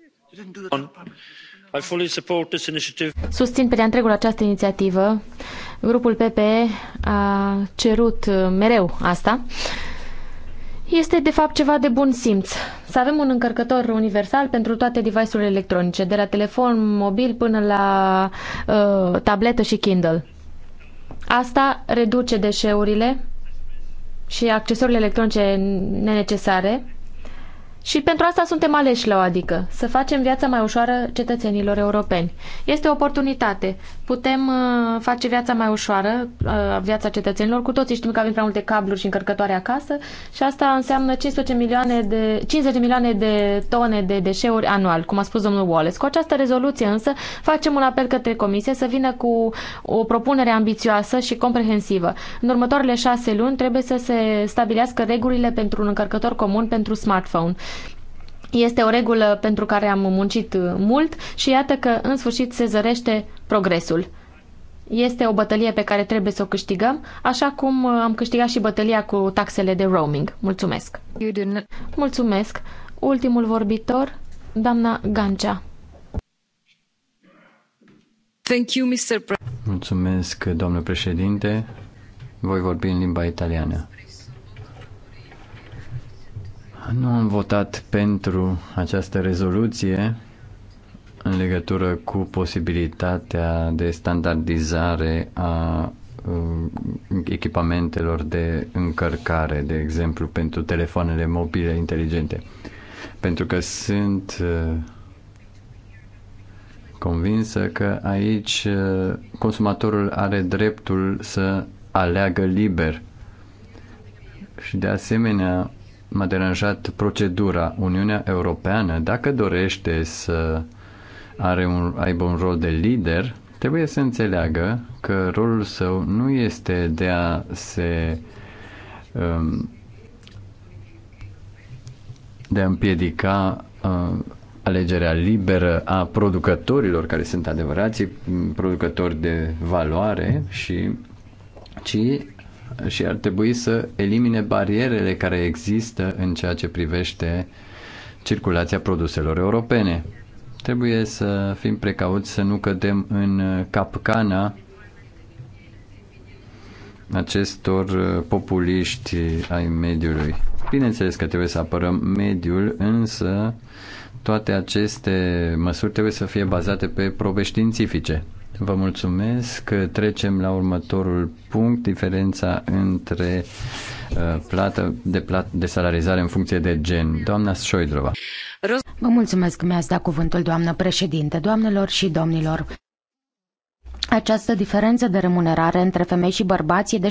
Susțin pe de întregul această inițiativă. Grupul PPE a cerut mereu asta. Uh, este de fapt ceva de bun simț. Să avem un încărcător universal pentru toate device-urile electronice, de la telefon mobil până la uh, tabletă și Kindle. Asta reduce deșeurile și accesorile electronice nenecesare și pentru asta suntem aleși la o adică, să facem viața mai ușoară cetățenilor europeni. Este o oportunitate. Putem uh, face viața mai ușoară, uh, viața cetățenilor. Cu toții știm că avem prea multe cabluri și încărcătoare acasă și asta înseamnă 500 milioane de, 50 milioane de tone de deșeuri anual, cum a spus domnul Wallace. Cu această rezoluție însă facem un apel către comisie să vină cu o propunere ambițioasă și comprehensivă. În următoarele șase luni trebuie să se stabilească regulile pentru un încărcător comun pentru smartphone. Este o regulă pentru care am muncit uh, mult și iată că în sfârșit se zărește progresul. Este o bătălie pe care trebuie să o câștigăm, așa cum uh, am câștigat și bătălia cu taxele de roaming. Mulțumesc! Mulțumesc! Ultimul vorbitor, doamna Gancea. Thank you, Mr. Mulțumesc, domnule președinte. Voi vorbi în limba italiană. Nu am votat pentru această rezoluție în legătură cu posibilitatea de standardizare a uh, echipamentelor de încărcare, de exemplu, pentru telefoanele mobile inteligente. Pentru că sunt uh, convinsă că aici uh, consumatorul are dreptul să aleagă liber. Și de asemenea, m-a deranjat procedura. Uniunea Europeană, dacă dorește să are un, aibă un rol de lider, trebuie să înțeleagă că rolul său nu este de a se um, de a împiedica uh, alegerea liberă a producătorilor care sunt adevărații producători de valoare și ci și ar trebui să elimine barierele care există în ceea ce privește circulația produselor europene. Trebuie să fim precauți să nu cădem în capcana acestor populiști ai mediului. Bineînțeles că trebuie să apărăm mediul, însă toate aceste măsuri trebuie să fie bazate pe probe științifice. Vă mulțumesc. Trecem la următorul punct, diferența între uh, plată de, plat, de salarizare în funcție de gen. Doamna Șoidrova. Vă mulțumesc că mi-ați dat cuvântul, doamnă președinte, doamnelor și domnilor această diferență de remunerare între femei și bărbați e de 16%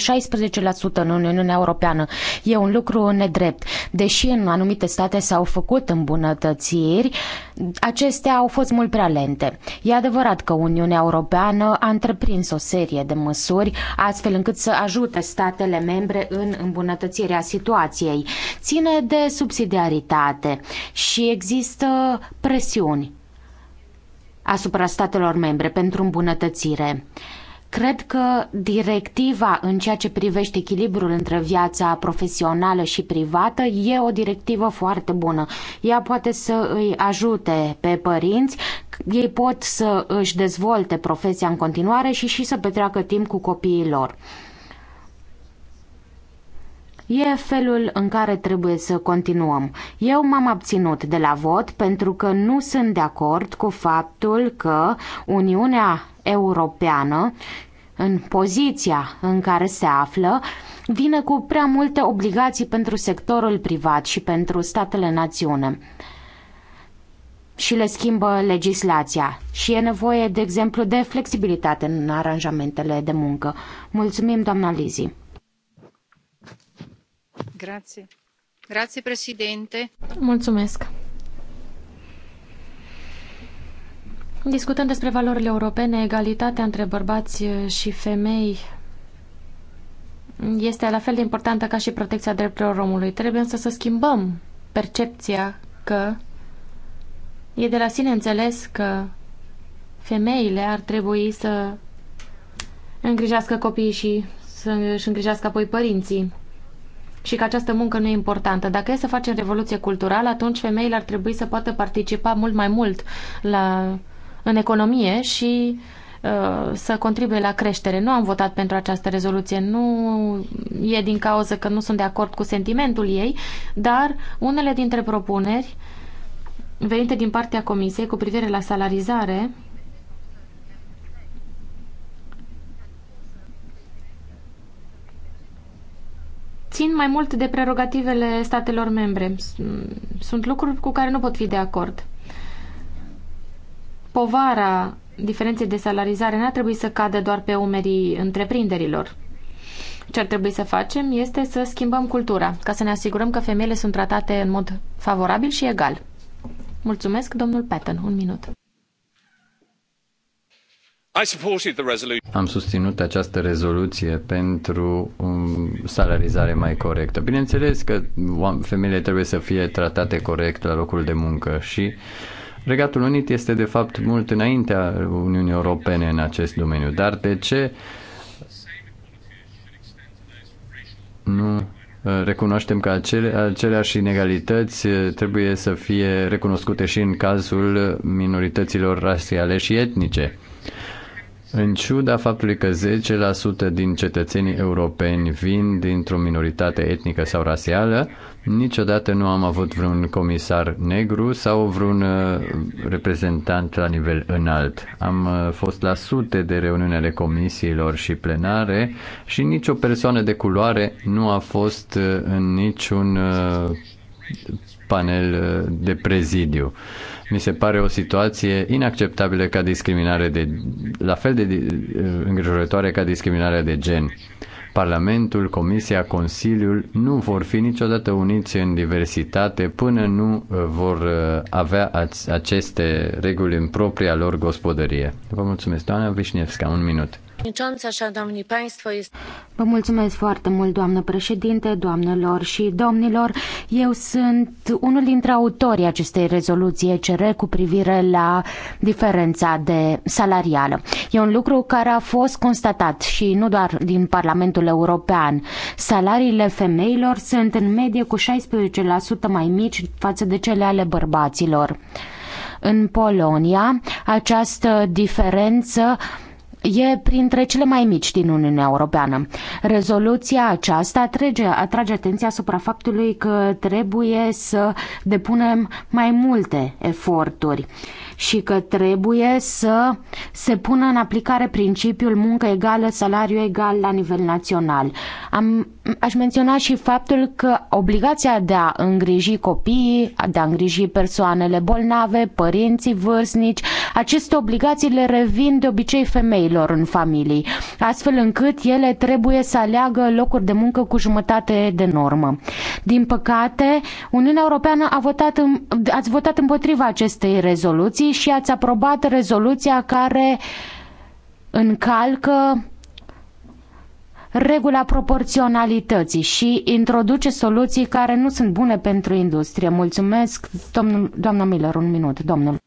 în Uniunea Europeană. E un lucru nedrept. Deși în anumite state s-au făcut îmbunătățiri, acestea au fost mult prea lente. E adevărat că Uniunea Europeană a întreprins o serie de măsuri astfel încât să ajute statele membre în îmbunătățirea situației. Ține de subsidiaritate și există presiuni asupra statelor membre pentru îmbunătățire. Cred că directiva în ceea ce privește echilibrul între viața profesională și privată e o directivă foarte bună. Ea poate să îi ajute pe părinți, ei pot să își dezvolte profesia în continuare și și să petreacă timp cu copiii lor. E felul în care trebuie să continuăm. Eu m-am abținut de la vot pentru că nu sunt de acord cu faptul că Uniunea Europeană, în poziția în care se află, vine cu prea multe obligații pentru sectorul privat și pentru statele națiune și le schimbă legislația și e nevoie, de exemplu, de flexibilitate în aranjamentele de muncă. Mulțumim, doamna Lizi. Grazie. președinte. Mulțumesc. Discutăm despre valorile europene, egalitatea între bărbați și femei este la fel de importantă ca și protecția drepturilor omului. Trebuie însă să schimbăm percepția că e de la sine înțeles că femeile ar trebui să îngrijească copiii și să își îngrijească apoi părinții și că această muncă nu e importantă. Dacă e să facem revoluție culturală, atunci femeile ar trebui să poată participa mult mai mult la, în economie și uh, să contribuie la creștere. Nu am votat pentru această rezoluție, nu e din cauza că nu sunt de acord cu sentimentul ei, dar unele dintre propuneri venite din partea Comisiei cu privire la salarizare țin mai mult de prerogativele statelor membre. Sunt lucruri cu care nu pot fi de acord. Povara diferenței de salarizare n-ar trebui să cadă doar pe umerii întreprinderilor. Ce ar trebui să facem este să schimbăm cultura, ca să ne asigurăm că femeile sunt tratate în mod favorabil și egal. Mulțumesc, domnul Patton. Un minut. Am susținut această rezoluție pentru o um, salarizare mai corectă. Bineînțeles că femeile trebuie să fie tratate corect la locul de muncă și Regatul Unit este de fapt mult înaintea Uniunii Europene în acest domeniu. Dar de ce nu uh, recunoaștem că acele, aceleași inegalități uh, trebuie să fie recunoscute și în cazul minorităților rasiale și etnice? În ciuda faptului că 10% din cetățenii europeni vin dintr-o minoritate etnică sau rasială, niciodată nu am avut vreun comisar negru sau vreun uh, reprezentant la nivel înalt. Am uh, fost la sute de reuniuni ale comisiilor și plenare și nicio persoană de culoare nu a fost uh, în niciun panel de prezidiu. Mi se pare o situație inacceptabilă ca discriminare de, la fel de îngrijorătoare ca discriminarea de gen. Parlamentul, Comisia, Consiliul nu vor fi niciodată uniți în diversitate până nu uh, vor uh, avea aceste reguli în propria lor gospodărie. Vă mulțumesc, doamna Vișnevska, un minut. Vă mulțumesc foarte mult, doamnă președinte, doamnelor și domnilor. Eu sunt unul dintre autorii acestei rezoluții ECR cu privire la diferența de salarială. E un lucru care a fost constatat și nu doar din Parlamentul European. Salariile femeilor sunt în medie cu 16% mai mici față de cele ale bărbaților. În Polonia, această diferență e printre cele mai mici din Uniunea Europeană. Rezoluția aceasta atrage, atrage atenția asupra faptului că trebuie să depunem mai multe eforturi. Uh, și că trebuie să se pună în aplicare principiul muncă egală, salariu egal la nivel național. Am, aș menționa și faptul că obligația de a îngriji copiii, de a îngriji persoanele bolnave, părinții vârstnici, aceste obligații le revin de obicei femeilor în familii, astfel încât ele trebuie să aleagă locuri de muncă cu jumătate de normă. Din păcate, Uniunea Europeană a votat, ați votat împotriva acestei rezoluții Comisiei și ați aprobat rezoluția care încalcă regula proporționalității și introduce soluții care nu sunt bune pentru industrie. Mulțumesc, domnul, doamna Miller, un minut, domnul.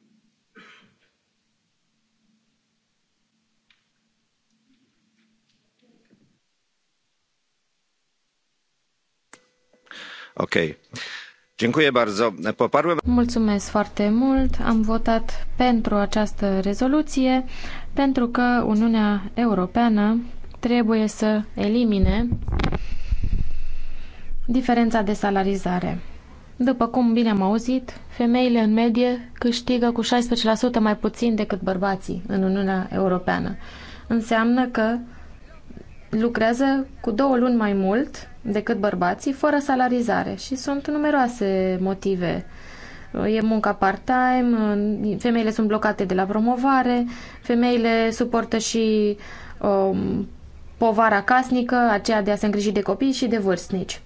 Okay. Mulțumesc foarte mult. Am votat pentru această rezoluție pentru că Uniunea Europeană trebuie să elimine diferența de salarizare. După cum bine am auzit, femeile în medie câștigă cu 16% mai puțin decât bărbații în Uniunea Europeană. Înseamnă că lucrează cu două luni mai mult decât bărbații, fără salarizare și sunt numeroase motive. E munca part-time, femeile sunt blocate de la promovare, femeile suportă și um, povara casnică, aceea de a se îngriji de copii și de vârstnici.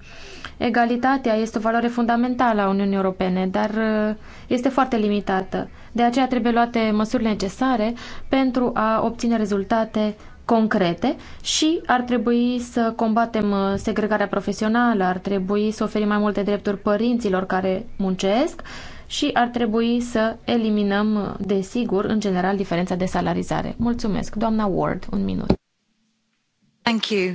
Egalitatea este o valoare fundamentală a Uniunii Europene, dar uh, este foarte limitată. De aceea trebuie luate măsuri necesare pentru a obține rezultate concrete și ar trebui să combatem uh, segregarea profesională, ar trebui să oferim mai multe drepturi părinților care muncesc și ar trebui să eliminăm, uh, desigur, în general, diferența de salarizare. Mulțumesc. Doamna Ward, un minut. Thank you.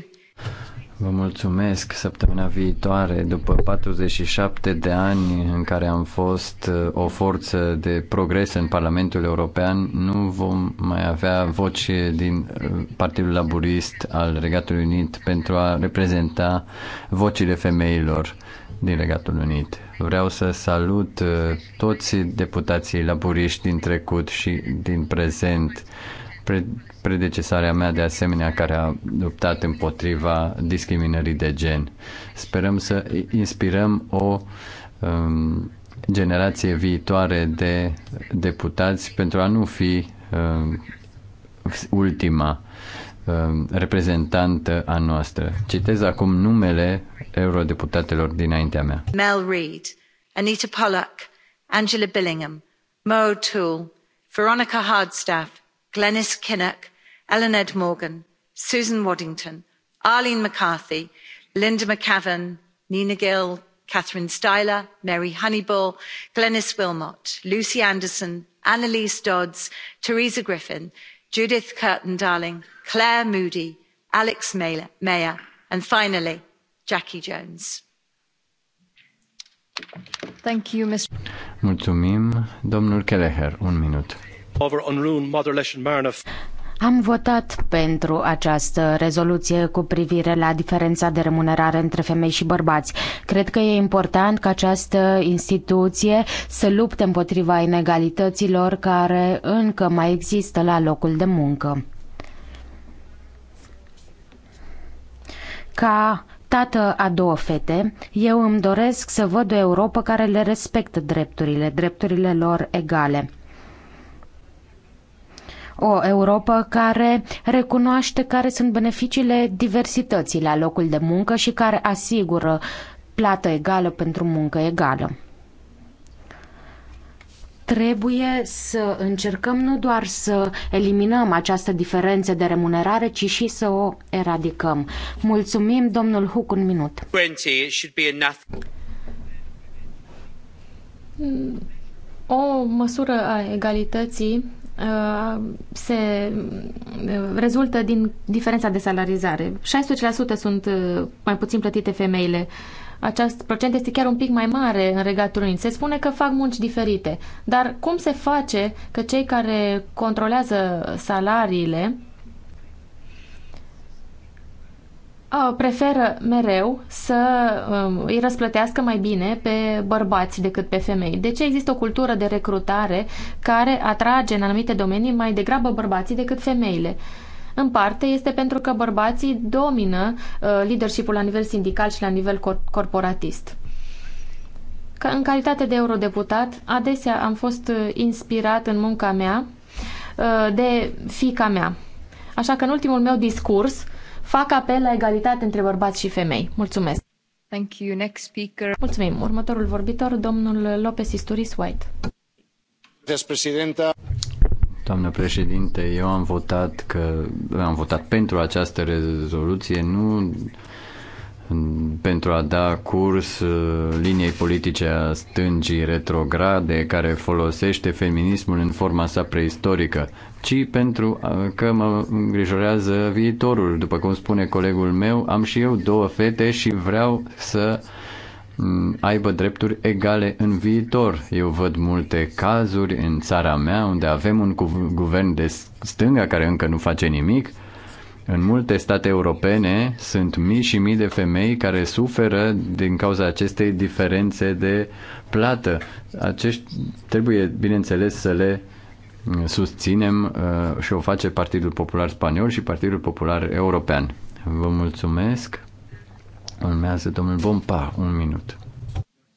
Vă mulțumesc. Săptămâna viitoare, după 47 de ani în care am fost uh, o forță de progres în Parlamentul European, nu vom mai avea voce din uh, Partidul Laburist al Regatului Unit pentru a reprezenta vocile femeilor din Regatul Unit. Vreau să salut uh, toți deputații laburiști din trecut și din prezent predecesarea mea de asemenea care a luptat împotriva discriminării de gen. Sperăm să inspirăm o um, generație viitoare de deputați pentru a nu fi um, ultima um, reprezentantă a noastră. Citez acum numele eurodeputatelor dinaintea mea. Mel Reid, Anita Pollack, Angela Billingham, Mo O'Toole, Veronica Hardstaff, Glenis Kinnock, ellen ed morgan susan waddington arlene mccarthy linda mcavan nina gill catherine styler mary honeyball glenis willmott lucy anderson annalise dodds teresa griffin judith curtin darling claire moody alex mayer and finally jackie jones. Am votat pentru această rezoluție cu privire la diferența de remunerare între femei și bărbați. Cred că e important ca această instituție să lupte împotriva inegalităților care încă mai există la locul de muncă. Ca tată a două fete, eu îmi doresc să văd o Europa care le respectă drepturile, drepturile lor egale. O Europa care recunoaște care sunt beneficiile diversității la locul de muncă și care asigură plată egală pentru muncă egală trebuie să încercăm nu doar să eliminăm această diferență de remunerare, ci și să o eradicăm. Mulțumim, domnul Huc, un minut. O măsură a egalității se uh, rezultă din diferența de salarizare. 16% sunt uh, mai puțin plătite femeile. Acest procent este chiar un pic mai mare în Regatul Unit. Se spune că fac munci diferite, dar cum se face că cei care controlează salariile Uh, preferă mereu să um, îi răsplătească mai bine pe bărbați decât pe femei. De ce există o cultură de recrutare care atrage în anumite domenii mai degrabă bărbații decât femeile? În parte este pentru că bărbații domină uh, leadership la nivel sindical și la nivel cor corporatist. Ca în calitate de eurodeputat, adesea am fost uh, inspirat în munca mea de fica mea. Așa că în ultimul meu discurs fac apel la egalitate între bărbați și femei. Mulțumesc! Thank you. Next speaker. Mulțumim. Următorul vorbitor, domnul Lopez Isturis White. Doamnă președinte, eu am votat că am votat pentru această rezoluție nu pentru a da curs uh, liniei politice a stângii retrograde care folosește feminismul în forma sa preistorică, ci pentru uh, că mă îngrijorează viitorul. După cum spune colegul meu, am și eu două fete și vreau să mm, aibă drepturi egale în viitor. Eu văd multe cazuri în țara mea unde avem un guvern de stânga care încă nu face nimic, în multe state europene sunt mii și mii de femei care suferă din cauza acestei diferențe de plată. Acești trebuie, bineînțeles, să le mm, susținem uh, și o face Partidul Popular Spaniol și Partidul Popular European. Vă mulțumesc. Urmează domnul Bompa, un minut.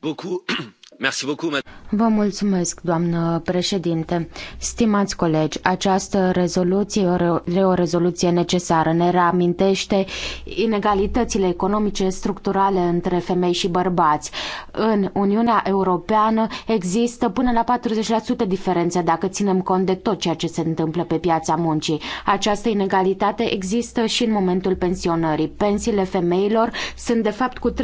Beaucoup. Vă mulțumesc, doamnă președinte. Stimați colegi, această rezoluție e o rezoluție necesară. Ne reamintește inegalitățile economice structurale între femei și bărbați. În Uniunea Europeană există până la 40% diferență dacă ținem cont de tot ceea ce se întâmplă pe piața muncii. Această inegalitate există și în momentul pensionării. Pensiile femeilor sunt de fapt cu 37%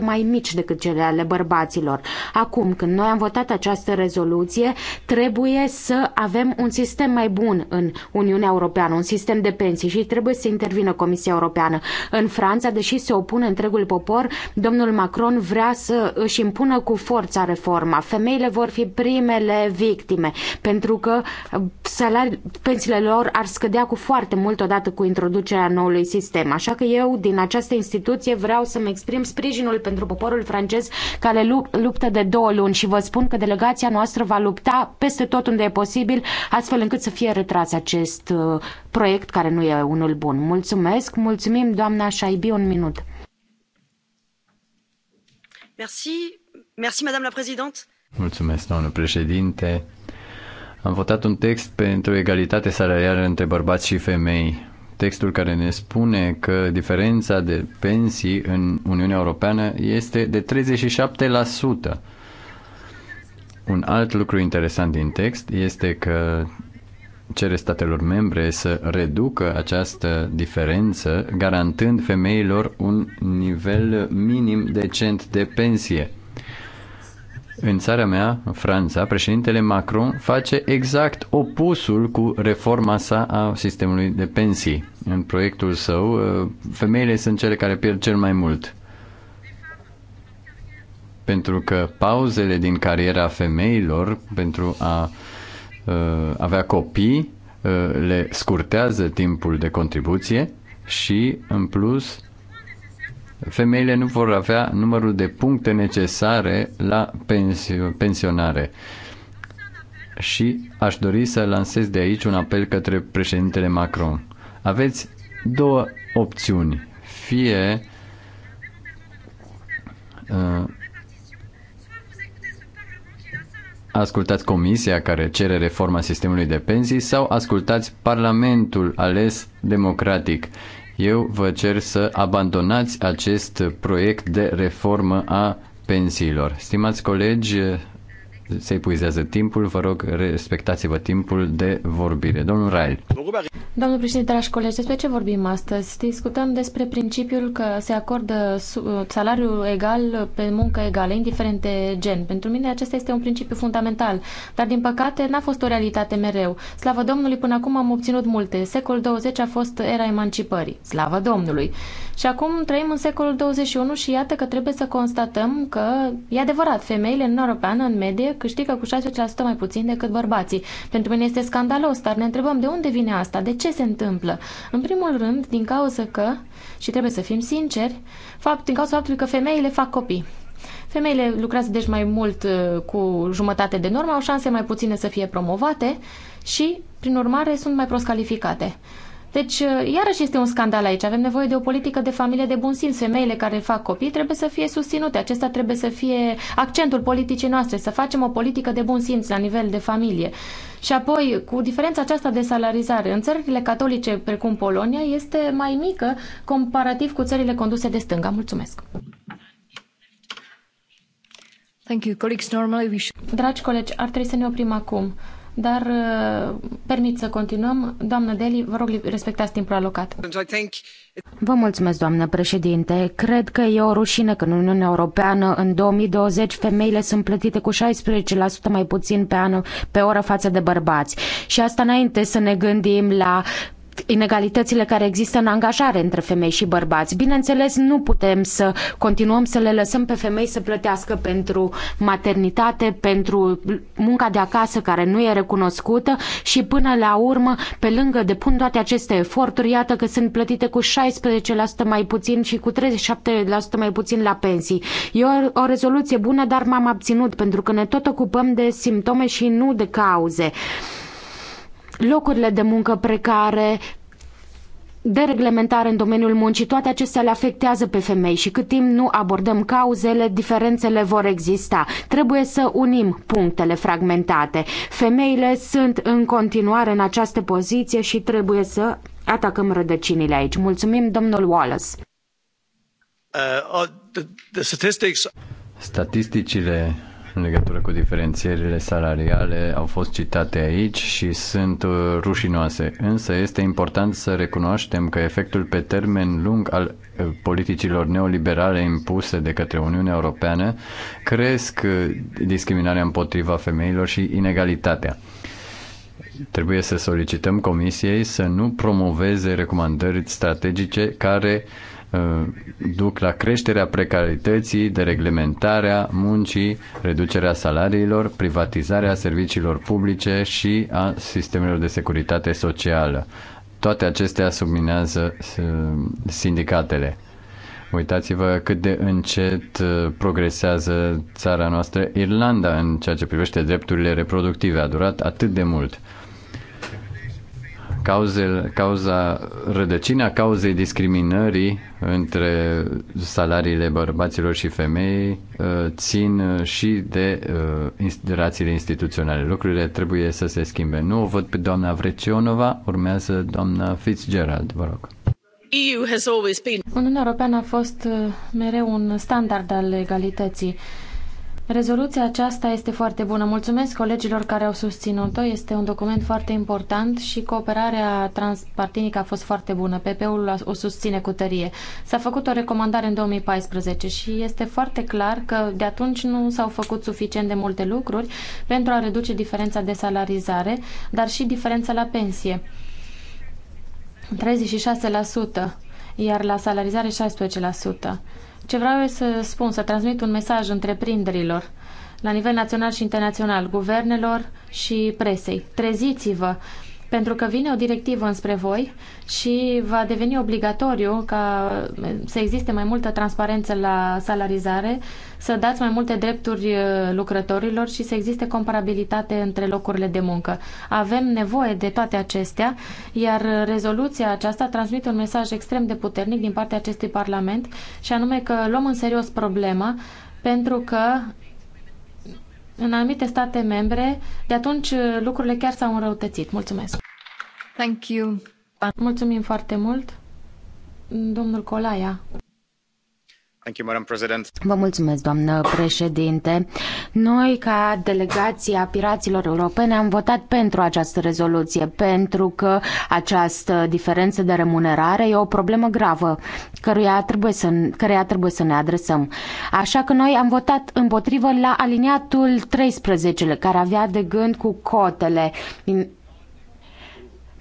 mai mici decât cele ale bărbaților. Acum, când noi am votat această rezoluție, trebuie să avem un sistem mai bun în Uniunea Europeană, un sistem de pensii și trebuie să intervină Comisia Europeană. În Franța, deși se opune întregul popor, domnul Macron vrea să își impună cu forța reforma. Femeile vor fi primele victime, pentru că uh, salarii, pensiile lor ar scădea cu foarte mult odată cu introducerea noului sistem. Așa că eu, din această instituție, vreau să-mi exprim sprijinul pentru poporul francez care luptă luptă de două luni și vă spun că delegația noastră va lupta peste tot unde e posibil, astfel încât să fie retras acest uh, proiect care nu e unul bun. Mulțumesc, mulțumim doamna Șaibi, un minut. Merci, merci madame la présidente. Mulțumesc, doamnă președinte. Am votat un text pentru egalitate salarială între bărbați și femei textul care ne spune că diferența de pensii în Uniunea Europeană este de 37%. Un alt lucru interesant din text este că cere statelor membre să reducă această diferență, garantând femeilor un nivel minim decent de pensie. În țara mea, în Franța, președintele Macron face exact opusul cu reforma sa a sistemului de pensii. În proiectul său, uh, femeile sunt cele care pierd cel mai mult. Pentru că pauzele din cariera femeilor pentru a uh, avea copii uh, le scurtează timpul de contribuție și, în plus, femeile nu vor avea numărul de puncte necesare la pensio- pensionare. Și aș dori să lansez de aici un apel către președintele Macron. Aveți două opțiuni. Fie uh, ascultați comisia care cere reforma sistemului de pensii sau ascultați Parlamentul ales democratic eu vă cer să abandonați acest proiect de reformă a pensiilor. Stimați colegi, se epuizează timpul, vă rog, respectați-vă timpul de vorbire. Domnul Rael. Domnul președinte, dragi colegi, despre ce vorbim astăzi? Discutăm despre principiul că se acordă salariu egal pe muncă egală, indiferent de gen. Pentru mine acesta este un principiu fundamental, dar din păcate n-a fost o realitate mereu. Slavă Domnului, până acum am obținut multe. Secolul 20 a fost era emancipării. Slavă Domnului! Și acum trăim în secolul 21 și iată că trebuie să constatăm că, e adevărat, femeile în Europeană, în medie, câștigă cu 6% mai puțin decât bărbații. Pentru mine este scandalos, dar ne întrebăm de unde vine asta, de ce se întâmplă. În primul rând, din cauza că, și trebuie să fim sinceri, fapt, din cauza faptului că femeile fac copii. Femeile lucrează deci mai mult uh, cu jumătate de normă, au șanse mai puține să fie promovate și, prin urmare, sunt mai prost calificate. Deci, uh, iarăși este un scandal aici. Avem nevoie de o politică de familie de bun simț. Femeile care fac copii trebuie să fie susținute. Acesta trebuie să fie accentul politicii noastre, să facem o politică de bun simț la nivel de familie. Și apoi, cu diferența aceasta de salarizare, în țările catolice, precum Polonia, este mai mică comparativ cu țările conduse de stânga. Mulțumesc! Thank you, colleagues. Normally we should... Dragi colegi, ar trebui să ne oprim acum dar uh, permit să continuăm. Doamnă Deli, vă rog, respectați timpul alocat. Vă mulțumesc, doamnă președinte. Cred că e o rușine că în Uniunea Europeană în 2020 femeile sunt plătite cu 16% mai puțin pe, an, pe oră față de bărbați. Și asta înainte să ne gândim la inegalitățile care există în angajare între femei și bărbați. Bineînțeles, nu putem să continuăm să le lăsăm pe femei să plătească pentru maternitate, pentru munca de acasă care nu e recunoscută și până la urmă, pe lângă depun toate aceste eforturi, iată că sunt plătite cu 16% mai puțin și cu 37% mai puțin la pensii. E o, o rezoluție bună, dar m-am abținut pentru că ne tot ocupăm de simptome și nu de cauze locurile de muncă precare, dereglementare în domeniul muncii, toate acestea le afectează pe femei și cât timp nu abordăm cauzele, diferențele vor exista. Trebuie să unim punctele fragmentate. Femeile sunt în continuare în această poziție și trebuie să atacăm rădăcinile aici. Mulțumim, domnul Wallace. Uh, uh, the, the statistics... Statisticile în legătură cu diferențierile salariale au fost citate aici și sunt uh, rușinoase. Însă este important să recunoaștem că efectul pe termen lung al uh, politicilor neoliberale impuse de către Uniunea Europeană cresc uh, discriminarea împotriva femeilor și inegalitatea. Trebuie să solicităm Comisiei să nu promoveze recomandări strategice care uh, Uh, duc la creșterea precarității, dereglementarea muncii, reducerea salariilor, privatizarea serviciilor publice și a sistemelor de securitate socială. Toate acestea subminează uh, sindicatele. Uitați-vă cât de încet uh, progresează țara noastră, Irlanda, în ceea ce privește drepturile reproductive. A durat atât de mult. Cauze, cauza, rădăcina cauzei discriminării între salariile bărbaților și femei uh, țin uh, și de uh, rațiile instituționale. Lucrurile trebuie să se schimbe. Nu o văd pe doamna Vrecionova, urmează doamna Fitzgerald, vă rog. Uniunea Europeană a fost mereu un standard al egalității. Rezoluția aceasta este foarte bună. Mulțumesc colegilor care au susținut-o. Este un document foarte important și cooperarea transpartinică a fost foarte bună. PP-ul o susține cu tărie. S-a făcut o recomandare în 2014 și este foarte clar că de atunci nu s-au făcut suficient de multe lucruri pentru a reduce diferența de salarizare, dar și diferența la pensie. 36%, iar la salarizare 16%. Ce vreau să spun, să transmit un mesaj întreprinderilor la nivel național și internațional, guvernelor și presei. Treziți-vă! pentru că vine o directivă înspre voi și va deveni obligatoriu ca să existe mai multă transparență la salarizare, să dați mai multe drepturi uh, lucrătorilor și să existe comparabilitate între locurile de muncă. Avem nevoie de toate acestea, iar rezoluția aceasta transmite un mesaj extrem de puternic din partea acestui Parlament și anume că luăm în serios problema pentru că în anumite state membre, de atunci uh, lucrurile chiar s-au înrăutățit. Mulțumesc! Thank you! Mulțumim foarte mult! Domnul Colaia. Vă mulțumesc, doamnă președinte. Noi, ca delegația piraților europene, am votat pentru această rezoluție, pentru că această diferență de remunerare e o problemă gravă căruia trebuie să, căreia trebuie să ne adresăm. Așa că noi am votat împotrivă la aliniatul 13, care avea de gând cu cotele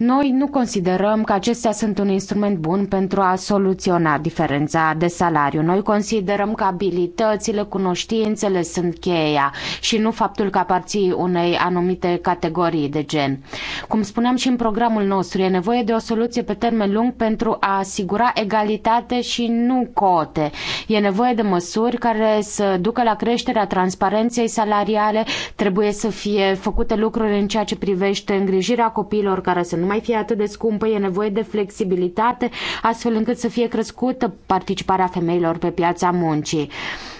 noi nu considerăm că acestea sunt un instrument bun pentru a soluționa diferența de salariu. Noi considerăm că abilitățile, cunoștințele sunt cheia și nu faptul că aparții unei anumite categorii de gen. Cum spuneam și în programul nostru, e nevoie de o soluție pe termen lung pentru a asigura egalitate și nu cote. E nevoie de măsuri care să ducă la creșterea transparenței salariale, trebuie să fie făcute lucruri în ceea ce privește îngrijirea copiilor care se numesc mai fie atât de scumpă, e nevoie de flexibilitate, astfel încât să fie crescută participarea femeilor pe piața muncii.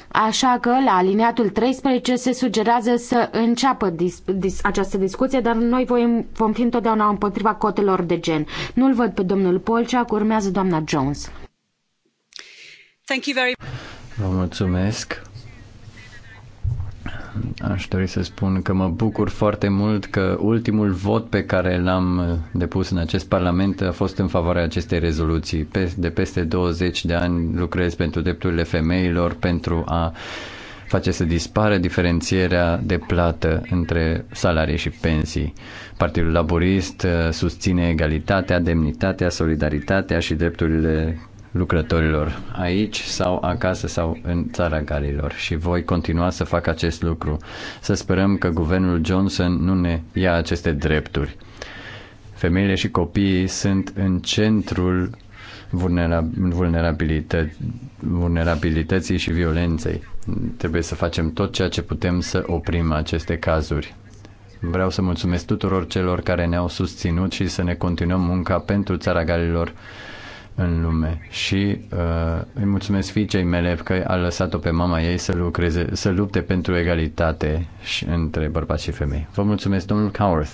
Așa că la alineatul 13 se sugerează să înceapă dis, dis, această discuție, dar noi vom, vom fi întotdeauna împotriva cotelor de gen. Nu-l văd pe domnul Polcea, urmează doamna Jones. Thank you very... Vă mulțumesc. Aș dori să spun că mă bucur foarte mult că ultimul vot pe care l-am depus în acest Parlament a fost în favoarea acestei rezoluții. De peste 20 de ani lucrez pentru drepturile femeilor, pentru a face să dispară diferențierea de plată între salarii și pensii. Partidul Laborist uh, susține egalitatea, demnitatea, solidaritatea și drepturile lucrătorilor aici sau acasă sau în țara galilor și voi continua să fac acest lucru. Să sperăm că guvernul Johnson nu ne ia aceste drepturi. Femeile și copiii sunt în centrul vulnerabilității și violenței. Trebuie să facem tot ceea ce putem să oprim aceste cazuri. Vreau să mulțumesc tuturor celor care ne-au susținut și să ne continuăm munca pentru țara galilor în lume și uh, îi mulțumesc fiicei mele că a lăsat-o pe mama ei să lucreze, să lupte pentru egalitate și între bărbați și femei. Vă mulțumesc, domnul Coworth.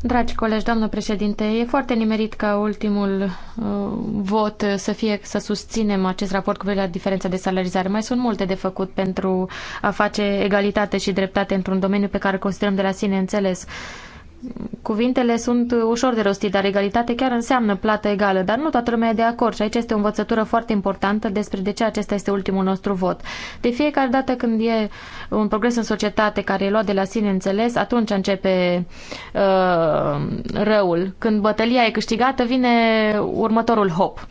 Dragi colegi, doamnă președinte, e foarte nimerit ca ultimul uh, vot să fie să susținem acest raport cu privire la diferența de salarizare. Mai sunt multe de făcut pentru a face egalitate și dreptate într-un domeniu pe care considerăm de la sine înțeles. Uh, Cuvintele sunt ușor de rostit, dar egalitate chiar înseamnă plată egală, dar nu toată lumea e de acord și aici este o învățătură foarte importantă despre de ce acesta este ultimul nostru vot. De fiecare dată când e un progres în societate care e luat de la sine înțeles, atunci începe uh, răul. Când bătălia e câștigată, vine următorul hop.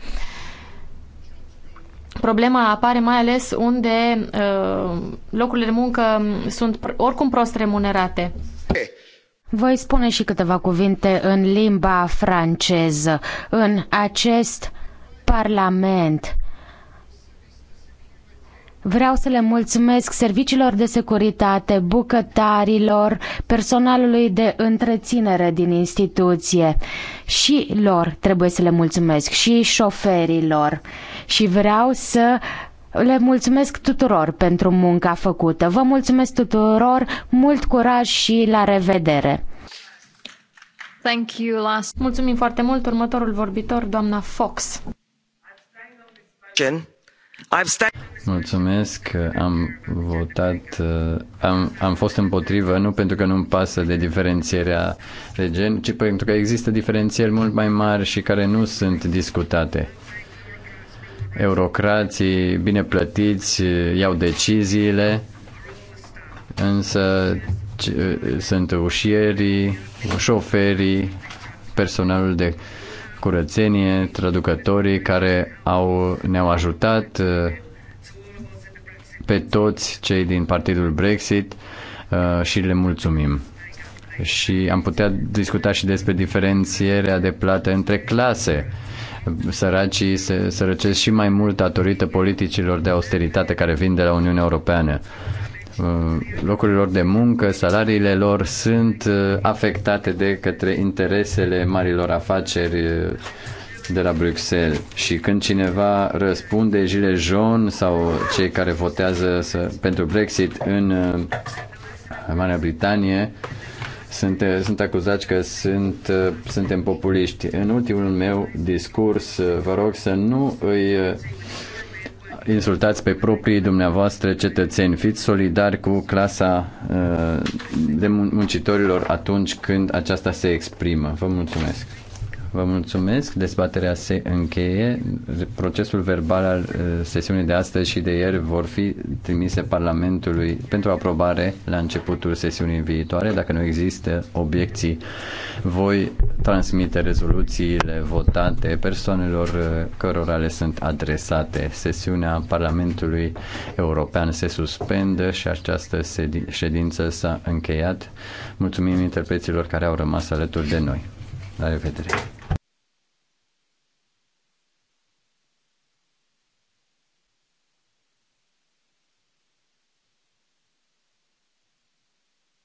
Problema apare mai ales unde uh, locurile de muncă sunt oricum prost remunerate. Hey. Eh, voi spune și câteva cuvinte în limba franceză. În acest parlament Vreau să le mulțumesc serviciilor de securitate, bucătarilor, personalului de întreținere din instituție. Și lor trebuie să le mulțumesc, și șoferilor. Și vreau să le mulțumesc tuturor pentru munca făcută. Vă mulțumesc tuturor, mult curaj și la revedere! Thank you, last. Mulțumim foarte mult. Următorul vorbitor, doamna Fox. Mulțumesc, am votat, uh, am, am fost împotrivă, nu pentru că nu-mi pasă de diferențierea de gen, ci pentru că există diferențieri mult mai mari și care nu sunt discutate eurocrații bine plătiți iau deciziile, însă sunt ușierii, șoferii, personalul de curățenie, traducătorii care au, ne-au ajutat uh, pe toți cei din partidul Brexit uh, și le mulțumim. Și am putea discuta și despre diferențierea de plată între clase Săracii se sărăcesc și mai mult datorită politicilor de austeritate care vin de la Uniunea Europeană uh, locurilor de muncă, salariile lor sunt uh, afectate de către interesele marilor afaceri uh, de la Bruxelles. Și când cineva răspunde Gilles Jaune sau cei care votează să, pentru Brexit în Marea Britanie, sunt, eh, sunt acuzați că sunt, eh, suntem populiști. În ultimul meu discurs, eh, vă rog să nu îi insultați pe proprii dumneavoastră cetățeni. Fiți solidari cu clasa de muncitorilor atunci când aceasta se exprimă. Vă mulțumesc. Vă mulțumesc. Dezbaterea se încheie. Procesul verbal al uh, sesiunii de astăzi și de ieri vor fi trimise Parlamentului pentru aprobare la începutul sesiunii viitoare. Dacă nu există obiecții, voi transmite rezoluțiile votate persoanelor uh, cărora le sunt adresate. Sesiunea Parlamentului European se suspendă și această ședință s-a încheiat. Mulțumim interpreților care au rămas alături de noi. La revedere!